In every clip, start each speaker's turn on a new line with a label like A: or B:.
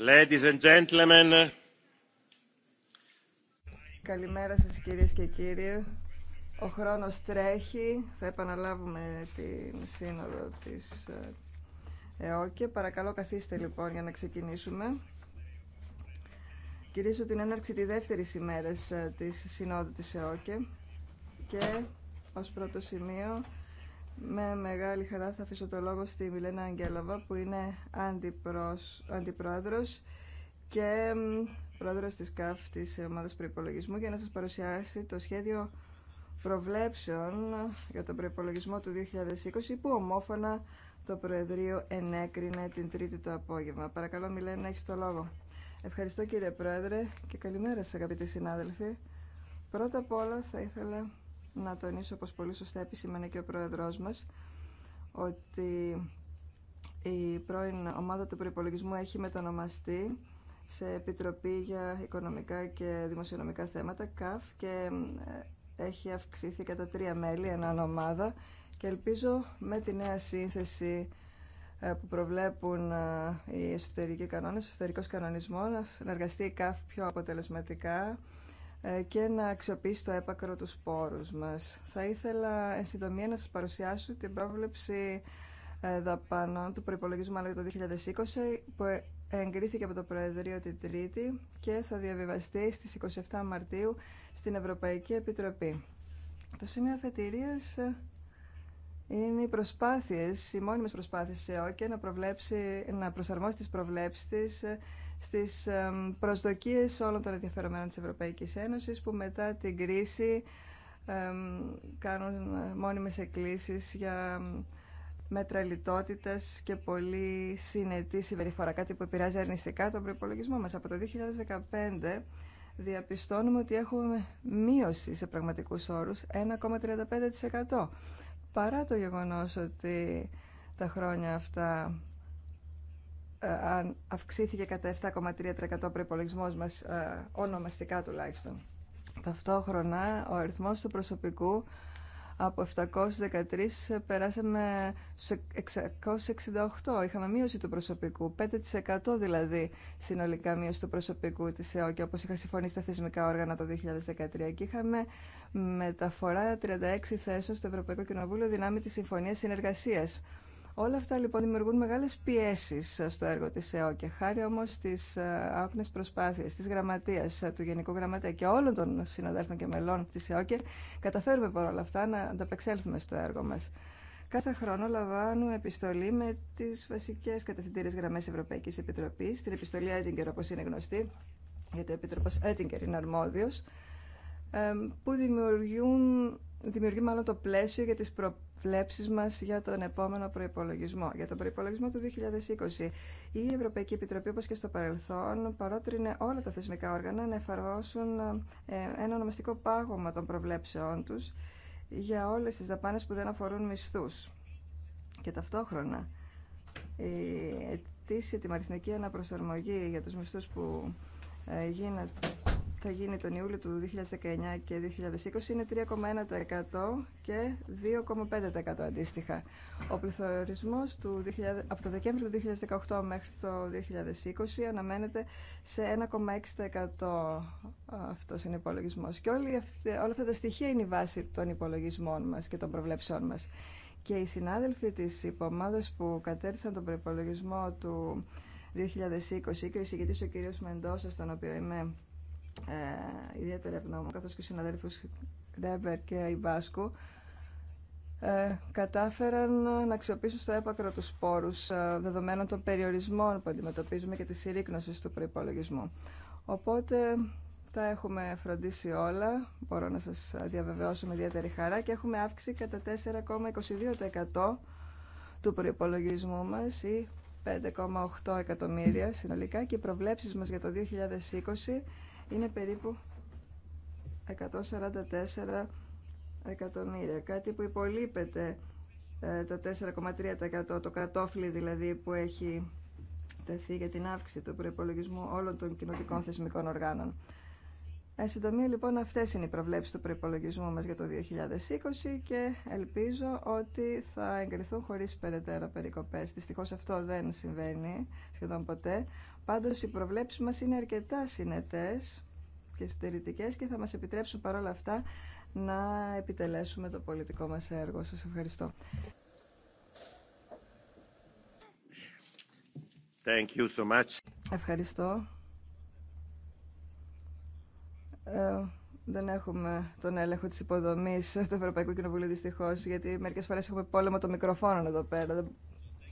A: Ladies and gentlemen.
B: Καλημέρα σας κυρίες και κύριοι. Ο χρόνος τρέχει. Θα επαναλάβουμε την σύνοδο της ε, ΕΟΚΕ. Παρακαλώ καθίστε λοιπόν για να ξεκινήσουμε. Κυρίσω την έναρξη τη δεύτερη ημέρα ε, της συνόδου της ΕΟΚΕ και ως πρώτο σημείο με μεγάλη χαρά θα αφήσω το λόγο στη Μιλένα Αγγέλοβα που είναι αντιπρός, αντιπρόεδρος και πρόεδρος της ΚΑΦ της Ομάδας Προϋπολογισμού για να σας παρουσιάσει το σχέδιο προβλέψεων για τον προϋπολογισμό του 2020 που ομόφωνα το Προεδρείο ενέκρινε την Τρίτη το απόγευμα. Παρακαλώ Μιλένα, έχεις το λόγο. Ευχαριστώ κύριε Πρόεδρε και καλημέρα σας αγαπητοί συνάδελφοι. Πρώτα απ' όλα θα ήθελα να τονίσω, όπως πολύ σωστά επισήμανε και ο Πρόεδρός μας, ότι η πρώην ομάδα του προπολογισμού έχει μετονομαστεί σε Επιτροπή για Οικονομικά και Δημοσιονομικά Θέματα, ΚΑΦ, και ε, έχει αυξηθεί κατά τρία μέλη, έναν ομάδα, και ελπίζω με τη νέα σύνθεση ε, που προβλέπουν ε, οι εσωτερικοί κανόνες, ο εσωτερικός κανονισμός, να εργαστεί η ΚΑΦ πιο αποτελεσματικά, ε, και να αξιοποιήσει το έπακρο του σπόρους μας. Θα ήθελα εν συντομία να σας παρουσιάσω την πρόβλεψη ε, δαπανών του προϋπολογισμού για το 2020 που ε, εγκρίθηκε από το Προεδρείο την Τρίτη και θα διαβιβαστεί στις 27 Μαρτίου στην Ευρωπαϊκή Επιτροπή. Το σημείο αφετηρίας είναι οι προσπάθειες, οι μόνιμες προσπάθειες σε να, να προσαρμόσει τις προβλέψεις στις προσδοκίες όλων των ενδιαφερομένων της Ευρωπαϊκής Ένωσης που μετά την κρίση κάνουν ε, μόνιμες εκκλήσεις για μέτρα λιτότητας και πολύ συνετή συμπεριφορά, κάτι που επηρεάζει αρνηστικά τον προπολογισμό μας. Από το 2015 διαπιστώνουμε ότι έχουμε μείωση σε πραγματικούς όρους 1,35% παρά το γεγονός ότι τα χρόνια αυτά ε, αν αυξήθηκε κατά 7,3% ο προπολογισμό μας, ε, ονομαστικά τουλάχιστον. Ταυτόχρονα, ο αριθμό του προσωπικού από 713 περάσαμε στου 668. Είχαμε μείωση του προσωπικού, 5% δηλαδή συνολικά μείωση του προσωπικού της ΕΟ και όπως είχα συμφωνήσει τα θεσμικά όργανα το 2013 και είχαμε μεταφορά 36 θέσεων στο Ευρωπαϊκό Κοινοβούλιο δυνάμει τη Συμφωνία συνεργασία. Όλα αυτά λοιπόν δημιουργούν μεγάλες πιέσεις στο έργο της ΕΟ και χάρη όμως στις ε, άγνες προσπάθειες της γραμματείας ε, του Γενικού Γραμματέα και όλων των συναδέλφων και μελών της ΕΟ και καταφέρουμε παρόλα αυτά να ανταπεξέλθουμε στο έργο μας. Κάθε χρόνο λαμβάνουμε επιστολή με τι βασικέ κατευθυντήρε γραμμέ Ευρωπαϊκή Επιτροπής, την επιστολή Έτιγκερ όπω είναι γνωστή, γιατί ο Επίτροπο Έτιγκερ είναι αρμόδιο, που δημιουργούν, δημιουργεί μάλλον το πλαίσιο για τι προ για τον επόμενο προπολογισμό. Για τον προπολογισμό του 2020, η Ευρωπαϊκή Επιτροπή, όπω και στο παρελθόν, παρότρινε όλα τα θεσμικά όργανα να εφαρμόσουν ε, ένα ονομαστικό πάγωμα των προβλέψεών τους για όλες τις δαπάνε που δεν αφορούν μισθούς. Και ταυτόχρονα, η τη μαριθμική αναπροσαρμογή για του μισθού που ε, γίνεται θα γίνει τον Ιούλιο του 2019 και 2020 είναι 3,1% και 2,5% αντίστοιχα. Ο πληθωρισμός του από το Δεκέμβριο του 2018 μέχρι το 2020 αναμένεται σε 1,6% αυτός είναι ο υπολογισμός. Και όλοι όλα αυτά τα στοιχεία είναι η βάση των υπολογισμών μας και των προβλέψεών μας. Και οι συνάδελφοι της υπομάδας που κατέρτισαν τον προπολογισμό του 2020 και ο εισηγητής ο κ. Μεντόσα, στον οποίο είμαι ε, ιδιαίτερα ευγνώμων, καθώς και ο συναδέλφος Ρέμπερ και Ιμπάσκου, ε, κατάφεραν να αξιοποιήσουν στο έπακρο του σπόρους ε, δεδομένων των περιορισμών που αντιμετωπίζουμε και της συρρήκνωση του προϋπολογισμού. Οπότε τα έχουμε φροντίσει όλα, μπορώ να σας διαβεβαιώσω με ιδιαίτερη χαρά και έχουμε αύξηση κατά 4,22% του προϋπολογισμού μας ή 5,8 εκατομμύρια συνολικά και οι προβλέψεις μας για το 2020 είναι περίπου 144 εκατομμύρια, κάτι που υπολείπεται ε, τα 4,3% το κατόφλι δηλαδή που έχει τεθεί για την αύξηση του προϋπολογισμού όλων των κοινοτικών θεσμικών οργάνων. Εν συντομία λοιπόν αυτές είναι οι προβλέψεις του προϋπολογισμού μας για το 2020 και ελπίζω ότι θα εγκριθούν χωρίς περαιτέρω περικοπές. Δυστυχώς αυτό δεν συμβαίνει σχεδόν ποτέ. Πάντως οι προβλέψεις μας είναι αρκετά συνετές και στερητικές και θα μας επιτρέψουν παρόλα αυτά να επιτελέσουμε το πολιτικό μας έργο. Σας ευχαριστώ.
C: Thank
A: you so much.
B: Ευχαριστώ. Ε, δεν έχουμε τον έλεγχο της υποδομής του Ευρωπαϊκού Κοινοβουλίου δυστυχώς, γιατί μερικές φορές έχουμε πόλεμο των μικροφώνων εδώ πέρα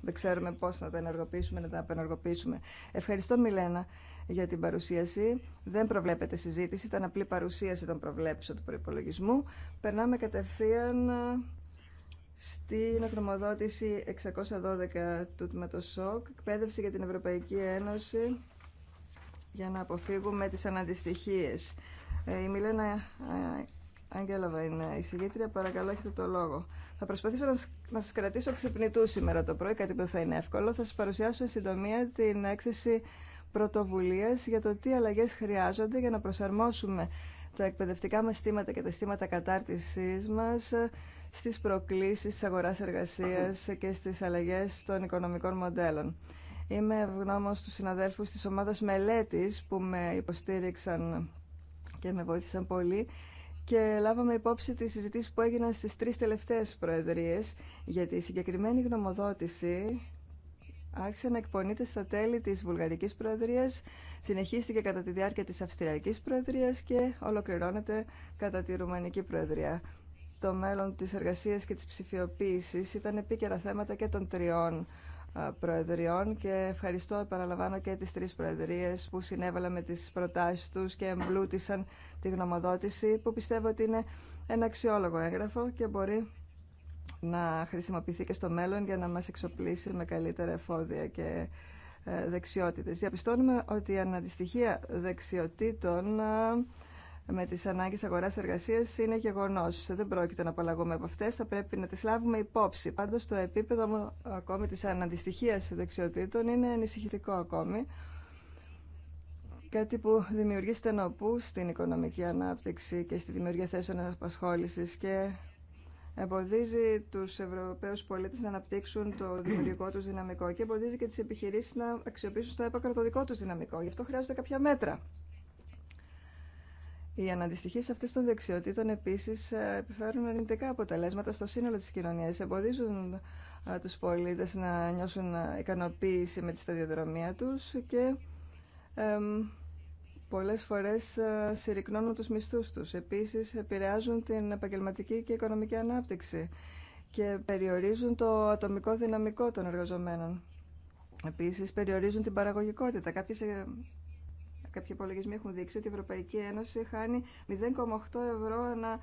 B: δεν ξέρουμε πώς να τα ενεργοποιήσουμε, να τα απενεργοποιήσουμε. Ευχαριστώ Μιλένα για την παρουσίαση. Δεν προβλέπεται συζήτηση, ήταν απλή παρουσίαση των προβλέψεων του προπολογισμού. Περνάμε κατευθείαν ε, στην εκνομοδότηση 612 του Σόκ. εκπαίδευση για την Ευρωπαϊκή Ένωση για να αποφύγουμε τις αναντιστοιχίες. Ε, η Μιλένα ε, Αγγέλα είναι η συγγήτρια, παρακαλώ έχετε το λόγο. Θα προσπαθήσω να σα κρατήσω ξυπνητού σήμερα το πρωί, κάτι που θα είναι εύκολο. Θα σα παρουσιάσω εν συντομία την έκθεση πρωτοβουλία για το τι αλλαγέ χρειάζονται για να προσαρμόσουμε τα εκπαιδευτικά μα στήματα και τα στήματα κατάρτισή μα στι προκλήσει τη αγορά εργασία και στι αλλαγέ των οικονομικών μοντέλων. Είμαι ευγνώμων στους συναδέλφου τη Ομάδα μελέτη που με υποστήριξαν και με βοήθησαν πολύ και λάβαμε υπόψη τις συζητήσεις που έγιναν στις τρεις τελευταίες προεδρίες γιατί η συγκεκριμένη γνωμοδότηση άρχισε να εκπονείται στα τέλη της Βουλγαρικής Προεδρίας, συνεχίστηκε κατά τη διάρκεια της Αυστριακής Προεδρίας και ολοκληρώνεται κατά τη Ρουμανική Προεδρία. Το μέλλον της εργασίας και της ψηφιοποίησης ήταν επίκαιρα θέματα και των τριών Προεδριών και ευχαριστώ επαναλαμβάνω και τις τρεις Προεδρίες που συνέβαλαν με τις προτάσεις τους και εμπλούτησαν τη γνωμοδότηση που πιστεύω ότι είναι ένα αξιόλογο έγγραφο και μπορεί να χρησιμοποιηθεί και στο μέλλον για να μας εξοπλίσει με καλύτερα εφόδια και ε, δεξιότητες. Διαπιστώνουμε ότι η αναντιστοιχεία δεξιοτήτων με τις ανάγκες αγοράς-εργασίας είναι γεγονός. Δεν πρόκειται να απαλλαγούμε από αυτές, θα πρέπει να τις λάβουμε υπόψη. Πάντως το επίπεδο ακόμη της αναντιστοιχίας δεξιοτήτων είναι ανησυχητικό ακόμη. Κάτι που δημιουργεί στενοπού στην οικονομική ανάπτυξη και στη δημιουργία θέσεων απασχόλησης και εμποδίζει τους Ευρωπαίους πολίτες να αναπτύξουν το δημιουργικό τους δυναμικό και εμποδίζει και τις επιχειρήσεις να αξιοποιήσουν στο έπακρο το δικό τους δυναμικό. Γι' αυτό χρειάζονται κάποια μέτρα. Οι αναντιστοιχεί αυτές των δεξιοτήτων επίσης ε, επιφέρουν αρνητικά αποτελέσματα στο σύνολο της κοινωνία, Εμποδίζουν ε, τους πολίτες να νιώσουν ε, ικανοποίηση με τη σταδιοδρομία τους και πολλές φορές συρρυκνώνουν τους μισθούς τους. Επίσης επηρεάζουν την επαγγελματική και οικονομική ανάπτυξη και περιορίζουν το ατομικό δυναμικό των εργαζομένων. Επίσης περιορίζουν την παραγωγικότητα κάποιοι υπολογισμοί έχουν δείξει ότι η Ευρωπαϊκή Ένωση χάνει 0,8 ευρώ ένα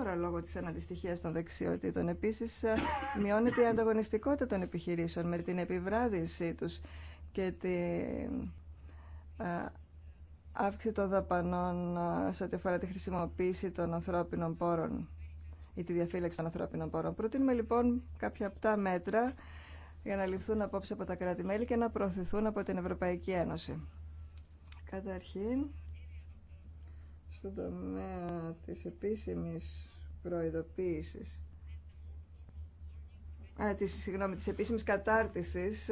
B: ώρα λόγω της αναδυστυχίας των δεξιότητων. Επίσης, ε, μειώνεται η ανταγωνιστικότητα των επιχειρήσεων με την επιβράδυνσή τους και την ε, αύξηση των δαπανών ε, σε ό,τι αφορά τη χρησιμοποίηση των ανθρώπινων πόρων ή τη διαφύλαξη των ανθρώπινων πόρων. Προτείνουμε λοιπόν κάποια απτά μέτρα για να ληφθούν απόψε από τα κράτη-μέλη και να προωθηθούν από την Ευρωπαϊκή Ένωση. Καταρχήν, στον τομέα της επίσημης προειδοποίησης, α, της, συγγνώμη, της επίσημης κατάρτισης,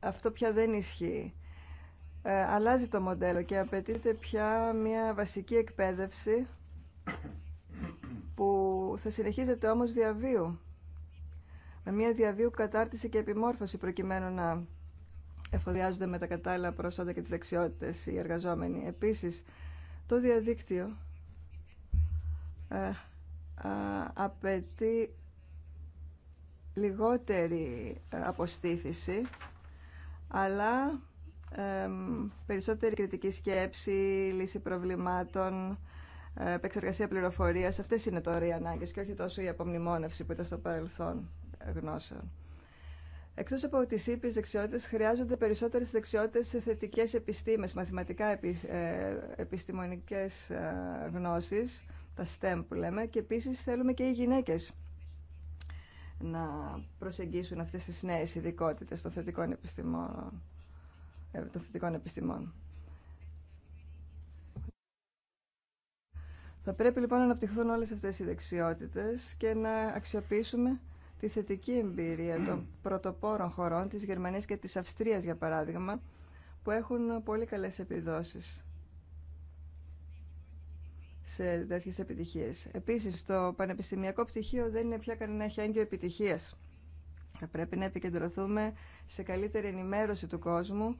B: αυτό πια δεν ισχύει. Ε, αλλάζει το μοντέλο και απαιτείται πια μια βασική εκπαίδευση που θα συνεχίζεται όμως διαβίου. Με μια διαβίου κατάρτιση και επιμόρφωση προκειμένου να εφοδιάζονται με τα κατάλληλα προσόντα και τις δεξιότητες οι εργαζόμενοι. Επίσης, το διαδίκτυο ε, απαιτεί λιγότερη ε, αποστήθηση, αλλά περισσότερη κριτική σκέψη, λύση προβλημάτων, ε, επεξεργασία πληροφορίας. Αυτές είναι τώρα οι ανάγκες και όχι τόσο η απομνημόνευση που ήταν στο παρελθόν γνώσεων. Εκτός από τις ήπιε δεξιότητε χρειάζονται περισσότερες δεξιότητε σε θετικές επιστήμες, μαθηματικά επι, ε, επιστημονικές ε, γνώσεις, τα STEM που λέμε, και επίσης θέλουμε και οι γυναίκες να προσεγγίσουν αυτές τις νέες ειδικότητε των θετικών επιστημών. Ε, των θετικών επιστημών. Θα πρέπει λοιπόν να αναπτυχθούν όλες αυτές οι δεξιότητες και να αξιοποιήσουμε τη θετική εμπειρία των πρωτοπόρων χωρών, της Γερμανίας και της Αυστρίας για παράδειγμα, που έχουν πολύ καλές επιδόσεις σε τέτοιες επιτυχίες. Επίσης, το πανεπιστημιακό πτυχίο δεν είναι πια κανένα χέγγιο επιτυχίας. Θα πρέπει να επικεντρωθούμε σε καλύτερη ενημέρωση του κόσμου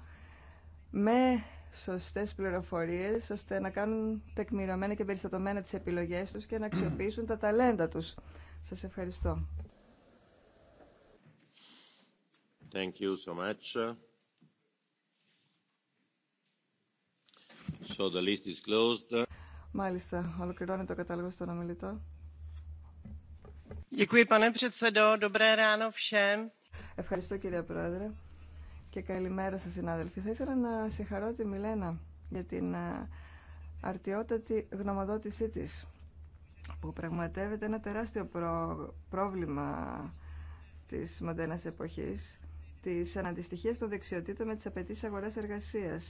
B: με σωστές πληροφορίες, ώστε να κάνουν τεκμηρωμένα και περιστατωμένα τις επιλογές τους και να αξιοποιήσουν τα ταλέντα τους. Σας ευχαριστώ.
A: Thank you so much. So the list is closed.
B: Μάλιστα, ολοκληρώνει το κατάλογο στον ομιλητό. Ευχαριστώ κύριε Πρόεδρε και καλημέρα σας συνάδελφοι. Θα ήθελα να συγχαρώ τη Μιλένα για την αρτιότατη γνωμοδότησή της που πραγματεύεται ένα τεράστιο πρόβλημα της μοντέρνας εποχής τι αναντιστοιχίε των δεξιοτήτων με τι απαιτήσει αγορά εργασία.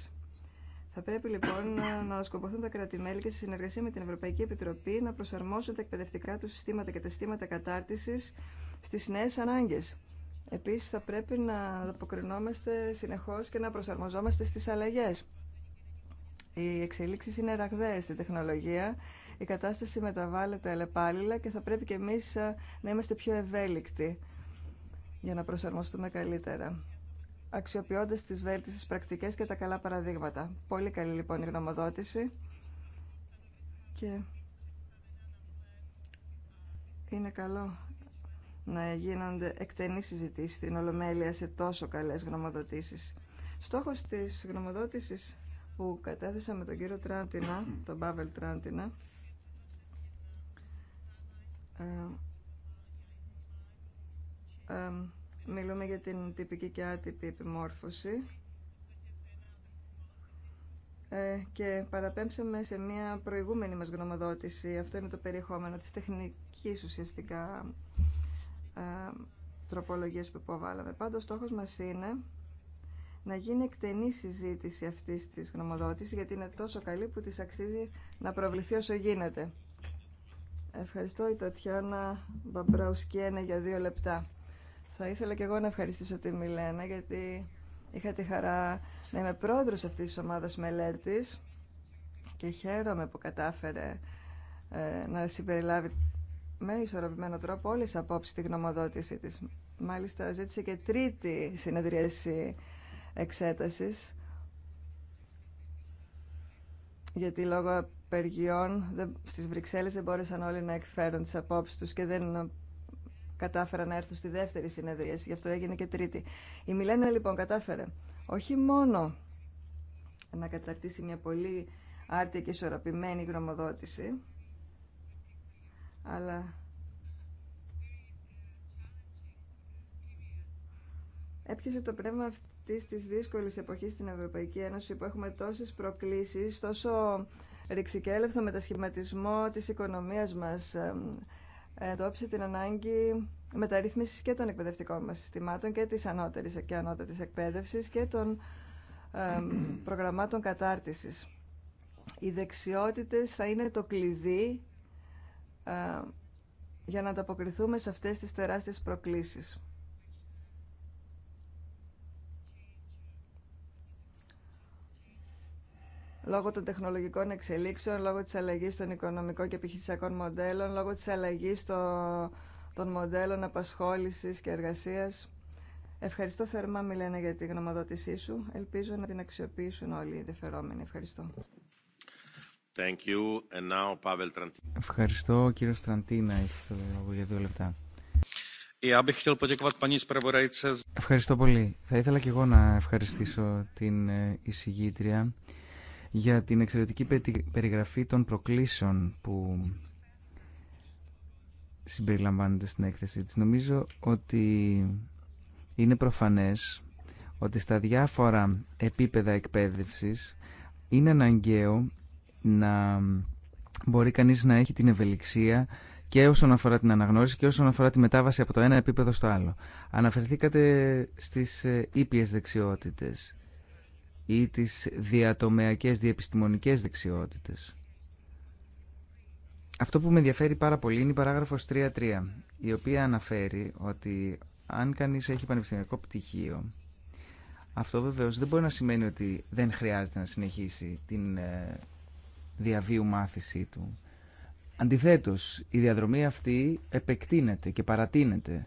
B: Θα πρέπει λοιπόν να σκοπωθούν τα κράτη-μέλη και σε συνεργασία με την Ευρωπαϊκή Επιτροπή να προσαρμόσουν τα εκπαιδευτικά του συστήματα και τα συστήματα κατάρτιση στι νέε ανάγκε. Επίση, θα πρέπει να αποκρινόμαστε συνεχώ και να προσαρμοζόμαστε στι αλλαγέ. Οι εξελίξει είναι ραγδαίε στην τεχνολογία. Η κατάσταση μεταβάλλεται αλλεπάλληλα και θα πρέπει και εμεί ε, να είμαστε πιο ευέλικτοι για να προσαρμοστούμε καλύτερα αξιοποιώντα τι βέλτιστε πρακτικέ και τα καλά παραδείγματα. Πολύ καλή λοιπόν η γνωμοδότηση. Και είναι καλό να γίνονται εκτενείς συζητήσεις στην Ολομέλεια σε τόσο καλές γνωμοδοτήσεις. Στόχος της γνωμοδότησης που κατέθεσα με τον κύριο Τράντινα, τον Μπάβελ Τράντινα, ε, μιλούμε για την τυπική και άτυπη επιμόρφωση ε, και παραπέμψαμε σε μια προηγούμενη μας γνωμοδότηση. Αυτό είναι το περιεχόμενο της τεχνικής ουσιαστικά τροπολογίας που υποβάλαμε. Πάντως, στόχος μας είναι να γίνει εκτενή συζήτηση αυτής της γνωμοδότησης, γιατί είναι τόσο καλή που της αξίζει να προβληθεί όσο γίνεται. Ευχαριστώ η Τατιάνα Μπαμπραουσκένε για δύο λεπτά. Θα ήθελα και εγώ να ευχαριστήσω τη Μιλένα γιατί είχα τη χαρά να είμαι πρόεδρος αυτής της ομάδας μελέτης και χαίρομαι που κατάφερε ε, να συμπεριλάβει με ισορροπημένο τρόπο όλε τις απόψεις τη γνωμοδότησή της. Μάλιστα ζήτησε και τρίτη συνεδρίαση εξέτασης γιατί λόγω απεργιών στι στις Βρυξέλλες δεν μπόρεσαν όλοι να εκφέρουν τις απόψεις τους και δεν κατάφεραν να έρθουν στη δεύτερη συνεδρίαση, γι' αυτό έγινε και τρίτη. Η Μιλένα λοιπόν κατάφερε όχι μόνο να καταρτήσει μια πολύ άρτια και ισορροπημένη γνωμοδότηση, αλλά έπιασε το πνεύμα αυτή τη δύσκολη εποχή στην Ευρωπαϊκή Ένωση που έχουμε τόσε προκλήσει, τόσο ρηξικέλευθο μετασχηματισμό τη οικονομία μα εντόπισε την ανάγκη μεταρρύθμισης και των εκπαιδευτικών μας συστημάτων και της ανώτερης και ανώτατης εκπαίδευσης και των προγραμμάτων κατάρτισης. Οι δεξιότητες θα είναι το κλειδί για να ανταποκριθούμε σε αυτές τις τεράστιες προκλήσεις. λόγω των τεχνολογικών εξελίξεων, λόγω της αλλαγής των οικονομικών και επιχειρησιακών μοντέλων, λόγω της αλλαγής των μοντέλων απασχόλησης και εργασίας. Ευχαριστώ θερμά, Μιλένα, για τη γνωμοδότησή σου. Ελπίζω να την αξιοποιήσουν όλοι οι ενδιαφερόμενοι. Ευχαριστώ.
A: Thank you. And now, Pavel
D: Ευχαριστώ, κύριο Στραντίνα, το λόγο για δύο λεπτά. Ευχαριστώ πολύ. Θα ήθελα και εγώ να ευχαριστήσω την ε, εισηγήτρια για την εξαιρετική περιγραφή των προκλήσεων που συμπεριλαμβάνεται στην έκθεση της. Νομίζω ότι είναι προφανές ότι στα διάφορα επίπεδα εκπαίδευσης είναι αναγκαίο να μπορεί κανείς να έχει την ευελιξία και όσον αφορά την αναγνώριση και όσον αφορά τη μετάβαση από το ένα επίπεδο στο άλλο. Αναφερθήκατε στις ε, ήπιες δεξιότητες ή τις διατομεακές διεπιστημονικές δεξιότητες. Αυτό που με ενδιαφέρει πάρα πολύ είναι η παράγραφος 3.3, η οποία αναφέρει ότι αν κανείς έχει πανεπιστημιακό πτυχίο, αυτό βεβαίως δεν μπορεί να σημαίνει ότι δεν χρειάζεται να συνεχίσει την ε, διαβίου μάθησή του. Αντιθέτως, η διαδρομή αυτή επεκτείνεται και παρατείνεται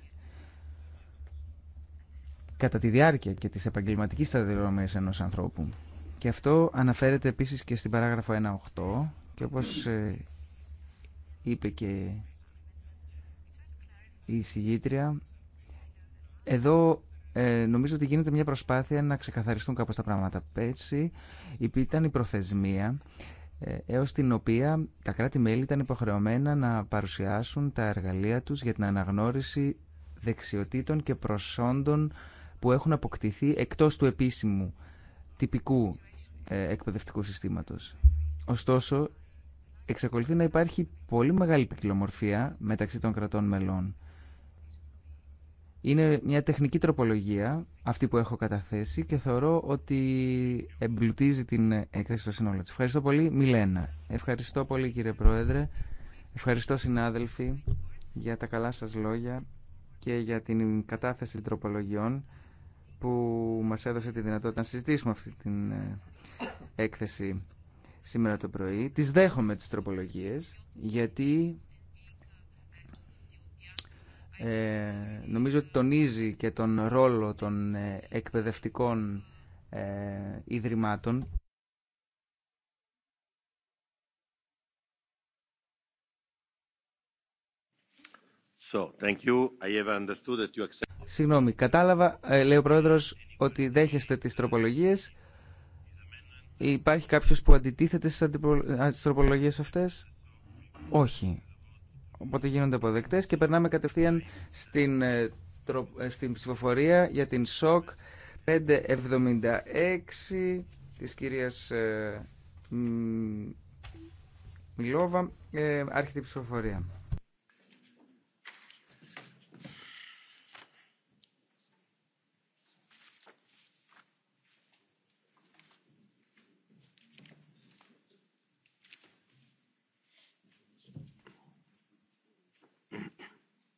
D: κατά τη διάρκεια και της επαγγελματικής σταδιοδρομίας ενός ανθρώπου. Και αυτό αναφέρεται επίσης και στην παράγραφο 1.8 και όπως ε, είπε και η συγγήτρια, εδώ ε, νομίζω ότι γίνεται μια προσπάθεια να ξεκαθαριστούν κάπως τα πράγματα. Πέρσι ήταν η προθεσμία ε, έως την οποία τα κράτη-μέλη ήταν υποχρεωμένα να παρουσιάσουν τα εργαλεία τους για την αναγνώριση δεξιοτήτων και προσόντων που έχουν αποκτηθεί εκτός του επίσημου τυπικού ε, εκπαιδευτικού συστήματος. Ωστόσο, εξακολουθεί να υπάρχει πολύ μεγάλη ποικιλομορφία μεταξύ των κρατών μελών. Είναι μια τεχνική τροπολογία, αυτή που έχω καταθέσει και θεωρώ ότι εμπλουτίζει την έκθεση στο σύνολο της. Ευχαριστώ πολύ, Μιλένα. Ευχαριστώ πολύ, κύριε Πρόεδρε. Ευχαριστώ, συνάδελφοι, για τα καλά σας λόγια και για την κατάθεση τροπολογιών που μας έδωσε τη δυνατότητα να συζητήσουμε αυτή την ε, έκθεση σήμερα το πρωί. Τις δέχομαι τις τροπολογίες γιατί ε, νομίζω ότι τονίζει και τον ρόλο των ε, εκπαιδευτικών ε, ιδρυμάτων Συγγνώμη, κατάλαβα, ε, λέει ο Πρόεδρος, ότι δέχεστε τις τροπολογίες. Υπάρχει κάποιος που αντιτίθεται στις ε, τροπολογίες αυτές. Όχι. Οπότε γίνονται αποδεκτές και περνάμε κατευθείαν στην, ε, στην ψηφοφορία για την ΣΟΚ 576 της κυρίας Μιλόβα. Άρχεται η ψηφοφορία.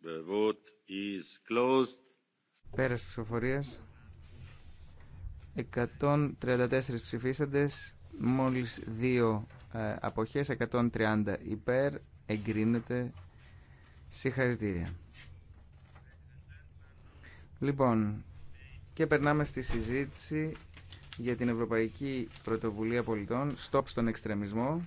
A: The vote is
D: ψηφοφορίας. 134 ψηφίσαντες, μόλις δύο ε, αποχές, 130 υπέρ, εγκρίνεται. Συγχαρητήρια. Λοιπόν, και περνάμε στη συζήτηση για την Ευρωπαϊκή Πρωτοβουλία Πολιτών, Stop στον Εξτρεμισμό.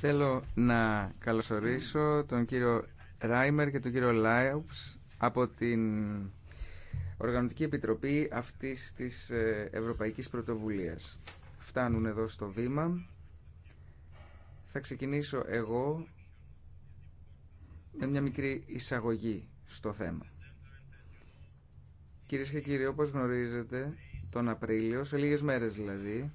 D: Θέλω να καλωσορίσω τον κύριο Ράιμερ και τον κύριο Λάιουπς από την Οργανωτική Επιτροπή αυτής της ε, Ευρωπαϊκής Πρωτοβουλίας. Φτάνουν εδώ στο βήμα. Θα ξεκινήσω εγώ με μια μικρή εισαγωγή στο θέμα. Κυρίες και κύριοι, όπως γνωρίζετε, τον Απρίλιο, σε λίγες μέρες δηλαδή,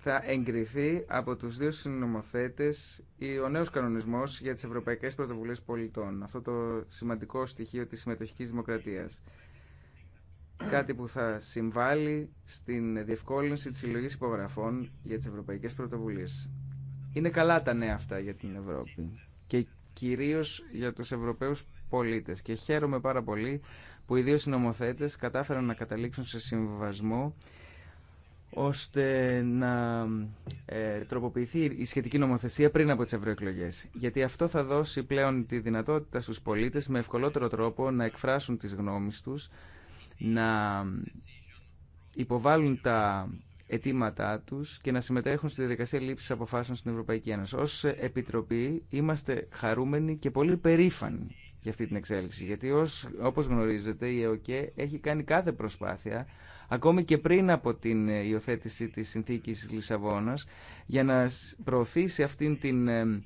D: θα εγκριθεί από τους δύο συνομοθέτες ο νέος κανονισμός για τις Ευρωπαϊκές Πρωτοβουλίες Πολιτών. Αυτό το σημαντικό στοιχείο της συμμετοχικής δημοκρατίας. Κάτι που θα συμβάλλει στην διευκόλυνση της συλλογής υπογραφών για τις Ευρωπαϊκές Πρωτοβουλίες. Είναι καλά τα νέα αυτά για την Ευρώπη και κυρίως για τους Ευρωπαίους πολίτες. Και χαίρομαι πάρα πολύ που οι δύο συνομοθέτες κατάφεραν να καταλήξουν σε συμβασμό ώστε να ε, τροποποιηθεί η σχετική νομοθεσία πριν από τις ευρωεκλογέ. Γιατί αυτό θα δώσει πλέον τη δυνατότητα στους πολίτες με ευκολότερο τρόπο να εκφράσουν τις γνώμεις τους, να υποβάλουν τα αιτήματά τους και να συμμετέχουν στη διαδικασία λήψης αποφάσεων στην Ευρωπαϊκή Ένωση. Ως Επιτροπή είμαστε χαρούμενοι και πολύ περήφανοι για αυτή την εξέλιξη. Γιατί ως, όπως γνωρίζετε η ΕΟΚΕ έχει κάνει κάθε προσπάθεια ακόμη και πριν από την ε, υιοθέτηση της συνθήκης Λισαβόνας, για να προωθήσει αυτήν την ε,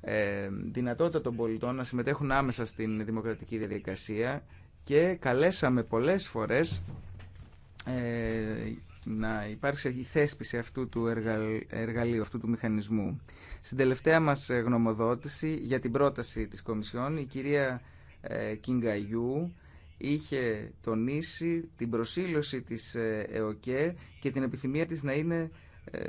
D: ε, δυνατότητα των πολιτών να συμμετέχουν άμεσα στην δημοκρατική διαδικασία και καλέσαμε πολλές φορές να υπάρξει η θέσπιση αυτού του εργαλείου, αυτού του μηχανισμού. Στην τελευταία μας γνωμοδότηση για την πρόταση της Κομισιόν, η κυρία Κιγκαγιού είχε τονίσει την προσήλωση της ε, ΕΟΚΕ και την επιθυμία της να είναι ε,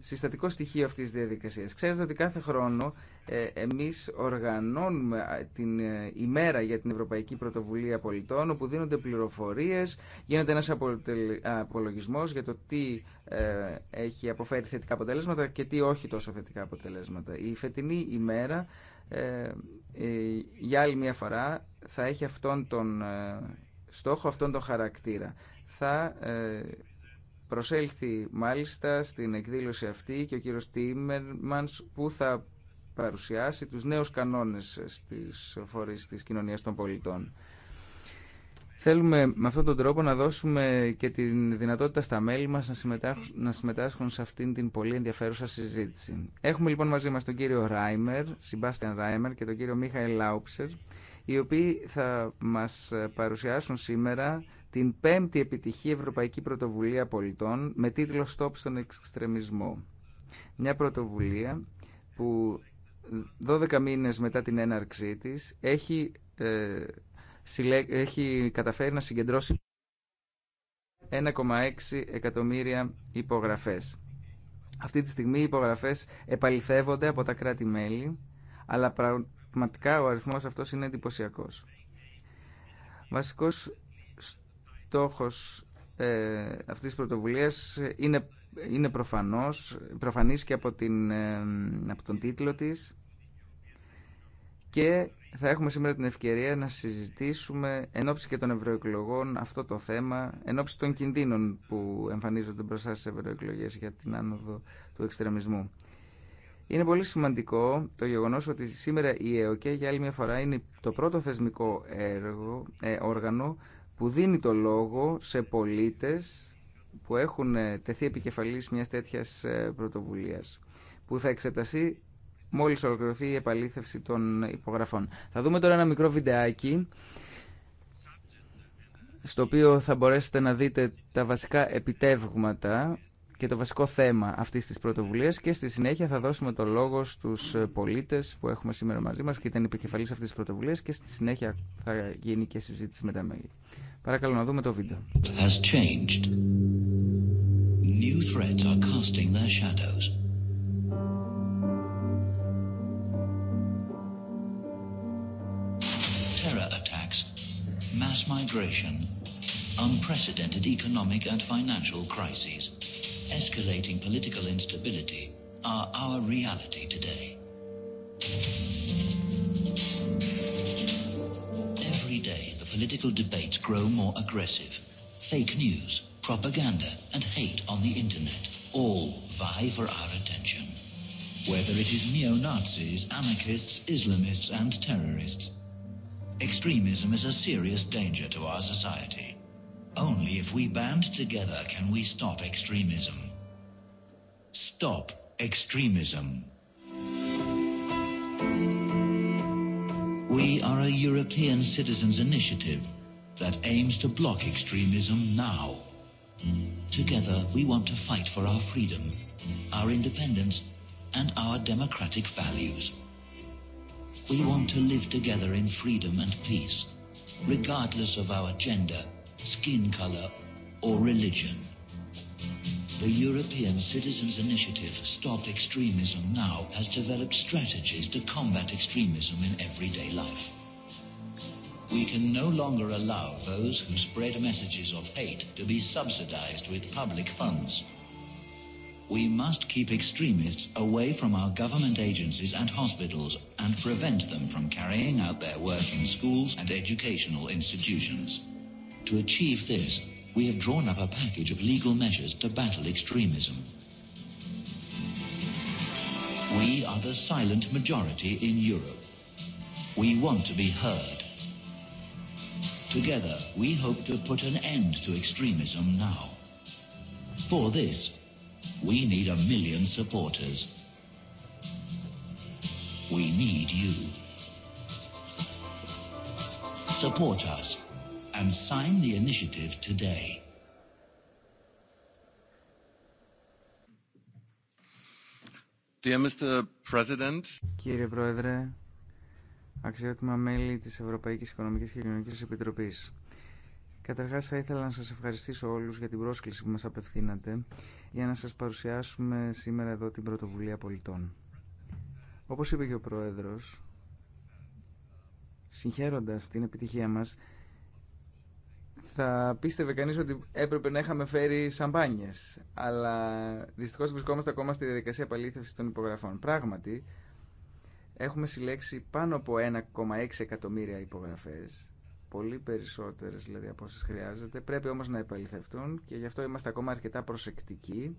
D: συστατικό στοιχείο αυτής της διαδικασίας. Ξέρετε ότι κάθε χρόνο ε, εμείς οργανώνουμε την ημέρα για την Ευρωπαϊκή Πρωτοβουλία Πολιτών όπου δίνονται πληροφορίες, γίνεται ένας απολογισμός για το τι έχει αποφέρει θετικά αποτελέσματα και τι όχι τόσο θετικά αποτελέσματα. Η φετινή ημέρα ε, για άλλη μια φορά θα έχει αυτόν τον ε, στόχο, αυτόν τον χαρακτήρα. Θα ε, προσέλθει μάλιστα στην εκδήλωση αυτή και ο κύριος Τίμερμανς που θα παρουσιάσει τους νέους κανόνες στις φορείς της κοινωνίας των πολιτών. Θέλουμε με αυτόν τον τρόπο να δώσουμε και τη δυνατότητα στα μέλη μας να συμμετάσχουν, να σε αυτήν την πολύ ενδιαφέρουσα συζήτηση. Έχουμε λοιπόν μαζί μας τον κύριο Ράιμερ, Σιμπάστιαν Ράιμερ και τον κύριο Μίχαελ Λάουψερ, οι οποίοι θα μας παρουσιάσουν σήμερα την πέμπτη επιτυχή Ευρωπαϊκή Πρωτοβουλία Πολιτών με τίτλο «Στόπ στον εξτρεμισμό». Μια πρωτοβουλία που 12 μήνες μετά την έναρξή της έχει ε, έχει καταφέρει να συγκεντρώσει 1,6 εκατομμύρια υπογραφές. Αυτή τη στιγμή οι υπογραφές επαληθεύονται από τα κράτη-μέλη, αλλά πραγματικά ο αριθμός αυτός είναι εντυπωσιακό. Βασικός στόχος ε, αυτής της πρωτοβουλίας είναι, είναι προφανώς, προφανής και από, την, ε, από τον τίτλο της και θα έχουμε σήμερα την ευκαιρία να συζητήσουμε εν ώψη και των ευρωεκλογών αυτό το θέμα, εν ώψη των κινδύνων που εμφανίζονται μπροστά στι ευρωεκλογέ για την άνοδο του εξτρεμισμού. Είναι πολύ σημαντικό το γεγονός ότι σήμερα η ΕΟΚΕ για άλλη μια φορά είναι το πρώτο θεσμικό έργο, ε, όργανο που δίνει το λόγο σε πολίτες που έχουν ε, τεθεί επικεφαλής μιας τέτοιας ε, πρωτοβουλίας που θα εξεταστεί μόλις ολοκληρωθεί η επαλήθευση των υπογραφών. Θα δούμε τώρα ένα μικρό βιντεάκι στο οποίο θα μπορέσετε να δείτε τα βασικά επιτεύγματα και το βασικό θέμα αυτής της πρωτοβουλίας και στη συνέχεια θα δώσουμε το λόγο στους πολίτες που έχουμε σήμερα μαζί μας και ήταν επικεφαλής αυτής της πρωτοβουλίας και στη συνέχεια θα γίνει και συζήτηση με τα μέλη. Παρακαλώ να δούμε το βίντεο.
C: mass migration, unprecedented economic and financial crises, escalating political instability are our reality today. Every day the political debates grow more aggressive. Fake news, propaganda and hate on the internet all vie for our attention. Whether it is neo-Nazis, anarchists, Islamists and terrorists, Extremism is a serious danger to our society. Only if we band together can we stop extremism. Stop extremism. We are a European citizens initiative that aims to block extremism now. Together we want to fight for our freedom, our independence and our democratic values. We want to live together in freedom and peace, regardless of our gender, skin color, or religion. The European Citizens Initiative Stop Extremism Now has developed strategies to combat extremism in everyday life. We can no longer allow those who spread messages of hate to be subsidized with public funds We must keep extremists away from our government agencies and hospitals and prevent them from carrying out their work in schools and educational institutions. To achieve this, we have drawn up a package of legal measures to battle extremism. We are the silent majority in Europe. We want to be heard. Together, we hope to put an end to extremism now. For this, We need a million supporters. We need you. Support us and sign the initiative today. Dear Mr. President.
D: Κύριε Πρόεδρε, αξιότιμα μέλη της Ευρωπαϊκής Οικονομικής και Κοινωνικής Επιτροπής. Καταρχάς θα ήθελα να σας ευχαριστήσω όλους για την πρόσκληση που μας απευθύνατε για να σας παρουσιάσουμε σήμερα εδώ την Πρωτοβουλία Πολιτών. Όπως είπε και ο Πρόεδρος, συγχαίροντας την επιτυχία μας, θα πίστευε κανείς ότι έπρεπε να είχαμε φέρει σαμπάνιες, αλλά δυστυχώς βρισκόμαστε ακόμα στη διαδικασία επαλήθευσης των υπογραφών. Πράγματι, έχουμε συλλέξει πάνω από 1,6 εκατομμύρια υπογραφές πολύ περισσότερες δηλαδή από όσες χρειάζεται. Πρέπει όμως να επαληθευτούν και γι' αυτό είμαστε ακόμα αρκετά προσεκτικοί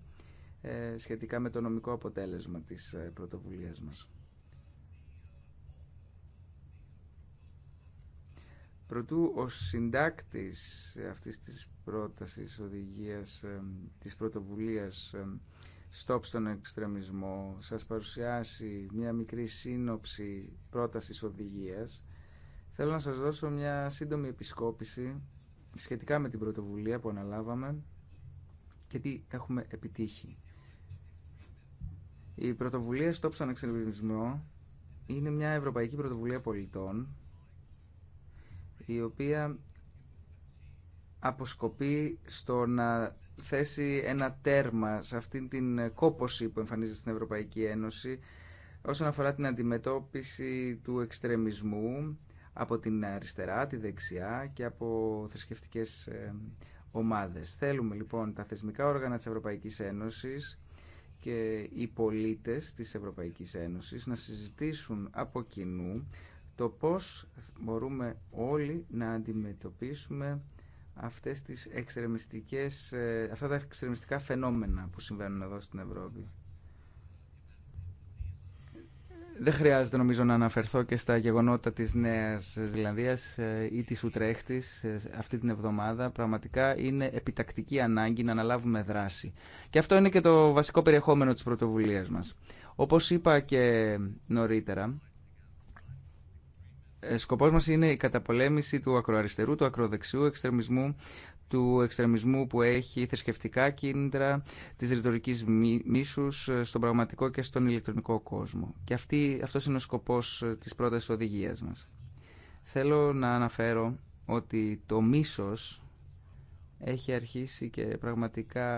D: ε, σχετικά με το νομικό αποτέλεσμα της ε, πρωτοβουλίας μας. Προτού ο συντάκτης αυτής της πρότασης οδηγίας ε, της πρωτοβουλίας ε, Stop στον εξτρεμισμό σας παρουσιάσει μια μικρή σύνοψη πρότασης οδηγίας Θέλω να σας δώσω μια σύντομη επισκόπηση σχετικά με την πρωτοβουλία που αναλάβαμε και τι έχουμε επιτύχει. Η πρωτοβουλία Stop στον είναι μια ευρωπαϊκή πρωτοβουλία πολιτών η οποία αποσκοπεί στο να θέσει ένα τέρμα σε αυτήν την κόποση που εμφανίζεται στην Ευρωπαϊκή Ένωση όσον αφορά την αντιμετώπιση του εξτρεμισμού από την αριστερά, τη δεξιά και από θρησκευτικές ε, ομάδες. Θέλουμε λοιπόν τα θεσμικά όργανα της Ευρωπαϊκής Ένωσης και οι πολίτες της Ευρωπαϊκής Ένωσης να συζητήσουν από κοινού το πώς μπορούμε όλοι να αντιμετωπίσουμε αυτές τις εξτρεμιστικές, ε, αυτά τα εξτρεμιστικά φαινόμενα που συμβαίνουν εδώ στην Ευρώπη. Δεν χρειάζεται νομίζω να αναφερθώ και στα γεγονότα της Νέας Ζηλανδίας ε, ή της Ουτρέχτης ε, αυτή την εβδομάδα. Πραγματικά είναι επιτακτική ανάγκη να αναλάβουμε δράση. Και αυτό είναι και το βασικό περιεχόμενο της πρωτοβουλίας μας. Όπως είπα και νωρίτερα, ε, σκοπός μας είναι η καταπολέμηση του ακροαριστερού, του ακροδεξιού εξτρεμισμού, του εξτρεμισμού που έχει θρησκευτικά κίνητρα, της ρητορική μίσους ε, στον πραγματικό και στον ηλεκτρονικό κόσμο. Και αυτό αυτός είναι ο σκοπός ε, της πρώτας οδηγία μας. Θέλω να αναφέρω ότι το μίσος έχει αρχίσει και πραγματικά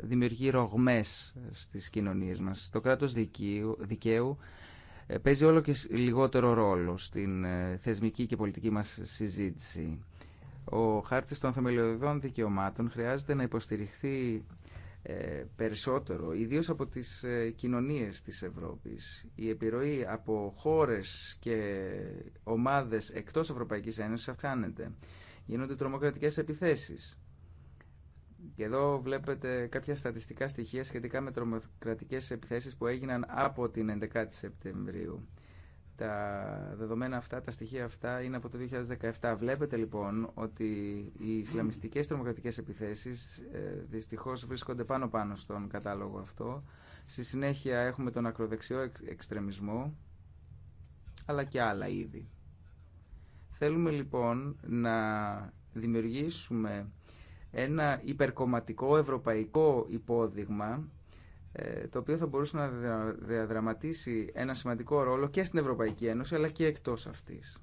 D: δημιουργεί ρογμές ε, στις κοινωνίες μας. Το κράτος δικαίου, δικαίου παίζει όλο και λιγότερο ρόλο στην θεσμική και πολιτική μας συζήτηση. Ο χάρτης των θεμελιωδών δικαιωμάτων χρειάζεται να υποστηριχθεί ε, περισσότερο, ιδίως από τις ε, κοινωνίες της Ευρώπης. Η επιρροή από χώρες και ομάδες εκτός Ευρωπαϊκής Ένωσης αυξάνεται. Γίνονται τρομοκρατικές επιθέσεις. Και εδώ βλέπετε κάποια στατιστικά στοιχεία σχετικά με τρομοκρατικές επιθέσεις που έγιναν από την 11η Σεπτεμβρίου. Τα δεδομένα αυτά, τα στοιχεία αυτά είναι από το 2017. Βλέπετε λοιπόν ότι οι Ισλαμιστικές τρομοκρατικές επιθέσεις ε, δυστυχώς βρίσκονται πάνω-πάνω στον κατάλογο αυτό. Στη συνέχεια έχουμε τον ακροδεξιό εξτρεμισμό, αλλά και άλλα είδη. Θέλουμε λοιπόν να δημιουργήσουμε ένα υπερκομματικό ευρωπαϊκό υπόδειγμα ε, το οποίο θα μπορούσε να διαδραματίσει ένα σημαντικό ρόλο και στην Ευρωπαϊκή Ένωση αλλά και εκτός αυτής.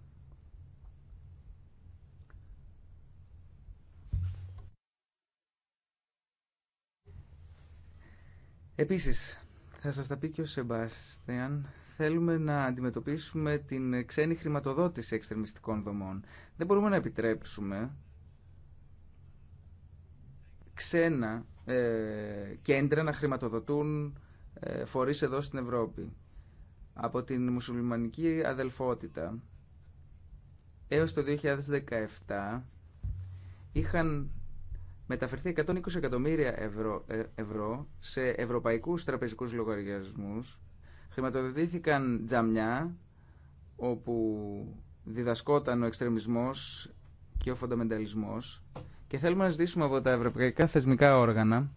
D: Επίσης, θα σας τα πει και ο Σεμπάστιαν, θέλουμε να αντιμετωπίσουμε την ξένη χρηματοδότηση εξτρεμιστικών δομών. Δεν μπορούμε να επιτρέψουμε ξένα ε, κέντρα να χρηματοδοτούν ε, φορείς εδώ στην Ευρώπη. Από την μουσουλμανική αδελφότητα έως το 2017 είχαν μεταφερθεί 120 εκατομμύρια ε, ευρώ, σε ευρωπαϊκούς τραπεζικούς λογαριασμούς. Χρηματοδοτήθηκαν τζαμιά όπου διδασκόταν ο εξτρεμισμός και ο φονταμενταλισμός και θέλουμε να ζητήσουμε από τα ευρωπαϊκά θεσμικά όργανα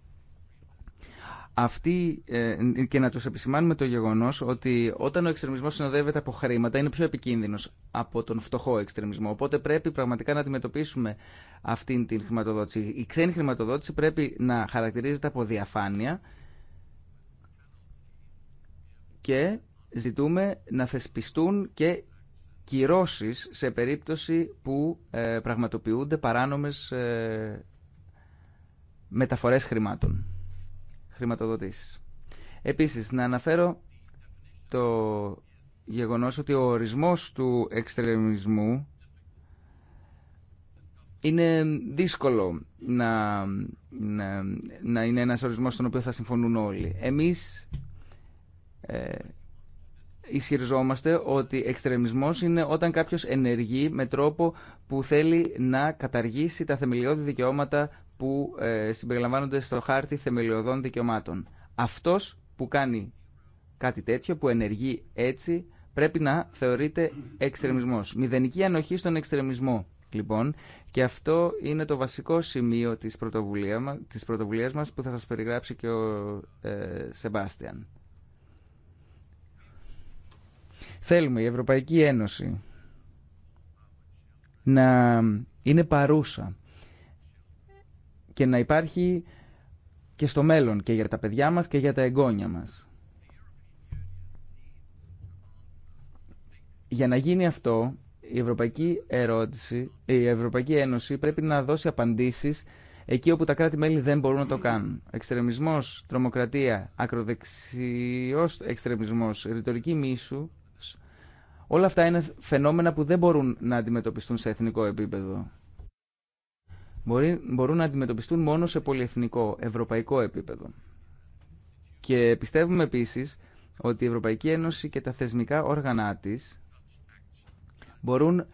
D: αυτή, ε, και να τους επισημάνουμε το γεγονός ότι όταν ο εξτρεμισμός συνοδεύεται από χρήματα είναι πιο επικίνδυνος από τον φτωχό εξτρεμισμό. Οπότε πρέπει πραγματικά να αντιμετωπίσουμε αυτήν την χρηματοδότηση. Η ξένη χρηματοδότηση πρέπει να χαρακτηρίζεται από διαφάνεια και ζητούμε να θεσπιστούν και κυρώσεις σε περίπτωση που ε, πραγματοποιούνται παράνομες ε, μεταφορές χρημάτων, χρηματοδοτήσεις. Επίσης, να αναφέρω το γεγονός ότι ο ορισμός του εξτρεμισμού είναι δύσκολο να, να, να είναι ένας ορισμός στον οποίο θα συμφωνούν όλοι. Εμείς ε, ισχυριζόμαστε ότι εξτρεμισμός είναι όταν κάποιος ενεργεί με τρόπο που θέλει να καταργήσει τα θεμελιώδη δικαιώματα που ε, συμπεριλαμβάνονται στο χάρτη θεμελιωδών δικαιωμάτων. Αυτός που κάνει κάτι τέτοιο, που ενεργεί έτσι, πρέπει να θεωρείται εξτρεμισμός. Μηδενική ανοχή στον εξτρεμισμό, λοιπόν. Και αυτό είναι το βασικό σημείο της, πρωτοβουλία, της πρωτοβουλίας μας που θα σας περιγράψει και ο Σεμπάστιαν. Θέλουμε η Ευρωπαϊκή Ένωση να είναι παρούσα και να υπάρχει και στο μέλλον και για τα παιδιά μας και για τα εγγόνια μας. Για να γίνει αυτό, η Ευρωπαϊκή, ερώτηση, η Ευρωπαϊκή Ένωση πρέπει να δώσει απαντήσεις εκεί όπου τα κράτη-μέλη δεν μπορούν να το κάνουν. Εξτρεμισμός, τρομοκρατία, ακροδεξιός εξτρεμισμός, ρητορική μίσου Όλα αυτά είναι φαινόμενα που δεν μπορούν να αντιμετωπιστούν σε εθνικό επίπεδο. Μπορεί, μπορούν να αντιμετωπιστούν μόνο σε πολυεθνικό, ευρωπαϊκό επίπεδο. Και πιστεύουμε επίσης ότι η Ευρωπαϊκή Ένωση και τα θεσμικά όργανα της μπορούν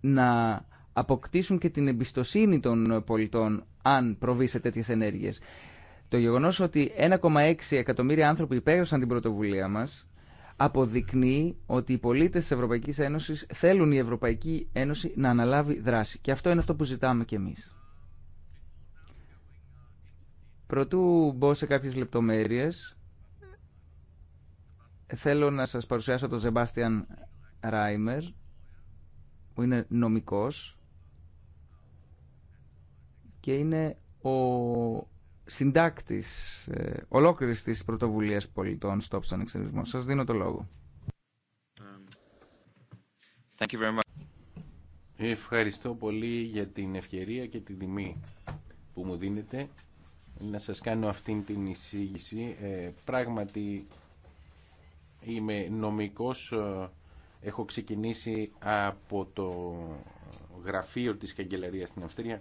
D: να αποκτήσουν και την εμπιστοσύνη των πολιτών αν προβεί σε τέτοιες ενέργειες. Το γεγονός ότι 1,6 εκατομμύρια άνθρωποι υπέγραψαν την πρωτοβουλία μας αποδεικνύει ότι οι πολίτες της Ευρωπαϊκής Ένωσης θέλουν η Ευρωπαϊκή Ένωση να αναλάβει δράση. Και αυτό είναι αυτό που ζητάμε κι εμείς. Πρωτού μπω σε κάποιες λεπτομέρειες, θέλω να σας παρουσιάσω τον Ζεμπάστιαν Ράιμερ, που είναι νομικός και είναι ο συντάκτης ε, ολόκληρης της πρωτοβουλίας πολιτών στο στον Σα Σας δίνω το λόγο.
A: Um, Ευχαριστώ πολύ για την ευκαιρία και την τιμή που μου δίνετε να σας κάνω αυτήν την εισήγηση. Ε, πράγματι είμαι νομικός, ε, έχω ξεκινήσει από το γραφείο της καγκελαρίας στην Αυστρία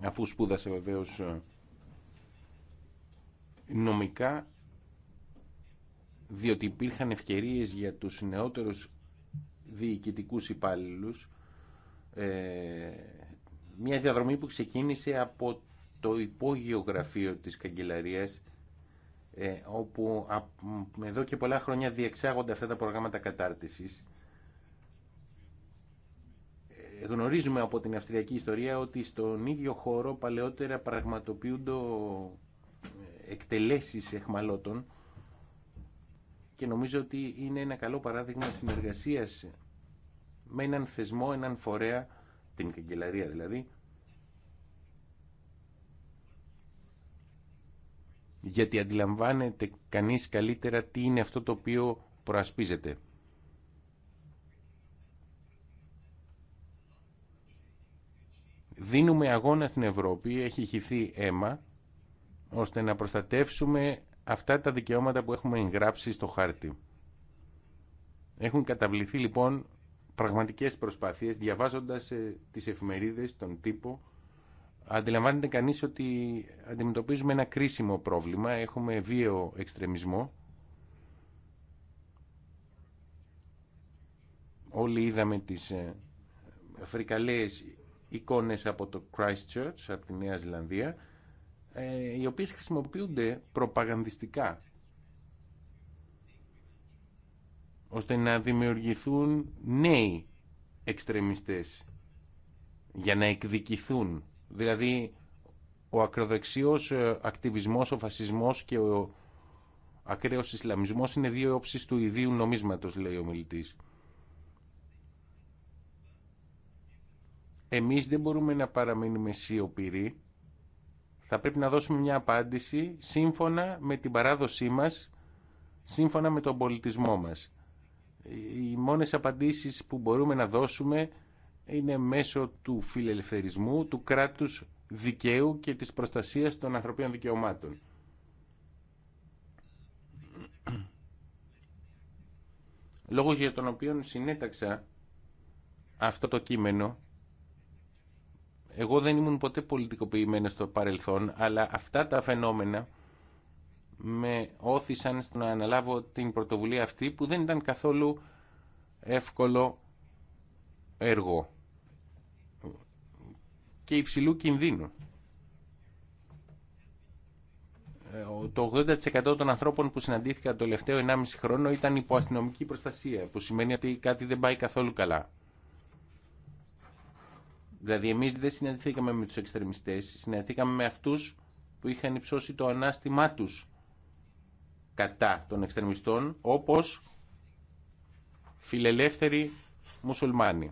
A: αφού σπούδασε βεβαίως ε, νομικά διότι υπήρχαν ευκαιρίες για τους νεότερους διοικητικούς υπάλληλους ε, μια διαδρομή που ξεκίνησε από το υπόγειο γραφείο της καγκελαρίας ε, όπου εδώ και πολλά χρόνια διεξάγονται αυτά τα προγράμματα κατάρτισης γνωρίζουμε από την αυστριακή ιστορία ότι στον ίδιο χώρο παλαιότερα πραγματοποιούνται ε, εκτελέσεις εχμαλώτων και νομίζω ότι είναι ένα καλό παράδειγμα συνεργασίας με έναν θεσμό, έναν φορέα, την καγκελαρία δηλαδή, γιατί αντιλαμβάνεται κανείς καλύτερα τι είναι αυτό το οποίο προασπίζεται. δίνουμε αγώνα στην Ευρώπη, έχει χυθεί αίμα, ώστε να προστατεύσουμε αυτά τα δικαιώματα που έχουμε εγγράψει στο χάρτη. Έχουν καταβληθεί λοιπόν πραγματικές προσπάθειες, διαβάζοντας ε, τις εφημερίδες, τον τύπο, αντιλαμβάνεται κανείς ότι αντιμετωπίζουμε ένα κρίσιμο πρόβλημα, έχουμε βίαιο εξτρεμισμό. Όλοι είδαμε τις ε, φρικαλές εικόνες από το Christchurch, από τη Νέα Ζηλανδία, ε, οι οποίες χρησιμοποιούνται προπαγανδιστικά ώστε να δημιουργηθούν νέοι εξτρεμιστές για να εκδικηθούν. Δηλαδή ο ακροδεξιός ε, ακτιβισμός, ο φασισμός και ο ακραίος Ισλαμισμός είναι δύο όψεις του ιδίου νομίσματος, λέει ο μιλητής. Εμείς δεν μπορούμε να παραμείνουμε σιωπηροί. Θα πρέπει να δώσουμε μια απάντηση σύμφωνα με την παράδοσή μας, σύμφωνα με τον πολιτισμό μας. Οι μόνες απαντήσεις που μπορούμε να δώσουμε είναι μέσω του φιλελευθερισμού, του κράτους δικαίου και της προστασίας των ανθρωπίνων δικαιωμάτων. Λόγος για τον οποίο συνέταξα αυτό το κείμενο εγώ δεν ήμουν ποτέ πολιτικοποιημένο στο παρελθόν, αλλά αυτά τα φαινόμενα με όθησαν στο να αναλάβω την πρωτοβουλία αυτή που δεν ήταν καθόλου εύκολο έργο και υψηλού κινδύνου. Ε, το 80% των ανθρώπων που συναντήθηκα το τελευταίο 1,5 χρόνο ήταν υπό αστυνομική προστασία, που σημαίνει ότι κάτι δεν πάει καθόλου καλά. Δηλαδή εμεί δεν συναντηθήκαμε με τους εξτρεμιστέ, συναντηθήκαμε με αυτούς που είχαν υψώσει το ανάστημά τους κατά των εξτρεμιστών, όπως φιλελεύθεροι μουσουλμάνοι.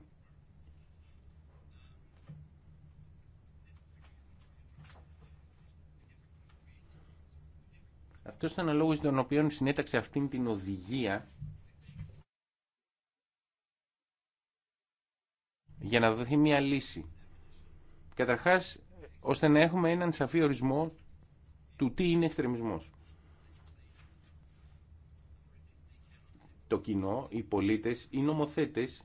A: Αυτό ήταν ο λόγο τον οποίο συνέταξε αυτήν την οδηγία για να δοθεί μια λύση. Καταρχάς, ώστε να έχουμε έναν σαφή ορισμό του τι είναι εξτρεμισμός. Το κοινό, οι πολίτες, οι νομοθέτες,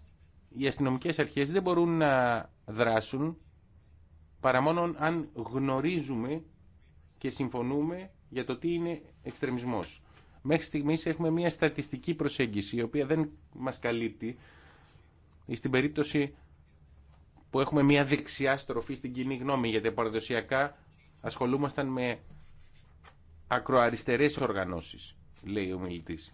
A: οι αστυνομικές αρχές δεν μπορούν να δράσουν παρά μόνο αν γνωρίζουμε και συμφωνούμε για το τι είναι εξτρεμισμός. Μέχρι στιγμής έχουμε μια στατιστική προσέγγιση η οποία δεν μας καλύπτει. Στην περίπτωση που έχουμε μια δεξιά στροφή στην κοινή γνώμη, γιατί παραδοσιακά ασχολούμασταν με ακροαριστερές οργανώσεις, λέει ο μιλητής.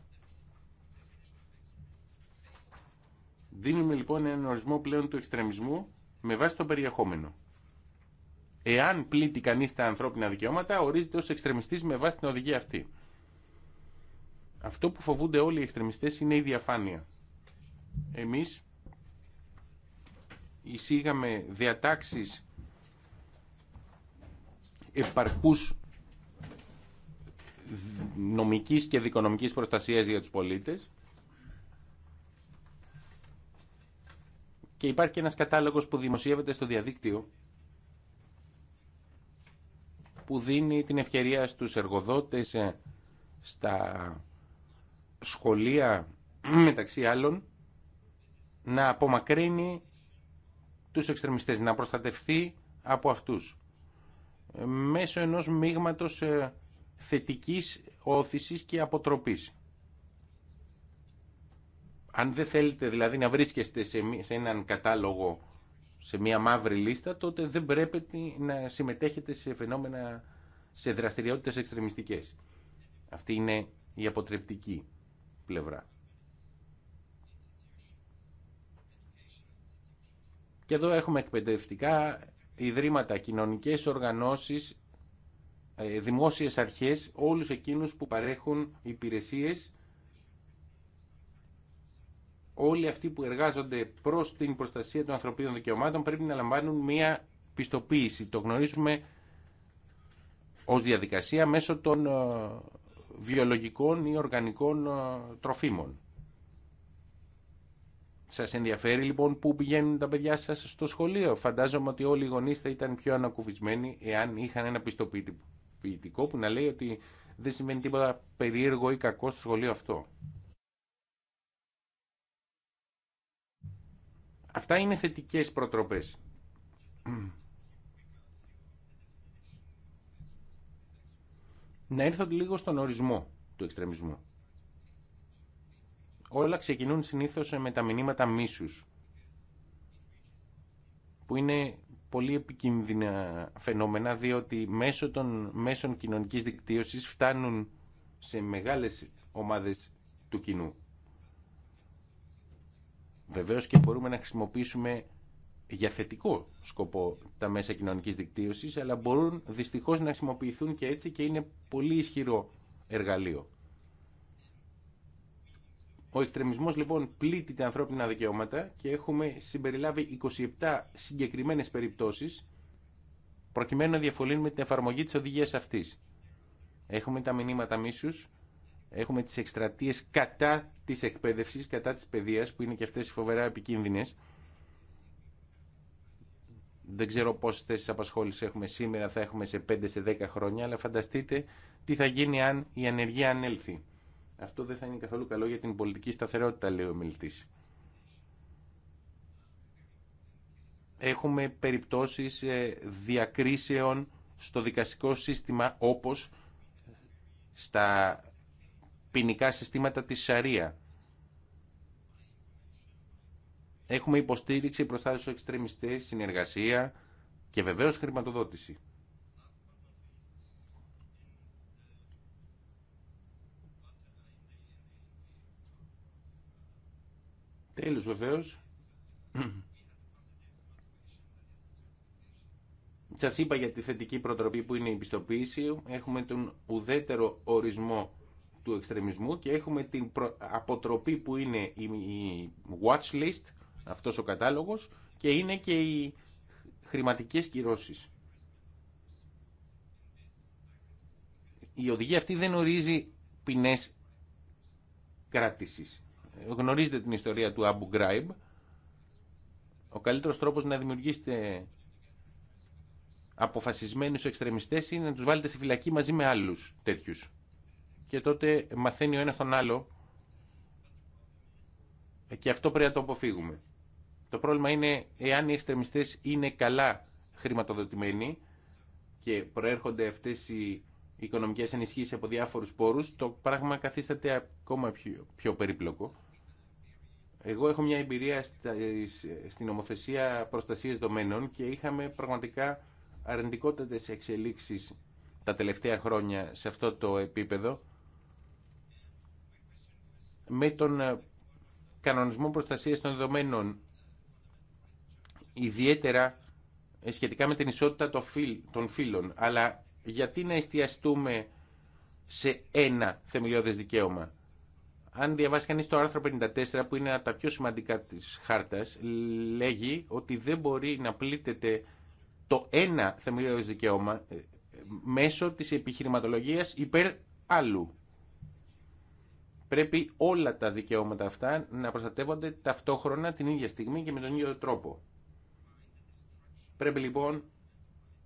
A: Δίνουμε λοιπόν έναν ορισμό πλέον του εξτρεμισμού με βάση το περιεχόμενο. Εάν πλήττει κανεί τα ανθρώπινα δικαιώματα, ορίζεται ω εξτρεμιστή με βάση την οδηγία αυτή. Αυτό που φοβούνται όλοι οι εξτρεμιστέ είναι η διαφάνεια. Εμεί εισήγαμε διατάξεις επαρκούς νομικής και δικονομικής προστασίας για τους πολίτες και υπάρχει και ένας κατάλογος που δημοσιεύεται στο διαδίκτυο που δίνει την ευκαιρία στους εργοδότες ε, στα σχολεία μεταξύ άλλων να απομακρύνει τους εξτρεμιστές, να προστατευτεί από αυτούς. Ε, μέσω ενός μείγματος ε, θετικής όθησης και αποτροπής. Αν δεν θέλετε δηλαδή να βρίσκεστε σε, έναν κατάλογο, σε μια μαύρη λίστα, τότε δεν πρέπει να συμμετέχετε σε φαινόμενα, σε δραστηριότητες εξτρεμιστικές. Αυτή είναι η αποτρεπτική πλευρά. Και εδώ έχουμε εκπαιδευτικά ιδρύματα, κοινωνικές οργανώσεις, ε, δημόσιες αρχές, όλους εκείνους που παρέχουν υπηρεσίες, όλοι αυτοί που εργάζονται προς την προστασία των ανθρωπίνων δικαιωμάτων πρέπει να λαμβάνουν μια πιστοποίηση. Το γνωρίζουμε ως διαδικασία μέσω των ε, βιολογικών ή οργανικών ε, τροφίμων. Σας ενδιαφέρει λοιπόν πού πηγαίνουν τα παιδιά σας στο σχολείο. Φαντάζομαι ότι όλοι οι γονείς θα ήταν πιο ανακουφισμένοι εάν είχαν ένα πιστοποιητικό που να λέει ότι δεν σημαίνει τίποτα περίεργο ή κακό στο σχολείο αυτό. Αυτά είναι θετικές προτροπές. Να έρθω λίγο στον ορισμό του εξτρεμισμού όλα ξεκινούν συνήθως με τα μηνύματα μίσους που είναι πολύ επικίνδυνα φαινόμενα διότι μέσω των μέσων κοινωνικής δικτύωσης φτάνουν σε μεγάλες ομάδες του κοινού. Βεβαίως και μπορούμε να χρησιμοποιήσουμε για θετικό σκοπό τα μέσα κοινωνικής δικτύωσης αλλά μπορούν δυστυχώς να χρησιμοποιηθούν και έτσι και είναι πολύ ισχυρό εργαλείο. Ο εξτρεμισμός λοιπόν πλήττει τα ανθρώπινα δικαιώματα και έχουμε συμπεριλάβει 27 συγκεκριμένες περιπτώσεις προκειμένου να διαφωλύνουμε την εφαρμογή της οδηγίας αυτής. Έχουμε τα μηνύματα μίσους, έχουμε τις εκστρατείες κατά της εκπαίδευσης, κατά της παιδείας που είναι και αυτές οι φοβερά επικίνδυνες. Δεν ξέρω πόσες θέσεις απασχόλησης έχουμε σήμερα, θα έχουμε σε 5 σε 10 χρόνια, αλλά φανταστείτε τι θα γίνει αν η ανεργία ανέλθει. Αυτό δεν θα είναι καθόλου καλό για την πολιτική σταθερότητα, λέει ο μιλητής. Έχουμε περιπτώσεις ε, διακρίσεων στο δικαστικό σύστημα όπως στα ποινικά συστήματα της Σαρία. Έχουμε υποστήριξη προς τα εξτρεμιστές, συνεργασία και βεβαίως χρηματοδότηση. Τέλος βεβαίως, σας είπα για τη θετική προτροπή που είναι η πιστοποίηση, έχουμε τον ουδέτερο ορισμό του εξτρεμισμού και έχουμε την αποτροπή που είναι η watch list, αυτός ο κατάλογος, και είναι και οι χρηματικές κυρώσεις. Η οδηγία αυτή δεν ορίζει ποινές κράτησης γνωρίζετε την ιστορία του Αμπου Ghraib. Ο καλύτερος τρόπος να δημιουργήσετε αποφασισμένους εξτρεμιστές είναι να τους βάλετε στη φυλακή μαζί με άλλους τέτοιους. Και τότε μαθαίνει ο ένας τον άλλο και αυτό πρέπει να το αποφύγουμε. Το πρόβλημα είναι εάν οι εξτρεμιστές είναι καλά χρηματοδοτημένοι και προέρχονται αυτές οι οικονομικές ενισχύσεις από διάφορους πόρους, το πράγμα καθίσταται ακόμα πιο, πιο περίπλοκο. Εγώ έχω μια εμπειρία στην νομοθεσία προστασία δομένων και είχαμε πραγματικά αρνητικότατε εξελίξεις τα τελευταία χρόνια σε αυτό το επίπεδο με τον ε, κανονισμό προστασίας των δεδομένων ιδιαίτερα ε, σχετικά με την ισότητα των φύλων αλλά γιατί να εστιαστούμε σε ένα θεμελιώδες δικαίωμα αν διαβάσει κανεί το άρθρο 54 που είναι από τα πιο σημαντικά της χάρτα, λέγει ότι δεν μπορεί να πλήττεται το ένα θεμελιώδες δικαίωμα ε, μέσω τη επιχειρηματολογία υπέρ άλλου. Πρέπει όλα τα δικαιώματα αυτά να προστατεύονται ταυτόχρονα την ίδια στιγμή και με τον ίδιο τρόπο. Πρέπει λοιπόν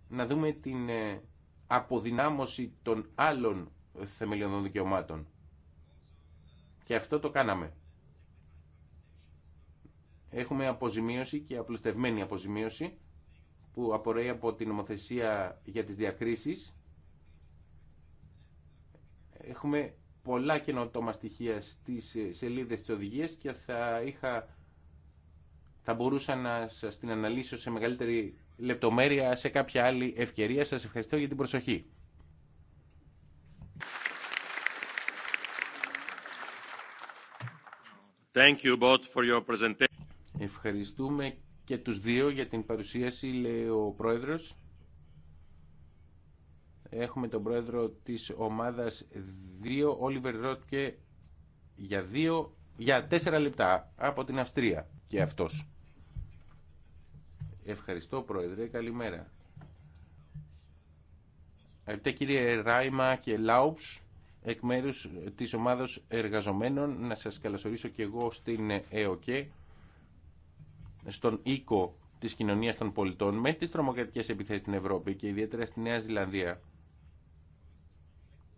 A: να δούμε την ε, αποδυνάμωση των άλλων θεμελιωδών δικαιωμάτων. Και αυτό το κάναμε. Έχουμε αποζημίωση και απλουστευμένη αποζημίωση που απορρέει από την νομοθεσία για τις διακρίσεις. Έχουμε πολλά καινοτόμα στοιχεία στις σελίδες της οδηγίας και θα, είχα, θα μπορούσα να σας την αναλύσω σε μεγαλύτερη λεπτομέρεια σε κάποια άλλη ευκαιρία. Σας ευχαριστώ για την προσοχή. Thank you both for Ευχαριστούμε και τους δύο για την παρουσίαση, λέει ο Πρόεδρος. Έχουμε τον Πρόεδρο της ομάδας 2, Όλιβερ Ρότκε, για, δύο, για τέσσερα λεπτά από την Αυστρία και αυτός. Ευχαριστώ Πρόεδρε, καλημέρα. Αγαπητέ κύριε Ράιμα και Λάουψ, εκ μέρους της ομάδος εργαζομένων να σας καλωσορίσω και εγώ στην ΕΟΚΕ στον οίκο της κοινωνίας των πολιτών με τις τρομοκρατικές επιθέσεις στην Ευρώπη και ιδιαίτερα στη Νέα Ζηλανδία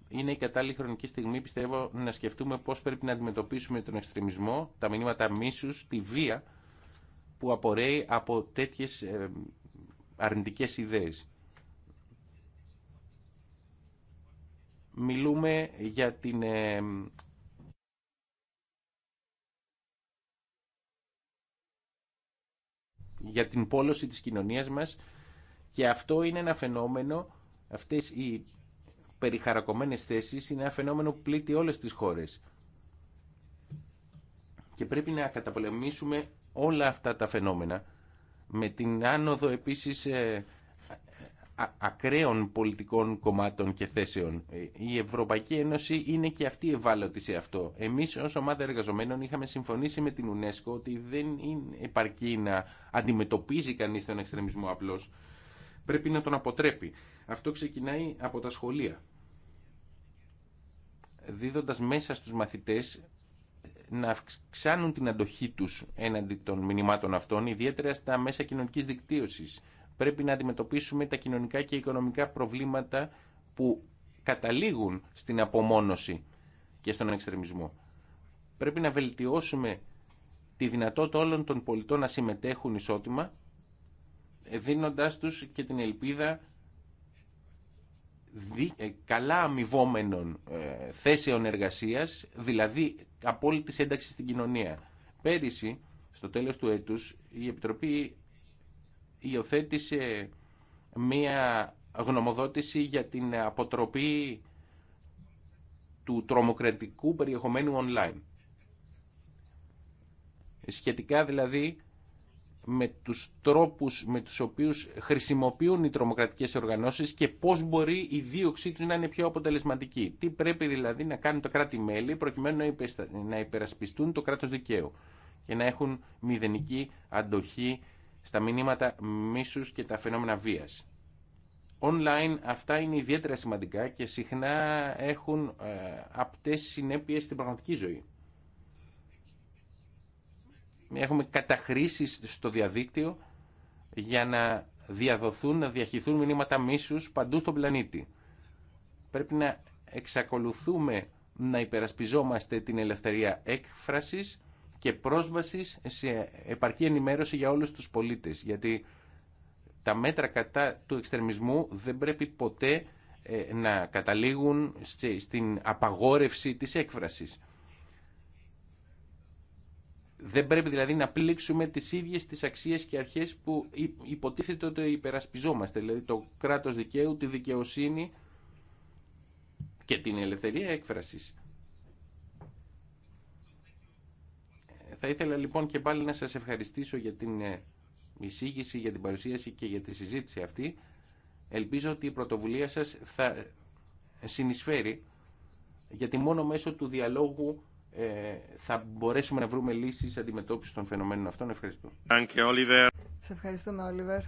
A: είναι η κατάλληλη χρονική στιγμή, πιστεύω, να σκεφτούμε πώς πρέπει να αντιμετωπίσουμε τον εξτρεμισμό, τα μηνύματα μίσους, τη βία που απορρέει από τέτοιες ε, αρνητικές ιδέες. μιλούμε για την ε, για την πόλωση της κοινωνίας μας και αυτό είναι ένα φαινόμενο, αυτές οι περιχαρακωμένες θέσεις είναι ένα φαινόμενο που πλήττει όλες τις χώρες. Και πρέπει να καταπολεμήσουμε όλα αυτά τα φαινόμενα. Με την άνοδο επίσης ε, ακραίων πολιτικών κομμάτων και θέσεων. Ε, η Ευρωπαϊκή Ένωση είναι και αυτή ευάλωτη σε αυτό. Εμείς ως ομάδα εργαζομένων είχαμε συμφωνήσει με την UNESCO ότι δεν είναι επαρκή να αντιμετωπίζει κανείς τον εξτρεμισμό απλώς. Πρέπει να τον αποτρέπει. Αυτό ξεκινάει από τα σχολεία. Δίδοντας μέσα στους μαθητές να αυξάνουν την αντοχή τους έναντι των μηνυμάτων αυτών, ιδιαίτερα στα μέσα κοινωνικής δικτύωσης Πρέπει να αντιμετωπίσουμε τα κοινωνικά και οικονομικά προβλήματα που καταλήγουν στην απομόνωση και στον εξτρεμισμό. Πρέπει να βελτιώσουμε τη δυνατότητα όλων των πολιτών να συμμετέχουν ισότιμα, δίνοντάς τους και την ελπίδα ε, καλά αμοιβόμενων ε, θέσεων εργασίας, δηλαδή απόλυτη ένταξη στην κοινωνία. Πέρυσι, στο τέλος του έτους, η Επιτροπή υιοθέτησε μία γνωμοδότηση για την αποτροπή του τρομοκρατικού περιεχομένου online. Σχετικά δηλαδή με τους τρόπους με τους οποίους χρησιμοποιούν οι τρομοκρατικές οργανώσεις και πώς μπορεί η δίωξή τους να είναι πιο αποτελεσματική. Τι πρέπει δηλαδή να κάνει το κράτη-μέλη προκειμένου να υπερασπιστούν το κράτος δικαίου και να έχουν μηδενική αντοχή στα μηνύματα μίσους και τα φαινόμενα βίας. Online αυτά είναι ιδιαίτερα σημαντικά και συχνά έχουν ε, απτές συνέπειες στην πραγματική ζωή. Έχουμε καταχρήσεις στο διαδίκτυο για να διαδοθούν, να διαχυθούν μηνύματα μίσους παντού στον πλανήτη. Πρέπει να εξακολουθούμε να υπερασπιζόμαστε την ελευθερία έκφρασης και πρόσβαση σε επαρκή ενημέρωση για όλους τους πολίτες. Γιατί τα μέτρα κατά του εξτρεμισμού δεν πρέπει ποτέ ε, να καταλήγουν στην απαγόρευση της έκφρασης. Δεν πρέπει δηλαδή να πλήξουμε τις ίδιες τις αξίες και αρχές που υποτίθεται ότι υπερασπιζόμαστε, δηλαδή το κράτος δικαίου, τη δικαιοσύνη και την ελευθερία έκφρασης. Θα ήθελα λοιπόν και πάλι να σας ευχαριστήσω για την ε, εισήγηση, για την παρουσίαση και για τη συζήτηση αυτή. Ελπίζω ότι η πρωτοβουλία σας θα ε, συνεισφέρει γιατί μόνο μέσω του διαλόγου ε, θα μπορέσουμε να βρούμε λύσεις αντιμετώπιση των φαινομένων αυτών. Ευχαριστώ.
B: Σε ευχαριστούμε, Όλιβερ.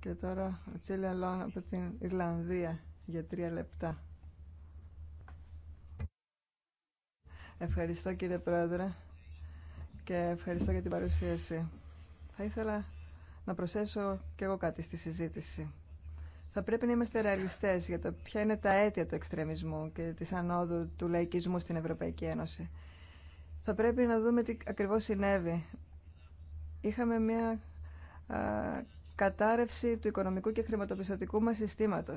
B: Και τώρα ο Τσίλιαν Λόν από την Ιρλανδία για τρία λεπτά. Ευχαριστώ κύριε Πρόεδρε και ευχαριστώ για την παρουσίαση. Θα ήθελα να προσθέσω κι εγώ κάτι στη συζήτηση. Θα πρέπει να είμαστε ρεαλιστές για το ποια είναι τα αίτια του εξτρεμισμού και τη ανόδου του λαϊκισμού στην Ευρωπαϊκή Ένωση. Θα πρέπει να δούμε τι ακριβώς συνέβη. Είχαμε μια α, κατάρρευση του οικονομικού και χρηματοπιστωτικού μα συστήματο.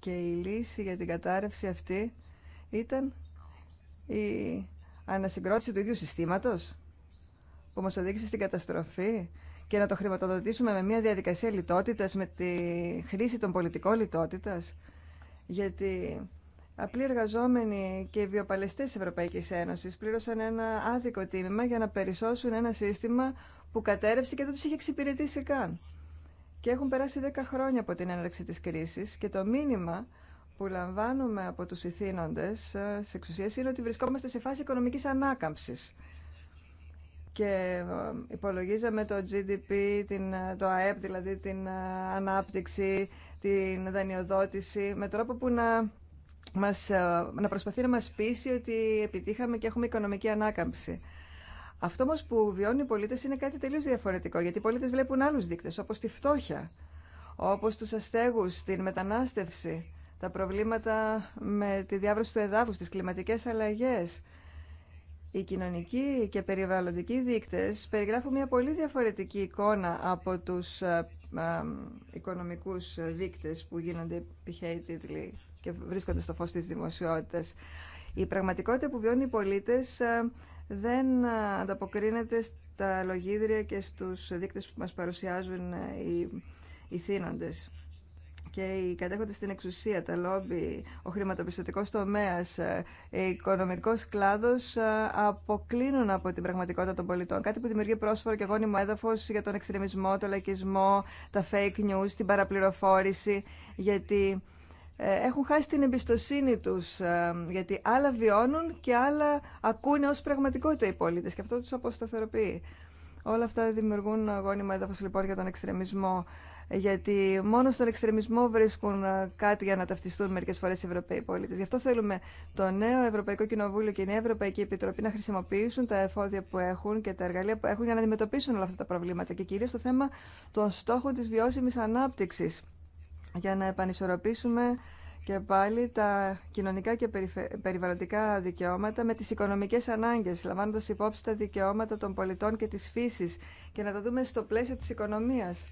B: Και η λύση για την κατάρρευση αυτή ήταν η ανασυγκρότηση του ίδιου συστήματος που μας οδήγησε στην καταστροφή και να το χρηματοδοτήσουμε με μια διαδικασία λιτότητας, με τη χρήση των πολιτικών λιτότητας, γιατί απλοί εργαζόμενοι και οι βιοπαλαιστές της Ευρωπαϊκής Ένωσης πλήρωσαν ένα άδικο τίμημα για να περισσώσουν ένα σύστημα που κατέρευσε και δεν τους είχε εξυπηρετήσει καν. Και έχουν περάσει 10 χρόνια από την έναρξη της κρίσης και το μήνυμα που λαμβάνουμε από τους ηθήνοντες ε, σε εξουσίες είναι ότι βρισκόμαστε σε φάση οικονομικής ανάκαμψης. Και ε, υπολογίζαμε το GDP, την, ε, το ΑΕΠ, δηλαδή την ανάπτυξη, την δανειοδότηση, με τρόπο που να, μας, να προσπαθεί να μας πείσει ότι επιτύχαμε και έχουμε οικονομική ανάκαμψη. Αυτό όμω που βιώνουν οι πολίτες είναι κάτι τελείως διαφορετικό, γιατί οι πολίτες βλέπουν άλλους δείκτες όπως τη φτώχεια, όπως τους αστέγους την μετανάστευση τα προβλήματα με τη διάβρωση του εδάφους, τις κλιματικές αλλαγές. Οι κοινωνικοί και περιβαλλοντικοί δείκτες περιγράφουν μια πολύ διαφορετική εικόνα από τους ε, ε, οικονομικούς δείκτες που γίνονται π.χ. τίτλοι και βρίσκονται στο φως της δημοσιότητας. Η πραγματικότητα που βιώνουν οι πολίτες ε, δεν ανταποκρίνεται στα λογίδρια και στους δείκτες που μας παρουσιάζουν οι, οι και οι κατέχοντες στην εξουσία, τα λόμπι, ο χρηματοπιστωτικός τομέας, ε, ο οικονομικός κλάδος ε, αποκλίνουν από την πραγματικότητα των πολιτών. Κάτι που δημιουργεί πρόσφορο και γόνιμο έδαφος για τον εξτρεμισμό, τον λαϊκισμό, τα fake news, την παραπληροφόρηση, γιατί ε, έχουν χάσει την εμπιστοσύνη τους, γιατί άλλα βιώνουν και άλλα ακούνε ως πραγματικότητα οι πολίτες και αυτό τους αποσταθεροποιεί. Όλα αυτά δημιουργούν γόνιμα έδαφο λοιπόν για τον εξτρεμισμό γιατί μόνο στον εξτρεμισμό βρίσκουν ε, κάτι για να ταυτιστούν μερικές φορές οι Ευρωπαίοι πολίτες. Γι' αυτό θέλουμε το νέο Ευρωπαϊκό Κοινοβούλιο και η νέα Ευρωπαϊκή Επιτροπή να χρησιμοποιήσουν τα εφόδια που έχουν και τα εργαλεία που έχουν για να αντιμετωπίσουν όλα αυτά τα προβλήματα και κυρίως το θέμα των στόχων της βιώσιμης ανάπτυξης για να επανισορροπήσουμε και πάλι τα κοινωνικά και περιβαλλοντικά δικαιώματα με τις οικονομικές ανάγκες, λαμβάνοντα υπόψη τα δικαιώματα των πολιτών και τη φύση και να τα δούμε στο πλαίσιο της οικονομίας.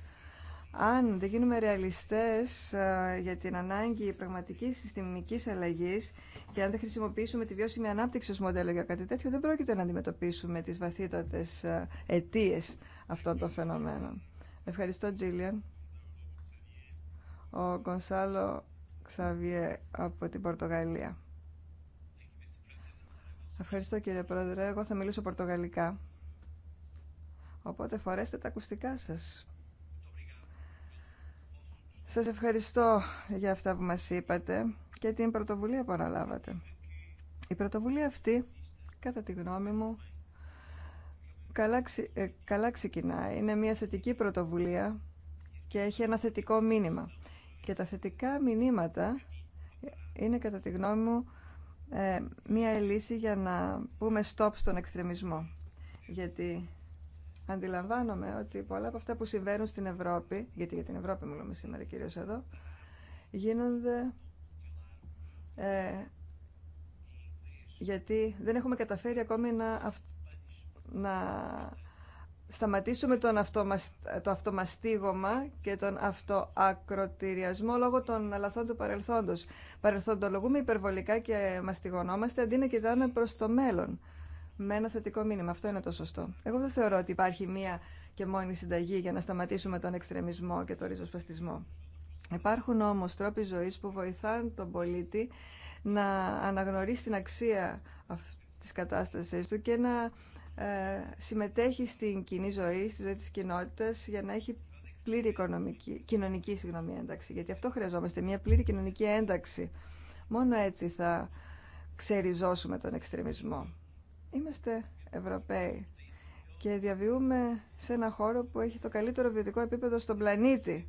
B: Αν δεν γίνουμε ρεαλιστές ε, για την ανάγκη πραγματική συστημικής αλλαγής και αν δεν χρησιμοποιήσουμε τη βιώσιμη ανάπτυξη ως μοντέλο για κάτι τέτοιο, δεν πρόκειται να αντιμετωπίσουμε τις βαθύτατες ε, αιτίε αυτών των φαινομένων. Ευχαριστώ, Τζίλιαν. Ο Γκονσάλο Ξαβιέ από την Πορτογαλία. Ευχαριστώ, κύριε Πρόεδρε. Εγώ θα μιλήσω πορτογαλικά. Οπότε φορέστε τα ακουστικά σας. Σας ευχαριστώ για αυτά που μας είπατε και την πρωτοβουλία που αναλάβατε. Η πρωτοβουλία αυτή, κατά τη γνώμη μου, καλά, ε, ξεκινά. Είναι μια θετική πρωτοβουλία και έχει ένα θετικό μήνυμα. Και τα θετικά μηνύματα είναι, κατά τη γνώμη μου, ε, μια λύση για να πούμε stop στον εξτρεμισμό. Γιατί αντιλαμβάνομαι ότι πολλά από αυτά που συμβαίνουν στην Ευρώπη, γιατί για την Ευρώπη μιλούμε σήμερα κυρίως εδώ, γίνονται ε, γιατί δεν έχουμε καταφέρει ακόμη να, να σταματήσουμε τον το αυτομαστίγωμα και τον αυτοακροτηριασμό λόγω των λαθών του παρελθόντος. Παρελθοντολογούμε υπερβολικά και μαστιγωνόμαστε αντί να κοιτάμε προς το μέλλον με ένα θετικό μήνυμα. Αυτό είναι το σωστό. Εγώ δεν θεωρώ ότι υπάρχει μία και μόνη συνταγή για να σταματήσουμε τον εξτρεμισμό και τον ριζοσπαστισμό. Υπάρχουν όμω τρόποι ζωή που βοηθάν τον πολίτη να αναγνωρίσει την αξία τη κατάσταση του και να ε, συμμετέχει στην κοινή ζωή, στη ζωή τη κοινότητα για να έχει πλήρη οικονομική, κοινωνική συγγνώμη, ένταξη. Γιατί αυτό χρειαζόμαστε, μια πλήρη κοινωνική ένταξη. Μόνο έτσι θα ξεριζώσουμε τον εξτρεμισμό. Είμαστε Ευρωπαίοι και διαβιούμε σε ένα χώρο που έχει το καλύτερο βιωτικό επίπεδο στον πλανήτη.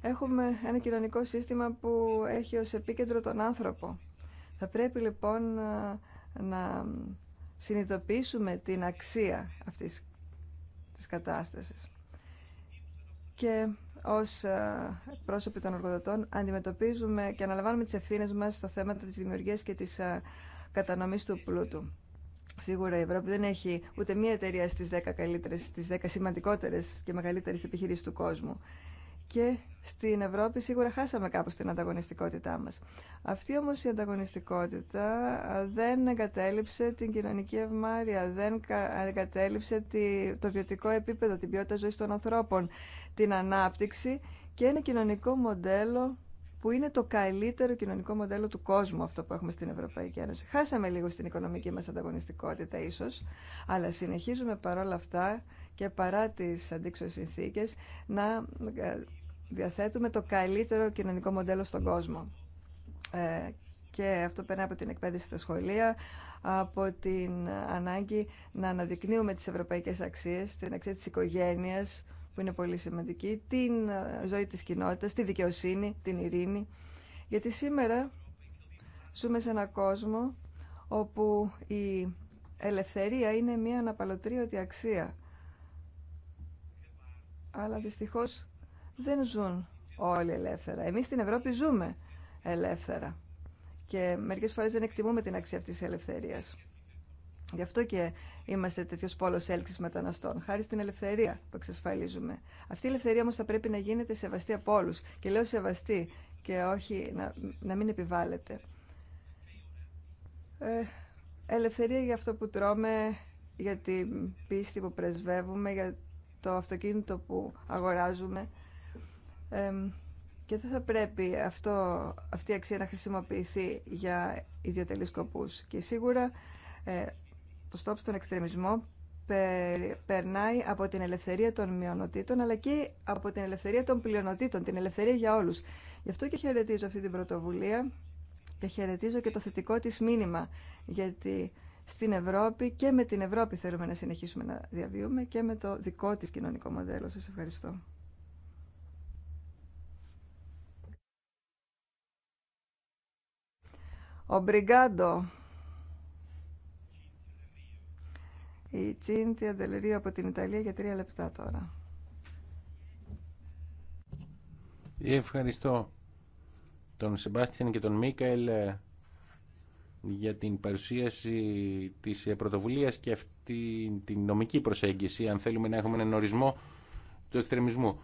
B: Έχουμε ένα κοινωνικό σύστημα που έχει ως επίκεντρο τον άνθρωπο. Θα πρέπει λοιπόν να συνειδητοποιήσουμε την αξία αυτής της κατάστασης. Και ως ε, πρόσωποι των εργοδοτών αντιμετωπίζουμε και αναλαμβάνουμε τις ευθύνες μας στα θέματα της δημιουργίας και της ε, κατανομής του πλούτου. Σίγουρα η Ευρώπη δεν έχει ούτε μία εταιρεία στις 10 καλύτερες, στις 10 σημαντικότερες και μεγαλύτερες επιχειρήσεις του κόσμου. Και στην Ευρώπη σίγουρα χάσαμε κάπως την ανταγωνιστικότητά μας. Αυτή όμως η ανταγωνιστικότητα δεν εγκατέλειψε την κοινωνική ευμάρεια, δεν εγκατέλειψε το βιωτικό επίπεδο, την ποιότητα ζωής των ανθρώπων, την ανάπτυξη και ένα κοινωνικό μοντέλο που είναι το καλύτερο κοινωνικό μοντέλο του κόσμου αυτό που έχουμε στην Ευρωπαϊκή Ένωση. Χάσαμε λίγο στην οικονομική μας ανταγωνιστικότητα ίσως, αλλά συνεχίζουμε παρόλα αυτά και παρά τις αντίξωες συνθήκες να ε, διαθέτουμε το καλύτερο κοινωνικό μοντέλο στον κόσμο. Ε, και αυτό περνάει από την εκπαίδευση στα σχολεία, από την ανάγκη να αναδεικνύουμε τις ευρωπαϊκές αξίες, την αξία της οικογένειας, που είναι πολύ σημαντική, την ε, ζωή της κοινότητας, τη δικαιοσύνη, την ειρήνη. Γιατί σήμερα ζούμε σε έναν κόσμο όπου η ελευθερία είναι μια αναπαλωτρίωτη αξία. Αλλά δυστυχώς δεν ζουν όλοι ελεύθερα. Εμείς στην Ευρώπη ζούμε ελεύθερα. Και μερικές φορές δεν εκτιμούμε την αξία αυτής της ελευθερίας. Γι' αυτό και είμαστε τέτοιο πόλο έλξη μεταναστών, χάρη στην ελευθερία που εξασφαλίζουμε. Αυτή η ελευθερία όμω θα πρέπει να γίνεται σεβαστή από όλου. Και λέω σεβαστή και όχι να, μην επιβάλλεται. Ε, ελευθερία για αυτό που τρώμε, για την πίστη που πρεσβεύουμε, για το αυτοκίνητο που αγοράζουμε. Ε, και δεν θα πρέπει αυτή η αξία να χρησιμοποιηθεί για ιδιωτελείς σκοπούς. Και σίγουρα ε, το στόπ στον εξτρεμισμό περνάει από την ελευθερία των μειονοτήτων αλλά και από την ελευθερία των πλειονοτήτων, την ελευθερία για όλους. Γι' αυτό και χαιρετίζω αυτή την πρωτοβουλία και χαιρετίζω και το θετικό της μήνυμα γιατί στην Ευρώπη και με την Ευρώπη θέλουμε να συνεχίσουμε να διαβιούμε και με το δικό της κοινωνικό μοντέλο. Σας ευχαριστώ. Obrigado. Η Τσίντι Αντελερίο από την Ιταλία για τρία λεπτά τώρα.
A: Ευχαριστώ τον Σεμπάστιαν και τον Μίκαελ ε, για την παρουσίαση της ε, πρωτοβουλίας και αυτή την νομική προσέγγιση, αν θέλουμε να έχουμε έναν ορισμό του εξτρεμισμού.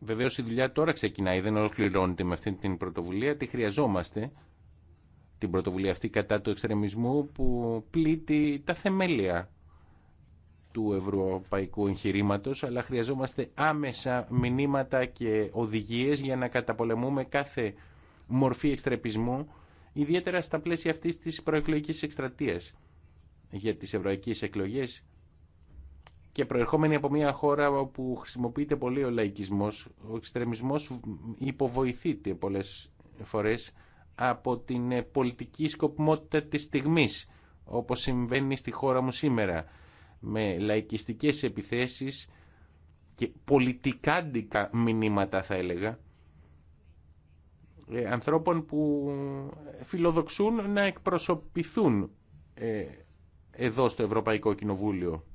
A: Βεβαίως η δουλειά τώρα ξεκινάει, δεν ολοκληρώνεται με αυτή την πρωτοβουλία, τη χρειαζόμαστε την πρωτοβουλία αυτή κατά του εξτρεμισμού που πλήττει τα θεμέλια του ευρωπαϊκού εγχειρήματο, αλλά χρειαζόμαστε άμεσα μηνύματα και οδηγίες για να καταπολεμούμε κάθε μορφή εξτρεπισμού, ιδιαίτερα στα πλαίσια αυτής της προεκλογικής εκστρατείας για τις ευρωπαϊκές εκλογές και προερχόμενη από μια χώρα όπου χρησιμοποιείται πολύ ο λαϊκισμός, ο εξτρεμισμός υποβοηθείται πολλές φορές από την ε, πολιτική σκοπιμότητα της στιγμής, όπως συμβαίνει στη χώρα μου σήμερα, με λαϊκιστικές επιθέσεις και πολιτικάντικα μηνύματα θα έλεγα, ε, ανθρώπων που φιλοδοξούν να εκπροσωπηθούν ε, εδώ στο Ευρωπαϊκό Κοινοβούλιο.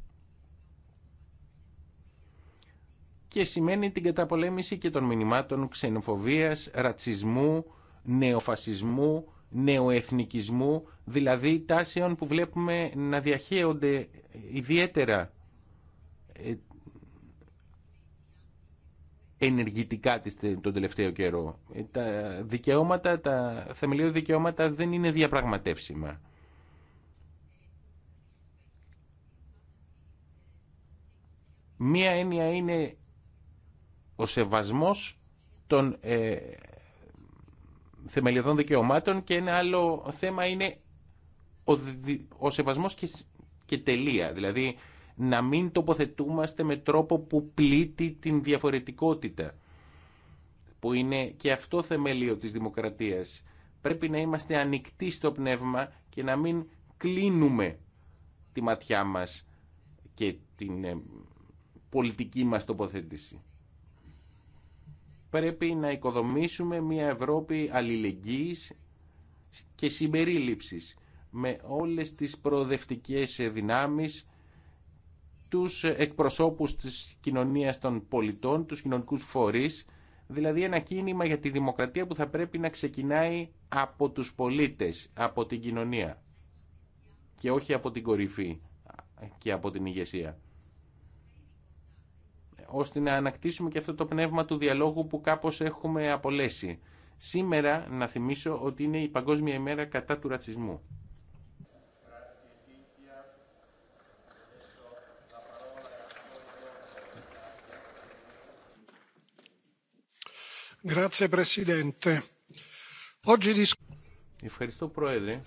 A: Και σημαίνει την καταπολέμηση και των μηνυμάτων ξενοφοβίας, ρατσισμού, νεοφασισμού, νεοεθνικισμού, δηλαδή τάσεων που βλέπουμε να διαχέονται ιδιαίτερα ε, ενεργητικά τον τελευταίο καιρό. Ε, τα δικαιώματα, τα θεμελιώδη δικαιώματα δεν είναι διαπραγματεύσιμα. Μία έννοια είναι ο σεβασμός των ε, θεμελιωδών δικαιωμάτων και ένα άλλο θέμα είναι ο, ο σεβασμός και, τελεία. Δηλαδή να μην τοποθετούμαστε με τρόπο που πλήττει την διαφορετικότητα που είναι και αυτό θεμέλιο της δημοκρατίας. Πρέπει να είμαστε ανοιχτοί στο πνεύμα και να μην κλείνουμε τη ματιά μας και την ε, πολιτική μας τοποθέτηση πρέπει να οικοδομήσουμε μια Ευρώπη αλληλεγγύης και συμπερίληψης με όλες τις προοδευτικές δυνάμεις, τους εκπροσώπους της κοινωνίας των πολιτών, τους κοινωνικούς φορείς, δηλαδή ένα κίνημα για τη δημοκρατία που θα πρέπει να ξεκινάει από τους πολίτες, από την κοινωνία και όχι από την κορυφή και από την ηγεσία ώστε να ανακτήσουμε και αυτό το πνεύμα του διαλόγου που κάπως έχουμε απολέσει. Σήμερα να θυμίσω ότι είναι η Παγκόσμια ημέρα κατά του ρατσισμού. Ευχαριστώ Πρόεδρε.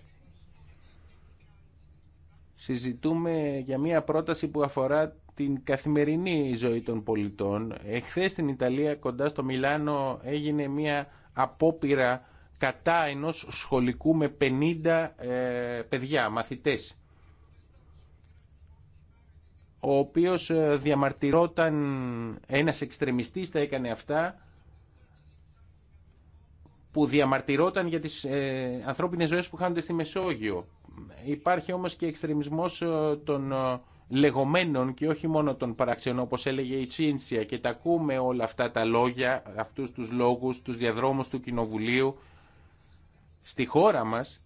A: Συζητούμε για μια πρόταση που αφορά την καθημερινή ζωή των πολιτών. Εχθές στην Ιταλία κοντά στο Μιλάνο έγινε μια απόπειρα κατά ενός σχολικού με 50 ε, παιδιά, μαθητές ο οποίος ε, διαμαρτυρόταν ένας εξτρεμιστής τα έκανε αυτά που διαμαρτυρόταν για τις ε, ανθρώπινες ζωές που χάνονται στη Μεσόγειο. Υπάρχει όμως και εξτρεμισμός ε, των λεγόμενων και όχι μόνο των παραξενών όπως έλεγε η Τσίνσια και τα ακούμε όλα αυτά τα λόγια, αυτούς τους λόγους, τους διαδρόμους του Κοινοβουλίου στη χώρα μας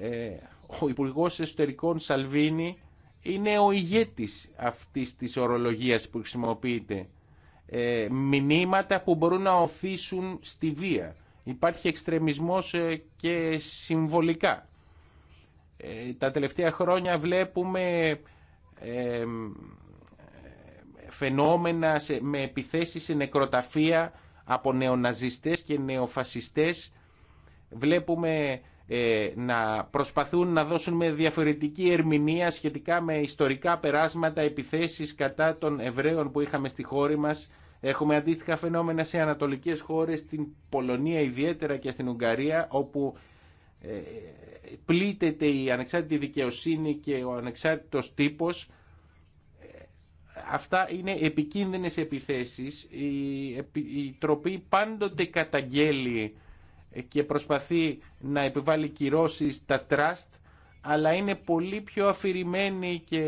A: ε, ο υπουργό Εσωτερικών Σαλβίνη είναι ο ηγέτης αυτής της ορολογίας που χρησιμοποιείται ε, μηνύματα που μπορούν να οθήσουν στη βία υπάρχει εξτρεμισμός ε, και συμβολικά τα τελευταία χρόνια βλέπουμε φαινόμενα με επιθέσεις σε νεκροταφεία από νεοναζιστές και νεοφασιστές βλέπουμε ε, να προσπαθούν να δώσουν με διαφορετική ερμηνεία σχετικά με ιστορικά περάσματα επιθέσεις κατά των Εβραίων που είχαμε στη χώρα μας. Έχουμε αντίστοιχα φαινόμενα σε ανατολικές χώρες, στην Πολωνία ιδιαίτερα και στην Ουγγαρία, όπου ε, πλήττεται η ανεξάρτητη δικαιοσύνη και ο ανεξάρτητος τύπος ε, αυτά είναι επικίνδυνες επιθέσεις η τροπή πάντοτε καταγγέλει και προσπαθεί να επιβάλλει κυρώσεις τα τραστ αλλά είναι πολύ πιο αφηρημένη και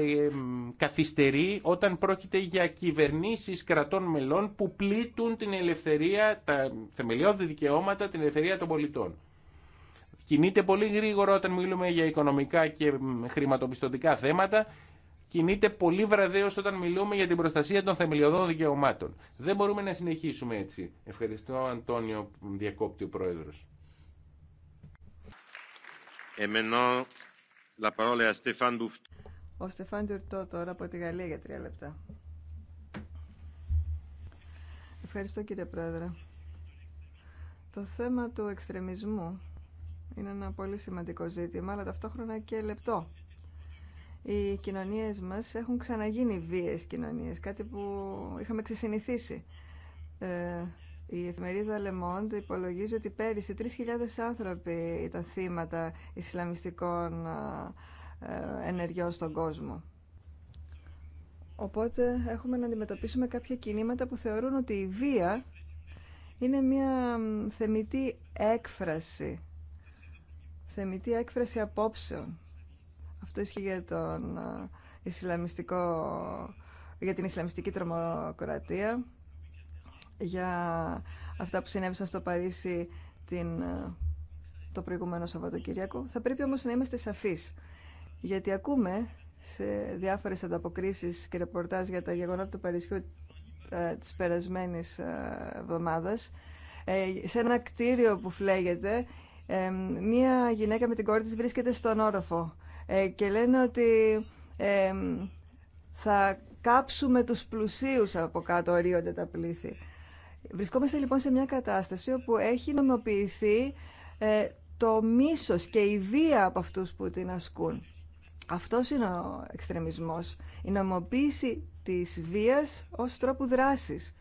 A: καθυστερή όταν πρόκειται για κυβερνήσεις κρατών μελών που πλήττουν την ελευθερία, τα θεμελιώδη δικαιώματα, την ελευθερία των πολιτών κινείται πολύ γρήγορα όταν μιλούμε για οικονομικά και χρηματοπιστωτικά θέματα, κινείται πολύ βραδέω όταν μιλούμε για την προστασία των θεμελιωδών δικαιωμάτων. Δεν μπορούμε να συνεχίσουμε έτσι. Ευχαριστώ, Αντώνιο Διακόπτη, ο Πρόεδρο.
B: Ο Στεφάν Τουρτό τώρα από τη Γαλλία για τρία λεπτά. Ευχαριστώ κύριε Πρόεδρε. Το θέμα του εξτρεμισμού είναι ένα πολύ σημαντικό ζήτημα, αλλά ταυτόχρονα και λεπτό. Οι κοινωνίες μας έχουν ξαναγίνει βίες κοινωνίες, κάτι που είχαμε ξεσυνηθίσει. Ε, η εφημερίδα Le Monde υπολογίζει ότι πέρυσι 3.000 άνθρωποι ήταν θύματα ισλαμιστικών ε, ε, ενεργειών στον κόσμο. Οπότε έχουμε να αντιμετωπίσουμε κάποια κινήματα που θεωρούν ότι η βία είναι μια θεμητή έκφραση θεμητή έκφραση απόψεων. Αυτό ισχύει για, τον Ισλαμιστικό, για την Ισλαμιστική τρομοκρατία, για αυτά που συνέβησαν στο Παρίσι την, το προηγούμενο Σαββατοκυριακό. Θα πρέπει όμως να είμαστε σαφείς, γιατί ακούμε σε διάφορες ανταποκρίσεις και ρεπορτάζ για τα γεγονότα του Παρισιού ε, της περασμένης ε, εβδομάδας, ε, σε ένα κτίριο που φλέγεται μία γυναίκα με την κόρη της βρίσκεται στον όροφο ε, και λένε ότι θα κάψουμε τους πλουσίους από κάτω, ορίονται τα πλήθη. Βρισκόμαστε λοιπόν σε μια κατάσταση όπου έχει νομοποιηθεί ε, το μίσος και η βία από αυτούς που την ασκούν. Αυτός είναι ο εξτρεμισμός. Η νομοποίηση της βίας ως τρόπου δράσης.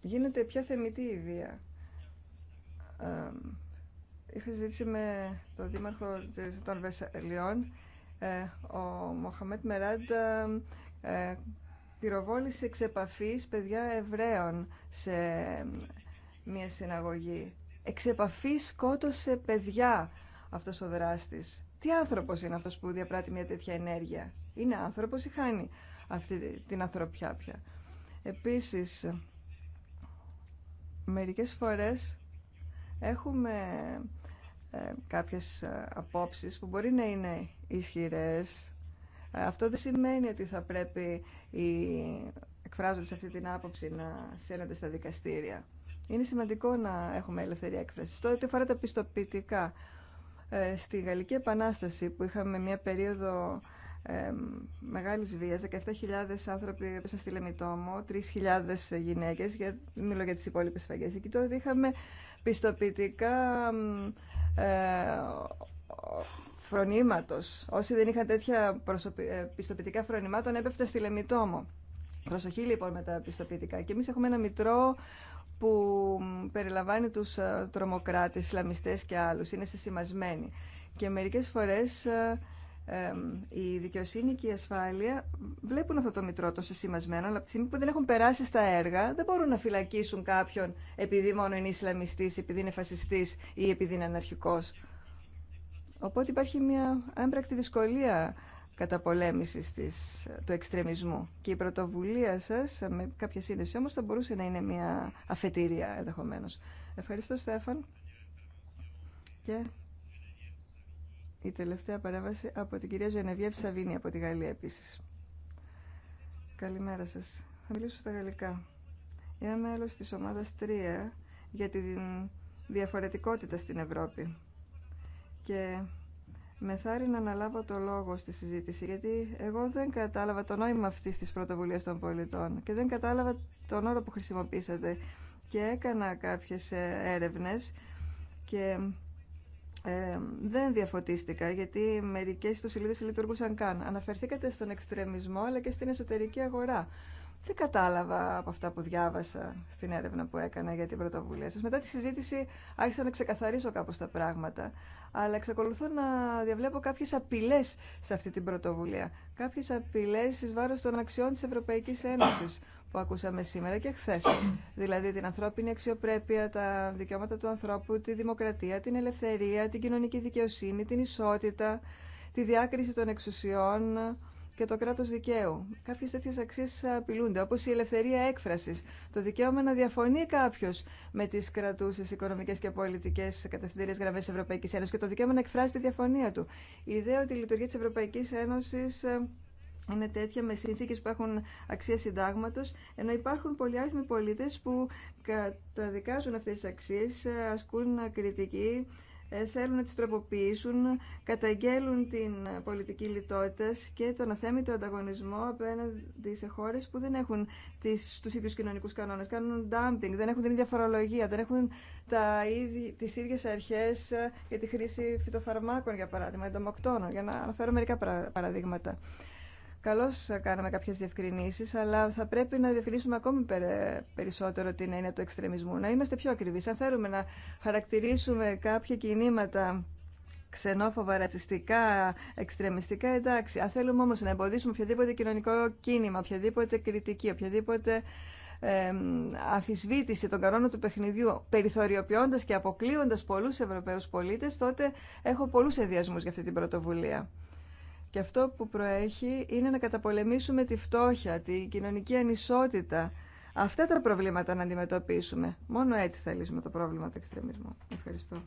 B: Γίνεται πια θεμητή η βία. Ε, είχα ζήτηση με τον δήμαρχο των Βεσσαλιών, ε, ο Μοχαμέτ Μεράντα ε, πυροβόλησε εξ παιδιά Εβραίων σε μια συναγωγή. Εξ επαφής σκότωσε παιδιά αυτός ο δράστης. Τι άνθρωπος είναι αυτός που διαπράττει μια τέτοια ενέργεια. Είναι άνθρωπος ή χάνει αυτή την ανθρωπιά πια. Επίσης, μερικές φορές Έχουμε ε, κάποιες ε, απόψεις που μπορεί να είναι ισχυρές. Ε, αυτό δεν σημαίνει ότι θα πρέπει οι εκφράζοντες αυτή την άποψη να σέρνονται στα δικαστήρια. Είναι σημαντικό να έχουμε ελευθερία έκφραση. Τώρα, ό,τι αφορά τα πιστοποιητικά. στη Γαλλική Επανάσταση που είχαμε μια περίοδο ε, μεγάλης βίας, 17.000 άνθρωποι έπεσαν στη Λεμιτόμο, 3.000 γυναίκες, μιλώ για τις υπόλοιπες φαγές. Εκεί τότε είχαμε πιστοποιητικά ε, φρονήματος. Όσοι δεν είχαν τέτοια ε, πιστοποιητικά φρονημάτων έπεφτε στη λεμιτόμο. Προσοχή λοιπόν με τα πιστοποιητικά. Και εμείς έχουμε ένα μητρό που περιλαμβάνει τους ε, τρομοκράτες, Ισλαμιστές και άλλους. Είναι συσημασμένοι. Και μερικές φορές η δικαιοσύνη και η ασφάλεια βλέπουν αυτό το μητρό τόσο σημασμένο, αλλά από τη στιγμή που δεν έχουν περάσει στα έργα, δεν μπορούν να φυλακίσουν κάποιον επειδή μόνο είναι Ισλαμιστή, επειδή είναι φασιστή ή επειδή είναι αναρχικό. Οπότε υπάρχει μια έμπρακτη δυσκολία καταπολέμησης της, του εξτρεμισμού. Και η πρωτοβουλία σα με κάποια σύνδεση όμω θα μπορούσε να είναι μια αφετηρία ενδεχομένω. Ευχαριστώ, Στέφαν η τελευταία παρέμβαση από την κυρία Ζενεβιέφ Σαβίνη από τη Γαλλία επίσης. Καλημέρα σας. Θα μιλήσω στα γαλλικά. Είμαι μέλο τη ομάδα 3 για τη διαφορετικότητα στην Ευρώπη. Και με θάρρη να αναλάβω το λόγο στη συζήτηση, γιατί εγώ δεν κατάλαβα το νόημα αυτής τη πρωτοβουλία των πολιτών και δεν κατάλαβα τον όρο που χρησιμοποίησατε. Και έκανα κάποιε έρευνε. και ε, δεν διαφωτίστηκα γιατί μερικές ιστοσελίδες λειτουργούσαν καν. Αναφερθήκατε στον εξτρεμισμό αλλά και στην εσωτερική αγορά. Δεν κατάλαβα από αυτά που διάβασα στην έρευνα που έκανα για την πρωτοβουλία σας. Μετά τη συζήτηση άρχισα να ξεκαθαρίσω κάπως τα πράγματα, αλλά εξακολουθώ να διαβλέπω κάποιες απειλές σε αυτή την πρωτοβουλία. Κάποιες απειλές εις βάρος των αξιών της Ευρωπαϊκής Ένωσης, που ακούσαμε σήμερα και χθε. δηλαδή την ανθρώπινη αξιοπρέπεια, τα δικαιώματα του ανθρώπου, τη δημοκρατία, την ελευθερία, την κοινωνική δικαιοσύνη, την ισότητα, τη διάκριση των εξουσιών και το κράτο δικαίου. Κάποιε τέτοιε αξίε απειλούνται, όπω η ελευθερία έκφραση, το δικαίωμα να διαφωνεί κάποιο με τι κρατούσε οικονομικέ και πολιτικέ κατευθυντήριε γραμμέ τη Ευρωπαϊκή Ένωση και το δικαίωμα να εκφράσει τη διαφωνία του. Η ιδέα ότι η λειτουργία τη Ευρωπαϊκή Ένωση ε, είναι τέτοια με συνθήκε που έχουν αξία συντάγματο, ενώ υπάρχουν πολλοί άριθμοι πολίτε που καταδικάζουν αυτέ τι αξίε, ασκούν κριτική, ε, θέλουν να τι τροποποιήσουν, καταγγέλουν την πολιτική λιτότητα και τον αθέμητο ανταγωνισμό απέναντι σε χώρε που δεν έχουν του ίδιου κοινωνικού κανόνε, κάνουν dumping, δεν έχουν την ίδια φορολογία, δεν έχουν τι ίδιε αρχέ ίδιες ε, για τη χρήση φυτοφαρμάκων, για παράδειγμα, εντομοκτώνων, για να αναφέρω μερικά παραδείγματα. Καλώ κάναμε κάποιε διευκρινήσει, αλλά θα πρέπει να διευκρινίσουμε ακόμη περισσότερο την έννοια του εξτρεμισμού, να είμαστε πιο ακριβείς. Αν θέλουμε να χαρακτηρίσουμε κάποια κινήματα ξενόφοβα, ρατσιστικά, εξτρεμιστικά, εντάξει. Αν θέλουμε όμω να εμποδίσουμε οποιοδήποτε κοινωνικό κίνημα, οποιαδήποτε κριτική, οποιαδήποτε ε, αφισβήτηση των κανόνων του παιχνιδιού, περιθωριοποιώντα και αποκλείοντα πολλού ευρωπαίου πολίτε, τότε έχω πολλού ενδιασμού για αυτή την πρωτοβουλία. Και αυτό που προέχει είναι να καταπολεμήσουμε τη φτώχεια, τη κοινωνική ανισότητα. Αυτά τα προβλήματα να αντιμετωπίσουμε. Μόνο έτσι θα λύσουμε το πρόβλημα του εξτρεμισμού. Ευχαριστώ.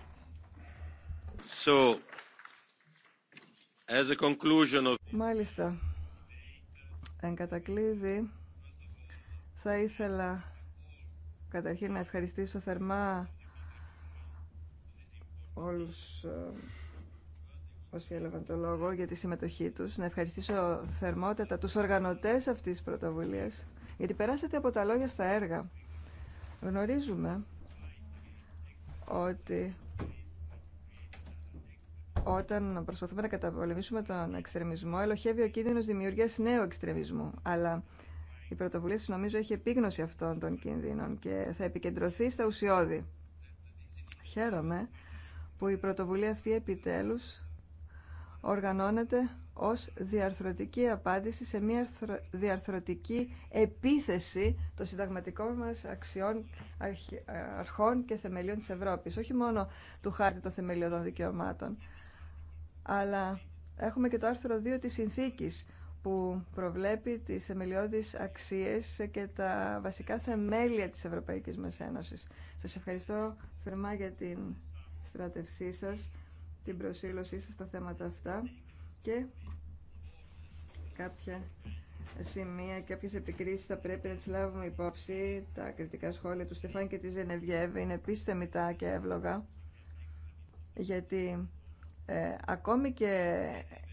B: Μάλιστα. Εν κατακλείδη, θα ήθελα καταρχήν να ευχαριστήσω θερμά όλους ε, όσοι έλαβαν το λόγο για τη συμμετοχή τους. Να ευχαριστήσω θερμότατα τους οργανωτές αυτής της πρωτοβουλίας, γιατί περάσατε από τα λόγια στα έργα. Γνωρίζουμε ότι όταν προσπαθούμε να καταπολεμήσουμε τον εξτρεμισμό, ελοχεύει ο κίνδυνος δημιουργίας νέου εξτρεμισμού. Αλλά η πρωτοβουλία σας νομίζω έχει επίγνωση αυτών των κινδύνων και θα επικεντρωθεί στα ουσιώδη. Χαίρομαι που η πρωτοβουλία αυτή επιτέλους οργανώνεται ως διαρθρωτική απάντηση σε μια διαρθρωτική επίθεση των συνταγματικών μας αξιών, αρχών και θεμελίων της Ευρώπης. Όχι μόνο του χάρτη των θεμελιωδών δικαιωμάτων, αλλά έχουμε και το άρθρο 2 της Συνθήκης που προβλέπει τις θεμελιώδεις αξίες και τα βασικά θεμέλια της Ευρωπαϊκής Μεσένωσης. σα Σας ευχαριστώ θερμά για την στράτευσή σας την προσήλωσή σας στα θέματα αυτά και κάποια σημεία, κάποιες επικρίσεις θα πρέπει να τις λάβουμε υπόψη. Τα κριτικά σχόλια του Στεφάν και της Ζενεβιέβη είναι επίσης και εύλογα γιατί ε, ακόμη και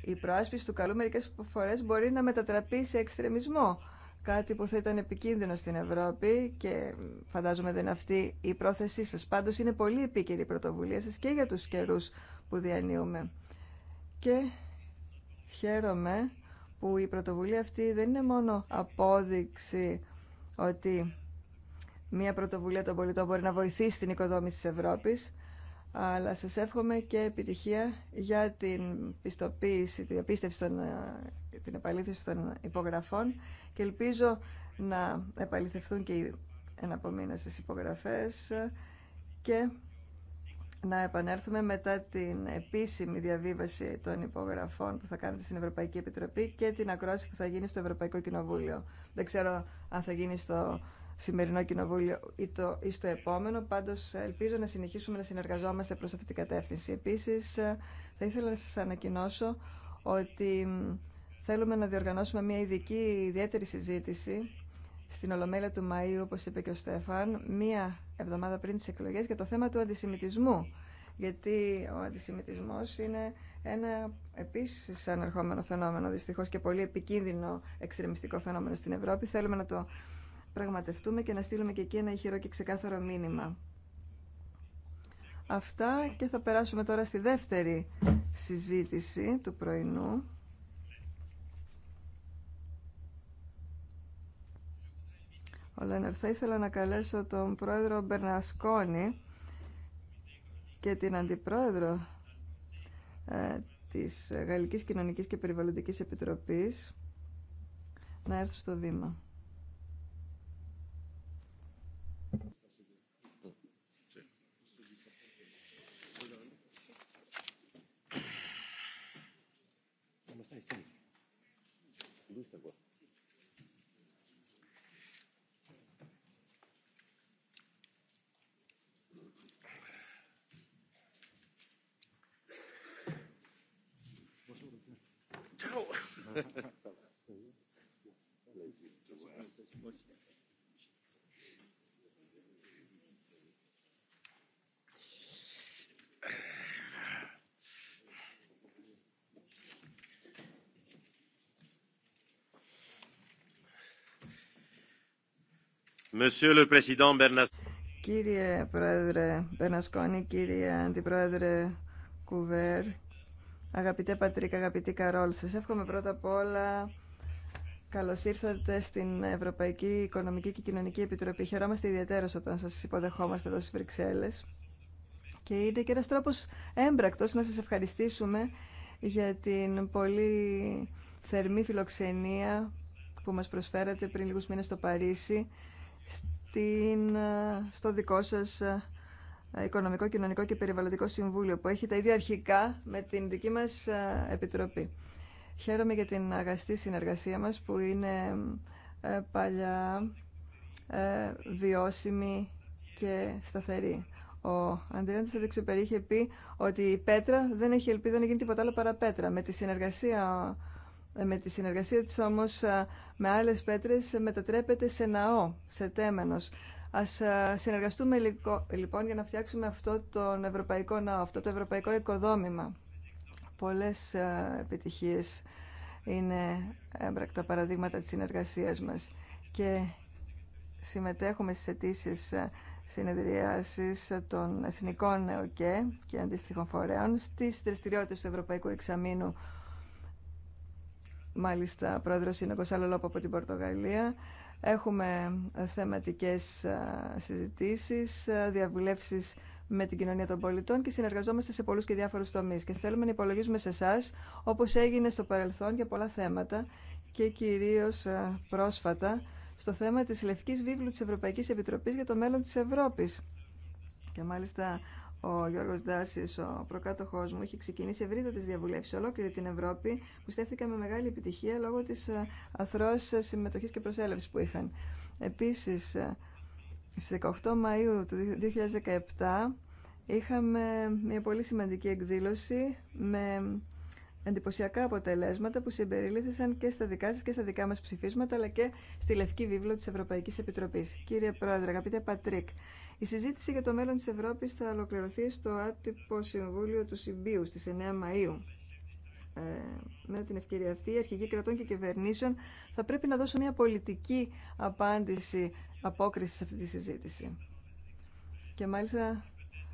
B: η προάσπιση του καλού μερικές φορές μπορεί να μετατραπεί σε εξτρεμισμό κάτι που θα ήταν επικίνδυνο στην Ευρώπη και φαντάζομαι δεν αυτή η πρόθεσή σας. Πάντως είναι πολύ επίκαιρη η πρωτοβουλία σας και για τους καιρούς που διανύουμε. Και χαίρομαι που η πρωτοβουλία αυτή δεν είναι μόνο απόδειξη ότι μια πρωτοβουλία των πολιτών μπορεί να βοηθήσει την οικοδόμηση της Ευρώπης, αλλά σας εύχομαι και επιτυχία για την πιστοποίηση, την επίστευση ε, την επαλήθευση των υπογραφών και ελπίζω να επαληθευτούν και οι εναπομείνασες υπογραφές και να επανέλθουμε μετά την επίσημη διαβίβαση των υπογραφών που θα κάνετε στην Ευρωπαϊκή Επιτροπή και την ακρόαση που θα γίνει στο Ευρωπαϊκό Κοινοβούλιο. Δεν ξέρω αν θα γίνει στο σημερινό κοινοβούλιο ή, το, ή στο επόμενο. Πάντω, ελπίζω να συνεχίσουμε να συνεργαζόμαστε προς αυτή την κατεύθυνση. Επίση, ε, θα ήθελα να σα ανακοινώσω ότι θέλουμε να διοργανώσουμε μια ειδική ιδιαίτερη συζήτηση στην Ολομέλεια του Μαΐου, όπως είπε και ο Στέφαν, μία εβδομάδα πριν τις εκλογές για το θέμα του αντισημιτισμού. Γιατί ο αντισημιτισμός είναι ένα επίσης ανερχόμενο φαινόμενο, δυστυχώς και πολύ επικίνδυνο εξτρεμιστικό φαινόμενο στην Ευρώπη. Θέλουμε να το πραγματευτούμε και να στείλουμε και εκεί ένα ηχηρό και ξεκάθαρο μήνυμα. Αυτά και θα περάσουμε τώρα στη δεύτερη συζήτηση του πρωινού. Όλα Λένερ, θα ήθελα να καλέσω τον πρόεδρο Μπερνασκόνη και την αντιπρόεδρο ε, της Γαλλικής Κοινωνικής και Περιβαλλοντικής Επιτροπής να έρθουν στο βήμα. Κύριε Πρόεδρε Μπερνασκόνη, κύριε Αντιπρόεδρε Κουβέρ, Αγαπητέ Πατρίκα, αγαπητή Καρόλ, σας εύχομαι πρώτα απ' όλα καλώς ήρθατε στην Ευρωπαϊκή Οικονομική και Κοινωνική Επιτροπή. Χαιρόμαστε ιδιαίτερως όταν σας υποδεχόμαστε εδώ στις Βρυξέλλες. Και είναι και ένας τρόπος έμπρακτος να σας ευχαριστήσουμε για την πολύ θερμή φιλοξενία που μας προσφέρατε πριν λίγους μήνες στο Παρίσι, στην, στο δικό σας ε, Οικονομικό, Κοινωνικό και Περιβαλλοντικό Συμβούλιο που έχει τα ίδια αρχικά με την δική μας ε, Επιτροπή. Χαίρομαι για την αγαστή συνεργασία μας που είναι ε, παλιά βιώσιμη και σταθερή. Ο τη Αδεξιοπερή είχε πει ότι η πέτρα δεν έχει ελπίδα να γίνει τίποτα άλλο παρά πέτρα. Με τη συνεργασία, με τη συνεργασία της όμως με άλλες πέτρες μετατρέπεται σε ναό, σε τέμενος. Ας ε, συνεργαστούμε λοιπόν για να φτιάξουμε αυτό τον ευρωπαϊκό ναό, αυτό το ευρωπαϊκό οικοδόμημα. Πολλές ε, επιτυχίες είναι έμπρακτα παραδείγματα της συνεργασίας μας και συμμετέχουμε στις αιτήσει ε, συνεδριάσεις των εθνικών ΕΟΚΕ και αντίστοιχων φορέων στις δραστηριότητε του Ευρωπαϊκού Εξαμήνου. Μάλιστα, πρόεδρος είναι ο Λόπο από την Πορτογαλία Έχουμε ε, θεματικές ε, συζητήσεις, ε, διαβουλεύσεις με την κοινωνία των πολιτών και συνεργαζόμαστε σε πολλούς και διάφορους τομείς και θέλουμε να υπολογίζουμε σε εσά όπως έγινε στο παρελθόν για πολλά θέματα και κυρίως πρόσφατα στο θέμα της Λευκής Βίβλου της Ευρωπαϊκής Επιτροπής για το μέλλον της Ευρώπης. Και μάλιστα ο Γιώργο Δάση, ο προκάτοχό μου, είχε ξεκινήσει ευρύτατε διαβουλεύσει σε ολόκληρη την Ευρώπη, που στέφθηκαν με μεγάλη επιτυχία λόγω τη ε, αθρώση συμμετοχή και προσέλευση που είχαν. Επίση, ε, στι 18 Μαου του 2017 είχαμε μια πολύ σημαντική εκδήλωση με εντυπωσιακά αποτελέσματα που συμπεριλήθησαν και στα δικά σας και στα δικά μας ψηφίσματα αλλά και στη Λευκή Βίβλο της Ευρωπαϊκής Επιτροπής. Κύριε Πρόεδρε, αγαπητέ Πατρίκ, η συζήτηση για το μέλλον της Ευρώπης θα ολοκληρωθεί στο άτυπο Συμβούλιο του Συμπίου στις 9 Μαΐου. Ε, με την ευκαιρία αυτή, οι αρχηγοί κρατών και κυβερνήσεων θα πρέπει να δώσουν μια πολιτική απάντηση, απόκριση σε αυτή τη συζήτηση. Και μάλιστα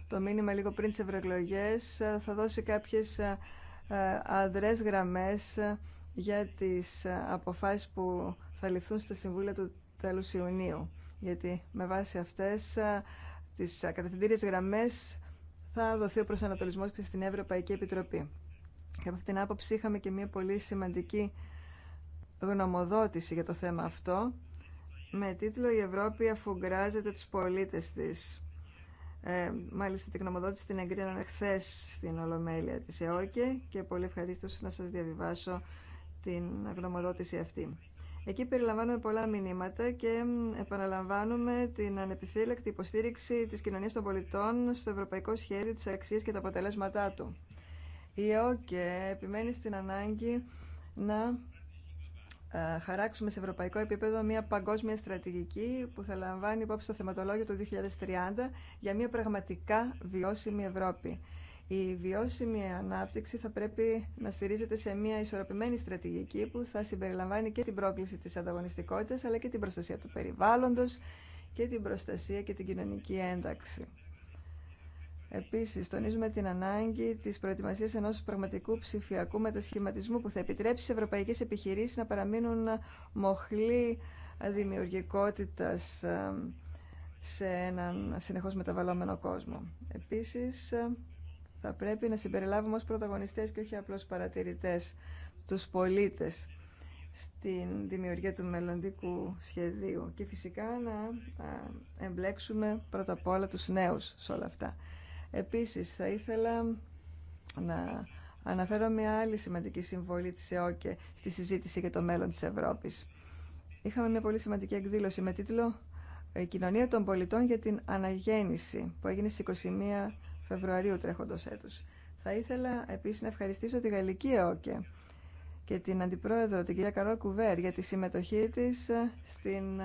B: το μήνυμα λίγο πριν τι ευρωεκλογέ ε, θα δώσει κάποιες ε, ε, αδρές γραμμές ε, για τις ε, αποφάσεις που θα ληφθούν στα Συμβούλια του τέλους Ιουνίου. Γιατί με βάση αυτές τις κατευθυντήριες γραμμές θα δοθεί ο προσανατολισμός και στην Ευρωπαϊκή Επιτροπή. Και από αυτήν την άποψη είχαμε και μια πολύ σημαντική γνωμοδότηση για το θέμα αυτό με τίτλο «Η Ευρώπη αφουγκράζεται τους πολίτες της». Ε, μάλιστα την γνωμοδότηση την εγκρίναμε χθε στην Ολομέλεια της ΕΟΚΕ και πολύ ευχαρίστω να σας διαβιβάσω την γνωμοδότηση αυτή. Εκεί περιλαμβάνουμε πολλά μηνύματα και επαναλαμβάνουμε την ανεπιφύλακτη υποστήριξη της κοινωνίας των πολιτών στο ευρωπαϊκό σχέδιο της αξίας και τα αποτελέσματά του. Η ΕΟΚΕ επιμένει στην ανάγκη να ε, χαράξουμε σε ευρωπαϊκό επίπεδο μια παγκόσμια στρατηγική που θα λαμβάνει υπόψη το θεματολόγιο του 2030 για μια πραγματικά βιώσιμη Ευρώπη. Η βιώσιμη ανάπτυξη θα πρέπει να στηρίζεται σε μια ισορροπημένη στρατηγική που θα συμπεριλαμβάνει και την πρόκληση της ανταγωνιστικότητας αλλά και την προστασία του περιβάλλοντος και την προστασία και την κοινωνική ένταξη. Επίσης, τονίζουμε την ανάγκη της προετοιμασίας ενός πραγματικού ψηφιακού μετασχηματισμού που θα επιτρέψει σε ευρωπαϊκές επιχειρήσεις να παραμείνουν μοχλή δημιουργικότητας ε, σε έναν συνεχώς μεταβαλλόμενο κόσμο. Επίσης, ε, θα πρέπει να συμπεριλάβουμε ως πρωταγωνιστές και όχι απλώς παρατηρητές τους πολίτες στην δημιουργία του μελλοντικού σχεδίου και φυσικά να ε, εμπλέξουμε πρώτα απ' όλα τους νέους σε όλα αυτά. Επίσης, θα ήθελα να αναφέρω μια άλλη σημαντική συμβολή της ΕΟΚΕ στη συζήτηση για το μέλλον της Ευρώπης. Είχαμε μια πολύ σημαντική εκδήλωση με τίτλο «Η κοινωνία των πολιτών για την αναγέννηση» που έγινε στις 21 Φεβρουαρίου τρέχοντος έτους. Θα ήθελα επίσης να ευχαριστήσω τη Γαλλική ΕΟΚΕ και την Αντιπρόεδρο, την κυρία Καρόλ Κουβέρ, για τη συμμετοχή της στην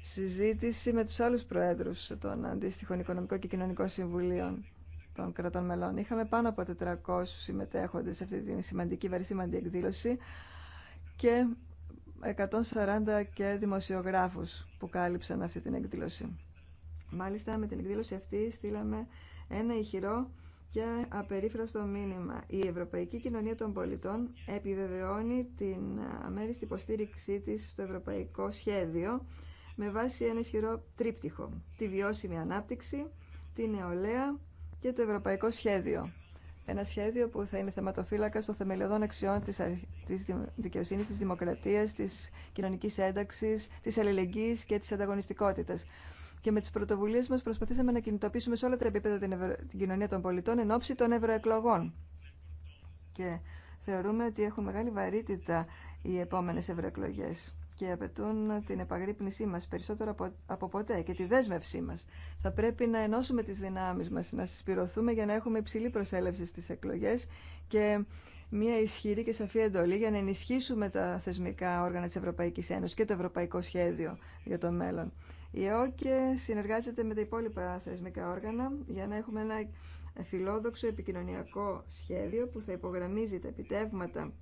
B: συζήτηση με τους άλλους Προέδρους των αντίστοιχων Οικονομικών και Κοινωνικών Συμβουλίων των κρατών μελών. Είχαμε πάνω από 400 συμμετέχοντες σε αυτή τη σημαντική, βαρισίμαντη εκδήλωση και 140 και δημοσιογράφους που κάλυψαν αυτή την εκδήλωση. Μάλιστα με την εκδήλωση αυτή στείλαμε ένα ηχηρό και απερίφραστο μήνυμα. Η Ευρωπαϊκή Κοινωνία των Πολιτών επιβεβαιώνει την αμέριστη υποστήριξή της στο ευρωπαϊκό σχέδιο με βάση ένα ισχυρό τρίπτυχο. Τη βιώσιμη ανάπτυξη, τη νεολαία και το Ευρωπαϊκό Σχέδιο. Ένα σχέδιο που θα είναι θεματοφύλακα των θεμελιωδών αξιών της, της δικαιοσύνης, της δημοκρατίας, της κοινωνικής ένταξης, της αλληλεγγύης και της ανταγωνιστικότητας. Και με τις πρωτοβουλίες μας προσπαθήσαμε να κινητοποιήσουμε σε όλα τα επίπεδα την, ευρω... την κοινωνία των πολιτών εν ώψη των ευρωεκλογών. Και θεωρούμε ότι έχουν μεγάλη βαρύτητα οι επόμενες ευρωεκλογές και απαιτούν την επαγρύπνησή μας περισσότερο από, από ποτέ και τη δέσμευσή μας. Θα πρέπει να ενώσουμε τις δυνάμεις μας, να συσπηρωθούμε για να έχουμε υψηλή προσέλευση στις εκλογές και μια ισχυρή και σαφή εντολή για να ενισχύσουμε τα θεσμικά όργανα της Ευρωπαϊκής Ένωσης και το ευρωπαϊκό σχέδιο για το μέλλον. Η ΕΟΚΕ συνεργάζεται με τα υπόλοιπα θεσμικά όργανα για να έχουμε ένα φιλόδοξο επικοινωνιακό σχέδιο που θα υπογραμμίζει τα επιτεύγματα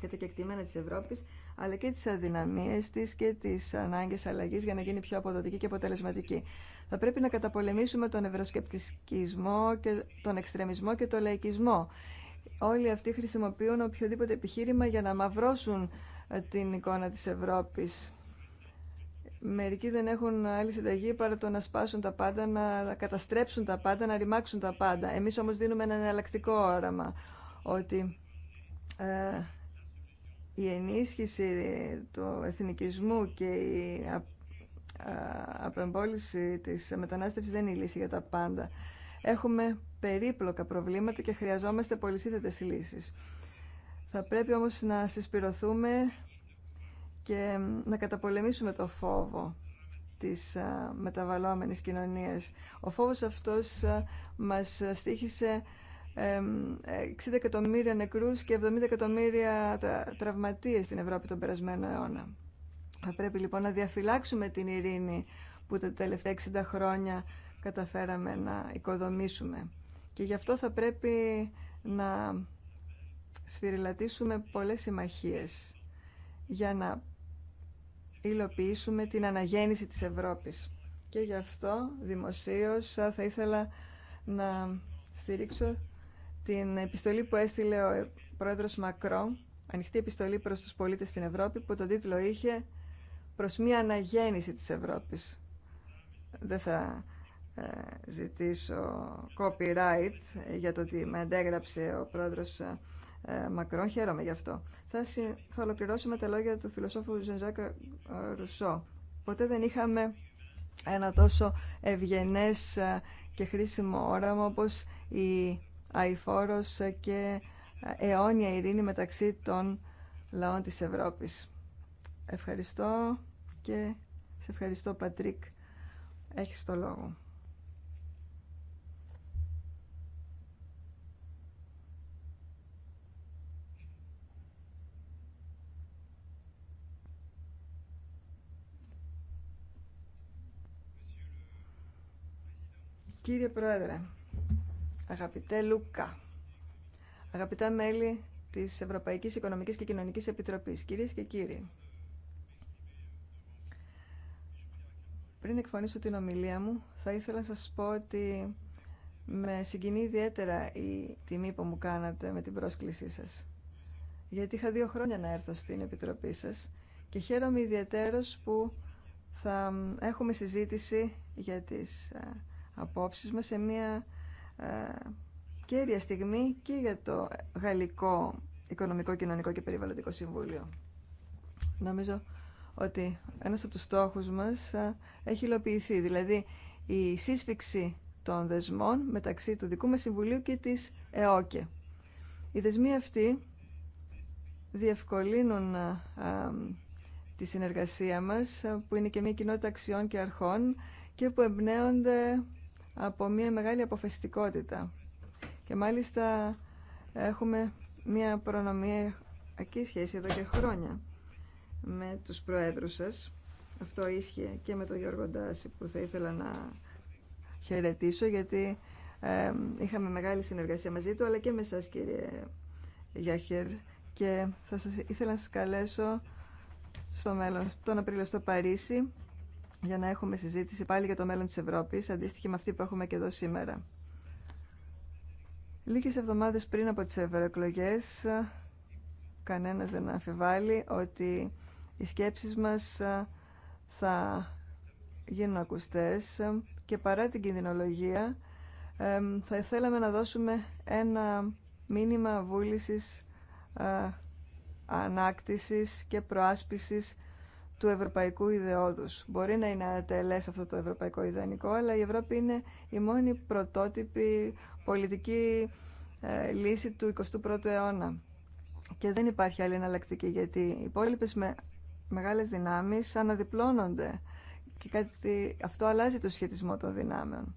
B: και τα κεκτημένα της Ευρώπης, αλλά και τις αδυναμίες της και τις ανάγκες αλλαγής για να γίνει πιο αποδοτική και αποτελεσματική. Θα πρέπει να καταπολεμήσουμε τον ευρωσκεπτισμό, και τον εξτρεμισμό και τον λαϊκισμό. Όλοι αυτοί χρησιμοποιούν οποιοδήποτε επιχείρημα για να μαυρώσουν ε, την εικόνα της Ευρώπης. Μερικοί δεν έχουν άλλη συνταγή παρά το να σπάσουν τα πάντα, να καταστρέψουν τα πάντα, να ρημάξουν τα πάντα. Εμείς όμως δίνουμε ένα εναλλακτικό όραμα ότι ε, η ενίσχυση του εθνικισμού και η απεμπόληση της μετανάστευσης δεν είναι η λύση για τα πάντα. Έχουμε περίπλοκα προβλήματα και χρειαζόμαστε πολυσύνθετες λύσεις. Θα πρέπει όμως να συσπηρωθούμε και να καταπολεμήσουμε το φόβο της μεταβαλλόμενης κοινωνίας. Ο φόβος αυτός μας στήχησε 60 ε, εκατομμύρια νεκρούς και 70 εκατομμύρια τραυματίες στην Ευρώπη τον περασμένο αιώνα. Θα πρέπει λοιπόν να διαφυλάξουμε την ειρήνη που τα τελευταία 60 χρόνια καταφέραμε να οικοδομήσουμε. Και γι' αυτό θα πρέπει να σφυριλατήσουμε πολλές συμμαχίες για να υλοποιήσουμε την αναγέννηση της Ευρώπης. Και γι' αυτό δημοσίως θα ήθελα να στηρίξω την επιστολή που έστειλε ο πρόεδρος Μακρό, ανοιχτή επιστολή προς τους πολίτες στην Ευρώπη, που τον τίτλο είχε «Προς μια αναγέννηση της Ευρώπης». Δεν θα ε, ζητήσω copyright για το ότι με αντέγραψε ο πρόεδρος ε, Μακρό. Χαίρομαι γι' αυτό. Θα, συ... θα ολοκληρώσω με τα λόγια του φιλοσόφου Ζενζάκα Ρουσό. Ποτέ δεν είχαμε ένα τόσο ευγενές ε, και χρήσιμο όραμα όπως η αηφόρος και αιώνια ειρήνη μεταξύ των λαών της Ευρώπης. Ευχαριστώ και σε ευχαριστώ Πατρίκ. Έχεις το λόγο. Κύριε Πρόεδρε, Αγαπητέ Λουκά, αγαπητά μέλη της Ευρωπαϊκής Οικονομικής και Κοινωνικής Επιτροπής, κυρίες και κύριοι, πριν εκφωνήσω την ομιλία μου, θα ήθελα να σας πω ότι με συγκινεί ιδιαίτερα η τιμή που μου κάνατε με την πρόσκλησή σας. Γιατί είχα δύο χρόνια να έρθω στην Επιτροπή σας και χαίρομαι ιδιαίτερος που θα έχουμε συζήτηση για τις ε, απόψεις μας σε μια ε, κέρια στιγμή και για το Γαλλικό Οικονομικό, Κοινωνικό και Περιβαλλοντικό Συμβούλιο. Νομίζω ότι ένας από τους στόχους μας ε, έχει υλοποιηθεί, δηλαδή η σύσφυξη των δεσμών μεταξύ του δικού μας Συμβουλίου και της ΕΟΚΕ. Οι δεσμοί αυτοί διευκολύνουν ε, τη συνεργασία μας, που είναι και μια κοινότητα αξιών και αρχών και που εμπνέονται από μια μεγάλη αποφασιστικότητα. Και μάλιστα έχουμε μια προνομιακή σχέση εδώ και χρόνια με τους προέδρους σας. Αυτό ίσχυε και με τον Γιώργο Ντάση που θα ήθελα να χαιρετήσω γιατί ε, είχαμε μεγάλη συνεργασία μαζί του αλλά και με εσάς κύριε Γιάχερ και θα σας, ήθελα να σας καλέσω στο μέλλον, τον Απρίλιο στο Παρίσι για να έχουμε συζήτηση πάλι για το μέλλον της Ευρώπης, αντίστοιχη με αυτή που έχουμε και εδώ σήμερα. Λίγες εβδομάδες πριν από τις ευρωεκλογέ, κανένας δεν αμφιβάλλει ότι οι σκέψεις μας θα γίνουν ακουστές και παρά την κινδυνολογία θα θέλαμε να δώσουμε ένα μήνυμα βούλησης ανάκτησης και προάσπισης του ευρωπαϊκού ιδεώδους. Μπορεί να είναι ατελές αυτό το ευρωπαϊκό ιδανικό, αλλά η Ευρώπη είναι η μόνη πρωτότυπη πολιτική ε, λύση του 21ου αιώνα. Και δεν υπάρχει άλλη εναλλακτική, γιατί οι υπόλοιπε με, μεγάλες δυνάμεις αναδιπλώνονται και κάτι, αυτό αλλάζει το σχετισμό των δυνάμεων.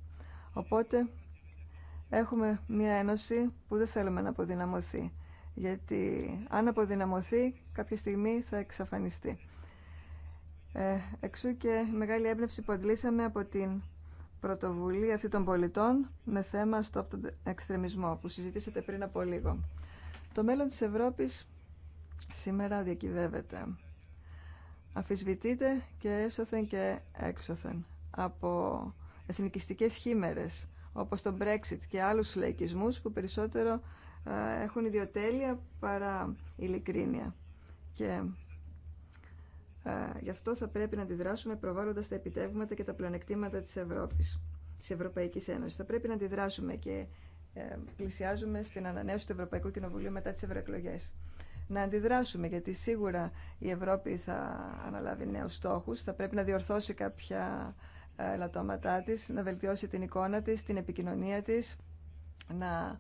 B: Οπότε έχουμε μια ένωση που δεν θέλουμε να αποδυναμωθεί, γιατί αν αποδυναμωθεί κάποια στιγμή θα εξαφανιστεί. Ε, εξού και μεγάλη έμπνευση που αντλήσαμε από την πρωτοβουλία αυτή των πολιτών με θέμα στο τον εξτρεμισμό που συζητήσατε πριν από λίγο. Το μέλλον της Ευρώπης σήμερα διακυβεύεται. Αφισβητείται και έσωθεν και έξωθεν από εθνικιστικές χήμερες όπως το Brexit και άλλους λαϊκισμούς που περισσότερο ε, έχουν ιδιοτέλεια παρά ειλικρίνεια. Και γι' αυτό θα πρέπει να αντιδράσουμε προβάλλοντας τα επιτεύγματα και τα πλανεκτήματα της Ευρώπης, τη Ευρωπαϊκή Ένωση. Θα πρέπει να αντιδράσουμε και ε, πλησιάζουμε στην ανανέωση του Ευρωπαϊκού Κοινοβουλίου μετά τις ευρωεκλογέ. Να αντιδράσουμε, γιατί σίγουρα η Ευρώπη θα αναλάβει νέους στόχους, θα πρέπει να διορθώσει κάποια ε, λατώματά της, να βελτιώσει την εικόνα της, την επικοινωνία της, να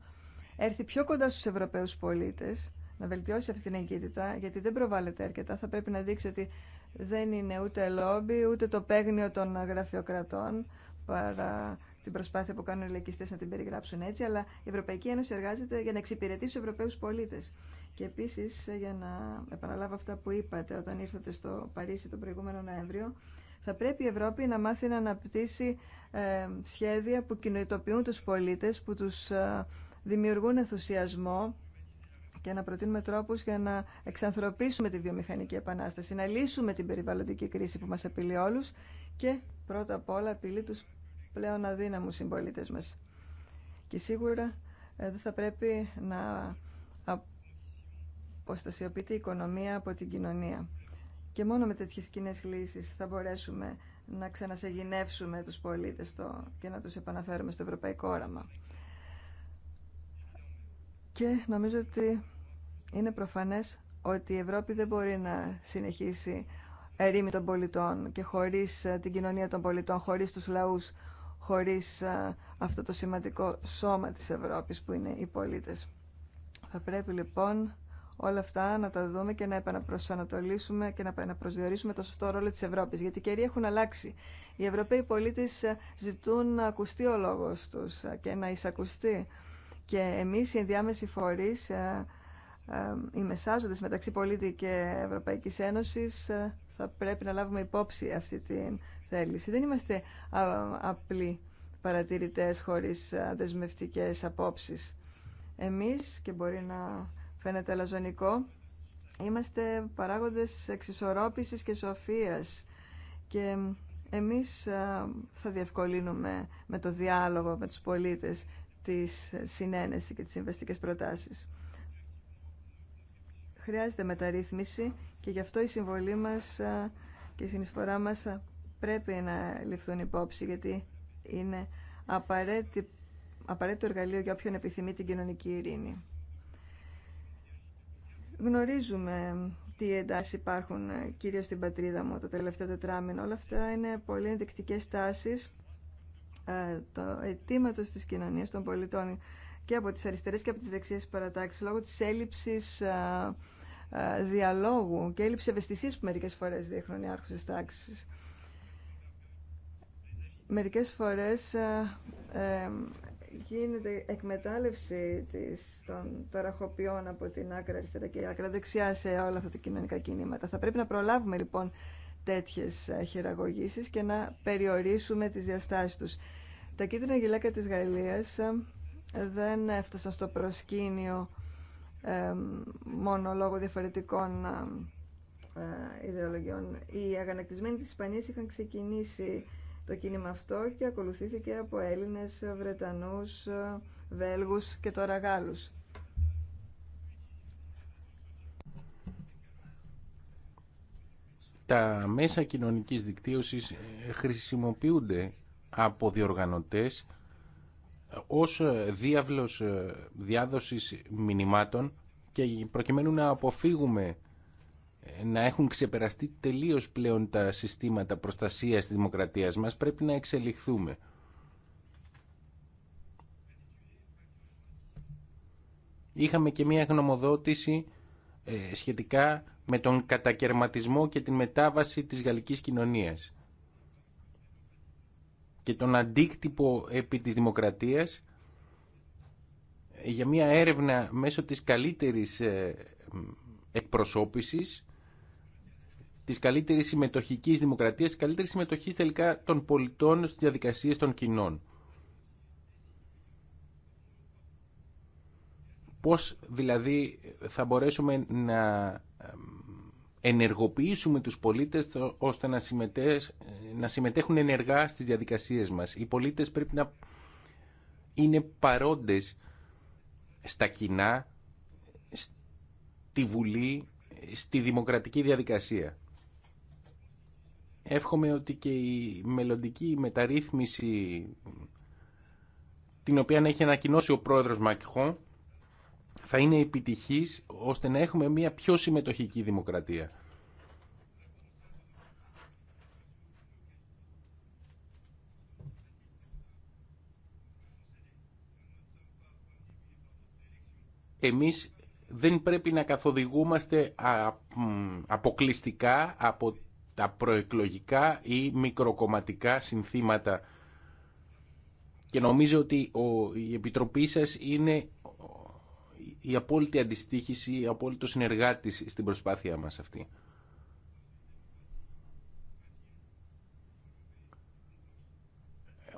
B: έρθει πιο κοντά στους Ευρωπαίους πολίτες να βελτιώσει αυτή την εγκύτητα, γιατί δεν προβάλλεται αρκετά. Θα πρέπει να δείξει ότι δεν είναι ούτε λόμπι, ούτε το παίγνιο των γραφειοκρατών, παρά την προσπάθεια που κάνουν οι λαϊκιστέ να την περιγράψουν έτσι, αλλά η Ευρωπαϊκή Ένωση εργάζεται για να εξυπηρετήσει του Ευρωπαίου πολίτε. Και επίση, για να επαναλάβω αυτά που είπατε όταν ήρθατε στο Παρίσι τον προηγούμενο Νοέμβριο, θα πρέπει η Ευρώπη να μάθει να αναπτύσσει ε, σχέδια που κοινοτοποιούν τους πολίτες, που τους ε, δημιουργούν ενθουσιασμό και να προτείνουμε τρόπους για να εξανθρωπίσουμε τη βιομηχανική επανάσταση, να λύσουμε την περιβαλλοντική κρίση που μας απειλεί όλου και πρώτα απ' όλα απειλεί του πλέον αδύναμους συμπολίτε μας. Και σίγουρα ε, δεν θα πρέπει να αποστασιοποιείται η οικονομία από την κοινωνία. Και μόνο με τέτοιες κοινέ λύσεις θα μπορέσουμε να ξανασεγινεύσουμε τους πολίτες και να τους επαναφέρουμε στο ευρωπαϊκό όραμα. Και νομίζω ότι είναι προφανές ότι η Ευρώπη δεν μπορεί να συνεχίσει ερήμη των πολιτών και χωρίς ε, την κοινωνία των πολιτών, χωρίς τους λαούς, χωρίς ε, αυτό το σημαντικό σώμα της Ευρώπης που είναι οι πολίτες. Θα πρέπει λοιπόν όλα αυτά να τα δούμε και να επαναπροσανατολίσουμε και να επαναπροσδιορίσουμε το σωστό ρόλο της Ευρώπης. Γιατί οι καιροί έχουν αλλάξει. Οι Ευρωπαίοι πολίτες ε, ζητούν να ακουστεί ο λόγος τους και να εισακουστεί. Και εμείς οι ενδιάμεσοι φορείς, ε, ε, οι μεσάζοντες μεταξύ πολίτη και Ευρωπαϊκής Ένωσης, ε, θα πρέπει να λάβουμε υπόψη αυτή την θέληση. Δεν είμαστε απλοί παρατηρητές χωρίς δεσμευτικές απόψεις. Εμείς, και μπορεί να φαίνεται λαζονικό, είμαστε παράγοντες εξισορρόπησης και σοφίας και εμείς θα διευκολύνουμε με το διάλογο με τους πολίτες τη συνένεση και τι συμβαστικέ προτάσεις. Χρειάζεται μεταρρύθμιση και γι' αυτό η συμβολή μας ε, και η συνεισφορά μας θα πρέπει να ληφθούν υπόψη γιατί είναι απαραίτητο εργαλείο για όποιον επιθυμεί την κοινωνική ειρήνη. Γνωρίζουμε τι εντάσει υπάρχουν ε, κυρίως στην πατρίδα μου το τελευταίο τετράμινο. Όλα αυτά είναι πολύ ενδεικτικές τάσεις ε, το αιτήματο της κοινωνίας των πολιτών και από τις αριστερές και από τις δεξιές παρατάξεις λόγω της έλλειψης ε, ε, διαλόγου και έλλειψη ευαισθησίας που μερικές φορές δείχνουν οι άρχουσες τάξεις. Μερικές φορές ε, γίνεται εκμετάλλευση της, των ταραχοποιών από την άκρα αριστερά και άκρα δεξιά σε όλα αυτά τα κοινωνικά κινήματα. Θα πρέπει να προλάβουμε λοιπόν τέτοιες χειραγωγήσεις και να περιορίσουμε τις διαστάσεις τους. Τα κίτρινα γυλάκια της Γαλλίας ε, δεν έφτασαν στο προσκήνιο ε, μόνο λόγω διαφορετικών ε, ιδεολογιών. Οι αγανακτισμένοι της Ισπανίας είχαν ξεκινήσει το κίνημα αυτό και ακολουθήθηκε από Έλληνες, Βρετανούς, Βέλγους και τώρα Γάλλους.
A: Τα μέσα κοινωνικής δικτύωσης χρησιμοποιούνται από διοργανωτές ως διάβλος ε, διάδοσης μηνυμάτων και προκειμένου να αποφύγουμε ε, να έχουν ξεπεραστεί τελείως πλέον τα συστήματα προστασίας της δημοκρατίας μας πρέπει να εξελιχθούμε. Είχαμε και μία γνωμοδότηση ε, σχετικά με τον κατακαιρματισμό και την μετάβαση της γαλλικής κοινωνίας και τον αντίκτυπο επί της δημοκρατίας για μια έρευνα μέσω της καλύτερης ε, εκπροσώπησης, της καλύτερης συμμετοχικής δημοκρατίας, της καλύτερης συμμετοχής τελικά των πολιτών στις διαδικασίες των κοινών. Πώς δηλαδή θα μπορέσουμε να ενεργοποιήσουμε τους πολίτες ώστε να, συμμετέχουν ενεργά στις διαδικασίες μας. Οι πολίτες πρέπει να είναι παρόντες στα κοινά, στη Βουλή, στη δημοκρατική διαδικασία. Εύχομαι ότι και η μελλοντική μεταρρύθμιση την οποία έχει ανακοινώσει ο πρόεδρος Μακχόν θα είναι επιτυχής ώστε να έχουμε μια πιο συμμετοχική δημοκρατία. Εμείς δεν πρέπει να καθοδηγούμαστε αποκλειστικά από τα προεκλογικά ή μικροκομματικά συνθήματα. Και νομίζω ότι η Επιτροπή σας είναι η απόλυτη αντιστοίχηση, η απόλυτο συνεργάτης στην προσπάθειά μας αυτή.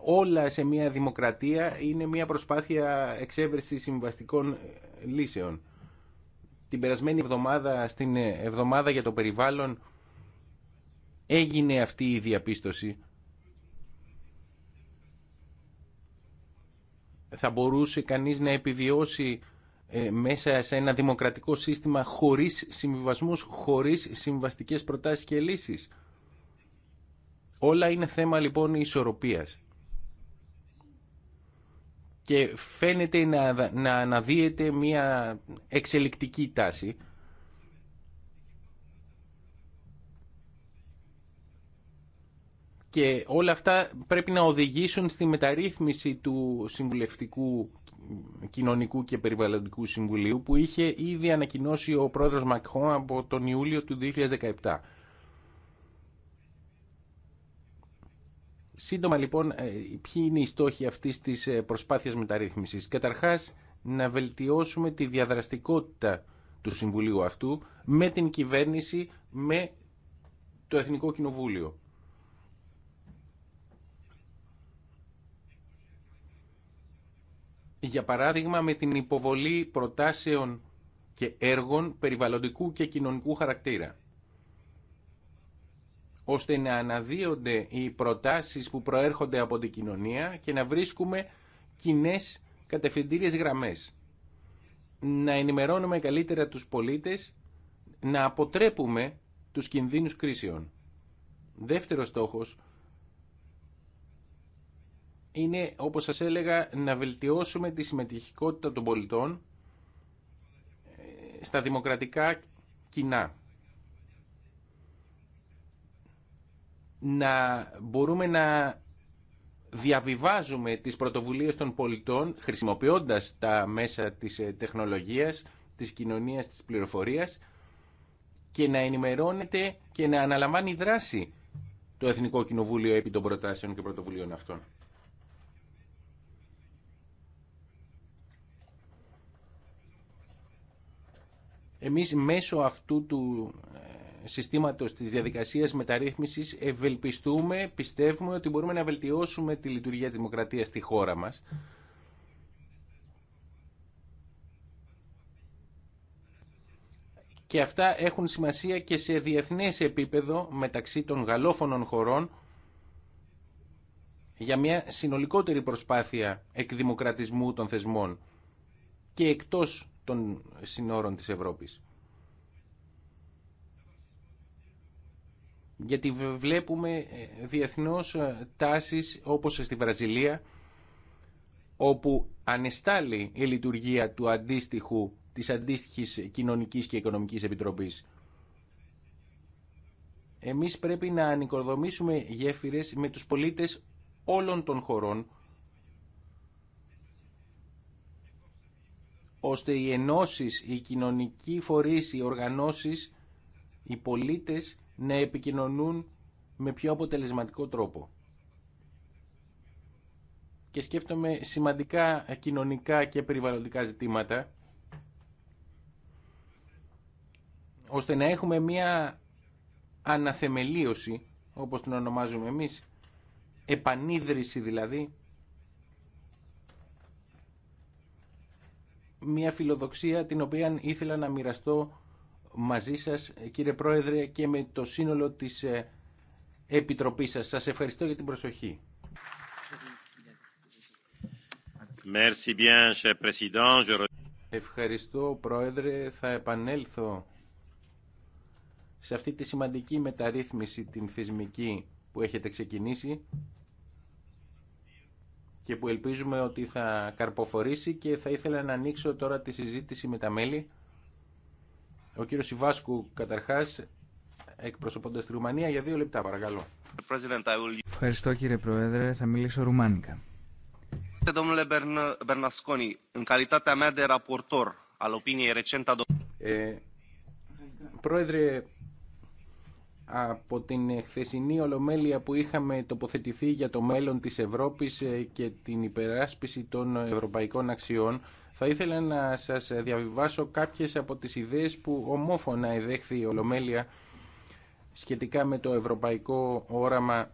A: Όλα σε μια δημοκρατία είναι μια προσπάθεια εξέβρεση συμβαστικών λύσεων. Την περασμένη εβδομάδα, στην εβδομάδα για το περιβάλλον, έγινε αυτή η διαπίστωση θα μπορούσε κανείς να επιβιώσει ε, μέσα σε ένα δημοκρατικό σύστημα χωρίς συμβιβασμούς, χωρίς συμβαστικές προτάσεις και λύσεις. Όλα είναι θέμα λοιπόν ισορροπίας. Και φαίνεται να, να αναδύεται μια εξελικτική τάση. Και όλα αυτά πρέπει να οδηγήσουν στη μεταρρύθμιση του συμβουλευτικού Κοινωνικού και Περιβαλλοντικού Συμβουλίου που είχε ήδη ανακοινώσει ο πρόεδρος Μακχόν από τον Ιούλιο του 2017. Σύντομα λοιπόν, ε, ποιοι είναι οι στόχοι αυτής της ε, προσπάθειας μεταρρύθμισης. Καταρχάς, να βελτιώσουμε τη διαδραστικότητα του Συμβουλίου αυτού με την κυβέρνηση, με το Εθνικό Κοινοβούλιο. για παράδειγμα με την υποβολή προτάσεων και έργων περιβαλλοντικού και κοινωνικού χαρακτήρα ώστε να αναδύονται οι προτάσεις που προέρχονται από την κοινωνία και να βρίσκουμε κοινέ κατευθυντήριες γραμμές. Να ενημερώνουμε καλύτερα τους πολίτες, να αποτρέπουμε τους κινδύνους κρίσεων. Δεύτερος στόχος είναι, όπως σας έλεγα, να βελτιώσουμε τη συμμετοχικότητα των πολιτών ε, στα δημοκρατικά κοινά. Να μπορούμε να διαβιβάζουμε τις πρωτοβουλίες των πολιτών χρησιμοποιώντας τα μέσα της ε, τεχνολογίας, της κοινωνίας, της πληροφορίας και να ενημερώνεται και να αναλαμβάνει δράση το Εθνικό Κοινοβούλιο επί των προτάσεων και πρωτοβουλίων αυτών. Εμείς μέσω αυτού του ε, συστήματος της διαδικασίας μεταρρύθμισης ευελπιστούμε, πιστεύουμε ότι μπορούμε να βελτιώσουμε τη λειτουργία της δημοκρατίας στη χώρα μας. Και αυτά έχουν σημασία και σε διεθνές επίπεδο μεταξύ των γαλλόφωνων χωρών για μια συνολικότερη προσπάθεια εκδημοκρατισμού των θεσμών και εκτός των συνόρων της Ευρώπης. Γιατί βλέπουμε ε, διεθνώς ε, τάσεις όπως στη Βραζιλία όπου ανεστάλλει η λειτουργία του αντίστοιχου, της αντίστοιχης κοινωνικής και οικονομικής επιτροπής. Εμείς πρέπει να ανοικοδομήσουμε γέφυρες με τους πολίτες όλων των χωρών ώστε οι ενώσεις, οι κοινωνικοί φορείς, οι οργανώσεις, οι πολίτες να επικοινωνούν με πιο αποτελεσματικό τρόπο. Και σκέφτομαι σημαντικά κοινωνικά και περιβαλλοντικά ζητήματα, ώστε να έχουμε μία αναθεμελίωση, όπως την ονομάζουμε εμείς, επανίδρυση δηλαδή, μια φιλοδοξία την οποία ήθελα να μοιραστώ μαζί σας κύριε Πρόεδρε και με το σύνολο της ε, Επιτροπής σας. Σας ευχαριστώ για την προσοχή. Ευχαριστώ Πρόεδρε. Θα επανέλθω σε αυτή τη σημαντική μεταρρύθμιση την θεσμική που έχετε ξεκινήσει και που ελπίζουμε ότι θα καρποφορήσει και θα ήθελα να ανοίξω τώρα τη συζήτηση με τα μέλη. Ο κύριος Σιβάσκου καταρχάς εκπροσωπώντας τη Ρουμανία για δύο λεπτά παρακαλώ.
D: Ευχαριστώ κύριε Πρόεδρε, θα μιλήσω ρουμάνικα.
A: Ε, πρόεδρε, από την χθεσινή ολομέλεια που είχαμε τοποθετηθεί για το μέλλον της Ευρώπης ε, και την υπεράσπιση των ευρωπαϊκών αξιών, θα ήθελα να σας διαβιβάσω κάποιες από τις ιδέες που ομόφωνα εδέχθη η Ολομέλεια σχετικά με το ευρωπαϊκό όραμα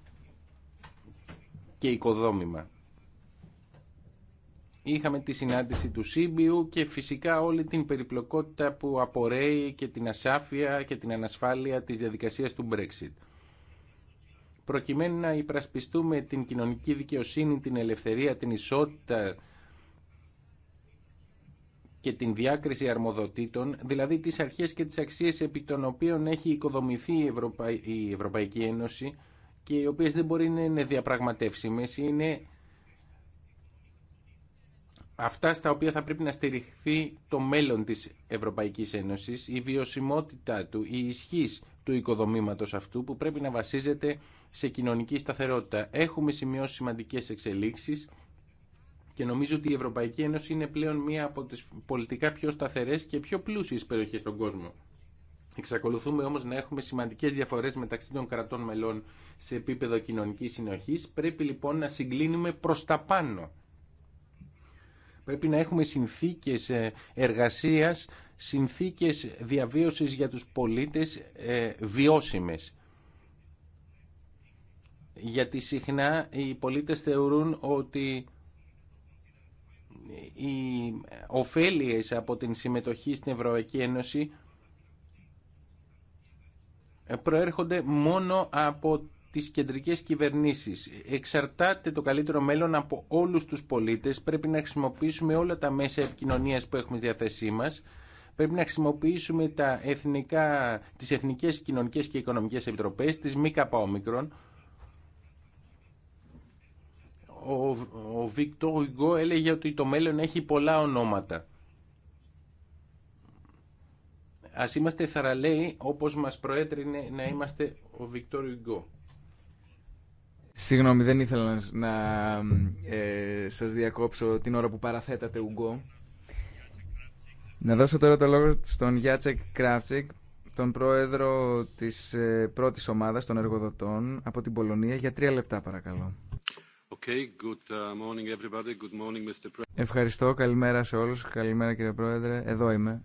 A: και οικοδόμημα είχαμε τη συνάντηση του Σύμπιου και φυσικά όλη την περιπλοκότητα που απορρέει και την ασάφεια και την ανασφάλεια της διαδικασίας του Brexit. Προκειμένου να υπρασπιστούμε την κοινωνική δικαιοσύνη, την ελευθερία, την ισότητα και την διάκριση αρμοδοτήτων, δηλαδή τις αρχές και τις αξίες επί των οποίων έχει οικοδομηθεί η, Ευρωπαϊκή Ένωση και οι οποίες δεν μπορεί να είναι διαπραγματεύσιμες, είναι αυτά στα οποία θα πρέπει να στηριχθεί το μέλλον της Ευρωπαϊκής Ένωσης, η βιωσιμότητά του, η ισχύς του οικοδομήματος αυτού που πρέπει να βασίζεται σε κοινωνική σταθερότητα. Έχουμε σημειώσει σημαντικές εξελίξεις και νομίζω ότι η Ευρωπαϊκή Ένωση είναι πλέον μία από τις πολιτικά πιο σταθερές και πιο πλούσιες περιοχές στον κόσμο. Εξακολουθούμε όμως να έχουμε σημαντικές διαφορές μεταξύ των κρατών μελών σε επίπεδο κοινωνικής συνοχής. Πρέπει λοιπόν να συγκλίνουμε προς τα πάνω Πρέπει να έχουμε συνθήκες ε, εργασίας, συνθήκες διαβίωσης για τους πολίτες ε, βιώσιμες. Γιατί συχνά οι πολίτες θεωρούν ότι οι ωφέλειες από την συμμετοχή στην Ευρωπαϊκή Ένωση προέρχονται μόνο από τις κεντρικές κυβερνήσεις. Εξαρτάται το καλύτερο μέλλον από όλους τους πολίτες. Πρέπει να χρησιμοποιήσουμε όλα τα μέσα επικοινωνίας που έχουμε στη διαθέσή μας. Πρέπει να χρησιμοποιήσουμε τα εθνικά, τις Εθνικές Κοινωνικές και Οικονομικές Επιτροπές, τις ΜΚΟ. Ο, ο Βικτό Ιγκό έλεγε ότι το μέλλον έχει πολλά ονόματα. Ας είμαστε θαραλέοι όπως μας προέτρινε να είμαστε ο Βικτόριο Ιγκό.
D: Συγγνώμη, δεν ήθελα να ε, σας διακόψω την ώρα που παραθέτατε Ουγγό. Να δώσω τώρα το λόγο στον Γιάτσεκ Κράφτσικ, τον πρόεδρο της ε, πρώτης ομάδας των εργοδοτών από την Πολωνία, για τρία λεπτά παρακαλώ.
C: Okay, good uh, morning everybody. Good morning, Mr.
D: Ευχαριστώ, καλημέρα σε όλους, καλημέρα κύριε Πρόεδρε, εδώ είμαι.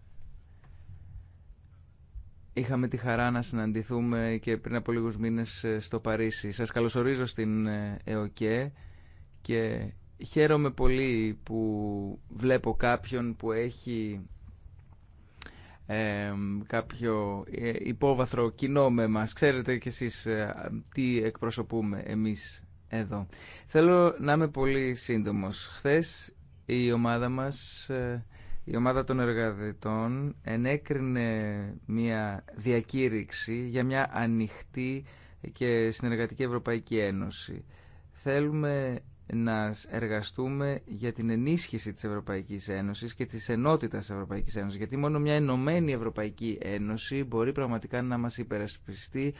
D: Είχαμε τη χαρά να συναντηθούμε και πριν από λίγους μήνες ε, στο Παρίσι. Σας καλωσορίζω στην ε, ΕΟΚΕ και χαίρομαι πολύ που βλέπω κάποιον που έχει κάποιο ε, υπόβαθρο κοινό με μας. Ξέρετε κι εσείς τι εκπροσωπούμε εμείς εδώ. Θέλω να είμαι πολύ σύντομος. Χθες η ομάδα μας η ομάδα των εργαδετών ενέκρινε μια διακήρυξη για μια ανοιχτή και συνεργατική Ευρωπαϊκή Ένωση. Θέλουμε να εργαστούμε για την ενίσχυση της Ευρωπαϊκής Ένωσης και της ενότητας της Ευρωπαϊκής Ένωσης, γιατί μόνο μια ενωμένη Ευρωπαϊκή Ένωση μπορεί πραγματικά να μας υπερασπιστεί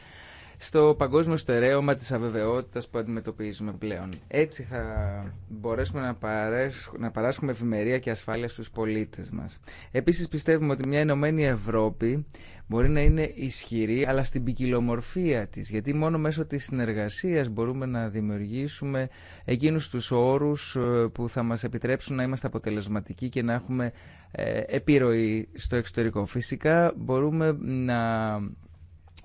D: στο παγκόσμιο στερέωμα της αβεβαιότητας που αντιμετωπίζουμε πλέον. Έτσι θα μπορέσουμε να παράσχουμε ευημερία και ασφάλεια στους πολίτες μας. Επίσης πιστεύουμε ότι μια ενωμένη Ευρώπη μπορεί να είναι ισχυρή αλλά στην ποικιλομορφία της γιατί μόνο μέσω της συνεργασίας μπορούμε να δημιουργήσουμε εκείνους τους όρους ε, που θα μας επιτρέψουν να είμαστε αποτελεσματικοί και να έχουμε ε, επιρροή στο εξωτερικό. Φυσικά μπορούμε να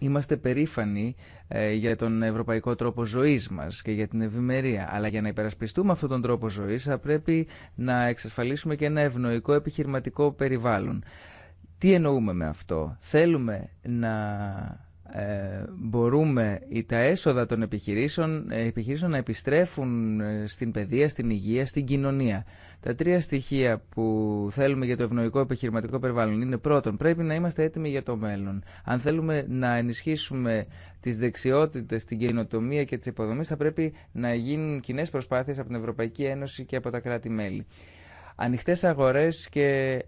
D: Είμαστε περήφανοι ε, για τον ευρωπαϊκό τρόπο ζωής μας και για την ευημερία. Αλλά για να υπερασπιστούμε αυτόν τον τρόπο ζωής θα πρέπει να εξασφαλίσουμε και ένα ευνοϊκό επιχειρηματικό περιβάλλον. Τι εννοούμε με αυτό. Θέλουμε να ε, μπορούμε τα έσοδα των επιχειρήσεων, ε, επιχειρήσεων να επιστρέφουν ε, στην παιδεία, στην υγεία, στην κοινωνία. Τα τρία στοιχεία που θέλουμε για το ευνοϊκό επιχειρηματικό περιβάλλον είναι πρώτον, πρέπει να είμαστε έτοιμοι για το μέλλον. Αν θέλουμε να ενισχύσουμε τις δεξιότητες, την καινοτομία και τις υποδομές, θα πρέπει να γίνουν κοινέ προσπάθειες από την Ευρωπαϊκή Ένωση και από τα κράτη-μέλη. Ανοιχτέ αγορέ και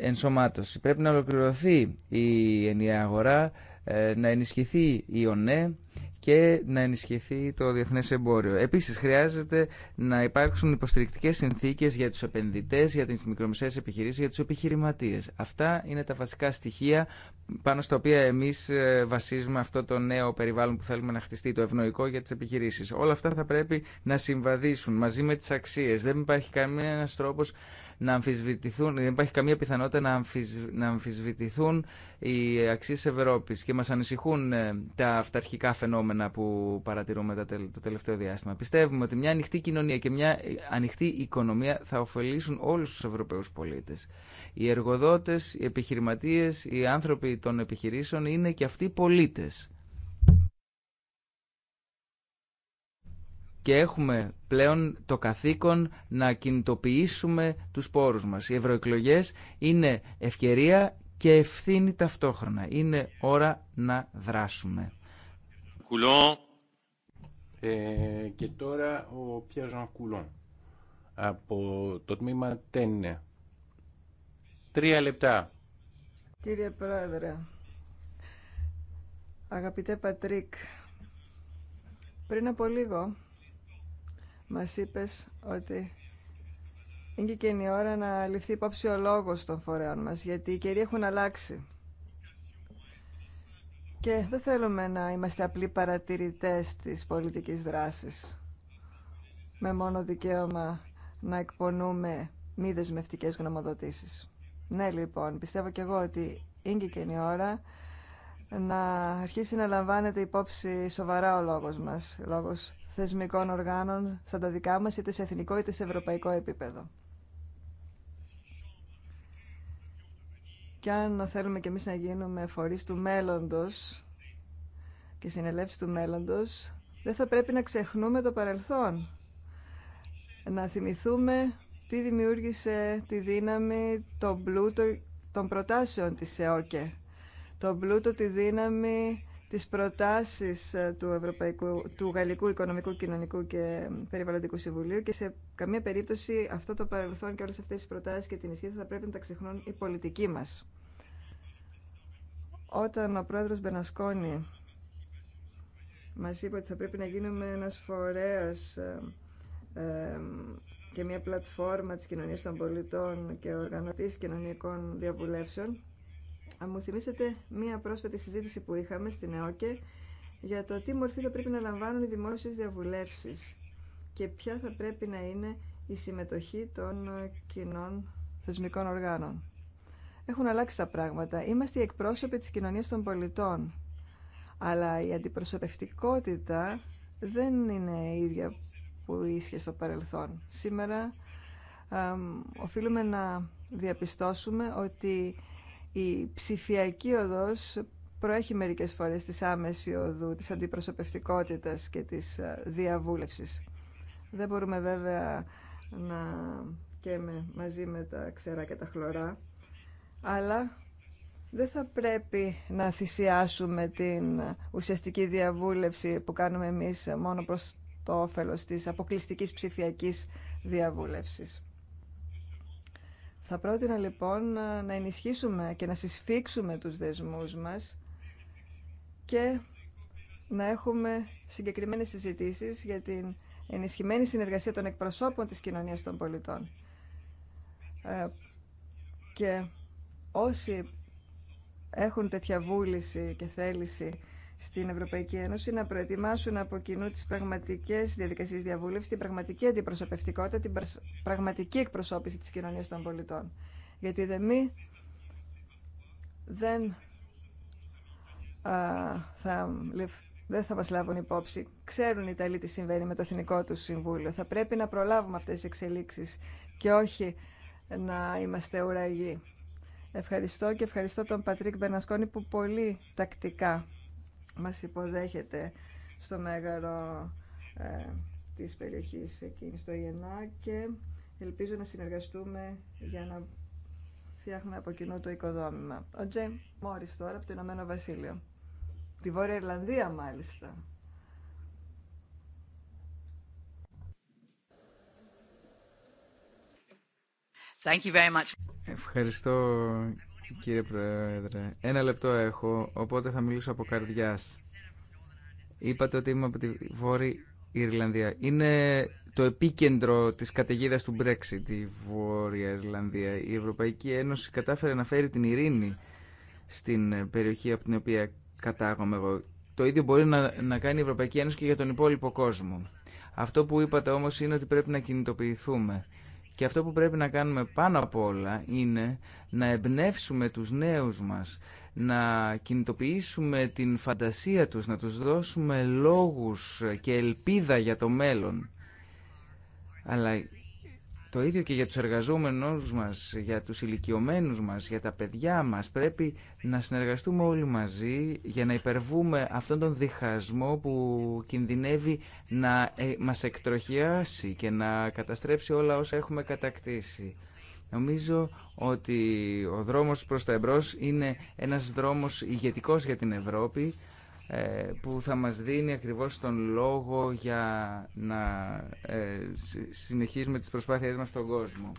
D: ενσωμάτωση. Πρέπει να ολοκληρωθεί η ενιαία αγορά ε, να ενισχυθεί η ΟΝΕ και να ενισχυθεί το διεθνές εμπόριο. Επίσης χρειάζεται να υπάρξουν υποστηρικτικές συνθήκες για τους επενδυτές, για τις μικρομεσαίες επιχειρήσεις, για τους επιχειρηματίες. Αυτά είναι τα βασικά στοιχεία πάνω στα οποία εμείς ε, βασίζουμε αυτό το νέο περιβάλλον που θέλουμε να χτιστεί, το ευνοϊκό για τις επιχειρήσεις. Όλα αυτά θα πρέπει να συμβαδίσουν μαζί με τις αξίες. Δεν υπάρχει κανένας τρόπος να αμφισβητηθούν, δεν υπάρχει καμία πιθανότητα να, να αμφισβητηθούν οι αξίες Ευρώπης και μας ανησυχούν ε, τα αυταρχικά φαινόμενα που παρατηρούμε το τελευταίο διάστημα. Πιστεύουμε ότι μια ανοιχτή κοινωνία και μια ε, ανοιχτή οικονομία θα ωφελήσουν όλους τους Ευρωπαίους πολίτες. Οι εργοδότες, οι επιχειρηματίες, οι άνθρωποι των επιχειρήσεων είναι και αυτοί πολίτες. και έχουμε πλέον το καθήκον να κινητοποιήσουμε τους πόρους μας. Οι ευρωεκλογέ είναι ευκαιρία και ευθύνη ταυτόχρονα. Είναι ώρα να δράσουμε.
A: Κουλόν. Ε, και τώρα ο Κουλόν από το τμήμα Τένε. Τρία λεπτά.
B: Κύριε Πρόεδρε, αγαπητέ Πατρίκ, πριν από λίγο μας είπες ότι είναι και η ώρα να ληφθεί υπόψη ο λόγος των φορέων μας, γιατί οι καιροί έχουν αλλάξει. Και δεν θέλουμε να είμαστε απλοί παρατηρητές της πολιτικής δράσης, με μόνο δικαίωμα να εκπονούμε μη δεσμευτικέ γνωμοδοτήσεις. Ναι, λοιπόν, πιστεύω κι εγώ ότι είναι και η ώρα να αρχίσει να λαμβάνεται υπόψη σοβαρά ο λόγος μας, λόγος θεσμικών οργάνων σαν τα δικά μας, είτε σε εθνικό είτε σε ευρωπαϊκό επίπεδο. Και αν θέλουμε και εμείς να γίνουμε φορείς του μέλλοντος και συνελεύσει του μέλλοντος, δεν θα πρέπει να ξεχνούμε το παρελθόν. Να θυμηθούμε τι δημιούργησε τη δύναμη, τον πλούτο των προτάσεων της ΕΟΚΕ. Το πλούτο, τη δύναμη τις προτάσεις ε, του, Ευρωπαϊκού, του Γαλλικού Οικονομικού, Κοινωνικού και Περιβαλλοντικού Συμβουλίου και σε καμία περίπτωση αυτό το παρελθόν και όλες αυτές τις προτάσεις και την ισχύ θα πρέπει να τα ξεχνούν οι πολιτική μας. Όταν ο πρόεδρος Μπενασκόνη μας είπε ότι θα πρέπει να γίνουμε ένας φορέας ε, ε, και μια πλατφόρμα της κοινωνίας των πολιτών και οργανωτής κοινωνικών διαβουλεύσεων, μου θυμίσετε μία πρόσφατη συζήτηση που είχαμε στην ΕΟΚΕ για το τι μορφή θα πρέπει να λαμβάνουν οι δημόσιες διαβουλεύσεις και ποια θα πρέπει να είναι η συμμετοχή των κοινών θεσμικών οργάνων. Έχουν αλλάξει τα πράγματα. Είμαστε οι εκπρόσωποι της κοινωνίας των πολιτών. Αλλά η αντιπροσωπευτικότητα δεν είναι η ίδια που ίσχυε στο παρελθόν. Σήμερα οφείλουμε να διαπιστώσουμε ότι η ψηφιακή οδός προέχει μερικές φορές της άμεση οδού, της αντιπροσωπευτικότητας και της ε, διαβούλευσης. Δεν μπορούμε βέβαια να καίμε μαζί με τα ξερά και τα χλωρά, αλλά δεν θα πρέπει να θυσιάσουμε την ουσιαστική διαβούλευση που κάνουμε εμείς μόνο προς το όφελος της αποκλειστικής ψηφιακής διαβούλευσης. Θα πρότεινα λοιπόν να ενισχύσουμε και να συσφίξουμε τους δεσμούς μας και να έχουμε συγκεκριμένες συζητήσεις για την ενισχυμένη συνεργασία των εκπροσώπων της κοινωνίας των πολιτών. Ε, και όσοι έχουν τέτοια βούληση και θέληση στην Ευρωπαϊκή Ένωση να προετοιμάσουν από κοινού τις πραγματικές διαδικασίες διαβούλευσης, την πραγματική αντιπροσωπευτικότητα, την πραγματική εκπροσώπηση της κοινωνίας των πολιτών. Γιατί δεν α, θα, δεν θα μας λάβουν υπόψη. Ξέρουν οι Ιταλοί τι συμβαίνει με το Εθνικό του Συμβούλιο. Θα πρέπει να προλάβουμε αυτές τις εξελίξεις και όχι να είμαστε ουραγοί. Ευχαριστώ και ευχαριστώ τον Πατρίκ Μπερνασκόνη που πολύ τακτικά μας υποδέχεται στο μέγαρο ε, της περιοχής εκείνη στο Γενά και ελπίζω να συνεργαστούμε για να φτιάχνουμε από κοινού το οικοδόμημα. Ο Τζέιμ Μόρις τώρα από το Ηνωμένο Βασίλειο. Τη Βόρεια Ιρλανδία μάλιστα.
C: Thank you very much.
D: Ευχαριστώ Κύριε Πρόεδρε, ένα λεπτό έχω, οπότε θα μιλήσω από καρδιάς. Είπατε ότι είμαι από τη Βόρεια Ιρλανδία. Είναι το επίκεντρο της καταιγίδα του Brexit η Βόρεια Ιρλανδία. Η Ευρωπαϊκή Ένωση κατάφερε να φέρει την ειρήνη στην περιοχή από την οποία κατάγομαι εγώ. Το ίδιο μπορεί να, να κάνει η Ευρωπαϊκή Ένωση και για τον υπόλοιπο κόσμο. Αυτό που είπατε όμως είναι ότι πρέπει να κινητοποιηθούμε. Και αυτό που πρέπει να κάνουμε πάνω απ' όλα είναι να εμπνεύσουμε τους νέους μας, να κινητοποιήσουμε την φαντασία τους, να τους δώσουμε λόγους και ελπίδα για το μέλλον. Αλλά το ίδιο και για τους εργαζόμενους μας, για τους ηλικιωμένου μας, για τα παιδιά μας. Πρέπει να συνεργαστούμε όλοι μαζί για να υπερβούμε αυτόν τον διχασμό που κινδυνεύει να ε, μας εκτροχιάσει και να καταστρέψει όλα όσα έχουμε κατακτήσει. Νομίζω ότι ο δρόμος προς τα εμπρός είναι ένας δρόμος ηγετικός για την Ευρώπη ε, που θα μας δίνει ακριβώς τον λόγο για να ε, συνεχίσουμε τις προσπάθειές μας στον κόσμο.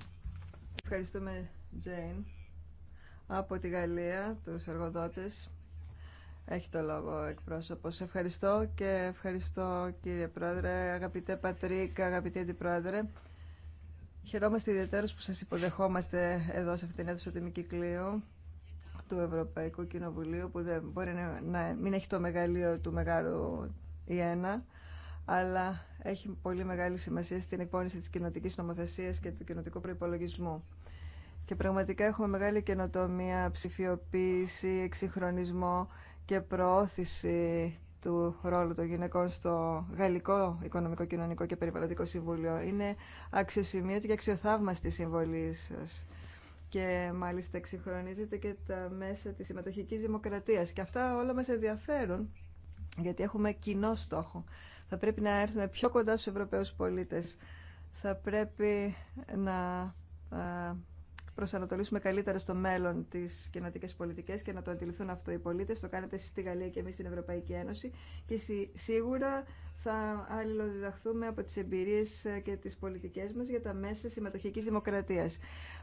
B: Ευχαριστούμε, Τζέιν. Από τη Γαλλία, τους εργοδότες, έχει το λόγο εκπρόσωπος. Ευχαριστώ και ευχαριστώ κύριε Πρόεδρε, αγαπητέ Πατρίκ, αγαπητέ Αντιπρόεδρε. Χαιρόμαστε ιδιαίτερως που σας υποδεχόμαστε εδώ σε αυτήν την αίθουσα του του Ευρωπαϊκού Κοινοβουλίου που δεν μπορεί να, μην έχει το μεγαλείο του μεγάλου Ιένα αλλά έχει πολύ μεγάλη σημασία στην εκπόνηση της κοινοτική νομοθεσίας και του κοινοτικού προϋπολογισμού. Και πραγματικά έχουμε μεγάλη καινοτομία, ψηφιοποίηση, εξυγχρονισμό και προώθηση του ρόλου των γυναικών στο Γαλλικό Οικονομικό, Κοινωνικό και Περιβαλλοντικό Συμβούλιο. Είναι αξιοσημείωτη και αξιοθαύμαστη συμβολή σας και μάλιστα εξυγχρονίζεται και τα μέσα της συμμετοχικής δημοκρατίας. Και αυτά όλα μας ενδιαφέρουν, γιατί έχουμε κοινό στόχο. Θα πρέπει να έρθουμε πιο κοντά στους Ευρωπαίους πολίτες. Θα πρέπει να ε, προσανατολίσουμε καλύτερα στο μέλλον τι κοινοτικέ πολιτικέ και να το αντιληφθούν αυτό οι πολίτε. Το κάνετε εσεί στη Γαλλία και εμεί στην Ευρωπαϊκή Ένωση. Και σίγουρα θα αλληλοδιδαχθούμε από τι εμπειρίε ε, και τι πολιτικέ μα για τα μέσα συμμετοχική δημοκρατία.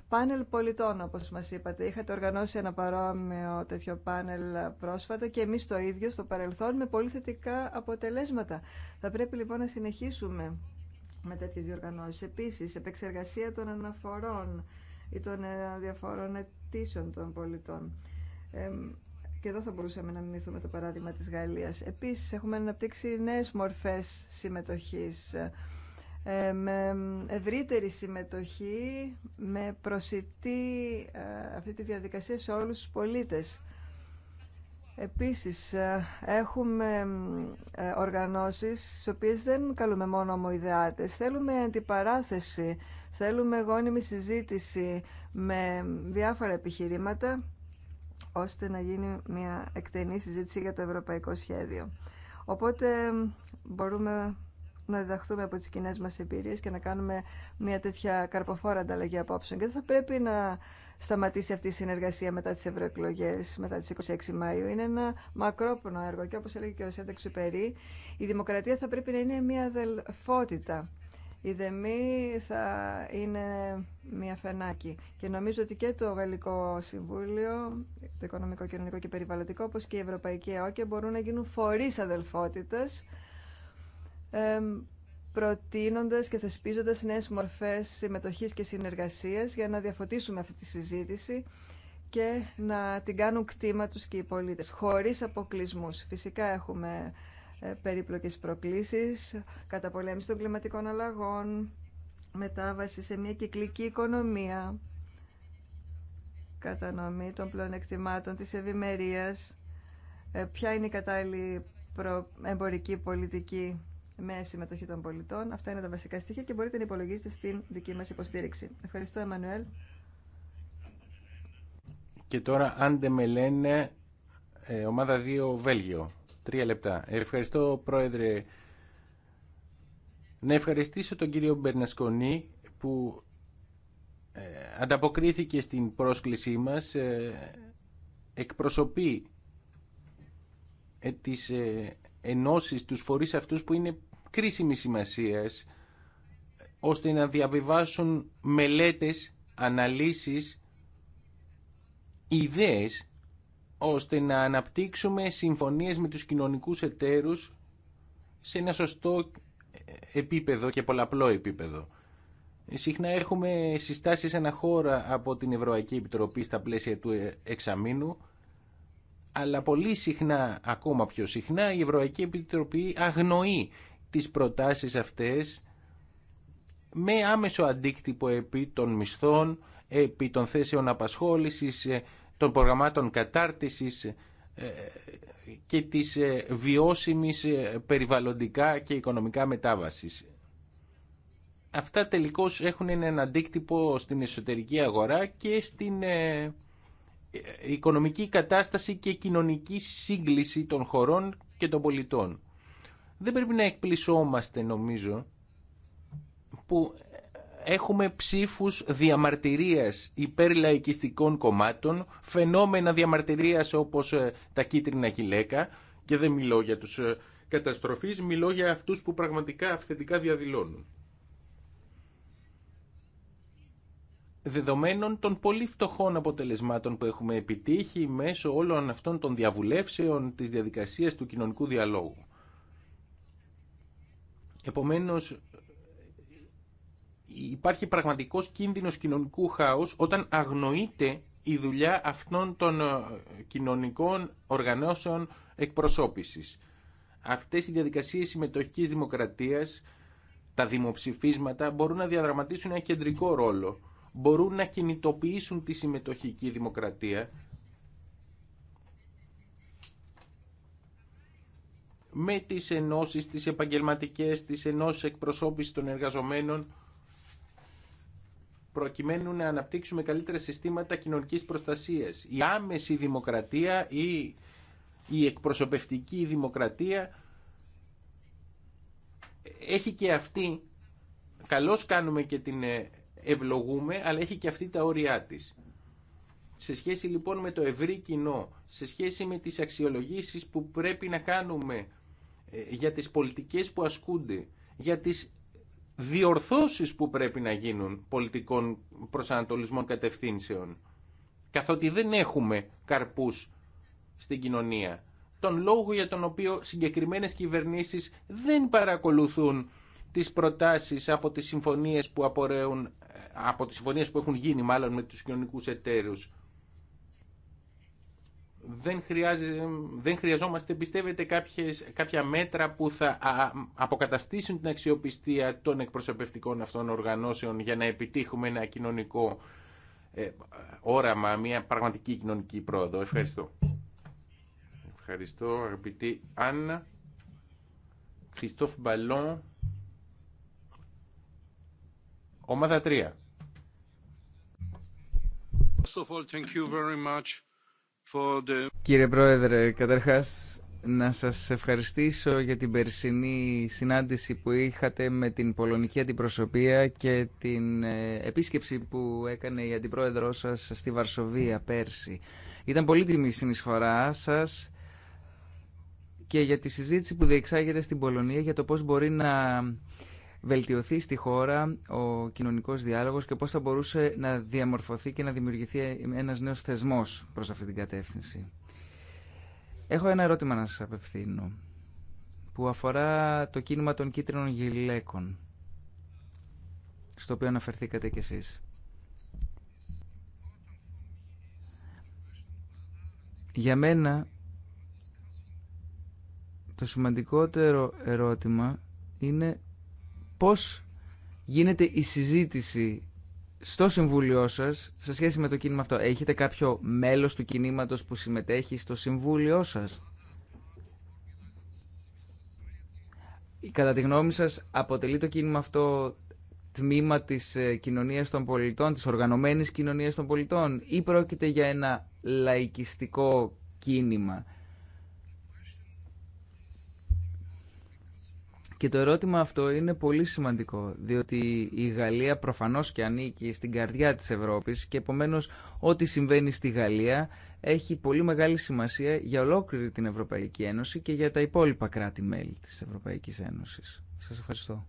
B: Πάνελ πολιτών, όπω μα είπατε. Είχατε οργανώσει ένα παρόμοιο τέτοιο πάνελ πρόσφατα και εμεί το ίδιο στο παρελθόν με πολύ θετικά αποτελέσματα. Θα πρέπει λοιπόν να συνεχίσουμε με τέτοιες διοργανώσεις. Επίσης, επεξεργασία των αναφορών ή των ε, διαφόρων αιτήσεων των πολιτών. Ε, και εδώ θα μπορούσαμε να μιμηθούμε το παράδειγμα της Γαλλίας. Επίσης, έχουμε αναπτύξει νέες μορφές συμμετοχής, ε, με ευρύτερη συμμετοχή, με προσιτή ε, αυτή τη διαδικασία σε όλους τους πολίτες. Επίσης, ε, έχουμε οργανώσεις στις οποίες δεν καλούμε μόνο ομοειδεάτες. Θέλουμε αντιπαράθεση Θέλουμε γόνιμη συζήτηση με διάφορα επιχειρήματα ώστε να γίνει μια εκτενή συζήτηση για το ευρωπαϊκό σχέδιο. Οπότε μπορούμε να διδαχθούμε από τις κοινέ μας εμπειρίες και να κάνουμε μια τέτοια καρποφόρα ανταλλαγή απόψεων. Και δεν θα πρέπει να σταματήσει αυτή η συνεργασία μετά τις ευρωεκλογέ, μετά τις 26 Μαΐου. Είναι ένα μακρόπνο έργο και όπως έλεγε και ο Σέντεξ Περί, η δημοκρατία θα πρέπει να είναι μια αδελφότητα η ΔΕΜΗ θα είναι μια φενάκι. Και νομίζω ότι και το Γαλλικό Συμβούλιο, το Οικονομικό, Κοινωνικό και Περιβαλλοντικό, όπως και η Ευρωπαϊκή ΕΟΚΕ, μπορούν να γίνουν φορείς αδελφότητας, προτείνοντας και θεσπίζοντας νέες μορφές συμμετοχής και συνεργασίας για να διαφωτίσουμε αυτή τη συζήτηση και να την κάνουν κτήμα τους και οι πολίτες, χωρίς αποκλεισμούς. Φυσικά έχουμε ε, περίπλοκες προκλήσεις, καταπολέμηση των κλιματικών αλλαγών, μετάβαση σε μια κυκλική οικονομία, κατανομή των πλεονεκτημάτων της ευημερία, ε, ποια είναι η κατάλληλη εμπορική πολιτική με συμμετοχή των πολιτών. Αυτά είναι τα βασικά στοιχεία και μπορείτε να υπολογίσετε στην δική μας υποστήριξη. Ευχαριστώ, Εμμανουέλ.
A: Και τώρα, αν δεν με λένε, ε, ομάδα 2 Βέλγιο. Τρία λεπτά. Ευχαριστώ, Πρόεδρε. Να ευχαριστήσω τον κύριο Μπερνασκονή που ε, ανταποκρίθηκε στην πρόσκλησή μας. Ε, εκπροσωπεί ε, τις ενώσεις, τους φορείς αυτούς που είναι κρίσιμη σημασίας ώστε να διαβιβάσουν μελέτες, αναλύσεις, ιδέες ώστε να αναπτύξουμε συμφωνίες με τους κοινωνικούς εταίρους σε ένα σωστό επίπεδο και πολλαπλό επίπεδο. Συχνά έχουμε συστάσεις αναχώρα από την Ευρωπαϊκή Επιτροπή στα πλαίσια του ε, εξαμήνου, αλλά πολύ συχνά, ακόμα πιο συχνά, η Ευρωπαϊκή Επιτροπή αγνοεί τις προτάσεις αυτές με άμεσο αντίκτυπο επί των μισθών, επί των θέσεων απασχόλησης, ε, των προγραμμάτων κατάρτισης ε, και της ε, βιώσιμης ε, περιβαλλοντικά και οικονομικά μετάβασης. Αυτά τελικώς έχουν έναν αντίκτυπο στην εσωτερική αγορά και στην οικονομική κατάσταση και κοινωνική σύγκληση των χωρών και των πολιτών. Δεν πρέπει να εκπλησόμαστε νομίζω που έχουμε ψήφους διαμαρτυρίας υπέρ λαϊκιστικών κομμάτων, φαινόμενα διαμαρτυρίας όπως ε, τα κίτρινα γυλαίκα και δεν μιλώ για τους ε, καταστροφείς, μιλώ για αυτούς που πραγματικά αυθεντικά διαδηλώνουν. δεδομένων των πολύ φτωχών αποτελεσμάτων που έχουμε επιτύχει μέσω όλων αυτών των διαβουλεύσεων της διαδικασίας του κοινωνικού διαλόγου. Επομένως, υπάρχει πραγματικός κίνδυνος κοινωνικού χάους όταν αγνοείται η δουλειά αυτών των ε, κοινωνικών οργανώσεων εκπροσώπησης. Αυτές οι διαδικασίες συμμετοχικής δημοκρατίας, τα δημοψηφίσματα μπορούν να διαδραματίσουν ένα κεντρικό ρόλο. Μπορούν να κινητοποιήσουν τη συμμετοχική δημοκρατία με τις ενώσεις, τις επαγγελματικές, τις ενώσεις εκπροσώπησης των εργαζομένων προκειμένου να αναπτύξουμε καλύτερα συστήματα κοινωνικής προστασίας. Η άμεση δημοκρατία ή η εκπροσωπευτική δημοκρατία έχει και αυτή, καλώς κάνουμε και την ε, ευλογούμε, αλλά έχει και αυτή τα όρια της. Σε σχέση λοιπόν με το ευρύ κοινό, σε σχέση με τις αξιολογήσεις που πρέπει να κάνουμε ε, για τις πολιτικές που ασκούνται, για τις διορθώσεις που πρέπει να γίνουν πολιτικών προσανατολισμών κατευθύνσεων. Καθότι δεν έχουμε καρπούς στην κοινωνία. Τον λόγο για τον οποίο συγκεκριμένες κυβερνήσεις δεν παρακολουθούν τις προτάσεις από τις συμφωνίες που απορρέουν, ε, από τις συμφωνίες που έχουν γίνει μάλλον με τους κοινωνικούς εταίρους δεν, δεν χρειαζόμαστε, πιστεύετε, κάποιες, κάποια μέτρα που θα αποκαταστήσουν την αξιοπιστία των εκπροσωπευτικών αυτών οργανώσεων για να επιτύχουμε ένα κοινωνικό ε, όραμα, μια πραγματική κοινωνική πρόοδο. Ευχαριστώ. Ευχαριστώ, αγαπητή Άννα. Χριστόφ Μπαλόν. Ομάδα 3.
C: thank you very much.
D: Κύριε Πρόεδρε, καταρχάς να σας ευχαριστήσω για την περσινή συνάντηση που είχατε με την πολωνική αντιπροσωπεία και την ε, επίσκεψη που έκανε η αντιπρόεδρός σας στη Βαρσοβία πέρσι. Ήταν πολύτιμη η συνεισφορά σας και για τη συζήτηση που διεξάγεται στην Πολωνία για το πώς μπορεί να βελτιωθεί στη χώρα ο κοινωνικός διάλογος και πώς θα μπορούσε να διαμορφωθεί και να δημιουργηθεί ένας νέος θεσμός προ αυτή την κατεύθυνση. Έχω ένα ερώτημα να σας απευθύνω που αφορά το κίνημα των κίτρινων γυλαίκων στο οποίο αναφερθήκατε κι εσείς. Για μένα το σημαντικότερο ερώτημα είναι πώς γίνεται η συζήτηση στο Συμβούλιο σας σε σχέση με το κίνημα αυτό. Έχετε κάποιο μέλος του κινήματος που συμμετέχει στο Συμβούλιο σας. Κατά τη γνώμη σας, αποτελεί το κίνημα αυτό τμήμα της ε, κοινωνίας των πολιτών, της οργανωμένης κοινωνίας των πολιτών ή πρόκειται για ένα λαϊκιστικό κίνημα. Και το ερώτημα αυτό είναι πολύ σημαντικό, διότι η Γαλλία προφανώς και ανήκει στην καρδιά της Ευρώπης και επομένως ό,τι συμβαίνει στη Γαλλία έχει πολύ μεγάλη σημασία για ολόκληρη την Ευρωπαϊκή Ένωση και για τα υπόλοιπα κράτη-μέλη της Ευρωπαϊκής Ένωσης. Σας ευχαριστώ.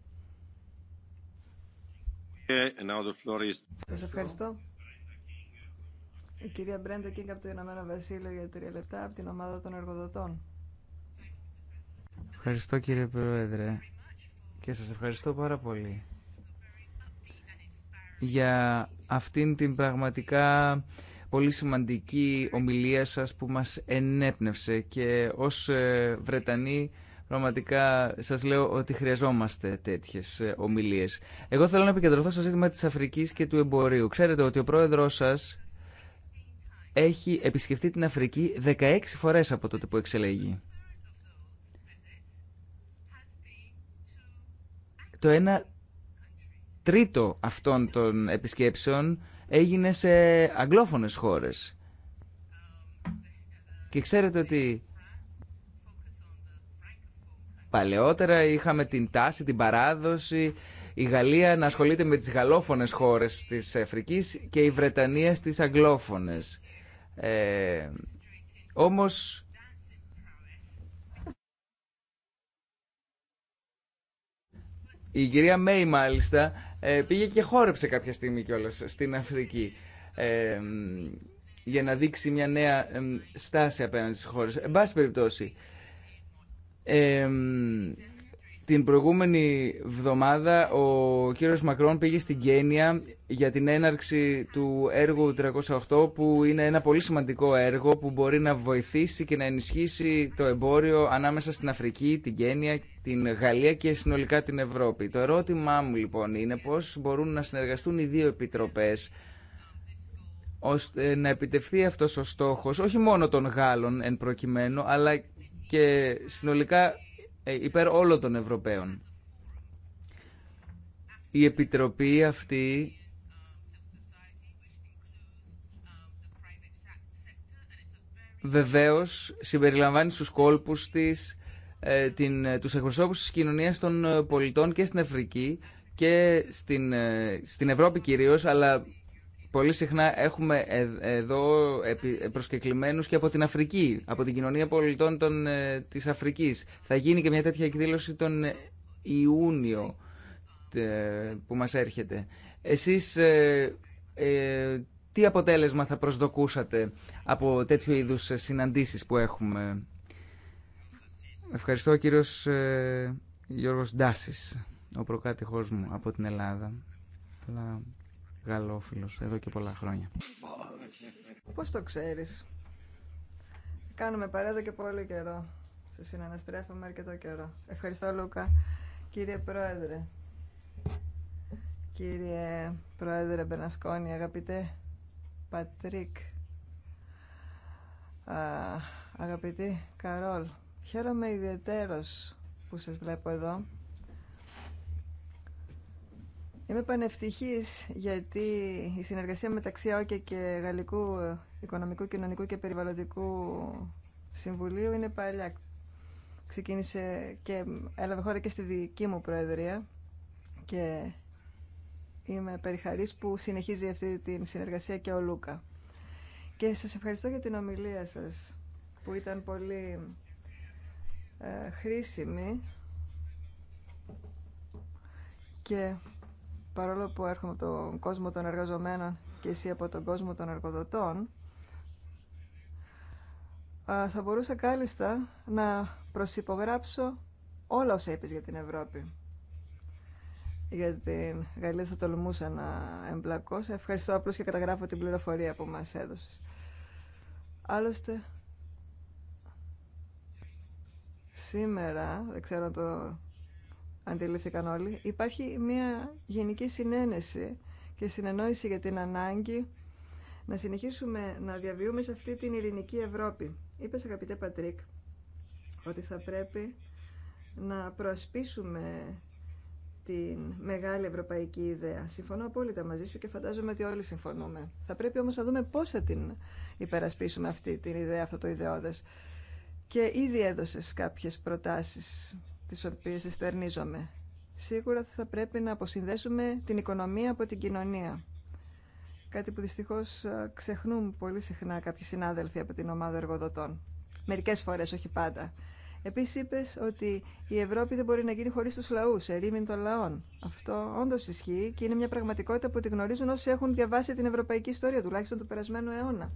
B: Σας ευχαριστώ. Η κυρία Μπρέντα Κίνγκ από το Ηνωμένο Βασίλειο για τρία λεπτά από την ομάδα των εργοδοτών.
D: Ευχαριστώ κύριε Πρόεδρε και σας ευχαριστώ πάρα πολύ για αυτήν την πραγματικά πολύ σημαντική ομιλία σας που μας ενέπνευσε και ως ε, Βρετανοί πραγματικά σας λέω ότι χρειαζόμαστε τέτοιες ε, ομιλίες. Εγώ θέλω να επικεντρωθώ στο ζήτημα της Αφρικής και του εμπορίου. Ξέρετε ότι ο πρόεδρός σας έχει επισκεφτεί την Αφρική 16 φορές από τότε που εξελέγει. το ένα τρίτο αυτών των επισκέψεων έγινε σε αγγλόφωνες χώρες. Και ξέρετε ότι παλαιότερα είχαμε την τάση, την παράδοση, η Γαλλία να ασχολείται με τις γαλλόφωνες χώρες της Αφρικής και η Βρετανία στις αγγλόφωνες. Ε, όμως Η κυρία Μέη μάλιστα ε, πήγε και χόρεψε κάποια στιγμή κιόλας στην Αφρική ε, για να δείξει μια νέα στάση απέναντι στις χώρες. Εν πάση περιπτώσει, την προηγούμενη βδομάδα ο κύριος Μακρόν πήγε στην Κένια για την έναρξη του έργου 308 που είναι ένα πολύ σημαντικό έργο που μπορεί να βοηθήσει και να ενισχύσει το εμπόριο ανάμεσα στην Αφρική, την Κένια, την Γαλλία και συνολικά την Ευρώπη. Το ερώτημά μου λοιπόν είναι πώς μπορούν να συνεργαστούν οι δύο επιτροπές ώστε να επιτευχθεί αυτός ο στόχος όχι μόνο των Γάλλων εν προκειμένου αλλά και συνολικά ε, υπέρ όλων των Ευρωπαίων. Η Επιτροπή αυτή βεβαίως συμπεριλαμβάνει στους κόλπους της ε, την, τους εκπροσώπους της κοινωνίας των ε, πολιτών και στην Αφρική και στην, στην Ευρώπη κυρίως, αλλά πολύ συχνά έχουμε ε, εδώ ε, προσκεκλημένους και από την Αφρική, από την κοινωνία πολιτών των, ε, της Αφρικής. Θα γίνει και μια τέτοια εκδήλωση τον Ιούνιο που μας έρχεται. Εσείς ε, τι αποτέλεσμα θα προσδοκούσατε από τέτοιου είδους συναντήσεις που έχουμε. Ευχαριστώ κύριος ε, Γιώργος Ντάσης, ο προκάτηχός μου από την Ελλάδα γαλλόφιλος εδώ και πολλά χρόνια.
B: Πώς το ξέρεις. Κάνουμε παρέδο και πολύ καιρό. Σε συναναστρέφουμε αρκετό καιρό. Ευχαριστώ Λούκα. Κύριε Πρόεδρε. Κύριε Πρόεδρε Μπερνασκόνη. αγαπητέ Πατρίκ. Α, αγαπητή Καρόλ. Χαίρομαι ιδιαίτερος που σας βλέπω εδώ Είμαι πανευτυχής γιατί η συνεργασία μεταξύ ΑΟΚΕ και Γαλλικού Οικονομικού, Κοινωνικού και Περιβαλλοντικού Συμβουλίου είναι παλιά. Ξεκίνησε και έλαβε χώρα και στη δική μου Προεδρία και είμαι περιχαρής που συνεχίζει αυτή τη συνεργασία και ο Λούκα. Και σας ευχαριστώ για την ομιλία σας που ήταν πολύ ε, χρήσιμη και παρόλο που έρχομαι από τον κόσμο των εργαζομένων και εσύ από τον κόσμο των εργοδοτών, θα μπορούσα κάλλιστα να προσυπογράψω όλα όσα είπες για την Ευρώπη. Για την Γαλλία θα τολμούσα να εμπλακώ. Σε ευχαριστώ απλώς και καταγράφω την πληροφορία που μας έδωσες. Άλλωστε, σήμερα, δεν ξέρω αν το αντιλήφθηκαν όλοι, υπάρχει μια γενική συνένεση και συνεννόηση για την ανάγκη να συνεχίσουμε να διαβιούμε σε αυτή την ειρηνική Ευρώπη. Είπε, αγαπητέ Πατρίκ ότι θα πρέπει να προασπίσουμε την μεγάλη ευρωπαϊκή ιδέα. Συμφωνώ απόλυτα μαζί σου και φαντάζομαι ότι όλοι συμφωνούμε. Θα πρέπει όμως να δούμε πώς θα την υπερασπίσουμε αυτή την ιδέα, αυτό το ιδεώδες. Και ήδη έδωσες κάποιες προτάσεις τις οποίες εστερνίζομαι. Σίγουρα θα πρέπει να αποσυνδέσουμε την οικονομία από την κοινωνία. Κάτι που δυστυχώς ε, ξεχνούν πολύ συχνά κάποιοι συνάδελφοι από την ομάδα εργοδοτών. Μερικές φορές, όχι πάντα. Επίση, είπε ότι η Ευρώπη δεν μπορεί να γίνει χωρί του λαού, ερήμην των λαών. Αυτό όντω ισχύει και είναι μια πραγματικότητα που τη γνωρίζουν όσοι έχουν διαβάσει την ευρωπαϊκή ιστορία, τουλάχιστον του περασμένου αιώνα.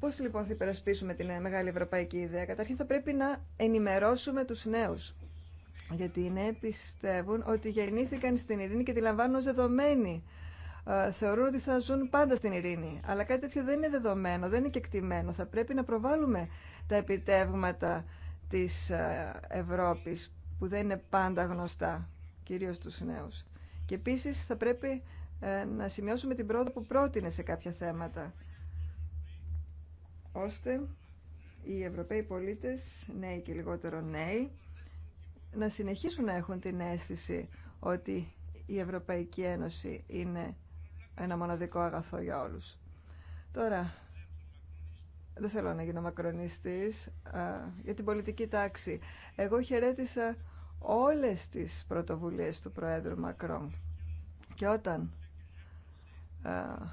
B: Πώ λοιπόν θα υπερασπίσουμε την ε, μεγάλη ευρωπαϊκή ιδέα. Καταρχήν θα πρέπει να ενημερώσουμε του νέου. Γιατί οι νέοι πιστεύουν ότι γεννήθηκαν στην ειρήνη και τη λαμβάνουν ως δεδομένη. Ε, θεωρούν ότι θα ζουν πάντα στην ειρήνη. Αλλά κάτι τέτοιο δεν είναι δεδομένο, δεν είναι κεκτημένο. Θα πρέπει να προβάλλουμε τα επιτεύγματα τη ε, Ευρώπη που δεν είναι πάντα γνωστά, κυρίω τους νέου. Και επίση θα πρέπει να σημειώσουμε την πρόοδο που πρότεινε σε κάποια θέματα ώστε οι Ευρωπαίοι πολίτες, νέοι και λιγότερο νέοι, να συνεχίσουν να έχουν την αίσθηση ότι η Ευρωπαϊκή Ένωση είναι ένα μοναδικό αγαθό για όλους. Τώρα, δεν θέλω να γίνω μακρονιστής για την πολιτική τάξη. Εγώ χαιρέτησα όλες τις πρωτοβουλίες του Προέδρου Μακρόν. Και όταν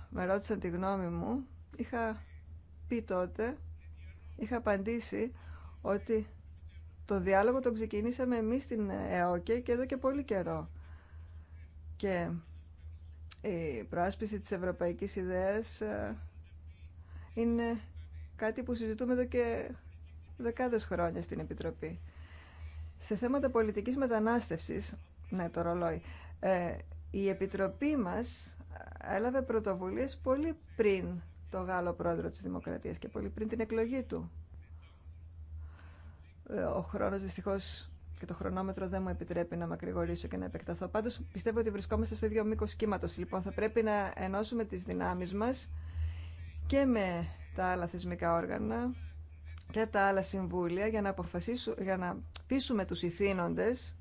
B: με ρώτησαν τη γνώμη μου, είχα πει τότε, είχα απαντήσει ότι το διάλογο το ξεκινήσαμε εμείς στην ΕΟΚΕ και εδώ και πολύ καιρό. Και η προάσπιση της ευρωπαϊκής ιδέας ε, είναι κάτι που συζητούμε εδώ και δεκάδες χρόνια στην Επιτροπή. Σε θέματα πολιτικής μετανάστευσης, ναι το ρολόι, ε, η Επιτροπή μας έλαβε πρωτοβουλίες πολύ πριν το Γάλλο πρόεδρο της Δημοκρατίας και πολύ πριν την εκλογή του. Ε, ο χρόνος δυστυχώς και το χρονόμετρο δεν μου επιτρέπει να μακρηγορήσω και να επεκταθώ. Πάντως πιστεύω ότι βρισκόμαστε στο ίδιο μήκος κύματος. Λοιπόν, θα πρέπει να ενώσουμε τις δυνάμεις μας και με τα άλλα θεσμικά όργανα και τα άλλα συμβούλια για να, για να πείσουμε τους ηθήνοντες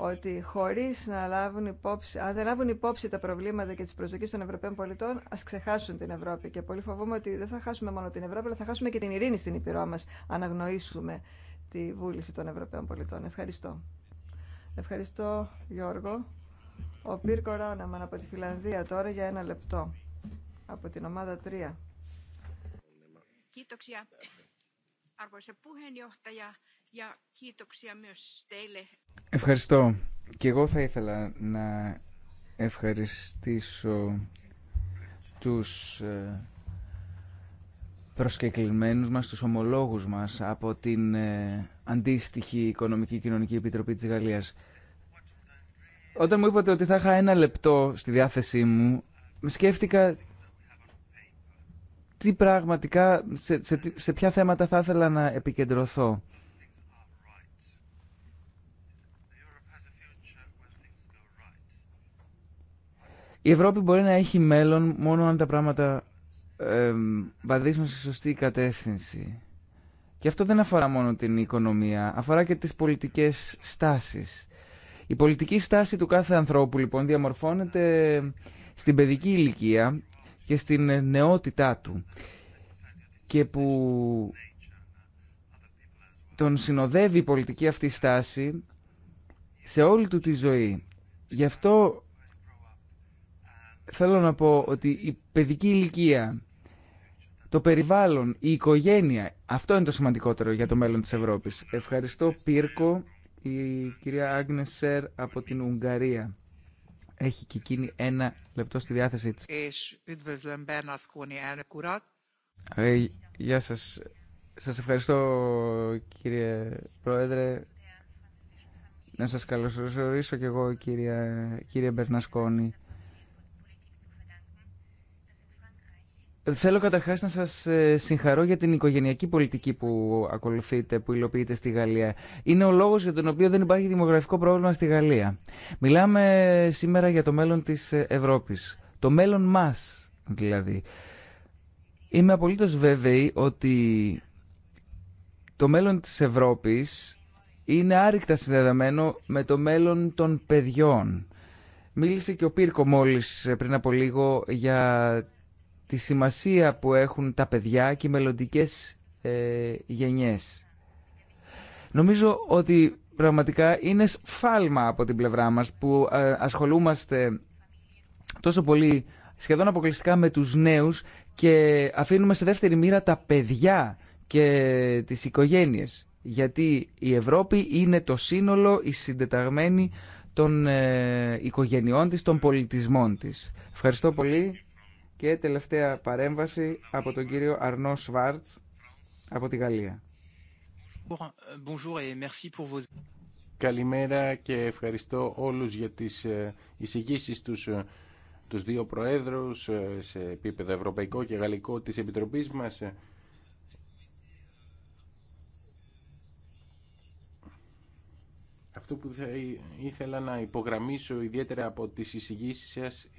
B: ότι χωρί να λάβουν υπόψη, αν δεν λάβουν υπόψη τα προβλήματα και τι προσδοκίε των Ευρωπαίων πολιτών, α ξεχάσουν την Ευρώπη. Και πολύ φοβούμαι ότι δεν θα χάσουμε μόνο την Ευρώπη, αλλά θα χάσουμε και την ειρήνη στην Ήπειρό μα, αν αγνοήσουμε τη βούληση των Ευρωπαίων πολιτών. Ευχαριστώ. Ευχαριστώ, Γιώργο. Ο Πίρκο Κοράναμαν από τη Φιλανδία τώρα για ένα λεπτό. Από την ομάδα 3. Κοίταξε, arvoisa
D: Ευχαριστώ. Και εγώ θα ήθελα να ευχαριστήσω τους ε, προσκεκλημένους μας, τους ομολόγους μας από την ε, αντίστοιχη Οικονομική Κοινωνική Επιτροπή της Γαλλίας. Όταν μου είπατε ότι θα είχα ένα λεπτό στη διάθεσή μου, σκέφτηκα τι πραγματικά, σε, σε, σε ποια θέματα θα ήθελα να επικεντρωθώ. Η Ευρώπη μπορεί να έχει μέλλον μόνο αν τα πράγματα βαδίσουν σε σωστή κατεύθυνση. Και αυτό δεν αφορά μόνο την οικονομία, αφορά και τις πολιτικές στάσεις. Η πολιτική στάση του κάθε ανθρώπου λοιπόν διαμορφώνεται στην παιδική ηλικία και στην νεότητά του και που τον συνοδεύει η πολιτική αυτή στάση σε όλη του τη ζωή. Γι' αυτό θέλω να πω ότι η παιδική ηλικία, το περιβάλλον, η οικογένεια, αυτό είναι το σημαντικότερο για το μέλλον της Ευρώπης. Ευχαριστώ Πύρκο, η κυρία Άγνες Σερ από την Ουγγαρία. Έχει και εκείνη ένα λεπτό στη διάθεσή της. Ε, γεια σας. Σας ευχαριστώ κύριε Πρόεδρε. Να σας καλωσορίσω και εγώ κύριε, κύριε Μπερνασκόνη. Θέλω καταρχά να σας ε, συγχαρώ για την οικογενειακή πολιτική που ακολουθείτε, που υλοποιείτε στη Γαλλία. Είναι ο λόγο για τον οποίο δεν υπάρχει δημογραφικό πρόβλημα στη Γαλλία. Μιλάμε σήμερα για το μέλλον τη Ευρώπη. Το μέλλον μα, δηλαδή. Είμαι απολύτω βέβαιη ότι το μέλλον τη Ευρώπη είναι άρρηκτα συνδεδεμένο με το μέλλον των παιδιών. Μίλησε και ο Πύρκο μόλι ε, πριν από λίγο για τη σημασία που έχουν τα παιδιά και οι μελλοντικέ ε, γενιές. Νομίζω ότι πραγματικά είναι σφάλμα από την πλευρά μας που ε, ασχολούμαστε τόσο πολύ σχεδόν αποκλειστικά με τους νέους και αφήνουμε σε δεύτερη μοίρα τα παιδιά και τις οικογένειες. Γιατί η Ευρώπη είναι το σύνολο, η συντεταγμένη των ε, οικογενειών της, των πολιτισμών της. Ευχαριστώ πολύ. Και τελευταία παρέμβαση από τον κύριο Αρνό Σβάρτς
A: από τη Γαλλία. Καλημέρα και ευχαριστώ όλους για τις ε, εισηγήσει τους ε, τους δύο προέδρους ε, σε επίπεδο ευρωπαϊκό και γαλλικό της Επιτροπής μας. αυτό που ήθελα να υπογραμμίσω ιδιαίτερα από τις εισηγήσεις σας ε,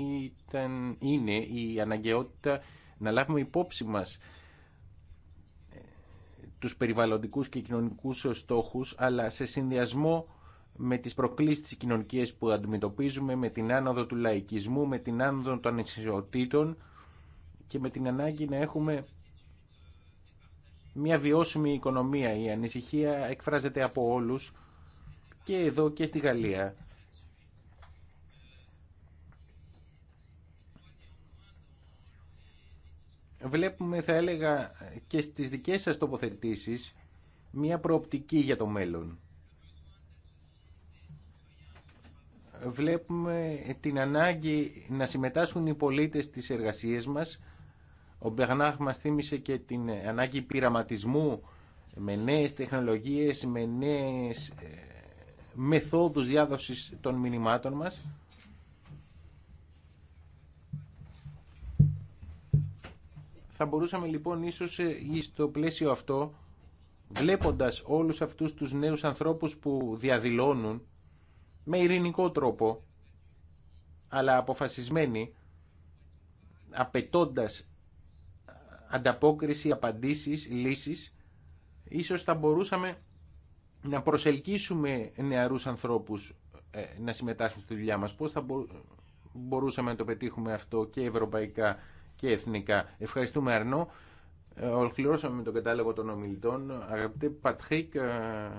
A: ήταν, είναι η αναγκαιότητα να λάβουμε υπόψη μας ε, τους περιβαλλοντικούς και κοινωνικούς στόχους αλλά σε συνδυασμό με τις προκλήσεις της κοινωνικής που αντιμετωπίζουμε με την άνοδο του λαϊκισμού, με την άνοδο των ανισοτήτων και με την ανάγκη να έχουμε μια βιώσιμη οικονομία. Η ανησυχία εκφράζεται από όλους και εδώ και στη Γαλλία. Βλέπουμε, θα έλεγα, και στις δικές σας τοποθετήσεις μια προοπτική για το μέλλον. Βλέπουμε την ανάγκη να συμμετάσχουν οι πολίτες στις εργασίες μας. Ο Μπεγνάχ μας θύμισε και την ανάγκη πειραματισμού με νέες τεχνολογίες, με νέες ε, μεθόδους διάδοσης των μηνυμάτων μας. Θα μπορούσαμε λοιπόν ίσως στο ε, πλαίσιο αυτό, βλέποντας όλους αυτούς τους νέους ανθρώπους που διαδηλώνουν με ειρηνικό τρόπο, αλλά αποφασισμένοι, απαιτώντας ανταπόκριση, απαντήσεις, λύσεις, ίσως θα μπορούσαμε να προσελκύσουμε νεαρούς ανθρώπους ε, να συμμετάσχουν στη δουλειά μας. Πώς θα μπορούσαμε να το πετύχουμε αυτό και ευρωπαϊκά και εθνικά. Ευχαριστούμε Αρνό. Ε, ολοκληρώσαμε με τον κατάλογο των ομιλητών. Αγαπητέ Πατρίκ, ε,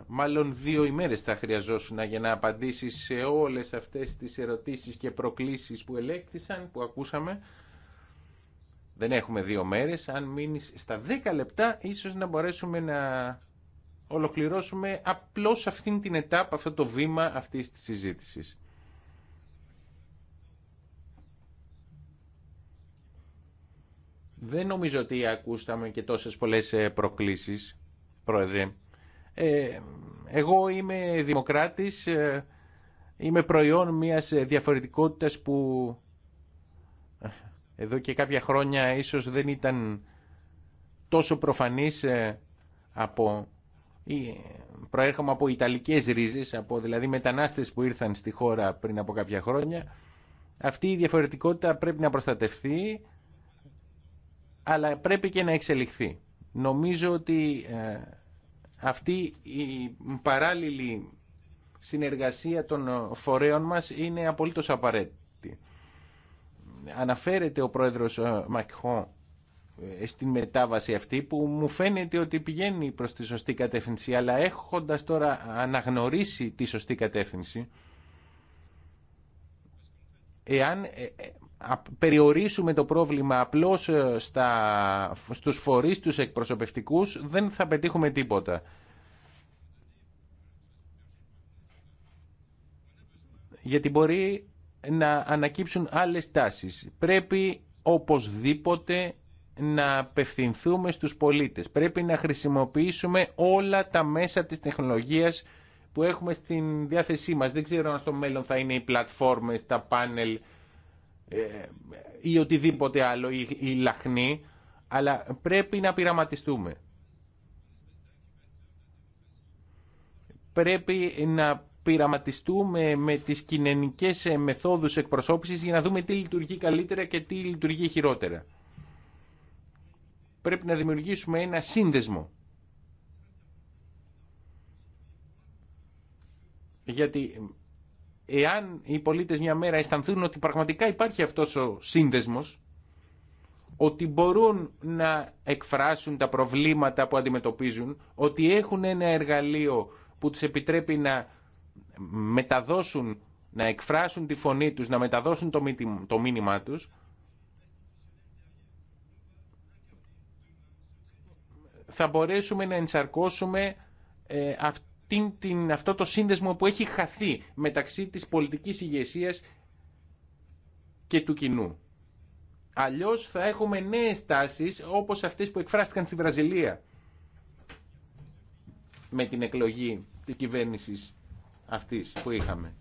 A: μάλλον δύο ημέρες θα χρειαζόσουν για να απαντήσεις σε όλες αυτές τις ερωτήσεις και προκλήσεις που ελέγχθησαν, που ακούσαμε. Δεν έχουμε δύο μέρες. Αν μείνεις στα δέκα λεπτά, ίσως να μπορέσουμε να ολοκληρώσουμε απλώς αυτήν την ετάπα, αυτό το βήμα αυτής της συζήτησης. Δεν νομίζω ότι ακούσαμε και τόσες πολλές ε, προκλήσεις, Πρόεδρε. Ε, εγώ είμαι δημοκράτης, ε, είμαι προϊόν μιας διαφορετικότητας που εδώ και κάποια χρόνια ίσως δεν ήταν τόσο προφανής από προέρχομαι από ιταλικές ρίζες, από δηλαδή μετανάστες που ήρθαν στη χώρα πριν από κάποια χρόνια. Αυτή η διαφορετικότητα πρέπει να προστατευθεί, αλλά πρέπει και να εξελιχθεί. Νομίζω ότι ε, αυτή η παράλληλη συνεργασία των φορέων μας είναι απολύτως απαραίτητη. Αναφέρεται ο πρόεδρος Μακχόν ε, ε, στην μετάβαση αυτή που μου φαίνεται ότι πηγαίνει προς τη σωστή κατεύθυνση αλλά έχοντας τώρα αναγνωρίσει τη σωστή κατεύθυνση εάν ε, ε, περιορίσουμε το πρόβλημα απλώς στα, στους φορείς τους εκπροσωπευτικούς δεν θα πετύχουμε τίποτα. Γιατί μπορεί να ανακύψουν άλλες τάσεις. Πρέπει οπωσδήποτε να απευθυνθούμε στους πολίτες. Πρέπει να χρησιμοποιήσουμε όλα τα μέσα της τεχνολογίας που έχουμε στην διάθεσή μας. Δεν ξέρω αν στο μέλλον θα είναι οι πλατφόρμες, τα πάνελ ε, ή οτιδήποτε άλλο, η λαχνή, αλλά πρέπει να πειραματιστούμε. Πρέπει να πειραματιστούμε με τις κοινωνικές ε, μεθόδους εκπροσώπησης για να δούμε τι λειτουργεί καλύτερα και τι λειτουργεί χειρότερα πρέπει να δημιουργήσουμε ένα σύνδεσμο. Γιατί εάν οι πολίτες μια μέρα αισθανθούν ότι πραγματικά υπάρχει αυτός ο σύνδεσμος, ότι μπορούν να εκφράσουν τα προβλήματα που αντιμετωπίζουν, ότι έχουν ένα εργαλείο που τους επιτρέπει να μεταδώσουν, να εκφράσουν τη φωνή τους, να μεταδώσουν το, μήνυμά τους, θα μπορέσουμε να ενσαρκώσουμε ε, αυτήν, την, αυτό το σύνδεσμο που έχει χαθεί μεταξύ της πολιτικής ηγεσία και του κοινού. Αλλιώς θα έχουμε νέες τάσεις όπως αυτές που εκφράστηκαν στη Βραζιλία με την εκλογή της κυβέρνησης αυτής που είχαμε.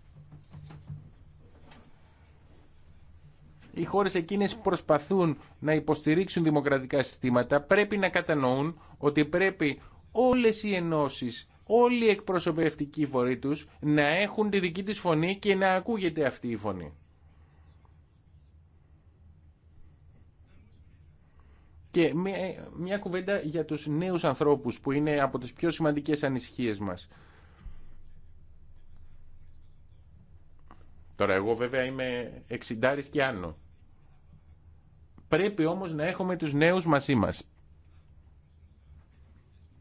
A: οι χώρες εκείνες προσπαθούν να υποστηρίξουν δημοκρατικά συστήματα πρέπει να κατανοούν ότι πρέπει όλες οι ενώσεις, όλοι οι εκπροσωπευτικοί φορεί τους να έχουν τη δική της φωνή και να ακούγεται αυτή η φωνή. Και μια, μια κουβέντα για τους νέους ανθρώπους που είναι από τις πιο σημαντικές ανησυχίες μας. Τώρα εγώ βέβαια είμαι εξιντάρης και άνω. Πρέπει όμως να έχουμε τους νέους μαζί μας.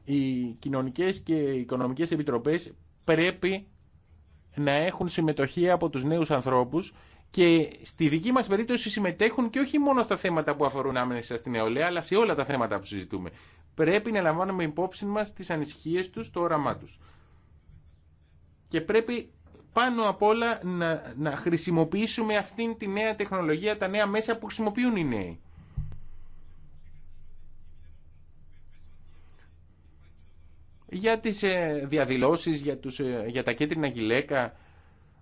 A: Οι κοινωνικές και οι οικονομικές επιτροπές πρέπει να έχουν συμμετοχή από τους νέους ανθρώπους και στη δική μας περίπτωση συμμετέχουν και όχι μόνο στα θέματα που αφορούν άμεσα στην νεολαία, αλλά σε όλα τα θέματα που συζητούμε. Πρέπει να λαμβάνουμε υπόψη μας τις ανησυχίες τους, το όραμά τους. Και πρέπει πάνω απ' όλα να, να χρησιμοποιήσουμε αυτήν τη νέα τεχνολογία, τα νέα μέσα που χρησιμοποιούν οι νέοι. Για τις ε, διαδηλώσεις, για, τους, ε, για τα κέντρινα γυλαίκα,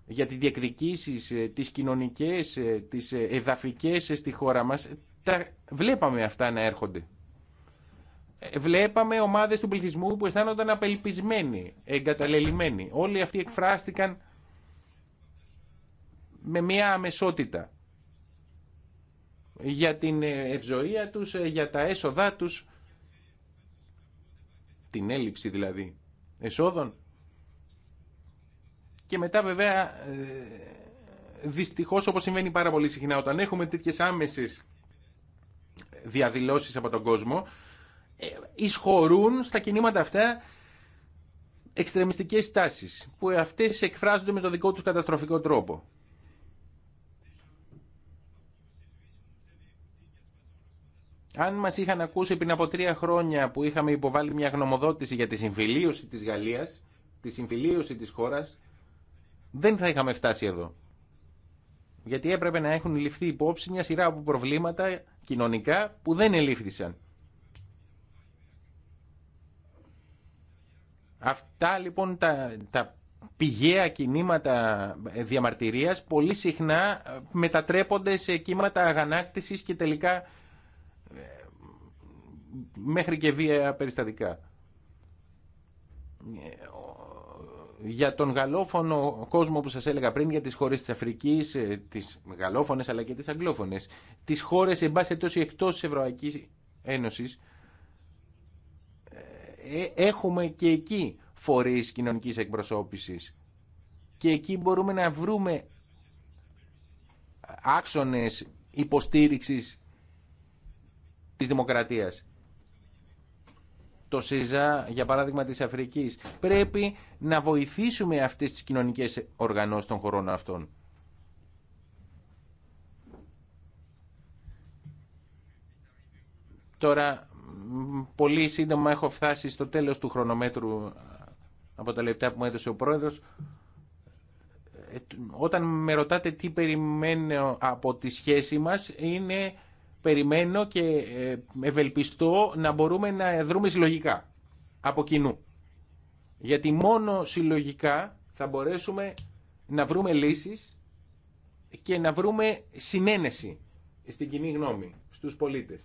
A: για τις διεκδικήσεις, ε, τις κοινωνικές, ε, τις ε, εδαφικές στη χώρα μας, τα βλέπαμε αυτά να έρχονται. Βλέπαμε ομάδες του πληθυσμού που αισθάνονταν απελπισμένοι, εγκαταλελειμμένοι. Όλοι αυτοί εκφράστηκαν με μια αμεσότητα για την ευζοία τους, για τα έσοδά τους, την έλλειψη δηλαδή εσόδων. Και μετά βέβαια ε, δυστυχώς όπως συμβαίνει πάρα πολύ συχνά όταν έχουμε τέτοιες άμεσες διαδηλώσεις από τον κόσμο ε, ισχωρούν στα κινήματα αυτά εξτρεμιστικές τάσεις που αυτές εκφράζονται με το δικό τους καταστροφικό τρόπο. Αν μα είχαν ακούσει πριν από τρία χρόνια που είχαμε υποβάλει μια γνωμοδότηση για τη συμφιλίωση της Γαλλία, τη συμφιλίωση της χώρας, δεν θα είχαμε φτάσει εδώ. Γιατί έπρεπε να έχουν ληφθεί υπόψη μια σειρά από προβλήματα κοινωνικά που δεν ελήφθησαν. Αυτά λοιπόν τα, τα πηγαία κινήματα διαμαρτυρίας πολύ συχνά μετατρέπονται σε κύματα αγανάκτησης και τελικά μέχρι και βία περιστατικά. Για τον γαλλόφωνο κόσμο που σας έλεγα πριν, για τις χώρες της Αφρικής, ε, τις γαλλόφωνες αλλά και τις αγγλόφωνες, τις χώρες εν πάση τόσο εκτός της Ευρωπαϊκής Ένωσης, ε, έχουμε και εκεί φορείς κοινωνικής εκπροσώπησης και εκεί μπορούμε να βρούμε άξονες υποστήριξης της δημοκρατίας το ΣΥΖΑ, για παράδειγμα της Αφρικής. Πρέπει να βοηθήσουμε αυτές τις κοινωνικές οργανώσεις των χωρών αυτών. Τώρα, πολύ σύντομα έχω φτάσει στο τέλος του χρονομέτρου ε, από τα λεπτά που μου έδωσε ο πρόεδρος. Ε, όταν με ρωτάτε τι περιμένω από τη σχέση μας, είναι περιμένω και ε, ευελπιστώ να μπορούμε να δρούμε συλλογικά από κοινού. Γιατί μόνο συλλογικά θα μπορέσουμε να βρούμε λύσεις και να βρούμε συνένεση στην κοινή γνώμη, στους πολίτες.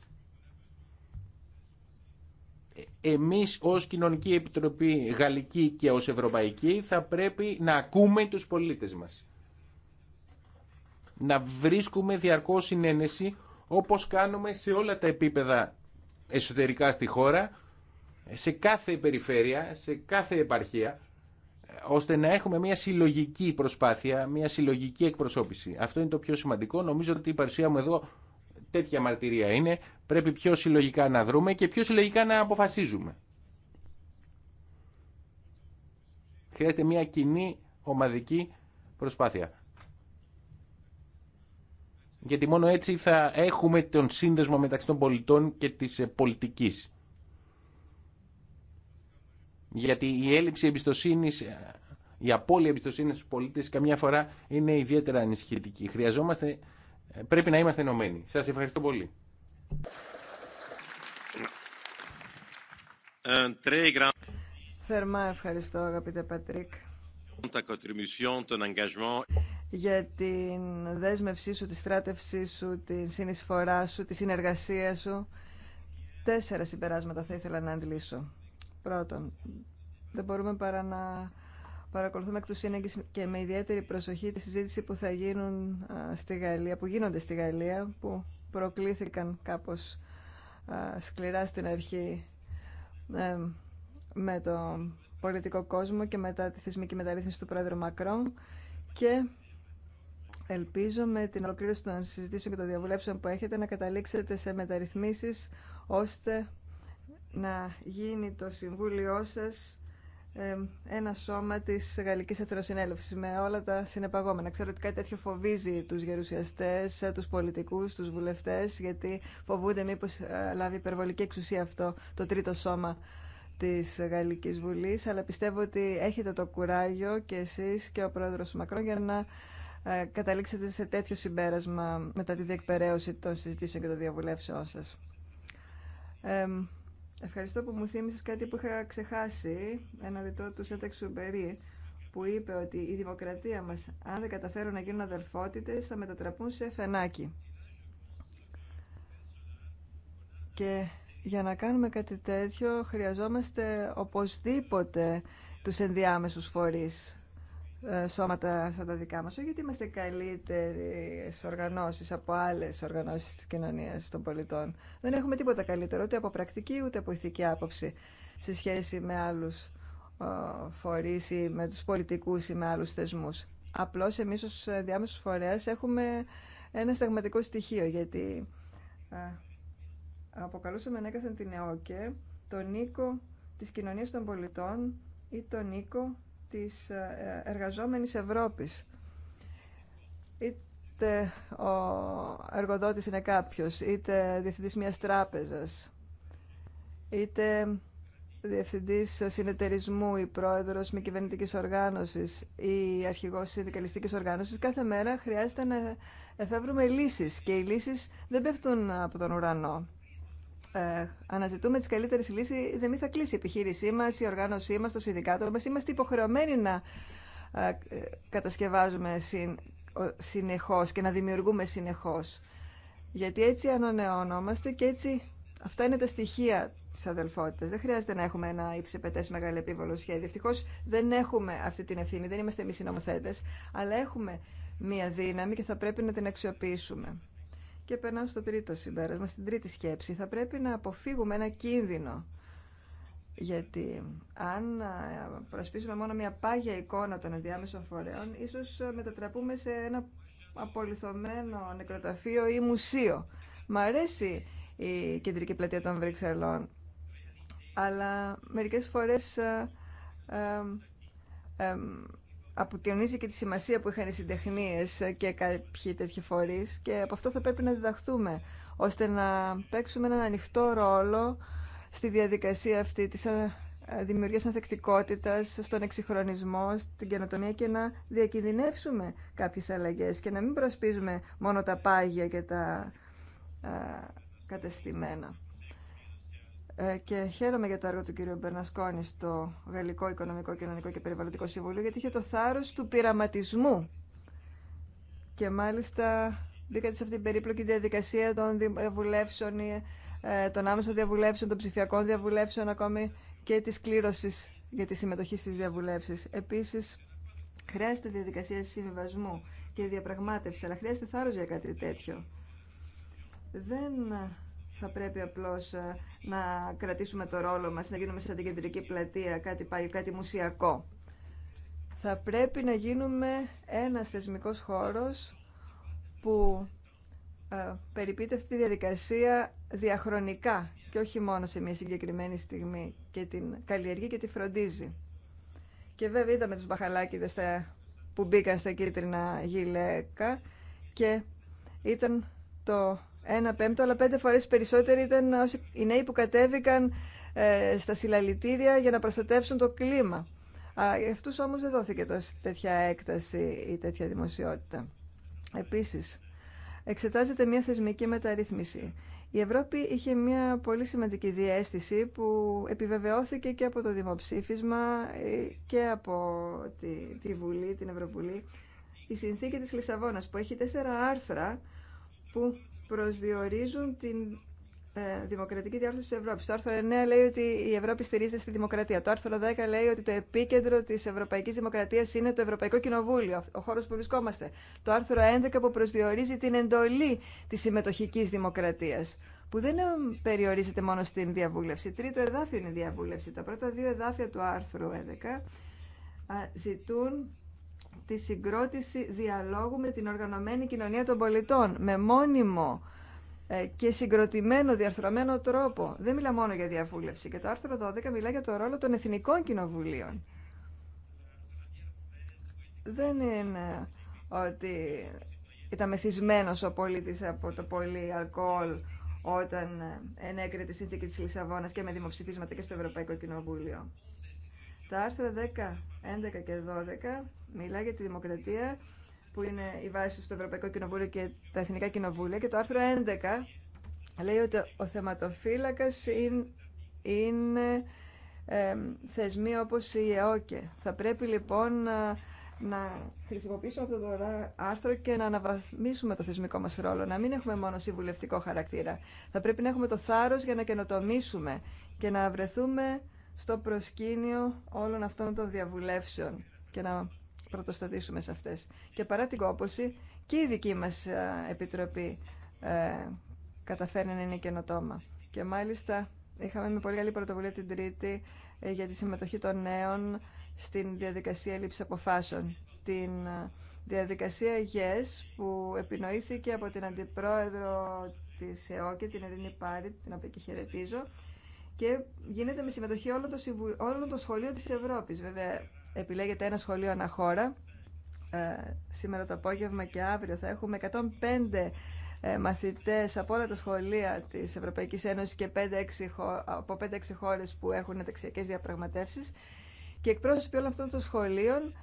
A: Ε, εμείς ως Κοινωνική Επιτροπή Γαλλική και ως Ευρωπαϊκή θα πρέπει να ακούμε τους πολίτες μας. Να βρίσκουμε διαρκώς συνένεση όπως κάνουμε σε όλα τα επίπεδα εσωτερικά στη χώρα, σε κάθε περιφέρεια, σε κάθε επαρχία, ώστε να έχουμε μια συλλογική προσπάθεια, μια συλλογική εκπροσώπηση. Αυτό είναι το πιο σημαντικό. Νομίζω ότι η παρουσία μου εδώ τέτοια μαρτυρία είναι. Πρέπει πιο συλλογικά να δρούμε και πιο συλλογικά να αποφασίζουμε. Χρειάζεται μια κοινή ομαδική προσπάθεια γιατί μόνο έτσι θα έχουμε τον σύνδεσμο μεταξύ των πολιτών και της ε, πολιτικής. Γιατί η έλλειψη εμπιστοσύνης, ε, η απώλεια εμπιστοσύνης στους πολίτες καμιά φορά είναι ιδιαίτερα ανησυχητική. Χρειαζόμαστε, ε, πρέπει να είμαστε ενωμένοι. Σας ευχαριστώ πολύ.
B: Θερμά ευχαριστώ αγαπητέ Πατρίκ για την δέσμευσή σου, τη στράτευσή σου, τη συνεισφορά σου, τη συνεργασία σου. Τέσσερα συμπεράσματα θα ήθελα να αντλήσω. Πρώτον, δεν μπορούμε παρά να παρακολουθούμε εκ του σύνεγγυς και με ιδιαίτερη προσοχή τη συζήτηση που θα γίνουν στη Γαλλία, που γίνονται στη Γαλλία, που προκλήθηκαν κάπως σκληρά στην αρχή με το πολιτικό κόσμο και μετά τη θεσμική μεταρρύθμιση του πρόεδρου Μακρόν και Ελπίζω με την ολοκλήρωση των συζητήσεων και των διαβουλεύσεων που έχετε να καταλήξετε σε μεταρρυθμίσεις ώστε να γίνει το Συμβούλιο σας ένα σώμα της Γαλλικής Εθνοσυνέλευσης με όλα τα συνεπαγόμενα. Ξέρω ότι κάτι τέτοιο φοβίζει τους γερουσιαστές, τους πολιτικούς, τους βουλευτές γιατί φοβούνται μήπως ε, λάβει υπερβολική εξουσία αυτό το τρίτο σώμα της Γαλλικής Βουλής αλλά πιστεύω ότι έχετε το κουράγιο και εσείς και ο πρόεδρος μακρόν για να ε, καταλήξατε σε τέτοιο συμπέρασμα μετά τη διεκπαιρέωση των συζητήσεων και των διαβουλεύσεών σας. ευχαριστώ που μου θύμισες κάτι που είχα ξεχάσει. Ένα ρητό του που είπε ότι η δημοκρατία μας, αν δεν καταφέρουν να γίνουν αδελφότητες, θα μετατραπούν σε φενάκι. Και για να κάνουμε κάτι τέτοιο χρειαζόμαστε οπωσδήποτε τους ενδιάμεσους φορείς ε, σώματα σαν τα δικά μας, όχι γιατί είμαστε καλύτεροι οργανώσεις από άλλες οργανώσεις της κοινωνίας των πολιτών. Δεν έχουμε τίποτα καλύτερο, ούτε από πρακτική, ούτε από ηθική άποψη σε σχέση με άλλους ε, φορείς ή με τους πολιτικούς ή με άλλους θεσμούς. Απλώς εμείς ως διάμεσους φορέας έχουμε ένα σταγματικό στοιχείο, γιατί ε, αποκαλούσαμε ανέκαθεν την ΕΟΚΕ τον οίκο της κοινωνίας των πολιτών ή τον οίκο της ε, εργαζόμενης Ευρώπης. Είτε ο εργοδότης είναι κάποιος, είτε διευθυντής μιας τράπεζας, είτε διευθυντής συνεταιρισμού ή πρόεδρος μη κυβερνητική οργάνωσης ή αρχηγός συνδικαλιστικής οργάνωσης, κάθε μέρα χρειάζεται να εφεύρουμε λύσεις και οι λύσεις δεν πέφτουν από τον ουρανό ε, αναζητούμε τι καλύτερε λύσει, δεν θα κλείσει η επιχείρησή μα, η οργάνωσή μα, το συνδικάτο μα. Είμαστε υποχρεωμένοι να ε, κατασκευάζουμε συνεχώ και να δημιουργούμε συνεχώ. Γιατί έτσι ανανεώνομαστε και έτσι αυτά είναι τα στοιχεία τη αδελφότητα. Δεν χρειάζεται να έχουμε ένα υψηπετέ μεγάλο επίβολο σχέδιο. Ευτυχώ δεν έχουμε αυτή την ευθύνη, δεν είμαστε εμεί οι νομοθέτε, αλλά έχουμε μία δύναμη και θα πρέπει να την αξιοποιήσουμε. Και περνάω στο τρίτο συμπέρασμα, στην τρίτη σκέψη. Θα πρέπει να αποφύγουμε ένα κίνδυνο. Γιατί αν ε, προσπίσουμε μόνο μια πάγια εικόνα των ενδιάμεσων φορέων, ίσως ε, μετατραπούμε σε ένα απολυθωμένο νεκροταφείο ή μουσείο. Μ' αρέσει η κεντρική πλατεία των Βρυξελών, αλλά μερικές φορές ε, αποτιμήσει και τη σημασία που είχαν οι συντεχνίε και κάποιοι τέτοιοι φορεί και από αυτό θα πρέπει να διδαχθούμε ώστε να παίξουμε έναν ανοιχτό ρόλο στη διαδικασία αυτή της ε, δημιουργία ανθεκτικότητα στον εξυγχρονισμό, στην καινοτομία και να διακινδυνεύσουμε κάποιε αλλαγέ και να μην προσπίζουμε μόνο τα πάγια και τα ε, κατεστημένα. Ε, και χαίρομαι για το έργο του κ. Μπερνασκόνη στο Γαλλικό Οικονομικό, Κοινωνικό και Περιβαλλοντικό Συμβούλιο, γιατί είχε το θάρρο του πειραματισμού. Και μάλιστα μπήκατε σε αυτή την περίπλοκη διαδικασία των διαβουλεύσεων, ε, των άμεσων διαβουλεύσεων, των ψηφιακών διαβουλεύσεων, ακόμη και τη κλήρωση για τη συμμετοχή στι διαβουλεύσεις. Επίση, χρειάζεται διαδικασία συμβιβασμού και διαπραγμάτευση, αλλά χρειάζεται θάρρο για κάτι τέτοιο. Δεν θα πρέπει απλώς ε, να κρατήσουμε το ρόλο μας, να γίνουμε σαν την κεντρική πλατεία, κάτι πάγιο, κάτι μουσιακό. Θα πρέπει να γίνουμε ένας θεσμικός χώρος που ε, περιπείται αυτή τη διαδικασία διαχρονικά και όχι μόνο σε μια συγκεκριμένη στιγμή και την καλλιεργεί και τη φροντίζει. Και βέβαια είδαμε τους μπαχαλάκιδες που μπήκαν στα κίτρινα γυλαίκα και ήταν το ένα πέμπτο, αλλά πέντε φορές περισσότεροι ήταν όσοι, οι νέοι που κατέβηκαν ε, στα συλλαλητήρια για να προστατεύσουν το κλίμα. Α, αυτούς όμως δεν δόθηκε τόσο τέτοια δημοσιότητα. Επίσης, εξετάζεται μια θεσμική μεταρρύθμιση. Η Ευρώπη είχε μια πολύ σημαντική διέστηση που επιβεβαιώθηκε και από το δημοψήφισμα ε, και από τη, τη Βουλή, την Ευρωβουλή, η συνθήκη της Λισαβόνας που έχει τέσσερα άρθρα που προσδιορίζουν την ε, δημοκρατική διάρθρωση τη Ευρώπη. Το άρθρο 9 λέει ότι η Ευρώπη στηρίζεται στη δημοκρατία. Το άρθρο 10 λέει ότι το επίκεντρο τη Ευρωπαϊκή Δημοκρατία είναι το Ευρωπαϊκό Κοινοβούλιο, ο χώρο που βρισκόμαστε. Το άρθρο 11 που προσδιορίζει την εντολή τη συμμετοχική δημοκρατία. που δεν ε, περιορίζεται μόνο στην διαβούλευση. Τρίτο εδάφιο είναι η διαβούλευση. Τα πρώτα δύο εδάφια του άρθρου 11 ζητούν τη συγκρότηση διαλόγου με την οργανωμένη κοινωνία των πολιτών, με μόνιμο ε, και συγκροτημένο, διαρθρωμένο τρόπο. Δεν μιλά μόνο για διαβούλευση. Και το άρθρο 12 μιλά για το ρόλο των εθνικών κοινοβουλίων. Δεν είναι ότι ήταν μεθυσμένος ο πολίτης από το πολύ αλκοόλ όταν ε, ενέκρινε τη συνθήκη της Λισαβόνας και με δημοψηφίσματα και στο Ευρωπαϊκό Κοινοβούλιο. Τα άρθρα 10 11 και 12 μιλά για τη δημοκρατία που είναι η βάση στο Ευρωπαϊκό Κοινοβούλιο και τα Εθνικά Κοινοβούλια και το άρθρο 11 λέει ότι ο θεματοφύλακας είναι, είναι ε, θεσμοί όπως η ΕΟΚΕ. Θα πρέπει λοιπόν ε, να, χρησιμοποιήσουμε αυτό το άρθρο και να αναβαθμίσουμε το θεσμικό μας ρόλο, να μην έχουμε μόνο συμβουλευτικό χαρακτήρα. Θα πρέπει να έχουμε το θάρρος για να καινοτομήσουμε και να βρεθούμε στο προσκήνιο όλων αυτών των διαβουλεύσεων και να πρωτοστατήσουμε σε αυτές. Και παρά την κόπωση, και η δική μας ε, Επιτροπή ε, καταφέρνει να είναι καινοτόμα. Και μάλιστα είχαμε με πολύ καλή πρωτοβουλία την Τρίτη ε, για τη συμμετοχή των νέων στην διαδικασία λήψη αποφάσεων. Την ε, διαδικασία ΓΕΣ που επινοήθηκε από την Αντιπρόεδρο της ΕΟΚΕ, την Ειρήνη Πάρη, την οποία και χαιρετίζω, και γίνεται με συμμετοχή όλων των, συμβου... σχολείων της Ευρώπης. Βέβαια, επιλέγεται ένα σχολείο αναχώρα. Ε, σήμερα το απόγευμα και αύριο θα έχουμε 105 ε, μαθητές από όλα τα σχολεία της Ευρωπαϊκής Ένωσης και 5 -6, από 5-6 χώρες που έχουν ταξιακές διαπραγματεύσεις και εκπρόσωποι όλων αυτών των σχολείων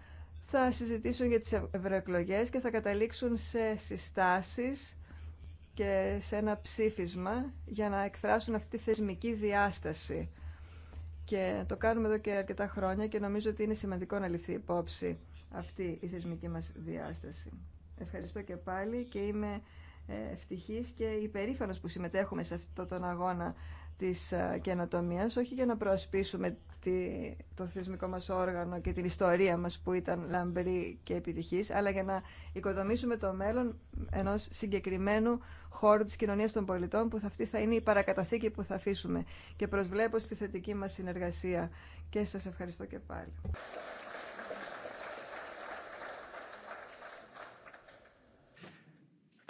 B: θα συζητήσουν για τις ευρωεκλογέ και θα καταλήξουν σε συστάσεις και σε ένα ψήφισμα για να εκφράσουν αυτή τη θεσμική διάσταση. Και το κάνουμε εδώ και αρκετά χρόνια και νομίζω ότι είναι σημαντικό να ληφθεί υπόψη αυτή η θεσμική μας διάσταση. Ευχαριστώ και πάλι και είμαι ε, ευτυχής και υπερήφανος που συμμετέχουμε σε αυτόν τον αγώνα της ε, καινοτομία, όχι για να προασπίσουμε το θεσμικό μας όργανο και την ιστορία μας που ήταν λαμπρή και επιτυχής, αλλά για να οικοδομήσουμε το μέλλον ενός συγκεκριμένου χώρου της κοινωνίας των πολιτών που αυτή θα είναι η παρακαταθήκη που θα αφήσουμε. Και προσβλέπω στη θετική μας συνεργασία και σας ευχαριστώ και πάλι.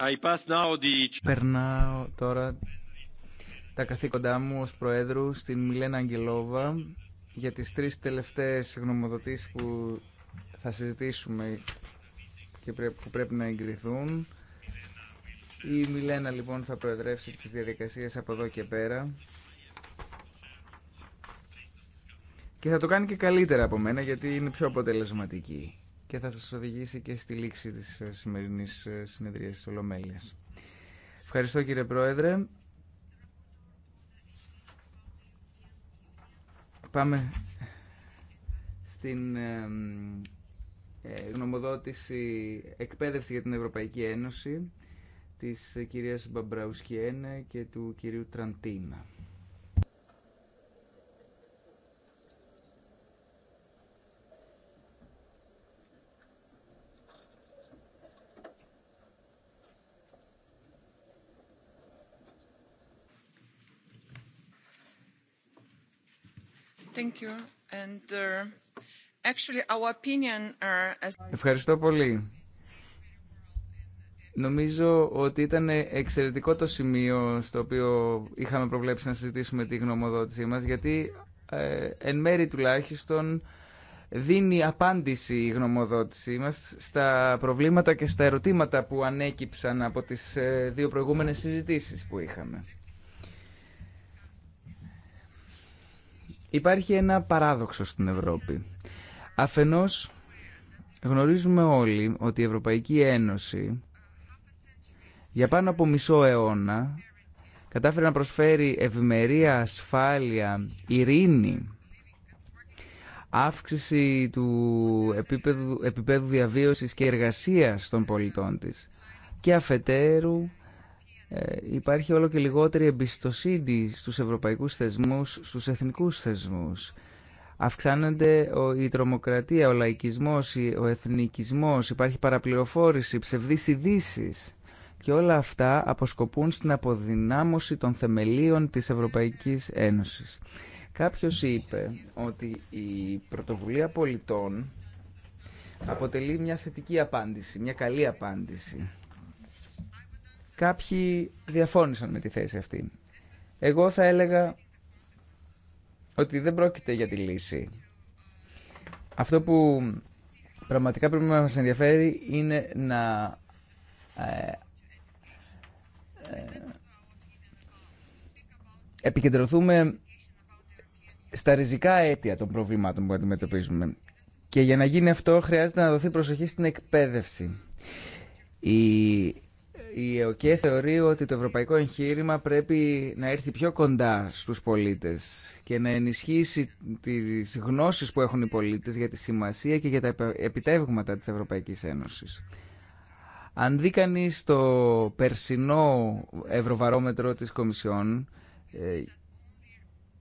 A: I
D: Περνάω τώρα τα καθήκοντά μου ως Προέδρου στην Μιλένα Αγγελόβα, για τις τρεις τελευταίες γνωμοδοτήσεις που θα συζητήσουμε και που πρέπει να εγκριθούν. Η Μιλένα λοιπόν θα προεδρεύσει τις διαδικασίες από εδώ και πέρα. Και θα το κάνει και καλύτερα από μένα γιατί είναι πιο αποτελεσματική και θα σας οδηγήσει και στη λήξη της ε, σημερινής ε, συνεδρίας της Ευχαριστώ κύριε Πρόεδρε. Πάμε στην ε, γνωμοδότηση εκπαίδευση για την Ευρωπαϊκή Ένωση της κυρίας Μπαμπραουσκιένε και του κυρίου Τραντίνα.
B: Uh, uh, Ευχαριστώ
D: πολύ. Νομίζω ότι ήταν εξαιρετικό το σημείο στο οποίο είχαμε προβλέψει να συζητήσουμε τη γνωμοδότησή μας, γιατί ε, εν μέρη τουλάχιστον δίνει απάντηση η γνωμοδότησή μας στα προβλήματα και στα ερωτήματα που ανέκυψαν από τις ε, δύο προηγούμενες συζητήσεις που είχαμε. Υπάρχει ένα παράδοξο στην Ευρώπη. Αφενός γνωρίζουμε όλοι ότι η Ευρωπαϊκή Ένωση για πάνω από μισό αιώνα κατάφερε να προσφέρει ευημερία, ασφάλεια, ειρήνη, αύξηση του επίπεδου, επίπεδου διαβίωσης και εργασίας των πολιτών της και αφετέρου ε, υπάρχει όλο και λιγότερη εμπιστοσύνη στους ευρωπαϊκούς θεσμούς, στους εθνικούς θεσμούς. Αυξάνονται η τρομοκρατία, ο λαϊκισμός, ο εθνικισμός, υπάρχει παραπληροφόρηση, ψευδείς ειδήσει. Και όλα αυτά αποσκοπούν στην αποδυνάμωση των θεμελίων της Ευρωπαϊκής Ένωσης. Κάποιος είπε ότι η πρωτοβουλία πολιτών αποτελεί μια θετική απάντηση, μια καλή απάντηση Κάποιοι διαφώνησαν με τη θέση αυτή. Εγώ θα έλεγα ότι δεν πρόκειται για τη λύση. Αυτό που πραγματικά πρέπει να μας ενδιαφέρει είναι να ε, ε επικεντρωθούμε στα ριζικά αίτια των προβλήματων που αντιμετωπίζουμε. Και για να γίνει αυτό χρειάζεται να δοθεί προσοχή στην εκπαίδευση. Η η ΕΟΚΕ θεωρεί ότι το ευρωπαϊκό εγχείρημα πρέπει να έρθει πιο κοντά στους πολίτες και να ενισχύσει τις γνώσεις που έχουν οι πολίτες για τη σημασία και για τα επιτεύγματα της Ευρωπαϊκής Ένωσης. Αν δει κανεί το περσινό ευρωβαρόμετρο της Κομισιόν ε,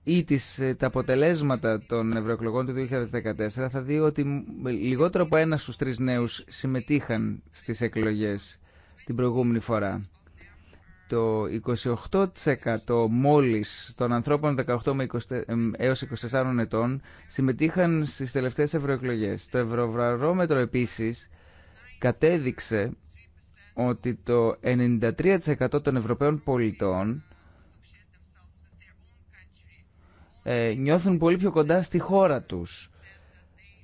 D: ή τις, ε, τα αποτελέσματα των ευρωεκλογών του 2014 θα δει ότι λιγότερο από ένα στους τρεις νέους συμμετείχαν στις εκλογές την προηγούμενη φορά. Το 28% μόλις των ανθρώπων 18 με έως 24 ετών συμμετείχαν στις τελευταίες ευρωεκλογές. Το Ευρωβαρόμετρο επίσης κατέδειξε ότι το 93% των Ευρωπαίων πολιτών ε, νιώθουν πολύ πιο κοντά στη χώρα τους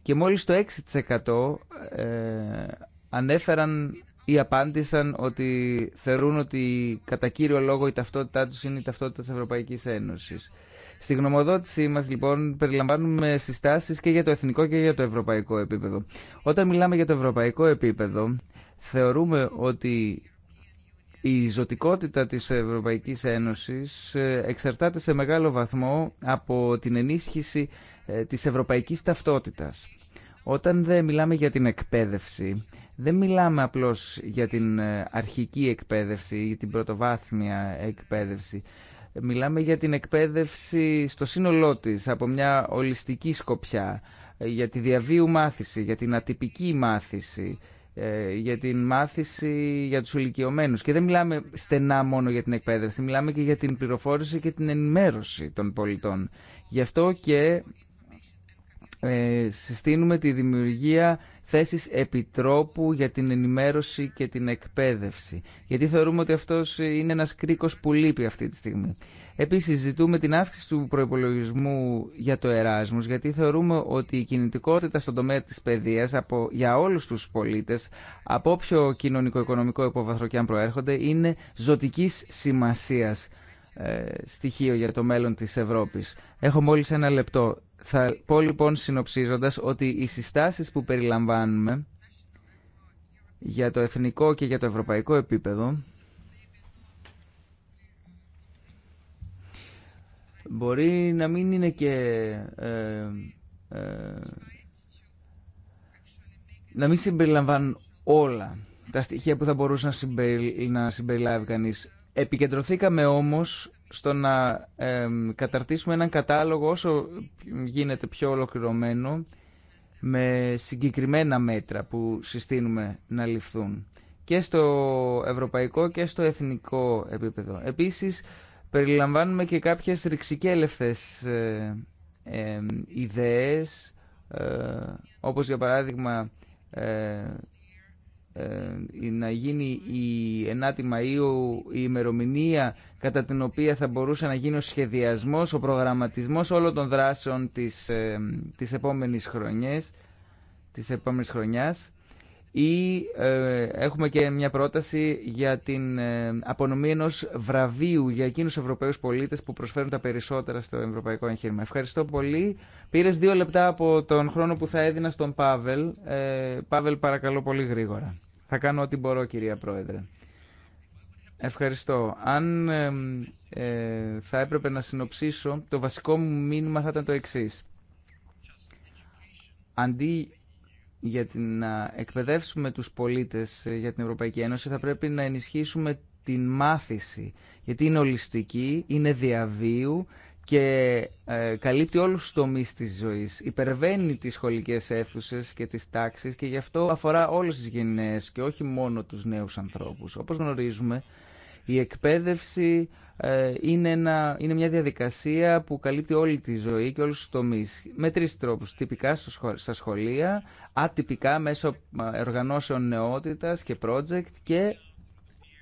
D: και μόλις το 6% ε, ανέφεραν ή απάντησαν ότι θεωρούν ότι κατά κύριο λόγο η ταυτότητά τους είναι η ταυτότητα της Ευρωπαϊκής Ένωσης. Στη γνωμοδότησή μα, λοιπόν, περιλαμβάνουμε συστάσει και για το εθνικό και για το ευρωπαϊκό επίπεδο. Όταν μιλάμε για το ευρωπαϊκό επίπεδο, θεωρούμε ότι η ζωτικότητα της Ευρωπαϊκής Ένωσης ε, εξαρτάται σε μεγάλο βαθμό από την ενίσχυση ε, της ευρωπαϊκής ταυτότητας. Όταν δεν μιλάμε για την εκπαίδευση, δεν μιλάμε απλώς για την ε, αρχική εκπαίδευση ή την πρωτοβάθμια εκπαίδευση. Μιλάμε για την εκπαίδευση στο σύνολό της, από μια ολιστική σκοπιά, ε, για τη διαβίου μάθηση, για την ατυπική μάθηση, ε, για την μάθηση για τους ηλικιωμένους. Και δεν μιλάμε στενά μόνο για την εκπαίδευση, μιλάμε και για την πληροφόρηση και την ενημέρωση των πολιτών. Γι' αυτό και ε, συστήνουμε τη δημιουργία θέσης επιτρόπου για την ενημέρωση και την εκπαίδευση. Γιατί θεωρούμε ότι αυτός είναι ένας κρίκος που λείπει αυτή τη στιγμή. Επίσης ζητούμε την αύξηση του προϋπολογισμού για το Εράσμους, γιατί θεωρούμε ότι η κινητικότητα στον τομέα της παιδείας από, για όλους τους πολίτες, από όποιο κοινωνικο-οικονομικό υποβαθρό και αν προέρχονται, είναι ζωτικής σημασίας ε, στοιχείο για το μέλλον της Ευρώπης. Έχω μόλις ένα λεπτό. Θα πω λοιπόν συνοψίζοντας ότι οι συστάσεις που περιλαμβάνουμε για το εθνικό και για το ευρωπαϊκό επίπεδο μπορεί να μην είναι και ε, ε, να μην συμπεριλαμβάνουν όλα τα στοιχεία που θα μπορούσε να, να συμπεριλάβει κανείς. Επικεντρωθήκαμε όμως στο να ε, καταρτήσουμε έναν κατάλογο όσο γίνεται πιο ολοκληρωμένο με συγκεκριμένα μέτρα που συστήνουμε να ληφθούν και στο ευρωπαϊκό και στο εθνικό επίπεδο. Επίσης, περιλαμβάνουμε και κάποιες ρηξικέλευθες ε, ε, ιδέες, όπως για παράδειγμα ε, ε, να γίνει η 9η Μαΐου η ημερομηνία κατά την οποία θα μπορούσε να γίνει ο σχεδιασμός, ο προγραμματισμός όλων των δράσεων της, ε, της, επόμενης, χρονιές, της επόμενης χρονιάς ή ε, έχουμε και μια πρόταση για την ε, απονομή ενό βραβείου για εκείνους Ευρωπαίους πολίτες που προσφέρουν τα περισσότερα στο ευρωπαϊκό εγχείρημα. Ευχαριστώ πολύ. Πήρες δύο λεπτά από τον χρόνο που θα έδινα στον Πάβελ. Ε, Πάβελ παρακαλώ πολύ γρήγορα. Θα κάνω ό,τι μπορώ κυρία Πρόεδρε. Ευχαριστώ. Αν ε, θα έπρεπε να συνοψίσω, το βασικό μου μήνυμα θα ήταν το εξής. Αντί για την, να εκπαιδεύσουμε τους πολίτες ε, για την Ευρωπαϊκή Ένωση, θα πρέπει να ενισχύσουμε την μάθηση, γιατί είναι ολιστική, είναι διαβίου και ε, καλύπτει όλους τους τομείς της ζωής. Υπερβαίνει τις σχολικές αίθουσες και τις τάξεις και γι' αυτό αφορά όλες τις γενναίες και όχι μόνο τους νέους ανθρώπους. Όπως γνωρίζουμε, η εκπαίδευση ε, είναι, είναι μια διαδικασία που καλύπτει όλη τη ζωή και όλους τους τομείς. Με τρεις τρόπους. Τυπικά στα σχολεία, ατυπικά μέσω ε, οργανώσεων νεότητας και project και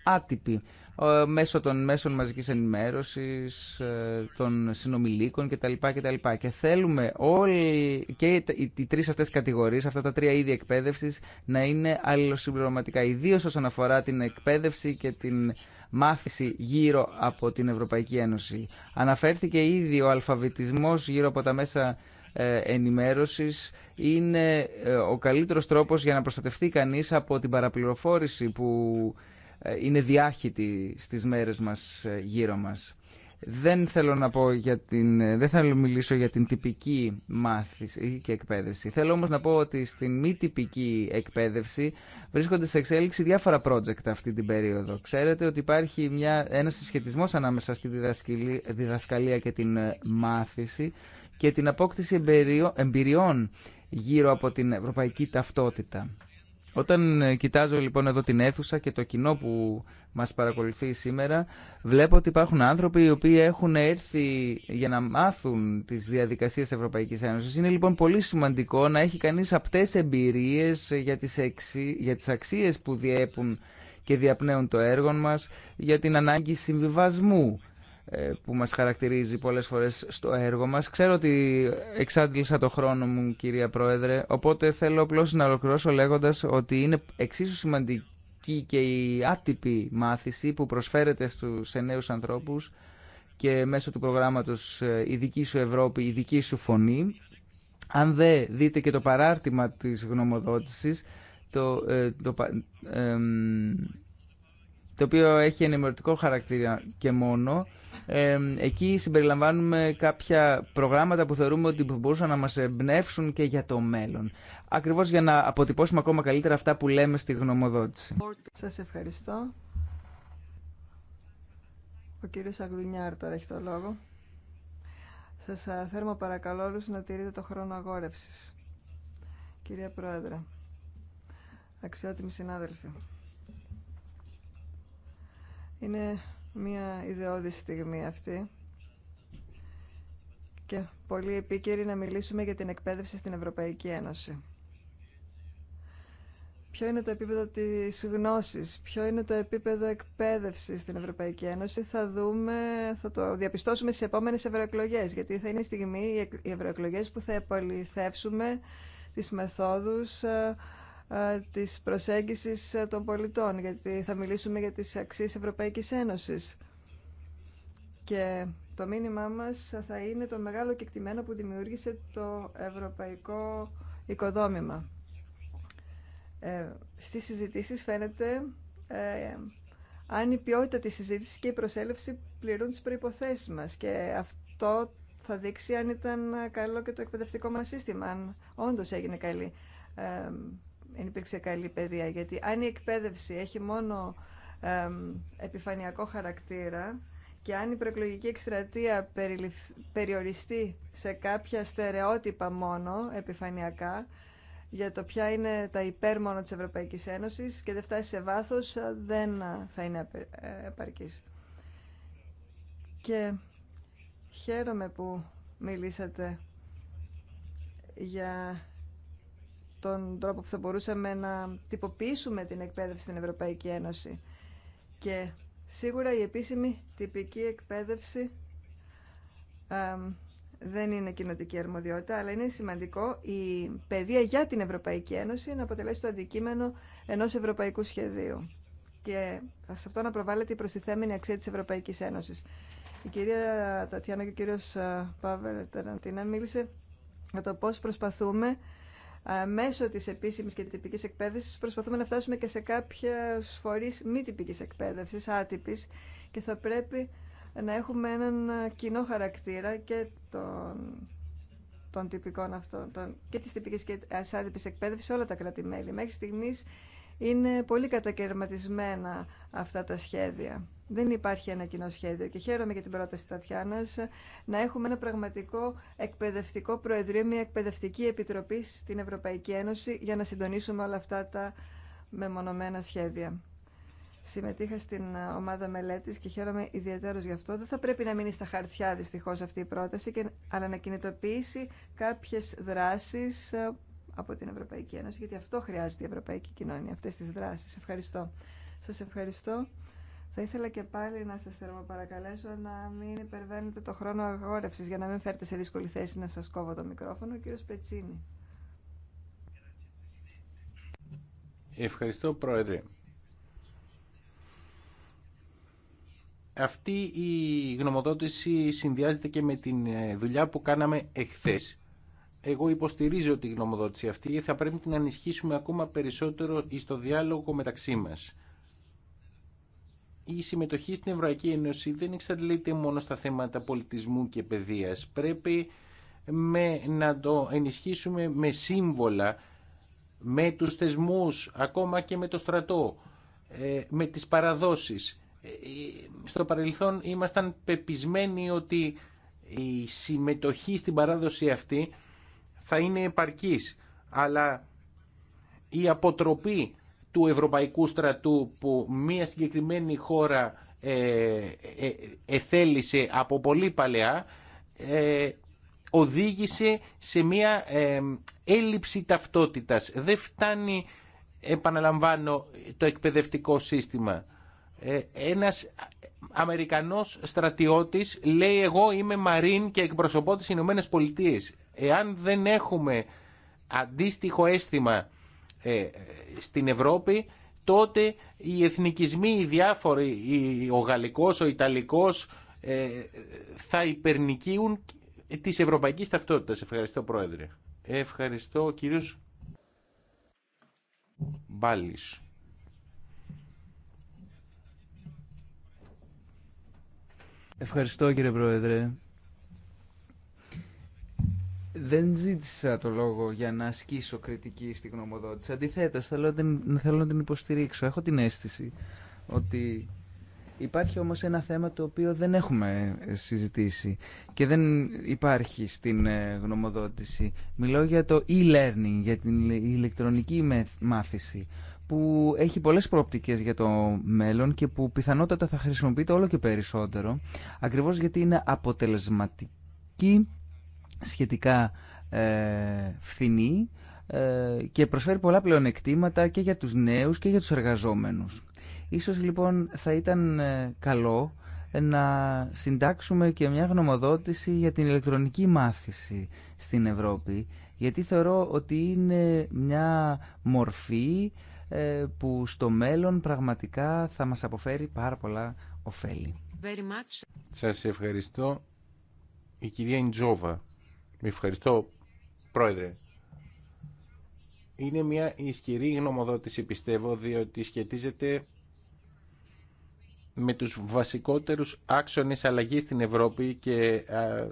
D: άτυπη ε, μέσω των μέσων μαζικής ενημέρωσης, ε, των συνομιλίκων κτλ. κτλ. Και θέλουμε όλοι και οι τρεις αυτές κατηγορίες, αυτά τα τρία είδη εκπαίδευσης να είναι αλληλοσυμπληρωματικά, ιδίω όσον αφορά την εκπαίδευση και την μάθηση γύρω από την Ευρωπαϊκή Ένωση. Αναφέρθηκε ήδη ο αλφαβητισμός γύρω από τα μέσα ε, ενημέρωσης είναι ο καλύτερος τρόπος για να προστατευτεί κανείς από την παραπληροφόρηση που ε, είναι διάχυτη στις μέρες μας ε, γύρω μας. Δεν θέλω να πω για την, ε, δεν θέλω μιλήσω για την τυπική μάθηση και εκπαίδευση. Θέλω όμως να πω ότι στην μη τυπική εκπαίδευση βρίσκονται σε εξέλιξη διάφορα project αυτή την περίοδο. Ξέρετε ότι υπάρχει μια, ένας συσχετισμός ανάμεσα στη διδασκαλία και την μάθηση και την απόκτηση εμπειριών γύρω από την ευρωπαϊκή ταυτότητα. Όταν ε, κοιτάζω λοιπόν εδώ την αίθουσα και το κοινό που μας παρακολουθεί σήμερα, βλέπω ότι υπάρχουν άνθρωποι οι οποίοι έχουν έρθει για να μάθουν τις διαδικασίες Ευρωπαϊκής Ένωσης. Είναι λοιπόν πολύ σημαντικό να έχει κανείς απτές εμπειρίες για τις, εξι... για τις αξίες που διέπουν και διαπνέουν το έργο μας, για την ανάγκη συμβιβασμού ε, που μας χαρακτηρίζει πολλές φορές στο έργο μας. Ξέρω ότι εξάντλησα το χρόνο μου, κυρία Πρόεδρε, οπότε θέλω απλώ να ολοκληρώσω λέγοντας ότι είναι εξίσου σημαντική και η άτυπη μάθηση που προσφέρεται στους νέους ανθρώπους και μέσω του προγράμματος ε, «Η δική σου Ευρώπη, η δική σου φωνή». Αν δε δείτε και το παράρτημα της γνωμοδότησης, το, ε, το, το οποίο έχει ενημερωτικό χαρακτήρα και μόνο. εκεί συμπεριλαμβάνουμε κάποια προγράμματα που θεωρούμε ότι μπορούσαν να μας εμπνεύσουν και για το μέλλον. Ακριβώς για να αποτυπώσουμε ακόμα καλύτερα αυτά που λέμε στη γνωμοδότηση.
B: Σας ευχαριστώ. Ο κύριος Αγγλουνιάρ τώρα έχει το λόγο. Σας θέλω παρακαλώ όλους να τηρείτε το χρόνο αγόρευσης. Κυρία Πρόεδρε, αξιότιμοι συνάδελφοι. Είναι μια ιδεώδη στιγμή αυτή και πολύ επίκαιρη να μιλήσουμε για την εκπαίδευση στην Ευρωπαϊκή Ένωση. Ποιο είναι το επίπεδο της γνώσης, ποιο είναι το επίπεδο εκπαίδευσης στην Ευρωπαϊκή Ένωση, θα δούμε, θα το διαπιστώσουμε στις επόμενες ευρωεκλογέ, γιατί θα είναι η στιγμή οι ευρωεκλογέ που θα επαληθεύσουμε τις μεθόδους ε, της προσέγγισης ε, των πολιτών, γιατί θα μιλήσουμε για τις αξίες Ευρωπαϊκής Ένωσης. Και το μήνυμά μας θα είναι το μεγάλο κεκτημένο που δημιούργησε το ευρωπαϊκό οικοδόμημα. Ε, στις συζητήσεις φαίνεται ε, αν η ποιότητα της συζήτησης και η προσέλευση πληρούν τις προϋποθέσεις μας και αυτό θα δείξει αν ήταν καλό και το εκπαιδευτικό μας σύστημα, αν όντως έγινε καλή ε, δεν υπήρξε καλή παιδεία. Γιατί αν η εκπαίδευση έχει μόνο ε, επιφανειακό χαρακτήρα και αν η προεκλογική εκστρατεία περιοριστεί σε κάποια στερεότυπα μόνο επιφανειακά για το ποια είναι τα υπέρ μόνο της Ευρωπαϊκής Ένωσης και δεν φτάσει σε βάθος, δεν θα είναι ε, επαρκής. Και χαίρομαι που μιλήσατε για τον τρόπο που θα μπορούσαμε να τυποποιήσουμε την εκπαίδευση στην Ευρωπαϊκή Ένωση. Και σίγουρα η επίσημη τυπική εκπαίδευση δεν είναι κοινοτική αρμοδιότητα, αλλά είναι σημαντικό η παιδεία για την Ευρωπαϊκή Ένωση να αποτελέσει το αντικείμενο ενός ευρωπαϊκού σχεδίου. Και σε αυτό να προβάλλεται η προστιθέμενη αξία της Ευρωπαϊκής Ένωσης. Η κυρία Τατιάνα και ο κύριος ε, Παύερ Ταραντίνα μίλησε για το πώς προσπαθούμε μέσω της επίσημης και τυπικής εκπαίδευσης προσπαθούμε να φτάσουμε και σε κάποιες φορείς μη τυπικής εκπαίδευσης, άτυπης και θα πρέπει να έχουμε έναν κοινό χαρακτήρα και των, των τυπικών αυτών και της τυπικής και της άτυπης εκπαίδευσης όλα τα κράτη-μέλη. Μέχρι στιγμής είναι πολύ κατακαιρματισμένα αυτά τα σχέδια. Δεν υπάρχει ένα κοινό σχέδιο και χαίρομαι για την πρόταση Τατιάνα να έχουμε ένα πραγματικό εκπαιδευτικό προεδρείο, μια εκπαιδευτική επιτροπή στην Ευρωπαϊκή Ένωση για να συντονίσουμε όλα αυτά τα μεμονωμένα σχέδια. Συμμετείχα στην ομάδα μελέτη και χαίρομαι ιδιαίτερω γι' αυτό. Δεν θα πρέπει να μείνει στα χαρτιά δυστυχώ αυτή η πρόταση, αλλά να κινητοποιήσει κάποιε δράσει ε, από την Ευρωπαϊκή Ένωση, γιατί αυτό χρειάζεται η Ευρωπαϊκή Κοινωνία, αυτέ τι δράσει. Ευχαριστώ. Σα ευχαριστώ. Θα ήθελα και πάλι να σας θερμοπαρακαλέσω να μην υπερβαίνετε το χρόνο αγόρευσης για να μην φέρετε σε δύσκολη θέση να σας κόβω το μικρόφωνο. Ο κύριος Πετσίνη.
A: Ευχαριστώ Πρόεδρε. Αυτή η γνωμοδότηση συνδυάζεται και με την ε, δουλειά που κάναμε εχθές. Εγώ υποστηρίζω τη γνωμοδότηση αυτή και θα πρέπει να ενισχύσουμε ακόμα περισσότερο στο διάλογο μεταξύ μας η συμμετοχή στην Ευρωπαϊκή Ένωση δεν εξαντλείται μόνο στα θέματα πολιτισμού και παιδείας. Πρέπει με, να το ενισχύσουμε με σύμβολα, με τους θεσμούς, ακόμα και με το στρατό, ε, με τις παραδόσεις. Ε, ε, στο παρελθόν ήμασταν πεπισμένοι ότι η συμμετοχή στην παράδοση αυτή θα είναι επαρκής, αλλά η αποτροπή του Ευρωπαϊκού Στρατού που μία συγκεκριμένη χώρα ε, ε, εθέλησε από πολύ παλαιά ε, οδήγησε σε μία έλλειψη ταυτότητας. Δεν φτάνει, επαναλαμβάνω, το εκπαιδευτικό σύστημα. Ένας Αμερικανός στρατιώτης λέει εγώ είμαι Μαρίν και εκπροσωπώ τις Ηνωμένες Πολιτείες. Εάν δεν έχουμε αντίστοιχο αίσθημα ε, στην Ευρώπη, τότε οι εθνικισμοί, οι διάφοροι, ο γαλλικός, ο ιταλικός, ε, θα υπερνικίουν της ευρωπαϊκής ταυτότητας. Ευχαριστώ, Πρόεδρε. Ευχαριστώ, κύριος Μπάλης.
D: Ευχαριστώ, κύριε Πρόεδρε. Δεν ζήτησα το λόγο για να ασκήσω κριτική στη γνωμοδότηση. Αντιθέτω, θέλω, θέλω να την υποστηρίξω. Έχω την αίσθηση ότι Υπάρχει όμως ένα θέμα το οποίο δεν έχουμε συζητήσει και δεν υπάρχει στην ε, γνωμοδότηση. Μιλώ για το e-learning, για την ηλεκτρονική μάθηση που έχει πολλές προοπτικές για το μέλλον και που πιθανότατα θα χρησιμοποιείται όλο και περισσότερο ακριβώς γιατί είναι αποτελεσματική σχετικά ε, φθηνή ε, και προσφέρει πολλά πλεονεκτήματα και για τους νέους και για τους εργαζόμενους. Ίσως λοιπόν θα ήταν ε, καλό να συντάξουμε και μια γνωμοδότηση για την ηλεκτρονική μάθηση στην Ευρώπη γιατί θεωρώ ότι είναι μια μορφή που στο μέλλον πραγματικά θα μας αποφέρει πάρα πολλά ωφέλη.
C: Very
A: Σας ευχαριστώ. Η κυρία Ιντζόβα. Ευχαριστώ, Πρόεδρε. Είναι μια ισχυρή γνωμοδότηση, πιστεύω, διότι σχετίζεται με τους βασικότερους άξονες αλλαγής στην Ευρώπη και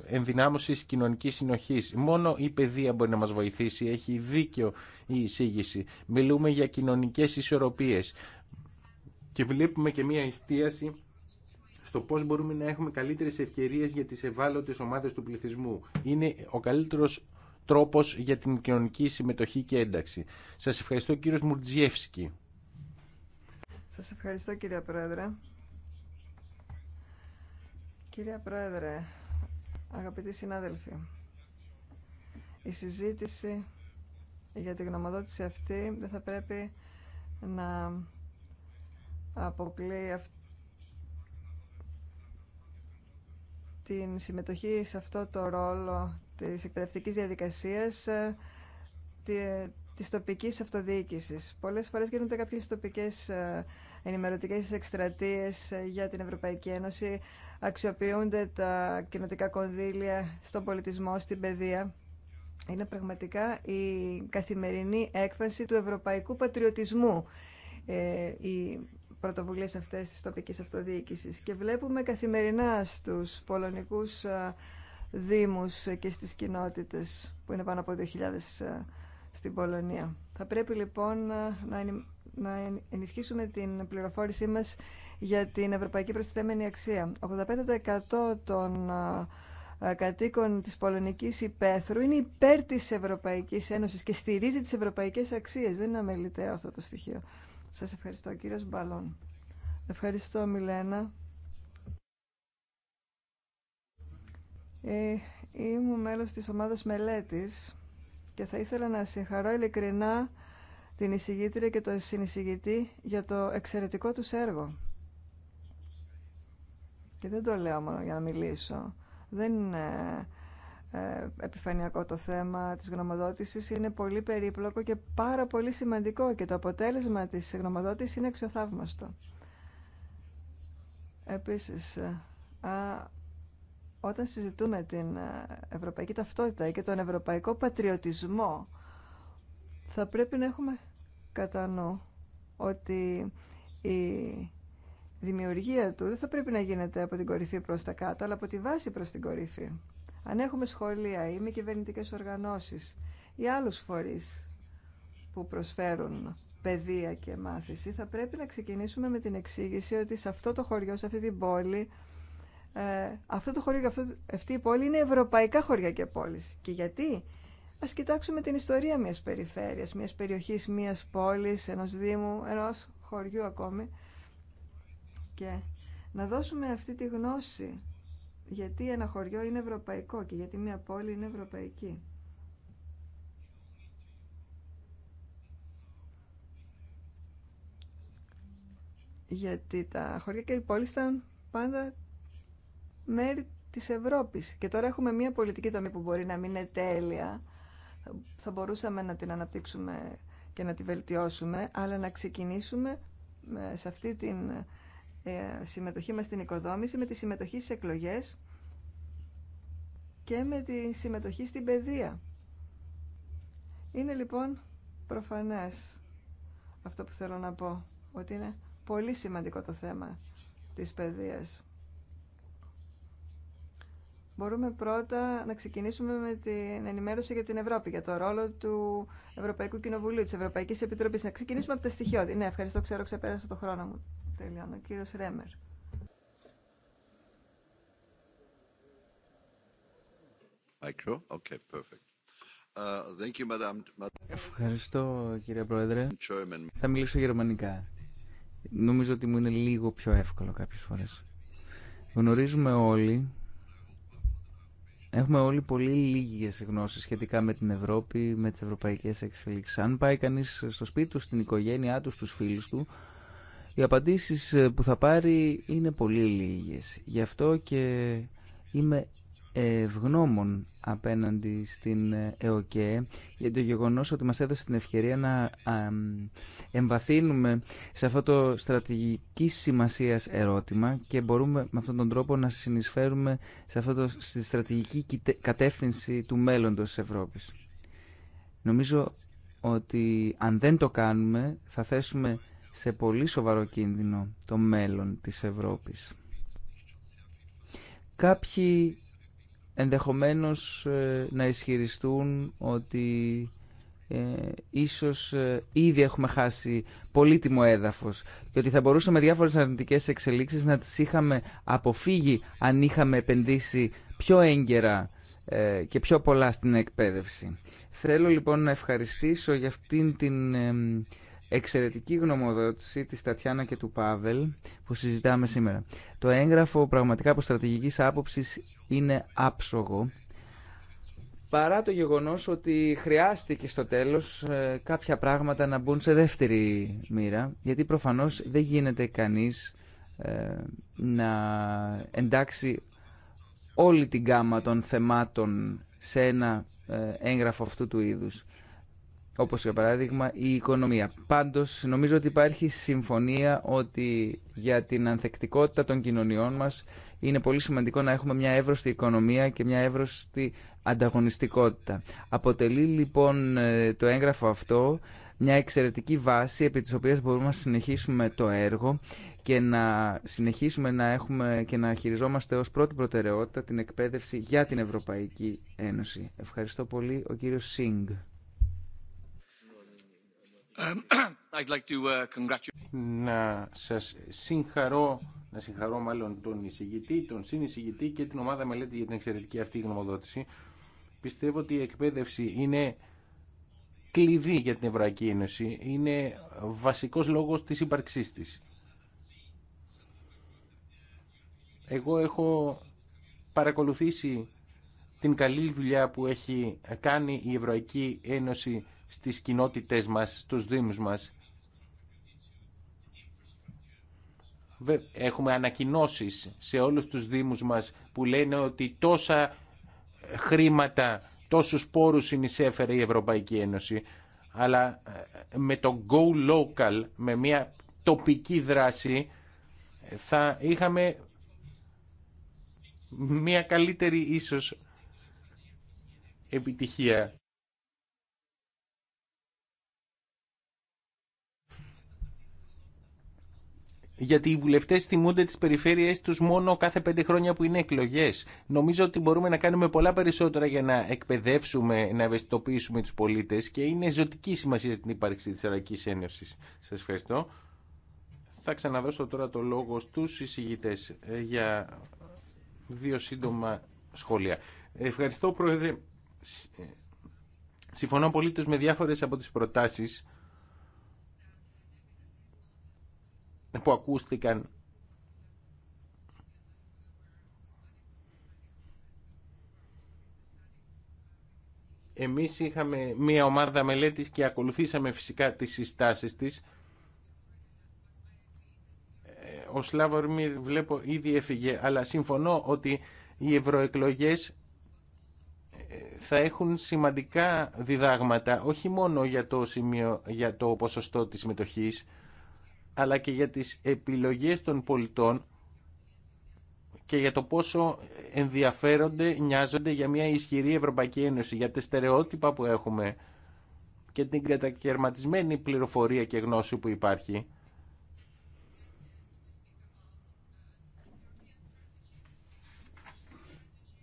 A: ενδυνάμωσης κοινωνικής συνοχής. Μόνο η παιδεία μπορεί να μας βοηθήσει, έχει δίκιο η εισήγηση. Μιλούμε για κοινωνικές ισορροπίες και βλέπουμε και μια εστίαση στο πώς μπορούμε να έχουμε καλύτερες ευκαιρίες για τις ευάλωτες ομάδες του πληθυσμού. Είναι ο καλύτερος τρόπος για την κοινωνική συμμετοχή και ένταξη. Σας ευχαριστώ κύριο Μουρτζιεύσκη.
B: Σας ευχαριστώ κύριε Πρόεδρε. Κύριε Πρόεδρε, αγαπητοί συνάδελφοι, η συζήτηση για την γνωμοδότηση αυτή δεν θα πρέπει να αποκλεί αυτή την συμμετοχή σε αυτό το ρόλο της εκπαιδευτικής διαδικασίας ε, της τοπικής αυτοδιοίκησης. Πολλές φορές γίνονται κάποιες τοπικές ε, ενημερωτικές εκστρατείε ε, για την Ευρωπαϊκή Ένωση, αξιοποιούνται τα κοινοτικά κονδύλια στον πολιτισμό, στην παιδεία. Είναι πραγματικά η καθημερινή έκφραση του ευρωπαϊκού πατριωτισμού. η πρωτοβουλίες αυτές της τοπικής αυτοδιοίκησης και βλέπουμε καθημερινά στους πολωνικούς ε, δήμους και στις κοινότητες που είναι πάνω από 2.000 ε, στην Πολωνία. Θα πρέπει λοιπόν ε, να ενισχύσουμε την πληροφόρησή μας για την ευρωπαϊκή προστιθέμενη αξία. 85% των κατοίκων της πολωνικής υπαίθρου είναι υπέρ της Ευρωπαϊκής Ένωσης και στηρίζει τις ευρωπαϊκές αξίες. Δεν είναι αμεληταίο αυτό το στοιχείο. Σας ευχαριστώ κύριος Μπαλόν. Ευχαριστώ Μιλένα. Ε, ήμουν μέλος της ομάδας μελέτης και θα ήθελα να συγχαρώ ειλικρινά την εισηγήτρια και τον συνεισηγητή για το εξαιρετικό τους έργο. Και δεν το λέω μόνο για να μιλήσω. Δεν ε, ε, επιφανειακό το θέμα της γνωμοδότησης. Είναι πολύ περίπλοκο και πάρα πολύ σημαντικό και το αποτέλεσμα της γνωμοδότησης είναι αξιοθαύμαστο. Επίσης, ε, όταν συζητούμε την ε, ευρωπαϊκή ταυτότητα και τον ευρωπαϊκό πατριωτισμό, θα πρέπει να έχουμε κατά νου ότι η δημιουργία του δεν θα πρέπει να γίνεται από την κορυφή προς τα κάτω, αλλά από τη βάση προς την κορυφή. Αν έχουμε σχολεία ή με κυβερνητικέ οργανώσεις ή άλλους φορείς που προσφέρουν παιδεία και μάθηση, θα πρέπει να ξεκινήσουμε με την εξήγηση ότι σε αυτό το χωριό, σε αυτή την πόλη, ε, αυτό το χωριό και αυτή η πόλη είναι ευρωπαϊκά χωριά και πόλεις. Και γιατί? Ας κοιτάξουμε την ιστορία μιας περιφέρειας, μιας περιοχής, μιας πόλης, ενός δήμου, ενός χωριού ακόμη και να δώσουμε αυτή τη γνώση γιατί ένα χωριό είναι ευρωπαϊκό και γιατί μια πόλη είναι ευρωπαϊκή. Γιατί τα χωριά και οι πόλεις ήταν πάντα μέρη της Ευρώπης. Και τώρα έχουμε μια πολιτική δομή που μπορεί να μην είναι τέλεια. Θα μπορούσαμε να την αναπτύξουμε και να τη βελτιώσουμε, αλλά να ξεκινήσουμε ε, σε αυτή την ε, συμμετοχή μας στην οικοδόμηση, με τη συμμετοχή στις εκλογές και με τη συμμετοχή στην παιδεία. Είναι λοιπόν προφανές αυτό που θέλω να πω, ότι είναι πολύ σημαντικό το θέμα της παιδείας. Μπορούμε πρώτα να ξεκινήσουμε με την ενημέρωση για την Ευρώπη, για το ρόλο του Ευρωπαϊκού Κοινοβουλίου, της Ευρωπαϊκής Επιτροπής. Να ξεκινήσουμε από τα στοιχειώδη. Ναι, ευχαριστώ, ξέρω, ξεπέρασα το χρόνο μου. Uh,
D: Ευχαριστώ κύριε Πρόεδρε. Θα μιλήσω γερμανικά. Νομίζω ότι μου είναι λίγο πιο εύκολο κάποιες φορές. Γνωρίζουμε όλοι, έχουμε όλοι πολύ λίγες γνώσεις σχετικά με την Ευρώπη, με τις ευρωπαϊκές εξελίξεις. Αν πάει κανείς στο σπίτι του, στην οικογένειά του, στους φίλους του, οι απαντήσεις ε, που θα πάρει είναι πολύ λίγες. Γι' αυτό και είμαι ευγνώμων απέναντι στην ε, ΕΟΚΕ για το γεγονός ότι μας έδωσε την ευκαιρία να εμβαθύνουμε σε αυτό το στρατηγική σημασίας ερώτημα και μπορούμε με αυτόν τον τρόπο να συνεισφέρουμε σε αυτό το, στη στρατηγική κατεύθυνση του μέλλοντος της Ευρώπης. Νομίζω ότι αν δεν το κάνουμε θα θέσουμε σε πολύ σοβαρό κίνδυνο το μέλλον της Ευρώπης. Κάποιοι ενδεχομένως ε, να ισχυριστούν ότι ε, ίσως ε, ήδη έχουμε χάσει πολύτιμο έδαφος και ότι θα μπορούσαμε διάφορες αρνητικές εξελίξεις να τις είχαμε αποφύγει αν είχαμε επενδύσει πιο έγκαιρα ε, και πιο πολλά στην εκπαίδευση. Θέλω λοιπόν να ευχαριστήσω για αυτήν την ε, εξαιρετική γνωμοδότηση της Τατιάνα και του Πάβελ που συζητάμε σήμερα. Το έγγραφο πραγματικά από στρατηγική άποψης είναι άψογο παρά το γεγονός ότι χρειάστηκε στο τέλος ε, κάποια πράγματα να μπουν σε δεύτερη μοίρα γιατί προφανώς δεν γίνεται κανείς ε, να εντάξει όλη την κάμα των θεμάτων σε ένα ε, έγγραφο αυτού του είδους. Όπω για παράδειγμα η οικονομία. Πάντω, νομίζω ότι υπάρχει συμφωνία ότι για την ανθεκτικότητα των κοινωνιών μα είναι πολύ σημαντικό να έχουμε μια εύρωστη οικονομία και μια εύρωστη ανταγωνιστικότητα. Αποτελεί λοιπόν ε, το έγγραφο αυτό μια εξαιρετική βάση επί της οποίας μπορούμε να συνεχίσουμε το έργο και να συνεχίσουμε να έχουμε και να χειριζόμαστε ως πρώτη προτεραιότητα την εκπαίδευση για την Ευρωπαϊκή Ένωση. Ευχαριστώ πολύ ο κύριος
A: Σίγκ.
C: Um, uh,
A: να σας συγχαρώ, να συγχαρώ μάλλον τον εισηγητή, τον συνεισηγητή και την ομάδα μελέτη για την εξαιρετική αυτή γνωμοδότηση. Πιστεύω ότι η εκπαίδευση είναι κλειδί για την Ευρωπαϊκή Ένωση, είναι βασικός λόγος της ύπαρξής της. Εγώ έχω παρακολουθήσει την καλή δουλειά που έχει κάνει η Ευρωπαϊκή Ένωση στις κοινότητές μας, στους δήμους μας. Έχουμε ανακοινώσεις σε όλους τους δήμους μας που λένε ότι τόσα χρήματα, τόσους πόρους συνεισέφερε η Ευρωπαϊκή Ένωση, αλλά ε, με το Go Local, με μια τοπική δράση, θα είχαμε μια καλύτερη ίσως επιτυχία. γιατί οι βουλευτέ θυμούνται τι περιφέρειέ τους μόνο κάθε πέντε χρόνια που είναι εκλογέ. Νομίζω ότι μπορούμε να κάνουμε πολλά περισσότερα για να εκπαιδεύσουμε, να ευαισθητοποιήσουμε τους πολίτες και είναι ζωτική σημασία στην ύπαρξη της Ευρωπαϊκής Ένωση. Σα ευχαριστώ. Θα ξαναδώσω τώρα το λόγο στου συζητητέ ε, για δύο σύντομα σχόλια. Ευχαριστώ, Πρόεδρε. Ε, συμφωνώ πολύ με διάφορε από τι προτάσει. που ακούστηκαν εμείς είχαμε μια ομάδα μελέτης και ακολουθήσαμε φυσικά τις συστάσεις της. Ε, ο Σλάβορ βλέπω ήδη έφυγε, αλλά συμφωνώ ότι οι ευρωεκλογές ε, θα έχουν σημαντικά διδάγματα, όχι μόνο για το, σημείο, για το ποσοστό της συμμετοχής, αλλά και για τις επιλογές των πολιτών και για το πόσο ενδιαφέρονται, νοιάζονται για μια ισχυρή Ευρωπαϊκή Ένωση, για τα στερεότυπα που έχουμε και την κατακαιρματισμένη πληροφορία και γνώση που υπάρχει.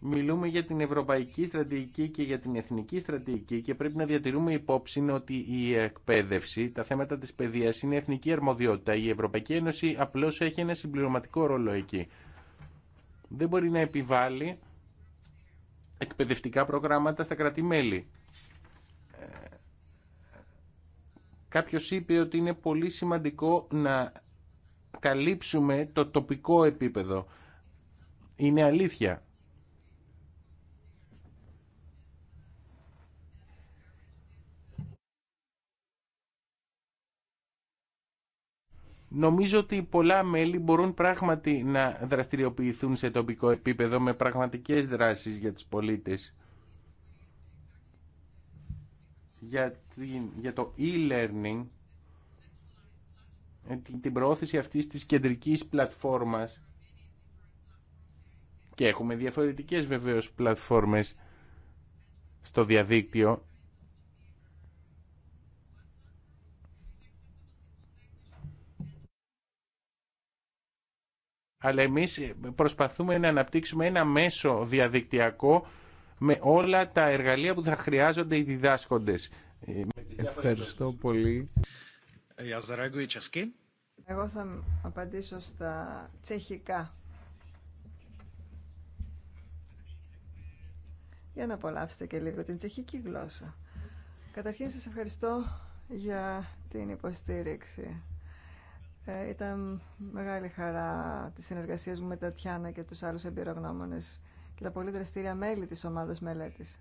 A: μιλούμε για την ευρωπαϊκή στρατηγική και για την εθνική στρατηγική και πρέπει να διατηρούμε υπόψη ότι η εκπαίδευση, τα θέματα της παιδείας είναι εθνική αρμοδιότητα. Η Ευρωπαϊκή Ένωση απλώς έχει ένα συμπληρωματικό ρόλο εκεί. Δεν μπορεί να επιβάλλει εκπαιδευτικά προγράμματα στα κρατημέλη. Ε, κάποιος είπε ότι είναι πολύ σημαντικό να καλύψουμε το τοπικό επίπεδο. Είναι αλήθεια. Νομίζω ότι πολλά μέλη μπορούν πράγματι να δραστηριοποιηθούν σε τοπικό επίπεδο με πραγματικές δράσεις για τους πολίτες. Για, για το e-learning, ε, την προώθηση αυτής της κεντρικής πλατφόρμας και έχουμε διαφορετικές βεβαίως πλατφόρμες στο διαδίκτυο αλλά εμείς προσπαθούμε να αναπτύξουμε ένα μέσο διαδικτυακό με όλα τα εργαλεία που θα χρειάζονται οι διδάσκοντες. Ε, ευχαριστώ πολύ.
B: Εγώ θα απαντήσω στα τσεχικά. Για να απολαύσετε και λίγο την τσεχική γλώσσα. Καταρχήν σας ευχαριστώ για την υποστήριξη ε, ήταν μεγάλη χαρά τη συνεργασία μου με τα Τιάννα και τους άλλους εμπειρογνώμονε και τα πολύ δραστήρια μέλη της ομάδας μελέτης.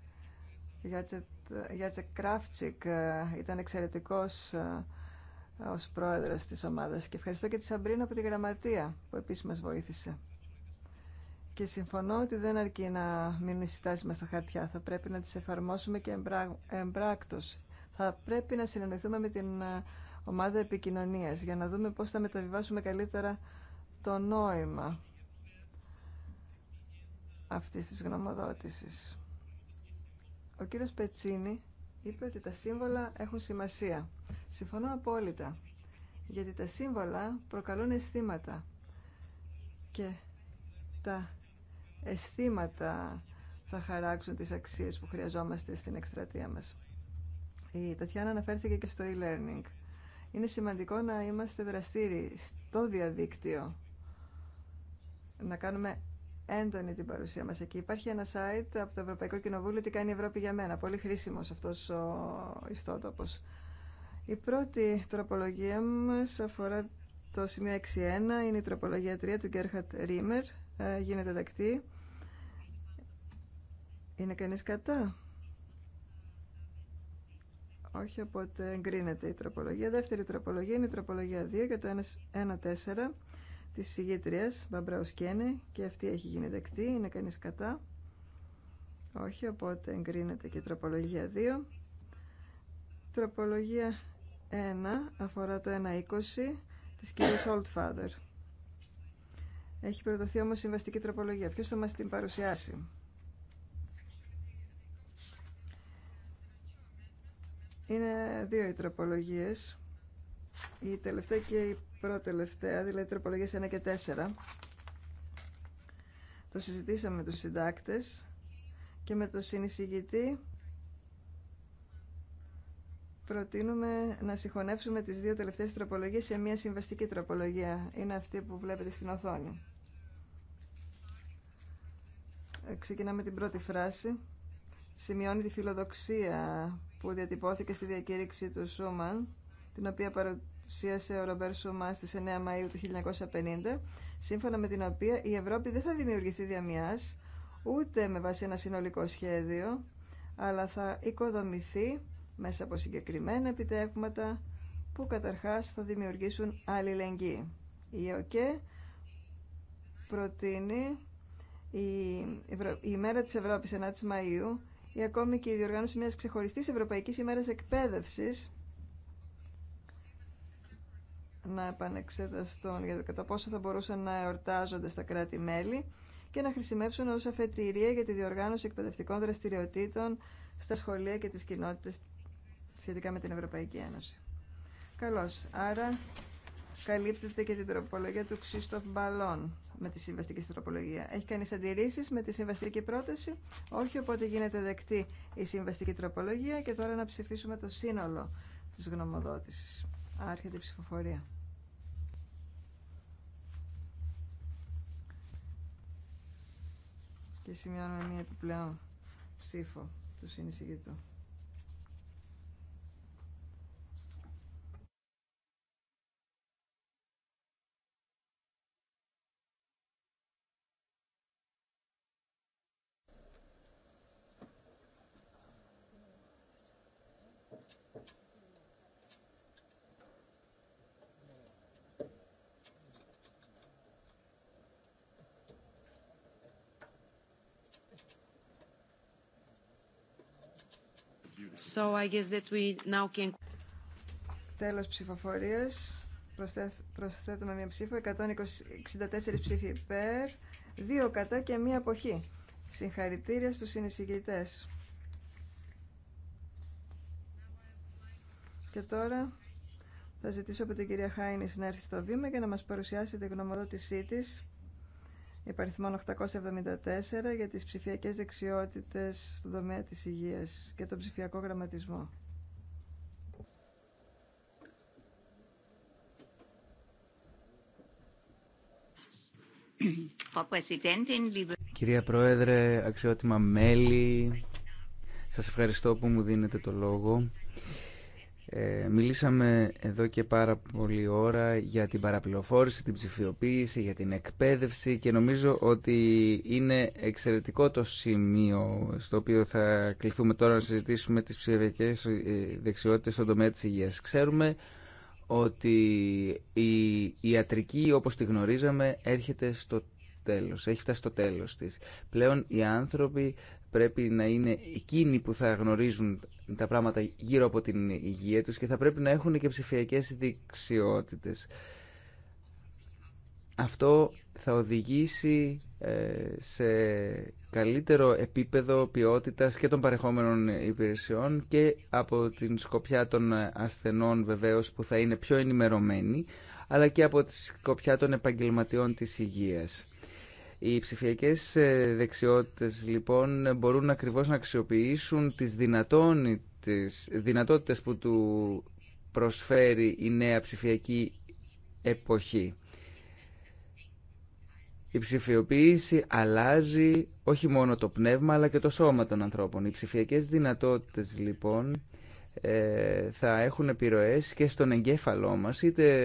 B: Γιάτσε Κράφτσικ ε, ήταν εξαιρετικός ε, ως πρόεδρος της ομάδας και ευχαριστώ και τη Σαμπρίνα από τη Γραμματεία που επίσης μας βοήθησε. Και συμφωνώ ότι δεν αρκεί να μείνουν οι συστάσεις μας στα χαρτιά. Θα πρέπει να τις εφαρμόσουμε και εμπρά... Θα πρέπει να συνεννοηθούμε με την ομάδα επικοινωνίας για να δούμε πώς θα μεταβιβάσουμε καλύτερα το νόημα αυτής της γνωμοδότησης. Ο κύριος Πετσίνη είπε ότι τα σύμβολα έχουν σημασία. Συμφωνώ απόλυτα, γιατί τα σύμβολα προκαλούν αισθήματα και τα αισθήματα θα χαράξουν τις αξίες που χρειαζόμαστε στην εκστρατεία μας. Η Τατιάνα αναφέρθηκε και στο e-learning. Είναι σημαντικό να είμαστε δραστήριοι στο διαδίκτυο, να κάνουμε έντονη την παρουσία μας εκεί. Υπάρχει ένα site από το Ευρωπαϊκό Κοινοβούλιο «Τι κάνει η Ευρώπη για μένα». Πολύ χρήσιμος αυτός ο ιστότοπος. Η πρώτη τροπολογία μας αφορά το σημείο 6.1, είναι η τροπολογία 3 του Γκέρχατ Ρίμερ, γίνεται δεκτή. Είναι κανείς κατά. Όχι, οπότε εγκρίνεται η τροπολογία. Δεύτερη τροπολογία είναι η τροπολογία 2 για το 1-4 της συγγήτρια Μπαμπράου Σκένε και αυτή έχει γίνει δεκτή. Είναι κανει κατά. Όχι, οπότε εγκρίνεται και η τροπολογία 2. Τροπολογία 1 αφορά το 1-20 τη κυρία Oldfather. Έχει προταθεί ομω συμβαστική τροπολογία. Ποιο θα μα την παρουσιάσει. Είναι δύο οι τροπολογίε. Η τελευταία και η προτελευταία, δηλαδή τροπολογίε 1 και 4. Το συζητήσαμε με τους συντάκτες και με το συνεισηγητή προτείνουμε να συγχωνεύσουμε τις δύο τελευταίες τροπολογίες σε μια συμβαστική τροπολογία. Είναι αυτή που βλέπετε στην οθόνη. Ε, ξεκινάμε την πρώτη φράση. Σημειώνει τη φιλοδοξία που διατυπώθηκε στη διακήρυξη του Σούμαν, την οποία παρουσίασε ο Ρομπέρ Σούμαν στις 9 Μαΐου του 1950, σύμφωνα με την οποία η Ευρώπη δεν θα δημιουργηθεί διαμιάς, ούτε με βάση ένα συνολικό σχέδιο, αλλά θα οικοδομηθεί μέσα από συγκεκριμένα επιτεύγματα που καταρχάς θα δημιουργήσουν αλληλεγγύη. Η ΕΟΚΕ προτείνει η, μέρα της Ευρώπης 9 Μαΐου ή ακόμη και η διοργάνωση μιας ξεχωριστής Ευρωπαϊκής ημέρας εκπαίδευσης να επανεξεταστούν για το κατά πόσο θα μπορούσαν να εορτάζονται στα κράτη-μέλη και να χρησιμεύσουν ως αφετηρία για τη διοργάνωση εκπαιδευτικών δραστηριοτήτων στα σχολεία και τις κοινότητες σχετικά με την Ευρωπαϊκή Ένωση. Καλώς. Άρα καλύπτεται και την τροπολογία του Ξίστοφ Μπαλόν με τη συμβαστική τροπολογία. Έχει κάνει αντιρρήσει με τη συμβαστική πρόταση. Όχι, οπότε γίνεται δεκτή η συμβαστική τροπολογία και τώρα να ψηφίσουμε το σύνολο της γνωμοδότησης. Άρχεται η ψηφοφορία. Και σημειώνουμε μία επιπλέον ψήφο του συνεισηγητού. So I guess that we now can... Τέλος ψηφοφορίας. προσθέτουμε μία ψήφο. 164 ψήφοι υπέρ, 2 κατά και μία αποχή. Συγχαρητήρια στους συνεισηγητές. Και τώρα θα ζητήσω από την κυρία Χάινης να έρθει στο βήμα και να μας παρουσιάσει την γνωμοδότησή της υπαριθμών 874 για τις ψηφιακές δεξιότητες στον τομέα της υγείας και τον ψηφιακό γραμματισμό.
D: Κυρία Πρόεδρε, αξιότιμα μέλη, σας ευχαριστώ που μου δίνετε το λόγο. Ε, μιλήσαμε εδώ και πάρα πολλή ώρα για την παραπληροφόρηση, την ψηφιοποίηση, για την εκπαίδευση και νομίζω ότι είναι εξαιρετικό το σημείο στο οποίο θα κληθούμε τώρα να συζητήσουμε τις ψηφιακές ε, δεξιότητες στον τομέα της υγείας. Ξέρουμε ότι η ιατρική όπως τη γνωρίζαμε έρχεται στο τέλος, έχει φτάσει στο τέλος της. Πλέον οι άνθρωποι πρέπει να είναι εκείνοι που θα γνωρίζουν τα πράγματα γύρω από την υγεία τους και θα πρέπει να έχουν και ψηφιακές δεξιότητες. Αυτό θα οδηγήσει ε, σε καλύτερο επίπεδο ποιότητας και των παρεχόμενων υπηρεσιών και από την σκοπιά των ασθενών βεβαίως που θα είναι πιο ενημερωμένοι αλλά και από τη σκοπιά των επαγγελματιών της υγείας. Οι ψηφιακές ε, δεξιότητες λοιπόν μπορούν ακριβώς να αξιοποιήσουν τις δυνατότητες που του προσφέρει η νέα ψηφιακή εποχή. Η ψηφιοποίηση αλλάζει όχι μόνο το πνεύμα αλλά και το σώμα των ανθρώπων. Οι ψηφιακές δυνατότητες λοιπόν ε, θα έχουν επιρροές και στον εγκέφαλό μας είτε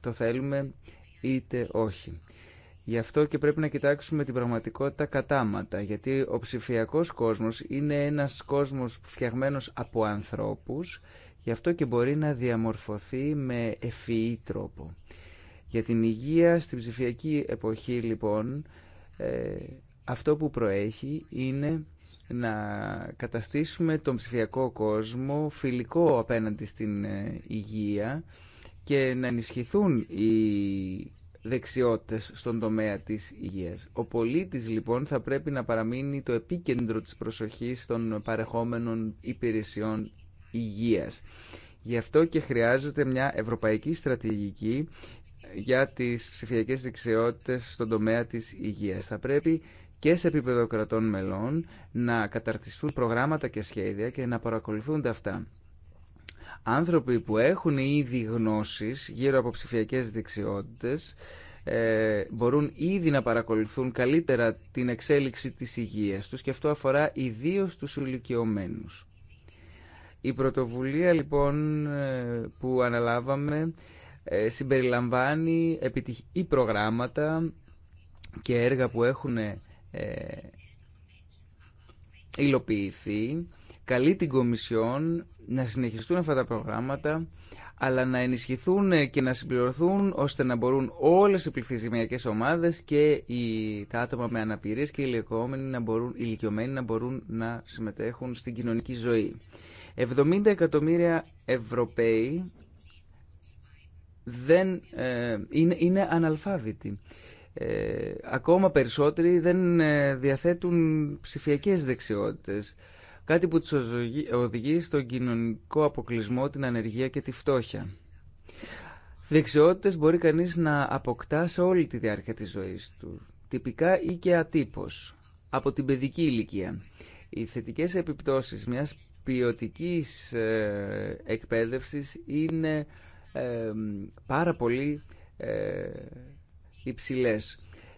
D: το θέλουμε είτε όχι. Γι' αυτό και πρέπει να κοιτάξουμε την πραγματικότητα κατάματα, γιατί ο ψηφιακός κόσμος είναι ένας κόσμος φτιαγμένος από ανθρώπους, γι' αυτό και μπορεί να διαμορφωθεί με ευφυή τρόπο. Για την υγεία στην ψηφιακή εποχή, λοιπόν, ε, αυτό που προέχει είναι να καταστήσουμε τον ψηφιακό κόσμο φιλικό απέναντι στην ε, υγεία και να ενισχυθούν οι δεξιότητες στον τομέα της υγείας. Ο πολίτης λοιπόν θα πρέπει να παραμείνει το επίκεντρο της προσοχής των παρεχόμενων υπηρεσιών υγείας. Γι' αυτό και χρειάζεται μια ευρωπαϊκή στρατηγική για τις ψηφιακές δεξιότητες στον τομέα της υγείας. Θα πρέπει και σε επίπεδο κρατών μελών να καταρτιστούν προγράμματα και σχέδια και να παρακολουθούνται αυτά άνθρωποι που έχουν ήδη γνώσεις γύρω από ψηφιακές δεξιότητες ε, μπορούν ήδη να παρακολουθούν καλύτερα την εξέλιξη της υγείας τους και αυτό αφορά ιδίως τους ηλικιωμένους. Η πρωτοβουλία λοιπόν ε, που αναλάβαμε ε, συμπεριλαμβάνει επιτυχή προγράμματα και έργα που έχουν υλοποιηθεί καλεί την Κομισιόν να συνεχιστούν αυτά τα προγράμματα, αλλά να ενισχυθούν και να συμπληρωθούν ώστε να μπορούν όλες οι πληθυσμιακές ομάδες και οι, τα άτομα με αναπηρίες και οι να μπορούν, ηλικιωμένοι να μπορούν να συμμετέχουν στην κοινωνική ζωή. 70 εκατομμύρια Ευρωπαίοι δεν, ε, είναι, είναι αναλφάβητοι. Ε, ακόμα περισσότεροι δεν ε, διαθέτουν ψηφιακές δεξιότητες κάτι που τους οδηγεί στον κοινωνικό αποκλεισμό, την ανεργία και τη φτώχεια. Δεξιότητες μπορεί κανείς να αποκτά σε όλη τη διάρκεια της ζωής του, τυπικά ή και ατύπως, από την παιδική ηλικία. Οι θετικές επιπτώσεις μιας ποιοτικής ε, εκπαίδευσης είναι ε, πάρα πολύ ε, υψηλές. Η και ατυπως απο την παιδικη ηλικια οι θετικες επιπτωσεις μιας ποιοτικης ε εκπαιδευσης ειναι παρα πολυ ε υψηλες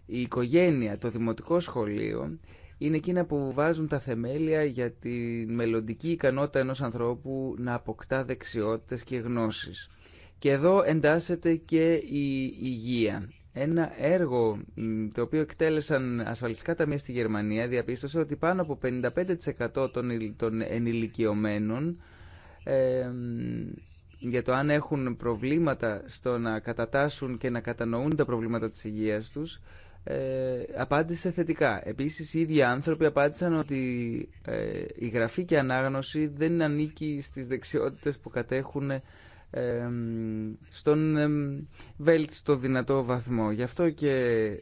D: η οικογενεια το δημοτικό σχολείο είναι εκείνα που βάζουν τα θεμέλια για τη μελλοντική ικανότητα ενός ανθρώπου να αποκτά δεξιότητες και γνώσεις. Και εδώ εντάσσεται και η υγεία. Ένα έργο το οποίο εκτέλεσαν ασφαλιστικά ταμεία στη Γερμανία διαπίστωσε ότι πάνω από 55% των ενηλικιωμένων για το αν έχουν προβλήματα στο να κατατάσσουν και να κατανοούν τα προβλήματα της υγείας τους ε, απάντησε θετικά. Επίσης οι ίδιοι άνθρωποι απάντησαν ότι ε, η γραφή και η ανάγνωση δεν ανήκει στις δεξιότητες που κατέχουν ε, στον ε, βέλτιστο δυνατό βαθμό. Γι' αυτό και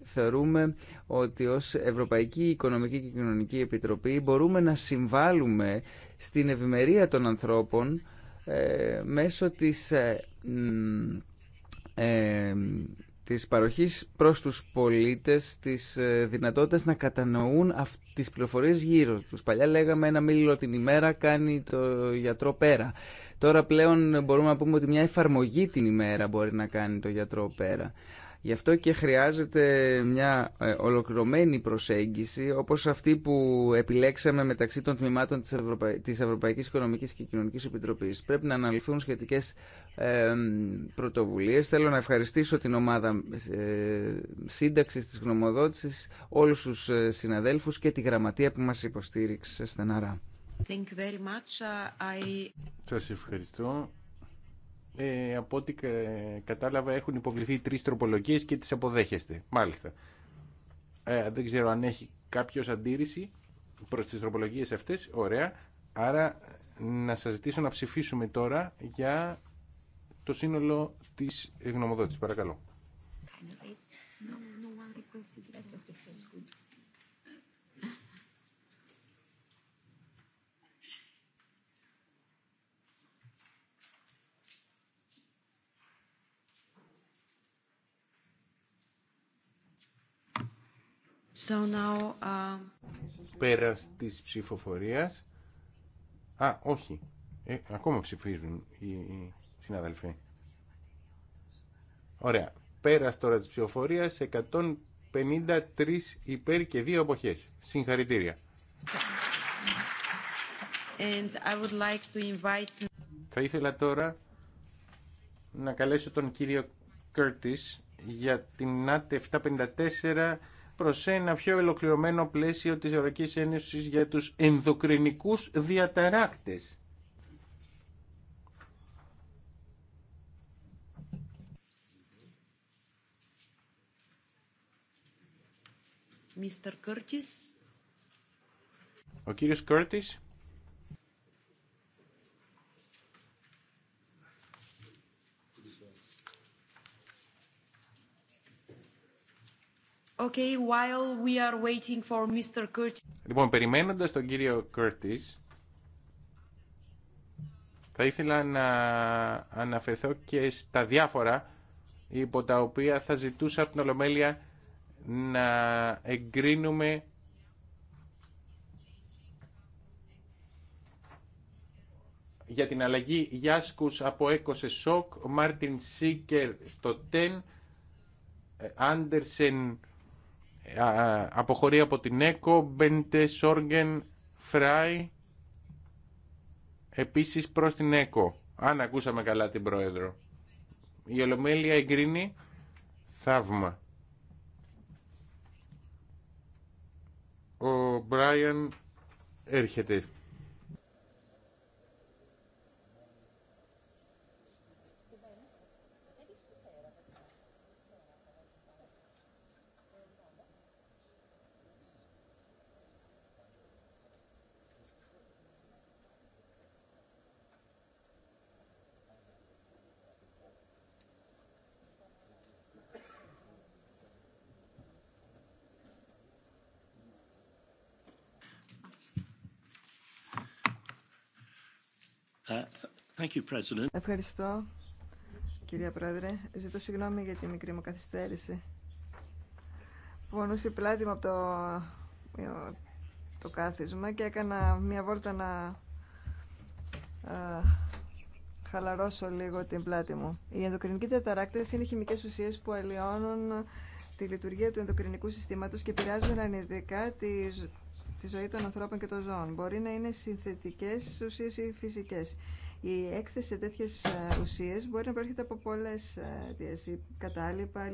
D: θεωρούμε ότι ως Ευρωπαϊκή Οικονομική και Κοινωνική Επιτροπή μπορούμε να συμβάλλουμε στην ευημερία των ανθρώπων ε, μέσω της της παροχής προς τους πολίτες της ε, δυνατότητας να κατανοούν τις πληροφορίες γύρω τους. Παλιά λέγαμε ένα μήλο την ημέρα κάνει το γιατρό πέρα. Τώρα πλέον μπορούμε να πούμε ότι μια εφαρμογή την ημέρα μπορεί να κάνει το γιατρό πέρα. Γι' αυτό και χρειάζεται μια ε, ολοκληρωμένη προσέγγιση όπως αυτή που επιλέξαμε μεταξύ των τμήματων της, Ευρωπα... της Ευρωπαϊκής Οικονομικής και Κοινωνικής Επιτροπής. Πρέπει να αναλυθούν σχετικές ε, πρωτοβουλίες. Θέλω να ευχαριστήσω την ομάδα ε, σύνταξης της γνωμοδότησης, όλους τους ε, συναδέλφους και τη γραμματεία που μας υποστήριξε στεναρά.
A: Σας ευχαριστώ ε, από ό,τι κατάλαβα έχουν υποβληθεί τρεις τροπολογίες και τις αποδέχεστε. Μάλιστα. Ε, δεν ξέρω αν έχει κάποιος αντίρρηση προς τις τροπολογίες αυτές. Ωραία. Άρα να σας ζητήσω να ψηφίσουμε τώρα για το σύνολο της γνωμοδότησης. Παρακαλώ.
C: No, So now, uh...
A: Πέρας της ψηφοφορίας. Α, όχι. Ε, ακόμα ψηφίζουν οι, οι συναδελφοί. Ωραία. Πέρας τώρα της ψηφοφορίας 153 υπέρ και 2 αποχές. Συγχαρητήρια. Θα ήθελα τώρα να καλέσω τον κύριο Κέρτις για την ΝΑΤ 754 προ ένα πιο ολοκληρωμένο πλαίσιο τη Ευρωπαϊκή Ένωση για του ενδοκρινικού διαταράκτε. Ο κύριος Curtis.
C: Okay, while we are waiting for Mr. Curtis.
A: Λοιπόν, περιμένοντας τον κύριο Curtis, θα ήθελα να αναφερθώ και στα διάφορα υπό τα οποία θα ζητούσα από την Ολομέλεια να εγκρίνουμε για την αλλαγή Γιάσκους από Έκοσε Σοκ, Μάρτιν Σίκερ στο ΤΕΝ Άντερσεν αποχωρεί από την ΕΚΟ, Μπέντε Σόργεν Φράι, επίσης προς την ΕΚΟ, αν ακούσαμε καλά την Πρόεδρο. Η Ολομέλεια εγκρίνει θαύμα. Ο Μπράιαν έρχεται.
B: Ευχαριστώ, κυρία Πρόεδρε. Ζητώ συγγνώμη για τη μικρή μου καθυστέρηση. Πονούσε πλάτη μου από το, κάθισμα και έκανα μια βόλτα να χαλαρώσω λίγο την πλάτη μου. Οι ενδοκρινικοί διαταράκτες είναι χημικές ουσίες που αλλοιώνουν τη λειτουργία του ενδοκρινικού συστήματος και επηρεάζουν αρνητικά στη ζωή των ανθρώπων και των ζώων. Μπορεί να είναι συνθετικές ουσίες ή φυσικές. Η έκθεση σε τέτοιες ε, ουσίες μπορεί να προέρχεται από πολλές ε, αιτίε. κατάλοιπα,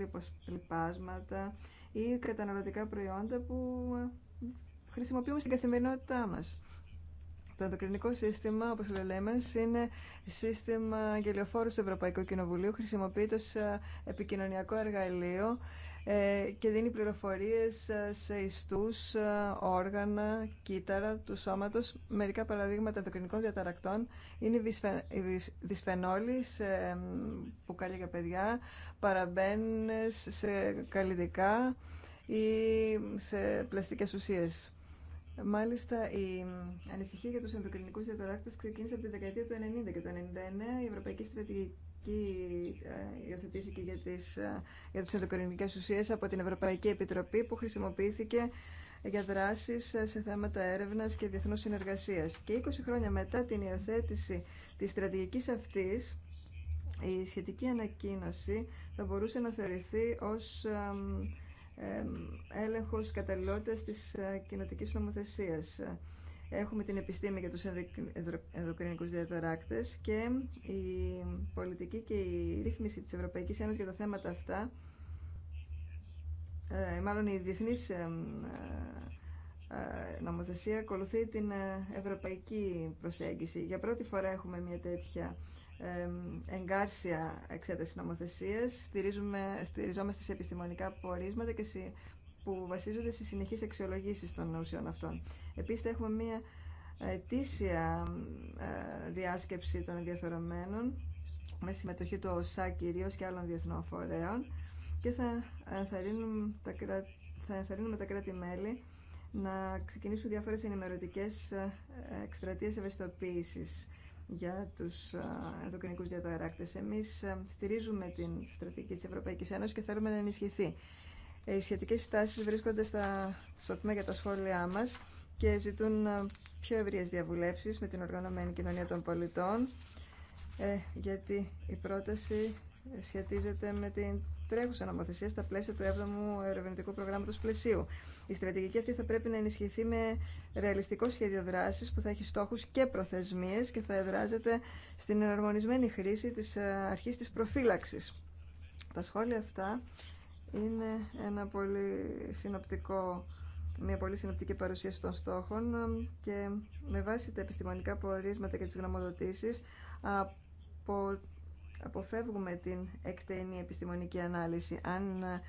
B: λιπάσματα ή καταναλωτικά προϊόντα που ε, χρησιμοποιούμε στην καθημερινότητά μας. Το ενδοκρινικό σύστημα, όπω λέμε, είναι σύστημα γελιοφόρου του Ευρωπαϊκού Κοινοβουλίου. Χρησιμοποιείται ω επικοινωνιακό εργαλείο ε, και δίνει πληροφορίες ε, σε ιστούς, ε, όργανα, κύτταρα του σώματος. Μερικά παραδείγματα ενδοκρινικών διαταρακτών είναι οι δυσφενόλοι που καλεί για παιδιά, παραμπένες σε καλλιδικά ή σε πλαστικές ουσίες. Μάλιστα, η ανησυχία για τους ενδοκρινικούς διαταράκτες ξεκίνησε από τη δεκαετία του 1990 και το 1999 η Ευρωπαϊκή Στρατηγική και ε, υιοθετήθηκε για τις, ε, για τις ουσίες από την Ευρωπαϊκή Επιτροπή που χρησιμοποιήθηκε για δράσεις ε, σε θέματα έρευνας και διεθνούς συνεργασίας. Και 20 χρόνια μετά την υιοθέτηση της στρατηγικής αυτής, η σχετική ανακοίνωση θα μπορούσε να θεωρηθεί ως έλεγχος καταλληλότητας της κοινοτική νομοθεσίας. Έχουμε την επιστήμη για τους ενδοκρινικούς διαταράκτες και η πολιτική και η ρύθμιση της Ευρωπαϊκής Ένωσης για τα θέματα αυτά, ε, μάλλον η διεθνής ε, ε, νομοθεσία ακολουθεί την ευρωπαϊκή προσέγγιση. Για πρώτη φορά έχουμε μια τέτοια εγκάρσια εξέταση νομοθεσίας, στηρίζουμε, στηριζόμαστε σε επιστημονικά πορίσματα και που βασίζονται σε συνεχείς αξιολογήσεις των ουσιών αυτών. Επίση, θα έχουμε μία ετήσια ε, διάσκεψη των ενδιαφερομένων με συμμετοχή του ΟΣΑ κυρίως και άλλων διεθνών φορέων και θα ενθαρρύνουμε τα, κρα... θα ενθαρρύνουμε τα κράτη-μέλη να ξεκινήσουν διάφορες ενημερωτικές ε, εκστρατείες ευαισθητοποίησης για τους ε, ενδοκρινικούς διαταράκτες. Εμείς στηρίζουμε την στρατηγική της Ευρωπαϊκής Ένωσης και θέλουμε να ενισχυθεί. Ε, οι σχετικές συστάσεις βρίσκονται στα, στο τμήμα για τα σχόλιά μας και ζητούν ε, πιο ευρείε διαβουλεύσεις με την οργανωμένη κοινωνία των πολιτών ε, γιατί η πρόταση σχετίζεται με την τρέχουσα νομοθεσία στα πλαίσια του 7ου ερευνητικού προγράμματο πλαισίου. Η στρατηγική αυτή θα πρέπει να ενισχυθεί με ρεαλιστικό σχέδιο δράση που θα έχει στόχου και προθεσμίε και θα εδράζεται στην εναρμονισμένη χρήση τη αρχή τη προφύλαξη. Τα σχόλια αυτά είναι ένα πολύ συνοπτικό, μια πολύ συνοπτική παρουσίαση των στόχων και με βάση τα επιστημονικά πορίσματα και τις γνωμοδοτήσεις αποφεύγουμε την εκτενή επιστημονική ανάλυση. Αν ε,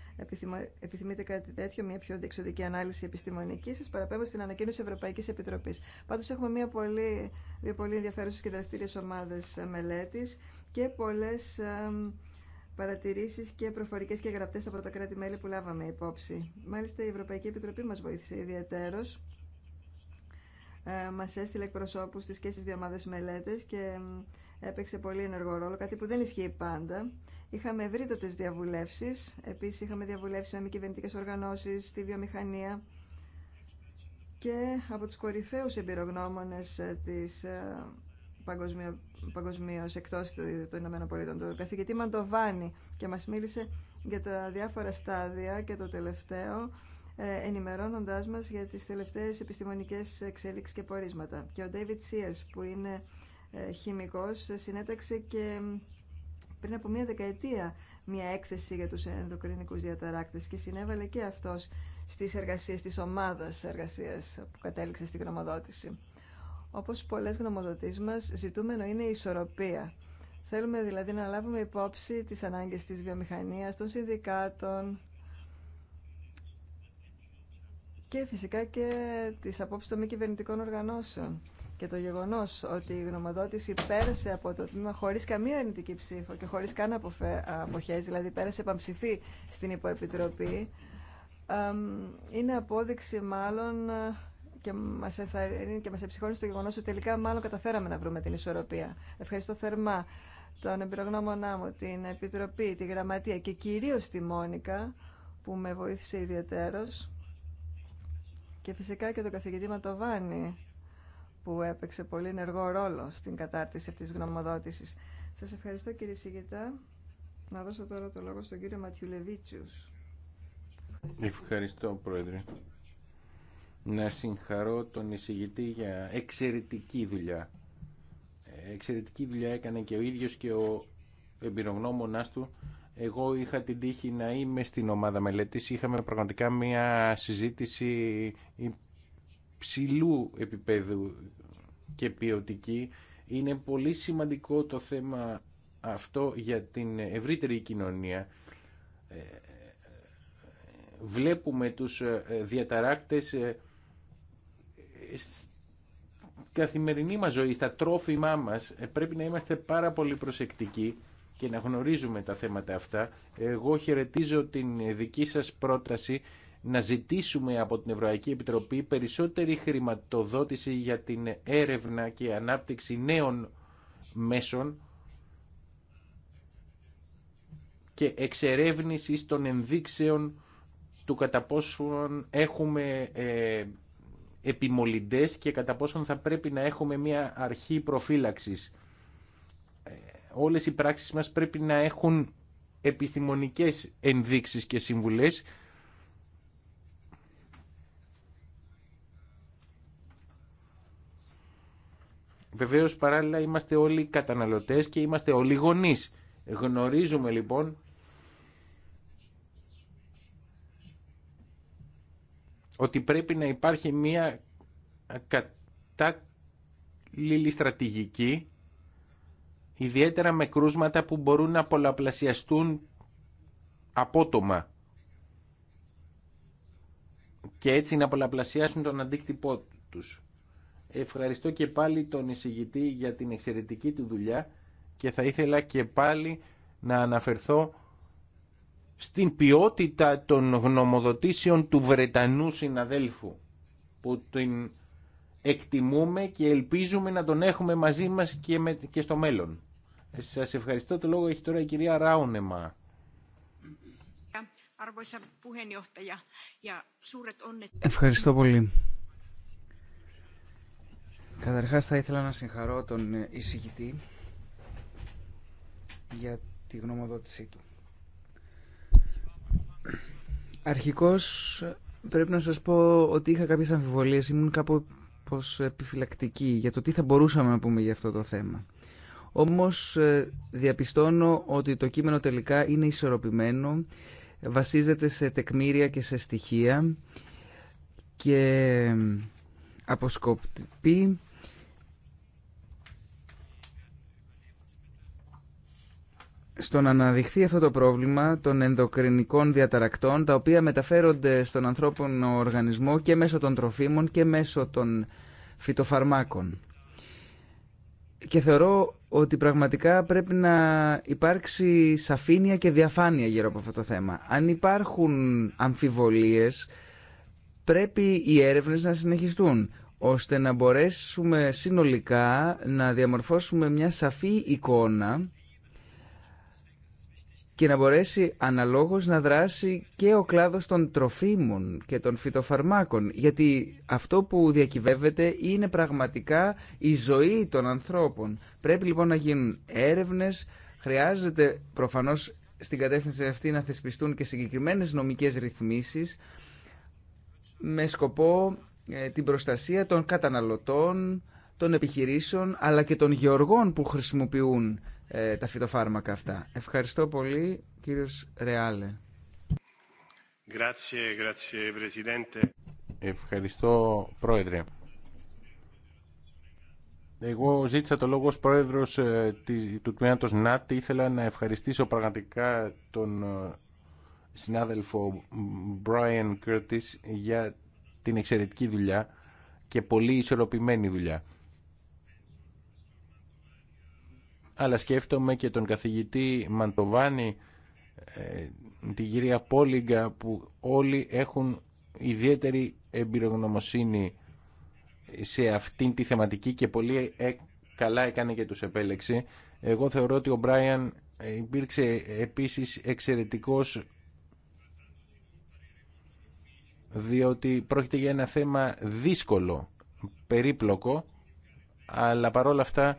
B: επιθυμείτε κάτι τέτοιο, μια πιο διεξοδική ανάλυση επιστημονική, σας παραπέμπω στην ανακοίνωση Ευρωπαϊκής Επιτροπής. Πάντως έχουμε μια πολύ, δύο πολύ ενδιαφέρουσες και δραστήριες ομάδες μελέτης και πολλές ε, Παρατηρήσει και προφορικέ και γραπτέ από τα κράτη-μέλη που λάβαμε υπόψη. Μάλιστα η Ευρωπαϊκή Επιτροπή μα βοήθησε ιδιαίτερω. Ε, μας έστειλε εκπροσώπου στι και στι δύο ομάδες μελέτε και έπαιξε πολύ ενεργό ρόλο, κάτι που δεν ισχύει πάντα. Είχαμε ευρύτατε διαβουλεύσεις, Επίση είχαμε διαβουλεύσει με μη κυβερνητικέ οργανώσεις, τη βιομηχανία και από τους κορυφαίους εμπειρογνώμονε ε, της ε, παγκοσμίου παγκοσμίω εκτό των Ηνωμένων Πολιτών, τον καθηγητή Μαντοβάνη, και μα μίλησε για τα διάφορα στάδια και το τελευταίο, ε, ενημερώνοντάς μας για τις τελευταίες επιστημονικές εξέλιξεις και πορίσματα. Και ο David Sears, που είναι ε, χημικός, συνέταξε και πριν από μία δεκαετία μία έκθεση για τους ενδοκρινικούς διαταράκτες και συνέβαλε και αυτός στις εργασίες της ομάδας εργασίας που κατέληξε στην γνωμοδότηση. Όπως πολλές γνωμοδοτήσεις μας, ζητούμενο είναι η ισορροπία. Θέλουμε δηλαδή να λάβουμε υπόψη τις ανάγκες της βιομηχανίας, των συνδικάτων και φυσικά και τις απόψεις των μη κυβερνητικών οργανώσεων. Και το γεγονός ότι η γνωμοδότηση πέρασε από το τμήμα χωρίς καμία αρνητική ψήφο και χωρί καν αποχέ, δηλαδή πέρασε επαμψηφή στην υποεπιτροπή, είναι απόδειξη μάλλον και μας ενθαρρύνει και εψυχώνει στο γεγονός ότι τελικά μάλλον καταφέραμε να βρούμε την ισορροπία. Ευχαριστώ θερμά τον εμπειρογνώμονά μου, την Επιτροπή, τη Γραμματεία και κυρίω τη Μόνικα που με βοήθησε ιδιαίτερος και φυσικά και τον καθηγητή Ματοβάνη που έπαιξε πολύ ενεργό ρόλο στην κατάρτιση αυτής της γνωμοδότησης. Σας ευχαριστώ κύριε Σιγητά. Να δώσω τώρα το λόγο στον κύριο Ματιουλεβίτσιους.
A: Ευχαριστώ πρόεδρε να συγχαρώ τον εισηγητή για εξαιρετική δουλειά. Εξαιρετική δουλειά έκανε και ο ίδιος και ο εμπειρογνώμονάς του. Εγώ είχα την τύχη να είμαι στην ομάδα μελέτης. Είχαμε πραγματικά μια συζήτηση ψηλού επίπεδου και ποιοτική. Είναι πολύ σημαντικό το θέμα αυτό για την ευρύτερη κοινωνία. Ε, ε, ε, βλέπουμε τους διαταράκτες καθημερινή μας ζωή, στα τρόφιμά μας, ε, πρέπει να είμαστε πάρα πολύ προσεκτικοί και να γνωρίζουμε τα θέματα αυτά. Εγώ χαιρετίζω την ε, δική σας πρόταση να ζητήσουμε από την Ευρωπαϊκή Επιτροπή περισσότερη χρηματοδότηση για την έρευνα και ανάπτυξη νέων μέσων και εξερεύνησης των ενδείξεων του κατά πόσο έχουμε ε, επιμολυντές και κατά πόσον θα πρέπει να έχουμε μια αρχή προφύλαξης. Ε, όλες οι πράξεις μας πρέπει να έχουν επιστημονικές ενδείξεις και συμβουλές Βεβαίως παράλληλα είμαστε όλοι καταναλωτές και είμαστε όλοι γονείς. Γνωρίζουμε λοιπόν ότι πρέπει να υπάρχει μια κατάλληλη στρατηγική, ιδιαίτερα με κρούσματα που μπορούν να πολλαπλασιαστούν απότομα και έτσι να πολλαπλασιάσουν τον αντίκτυπό τους. Ευχαριστώ και πάλι τον εισηγητή για την εξαιρετική του δουλειά και θα ήθελα και πάλι να αναφερθώ στην ποιότητα των γνωμοδοτήσεων του Βρετανού συναδέλφου που την εκτιμούμε και ελπίζουμε να τον έχουμε μαζί μας και, και στο μέλλον. Ε, σας ευχαριστώ. Το λόγο έχει τώρα η κυρία Ράουνεμα.
D: Ευχαριστώ πολύ. Καταρχάς θα ήθελα να συγχαρώ τον εισηγητή για τη γνωμοδότησή του. Αρχικώς πρέπει να σας πω ότι είχα κάποιες αμφιβολίες, ήμουν κάπως επιφυλακτική για το τι θα μπορούσαμε να πούμε για αυτό το θέμα. Όμως ε, διαπιστώνω ότι το κείμενο τελικά είναι ισορροπημένο, βασίζεται σε τεκμήρια και σε στοιχεία και ε, αποσκοπεί στο να αναδειχθεί αυτό το πρόβλημα των ενδοκρινικών διαταρακτών τα οποία μεταφέρονται στον ανθρώπινο οργανισμό και μέσω των τροφίμων και μέσω των φυτοφαρμάκων. Και θεωρώ ότι πραγματικά πρέπει να υπάρξει σαφήνεια και διαφάνεια γύρω από αυτό το θέμα. Αν υπάρχουν αμφιβολίες πρέπει οι έρευνες να συνεχιστούν ώστε να μπορέσουμε συνολικά να διαμορφώσουμε μια σαφή εικόνα και να μπορέσει αναλόγως να δράσει και ο κλάδος των τροφίμων και των φυτοφαρμάκων. Γιατί αυτό που διακυβεύεται είναι πραγματικά η ζωή των ανθρώπων. Πρέπει λοιπόν να γίνουν έρευνες, χρειάζεται προφανώς στην κατεύθυνση αυτή να θεσπιστούν και συγκεκριμένες νομικές ρυθμίσεις με σκοπό ε, την προστασία των καταναλωτών, των επιχειρήσεων αλλά και των γεωργών που χρησιμοποιούν ε, τα φυτοφάρμακα αυτά. Ευχαριστώ πολύ, κύριος Ρεάλε.
A: Ευχαριστώ, Πρόεδρε. Εγώ ζήτησα το λόγο ως πρόεδρος ε, του τμήματος ΝΑΤ. Ήθελα να ευχαριστήσω πραγματικά τον ε, συνάδελφο Brian Curtis για την εξαιρετική δουλειά και πολύ ισορροπημένη δουλειά. αλλά σκέφτομαι και τον καθηγητή Μαντοβάνη, ε, την κυρία Πόλιγκα, που όλοι έχουν ιδιαίτερη εμπειρογνωμοσύνη σε αυτήν τη θεματική και πολύ ε, καλά έκανε και τους επέλεξε. Εγώ θεωρώ ότι ο Μπράιαν ε, υπήρξε επίσης εξαιρετικός διότι πρόκειται για ένα θέμα δύσκολο, περίπλοκο, αλλά παρόλα αυτά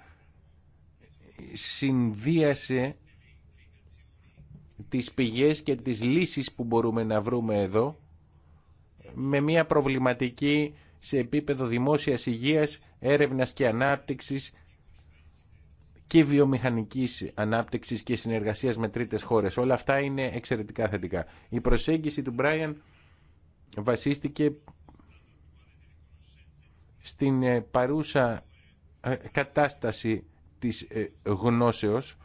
A: συνδύασε τις πηγές και τις λύσεις που μπορούμε να βρούμε εδώ με μια προβληματική σε επίπεδο δημόσιας υγείας, έρευνας και ανάπτυξης και βιομηχανικής ανάπτυξης και συνεργασίας με τρίτες χώρες. Όλα αυτά είναι εξαιρετικά θετικά. Η προσέγγιση του Μπράιαν βασίστηκε στην παρούσα ε, κατάσταση της ε, γνώσεως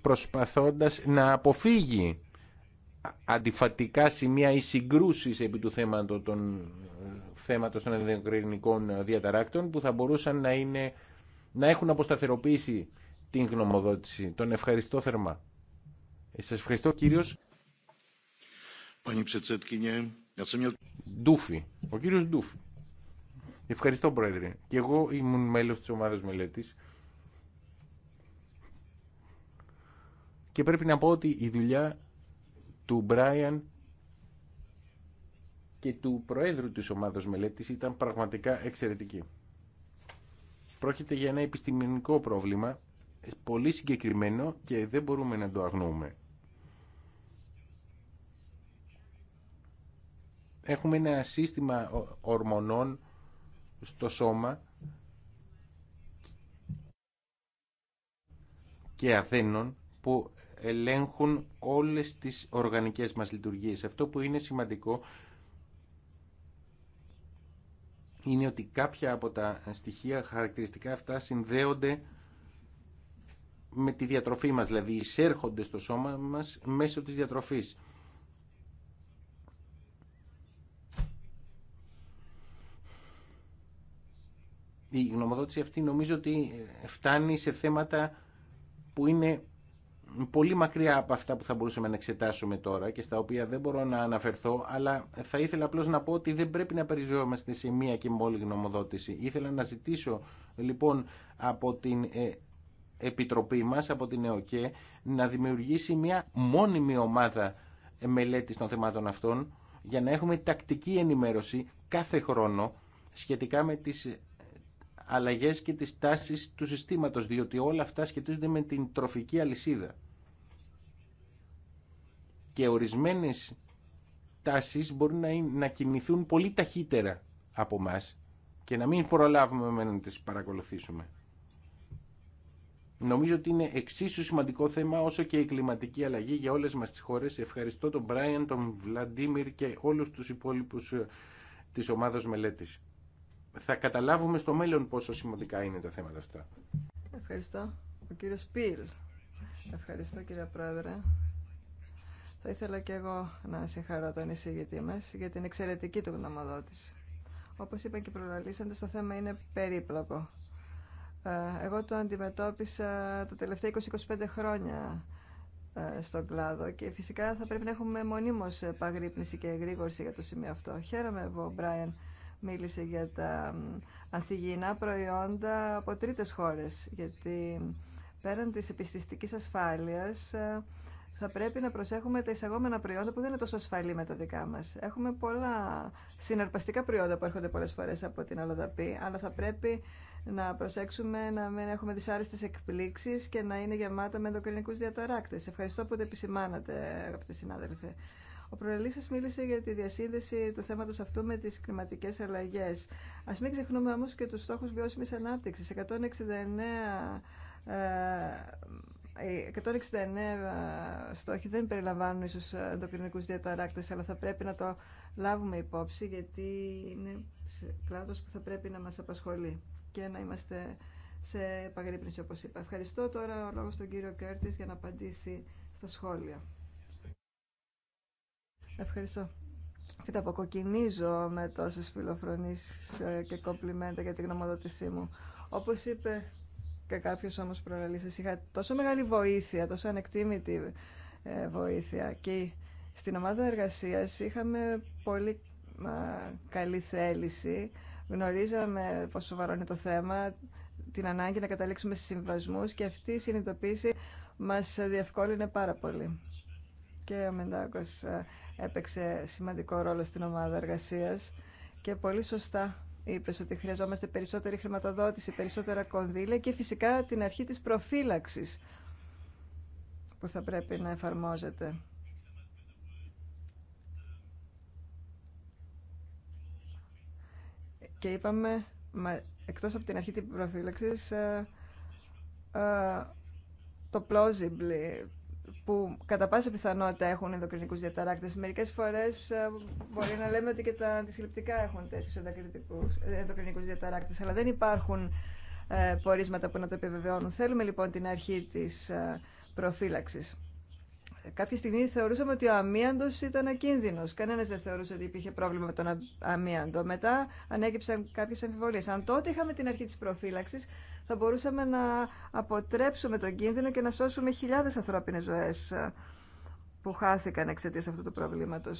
A: προσπαθώντας να αποφύγει αντιφατικά σημεία ή συγκρούσεις επί του θέματος των, θέματος των διαταράκτων που θα μπορούσαν να, είναι, να έχουν αποσταθεροποιήσει την γνωμοδότηση. Τον ευχαριστώ θερμά. Σας ευχαριστώ κυρίως. Ντούφι. Ο κύριο Ντούφι. Ευχαριστώ πρόεδρε. Και εγώ ήμουν μέλος τη ομάδα μελέτη. Και πρέπει να πω ότι η δουλειά του Μπράιαν και του Προέδρου της ομάδας μελέτης ήταν πραγματικά εξαιρετική. Πρόκειται για ένα επιστημονικό πρόβλημα, πολύ συγκεκριμένο και δεν μπορούμε να το αγνοούμε. έχουμε ένα σύστημα ορμονών στο σώμα και αθένων που ελέγχουν όλες τις οργανικές μας λειτουργίες. Αυτό που είναι σημαντικό είναι ότι κάποια από τα στοιχεία χαρακτηριστικά αυτά συνδέονται με τη διατροφή μας, δηλαδή εισέρχονται στο σώμα μας μέσω της διατροφής. η γνωμοδότηση αυτή νομίζω ότι ε, φτάνει σε θέματα που είναι πολύ μακριά από αυτά που θα μπορούσαμε να εξετάσουμε τώρα και στα οποία δεν μπορώ να αναφερθώ, αλλά θα ήθελα απλώς να πω ότι δεν πρέπει να περιζόμαστε σε μία και μόλι γνωμοδότηση. Ήθελα να ζητήσω λοιπόν από την ε, Επιτροπή μας, από την ΕΟΚΕ, να δημιουργήσει μία μόνιμη ομάδα μελέτης των θεμάτων αυτών για να έχουμε τακτική ενημέρωση κάθε χρόνο σχετικά με τις αλλαγές και τις τάσει του συστήματος, διότι όλα αυτά σχετίζονται με την τροφική αλυσίδα. Και ορισμένες τάσεις μπορούν να, να κινηθούν πολύ ταχύτερα από μας και να μην προλάβουμε με να τις παρακολουθήσουμε. Νομίζω ότι είναι εξίσου σημαντικό θέμα όσο και η κλιματική αλλαγή για όλες μας τις χώρες. Ευχαριστώ τον Μπράιν, τον Βλαντίμιρ και όλους τους υπόλοιπους ε, της ομάδας μελέτης θα καταλάβουμε στο μέλλον πόσο σημαντικά είναι τα θέματα αυτά.
B: Ευχαριστώ. Ο κύριος Πιλ. Ευχαριστώ κύριε Πρόεδρε. Θα ήθελα και εγώ να συγχαρώ τον εισηγητή μας για την εξαιρετική του γνωμοδότηση. Όπως είπα και προλαλήσαντε, το θέμα είναι περίπλοκο. Ε, εγώ το αντιμετώπισα τα τελευταία 20-25 χρόνια ε, στον κλάδο και φυσικά θα πρέπει να έχουμε μονίμως παγρύπνηση και εγρήγορση για το σημείο αυτό. Χαίρομαι εγώ, μίλησε για τα ανθυγιεινά προϊόντα από τρίτες χώρες, γιατί πέραν της επιστηστικής ασφάλειας ε, θα πρέπει να προσέχουμε τα εισαγόμενα προϊόντα που δεν είναι τόσο ασφαλή με τα δικά μας. Έχουμε πολλά συναρπαστικά προϊόντα που έρχονται πολλές φορές από την Αλοδαπή, αλλά θα πρέπει να προσέξουμε να μην έχουμε δυσάρεστες εκπλήξεις και να είναι γεμάτα με ενδοκρινικούς διαταράκτες. Ευχαριστώ που το επισημάνατε, αγαπητοί συνάδελφοι. Ο Προελή σα μίλησε για τη διασύνδεση του θέματο αυτού με τι κλιματικέ αλλαγέ. Α μην ξεχνούμε όμω και του στόχου βιώσιμη ανάπτυξη. 169 169 στόχοι δεν περιλαμβάνουν ίσως ενδοκρινικούς διαταράκτες, αλλά θα πρέπει να το λάβουμε υπόψη, γιατί είναι κλάδος που θα πρέπει να μας απασχολεί και να είμαστε σε επαγρύπνηση, όπως είπα. Ευχαριστώ τώρα ο λόγος τον κύριο Κέρτης για να απαντήσει στα σχόλια. Ευχαριστώ. Και τα αποκοκκινίζω με τόσες φιλοφρονήσεις ε, και κομπλιμέντα για την γνωμοδότησή μου. Όπως είπε και κάποιος όμως προλαλήσεις, είχα τόσο μεγάλη βοήθεια, τόσο ανεκτήμητη ε, βοήθεια και στην ομάδα εργασίας είχαμε πολύ καλή θέληση. Γνωρίζαμε πόσο σοβαρό είναι το θέμα, την ανάγκη να καταλήξουμε σε συμβασμούς και αυτή η συνειδητοποίηση μας διευκόλυνε πάρα πολύ. Και ο ε, έπαιξε σημαντικό ρόλο στην ομάδα εργασία και πολύ σωστά είπε ότι χρειαζόμαστε περισσότερη χρηματοδότηση, περισσότερα κονδύλια και φυσικά την αρχή της προφύλαξης που θα πρέπει να εφαρμόζεται. Και είπαμε, εκτός από την αρχή της προφύλαξης, ε, ε, το plausibly, που κατά πάσα πιθανότητα έχουν ενδοκρινικούς διαταράκτες. Μερικές φορές ε, μπορεί να λέμε ότι και τα αντισυλληπτικά έχουν τέτοιους ενδοκρινικούς ε, διαταράκτες, αλλά δεν υπάρχουν ε, πορίσματα που να το επιβεβαιώνουν. Θέλουμε λοιπόν την αρχή της προφύλαξης κάποια στιγμή θεωρούσαμε ότι ο αμίαντος ήταν ακίνδυνος. Κανένα δεν θεωρούσε ότι υπήρχε πρόβλημα με τον αμίαντο. Μετά ανέκυψαν κάποιες αμφιβολίες. Αν τότε είχαμε την αρχή της προφύλαξης, θα μπορούσαμε να αποτρέψουμε τον κίνδυνο και να σώσουμε χιλιάδες ανθρώπινες ζωές ε, που χάθηκαν εξαιτία αυτού του προβλήματο.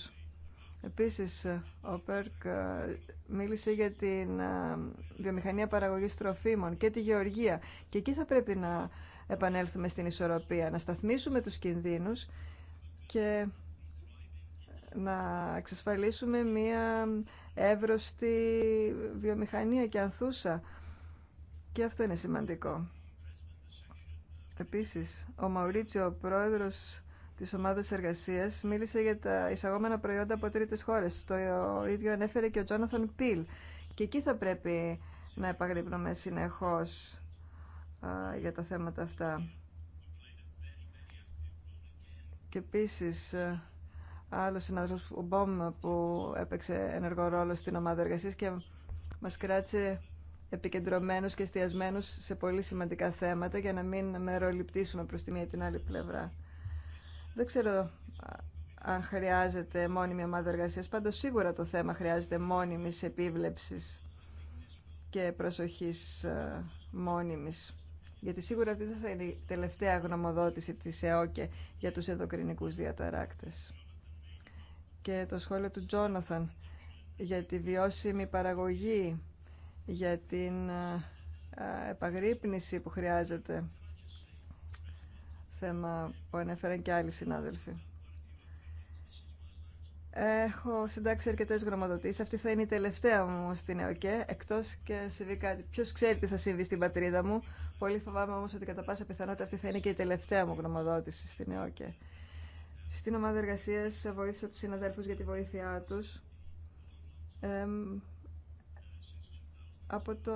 B: Επίση, ε, ο Πέρκ ε, μίλησε για την βιομηχανία παραγωγή τροφίμων και τη γεωργία. Και εκεί θα πρέπει να επανέλθουμε στην ισορροπία, να σταθμίσουμε τους κινδύνους και να εξασφαλίσουμε μία εύρωστη βιομηχανία και ανθούσα. Και αυτό είναι σημαντικό. Επίσης, ο Μαουρίτσιο, ο πρόεδρος της ομάδας εργασίας, μίλησε για τα εισαγόμενα προϊόντα από τρίτες χώρες. Το ίδιο ανέφερε και ο Τζόναθαν Πιλ. Και εκεί θα πρέπει να επαγρύπνουμε συνεχώς για τα θέματα αυτά. Και επίση ε, άλλο συνάδελφο ο Μπόμ που έπαιξε ενεργό ρόλο στην ομάδα εργασία και μα κράτησε επικεντρωμένου και εστιασμένου σε πολύ σημαντικά θέματα για να μην μεροληπτήσουμε προ τη μία ή την άλλη πλευρά. Δεν ξέρω αν χρειάζεται μόνιμη ομάδα εργασία. Πάντω σίγουρα το θέμα χρειάζεται μόνιμη επίβλεψη και προσοχή ε, μόνιμης γιατί σίγουρα αυτή δεν θα είναι η τελευταία γνωμοδότηση της ΕΟΚΕ για τους ενδοκρινικούς διαταράκτες. Και το σχόλιο του Τζόναθαν για τη βιώσιμη παραγωγή, για την ε, ε, επαγρύπνηση που χρειάζεται, θέμα που ανέφεραν και άλλοι συνάδελφοι. Έχω συντάξει αρκετέ γνωμοδοτήσει. Αυτή θα είναι η τελευταία μου στην ΕΟΚΕ, εκτό και συμβεί κάτι. Ποιο ξέρει τι θα συμβεί στην πατρίδα μου. Πολύ φοβάμαι όμω ότι κατά πάσα πιθανότητα αυτή θα είναι και η τελευταία μου γνωμοδότηση στην ΕΟΚΕ. Στην ομάδα εργασία βοήθησα του συναδέλφου για τη βοήθειά του. Ε, από το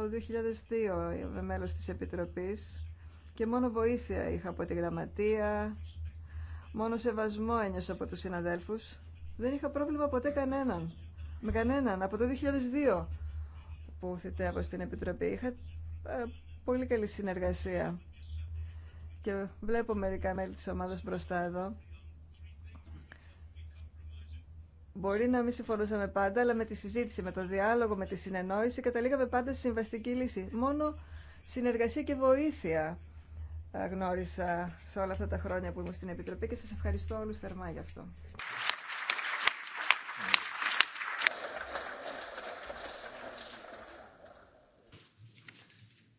B: 2002 είμαι μέλος της Επιτροπής και μόνο βοήθεια είχα από τη γραμματεία, μόνο σεβασμό ένιωσα από τους συναδέλφους δεν είχα πρόβλημα ποτέ κανέναν. Με κανέναν. Από το 2002 που θητεύω στην Επιτροπή. Είχα ε, πολύ καλή συνεργασία. Και βλέπω μερικά μέλη της ομάδας μπροστά εδώ. Μπορεί να μην συμφωνούσαμε πάντα, αλλά με τη συζήτηση, με το διάλογο, με τη συνεννόηση, καταλήγαμε πάντα στη συμβαστική λύση. Μόνο συνεργασία και βοήθεια ε, γνώρισα σε όλα αυτά τα χρόνια που ήμουν στην Επιτροπή και σας ευχαριστώ όλους θερμά γι' αυτό.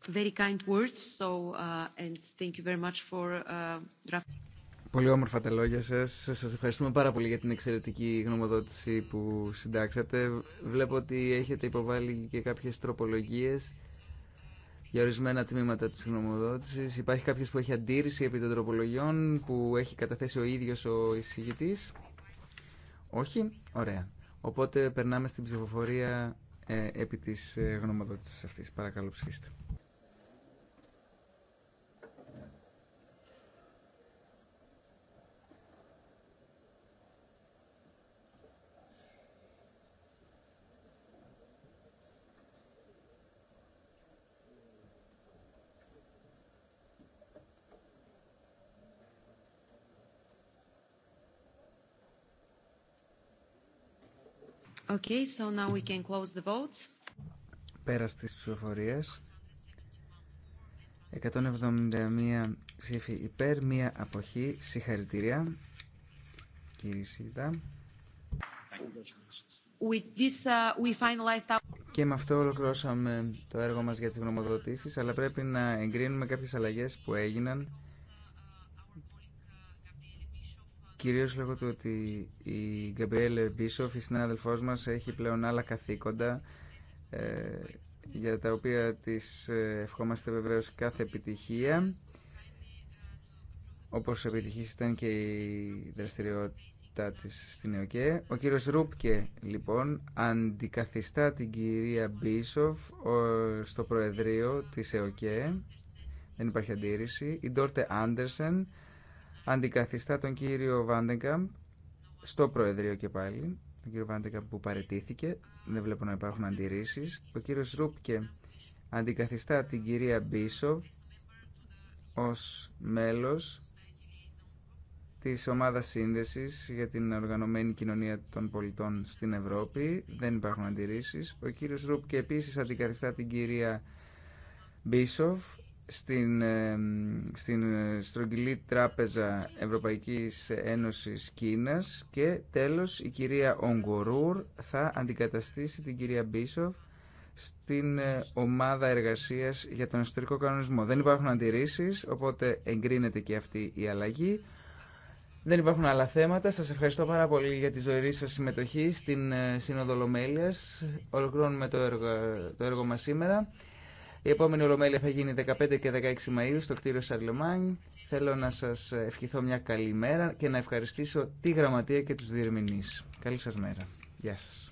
C: very kind words, so, uh, and thank you very much for uh,
D: Πολύ όμορφα τα λόγια σας. Σας ευχαριστούμε πάρα πολύ για την εξαιρετική γνωμοδότηση που συντάξατε. Βλέπω ότι έχετε υποβάλει και κάποιες τροπολογίες για ορισμένα τμήματα τη γνωμοδότηση. Υπάρχει κάποιο που έχει αντίρρηση επί των τροπολογιών που έχει καταθέσει ο ίδιος ο εισηγητή. Όχι. Ωραία. Οπότε περνάμε στην ψηφοφορία ε, επί της ε, γνωμοδότηση αυτή. Παρακαλώ ψηφίστε.
B: Okay, so now we can close the votes.
D: Πέρα στις ψηφοφορίες. 171 ψήφοι υπέρ, μία αποχή. Συγχαρητήρια, κύριε Σίδα.
C: Uh,
D: Και με αυτό ολοκληρώσαμε το έργο μας για τις γνωμοδοτήσεις, αλλά πρέπει να εγκρίνουμε κάποιες αλλαγές που έγιναν κυρίως λόγω του ότι η Γκαμπριέλε Μπίσοφ, η συνάδελφός μας, έχει πλέον άλλα καθήκοντα ε, για τα οποία της ε, ευχόμαστε βεβαίως κάθε επιτυχία όπως επιτυχής ήταν και η δραστηριότητα της στην ΕΟΚΕ. Ο κύριος Ρούπκε λοιπόν αντικαθιστά την κυρία Μπίσοφ στο Προεδρείο της ΕΟΚΕ. Δεν υπάρχει αντίρρηση. Η Ντόρτε Άντερσεν αντικαθιστά τον κύριο Βάντεγκαμπ στο Προεδρείο και πάλι, τον κύριο Βάντεγκαμπ που παρετήθηκε, δεν βλέπω να υπάρχουν αντιρρήσει. Ο κύριος Ρούπκε αντικαθιστά την κυρία Μπίσοβ ως μέλος της ομάδας σύνδεσης για την οργανωμένη κοινωνία των πολιτών στην Ευρώπη. Δεν υπάρχουν αντιρρήσεις. Ο κύριος Ρούπκε επίσης αντικαθιστά την κυρία Μπίσοφ στην, στην ε, στρογγυλή τράπεζα Ευρωπαϊκής Ένωσης Κίνας και τέλος η κυρία Ογκορούρ θα αντικαταστήσει την κυρία Μπίσοφ στην ε, ομάδα εργασίας για τον εσωτερικό κανονισμό. Δεν υπάρχουν αντιρρήσεις, οπότε εγκρίνεται και αυτή η αλλαγή. Δεν υπάρχουν άλλα θέματα. Σας ευχαριστώ πάρα πολύ για τη ζωηρή σας συμμετοχή στην ε, Σύνοδο Λομέλειας. Ολοκληρώνουμε το έργο, το έργο μας σήμερα. Η επόμενη ολομέλεια θα γίνει 15 και 16 Μαΐου στο κτίριο Σαρλεμάνι. Θέλω να σας ευχηθώ μια καλή μέρα και να ευχαριστήσω τη γραμματεία και τους διερμηνείς. Καλή σας μέρα. Γεια σας.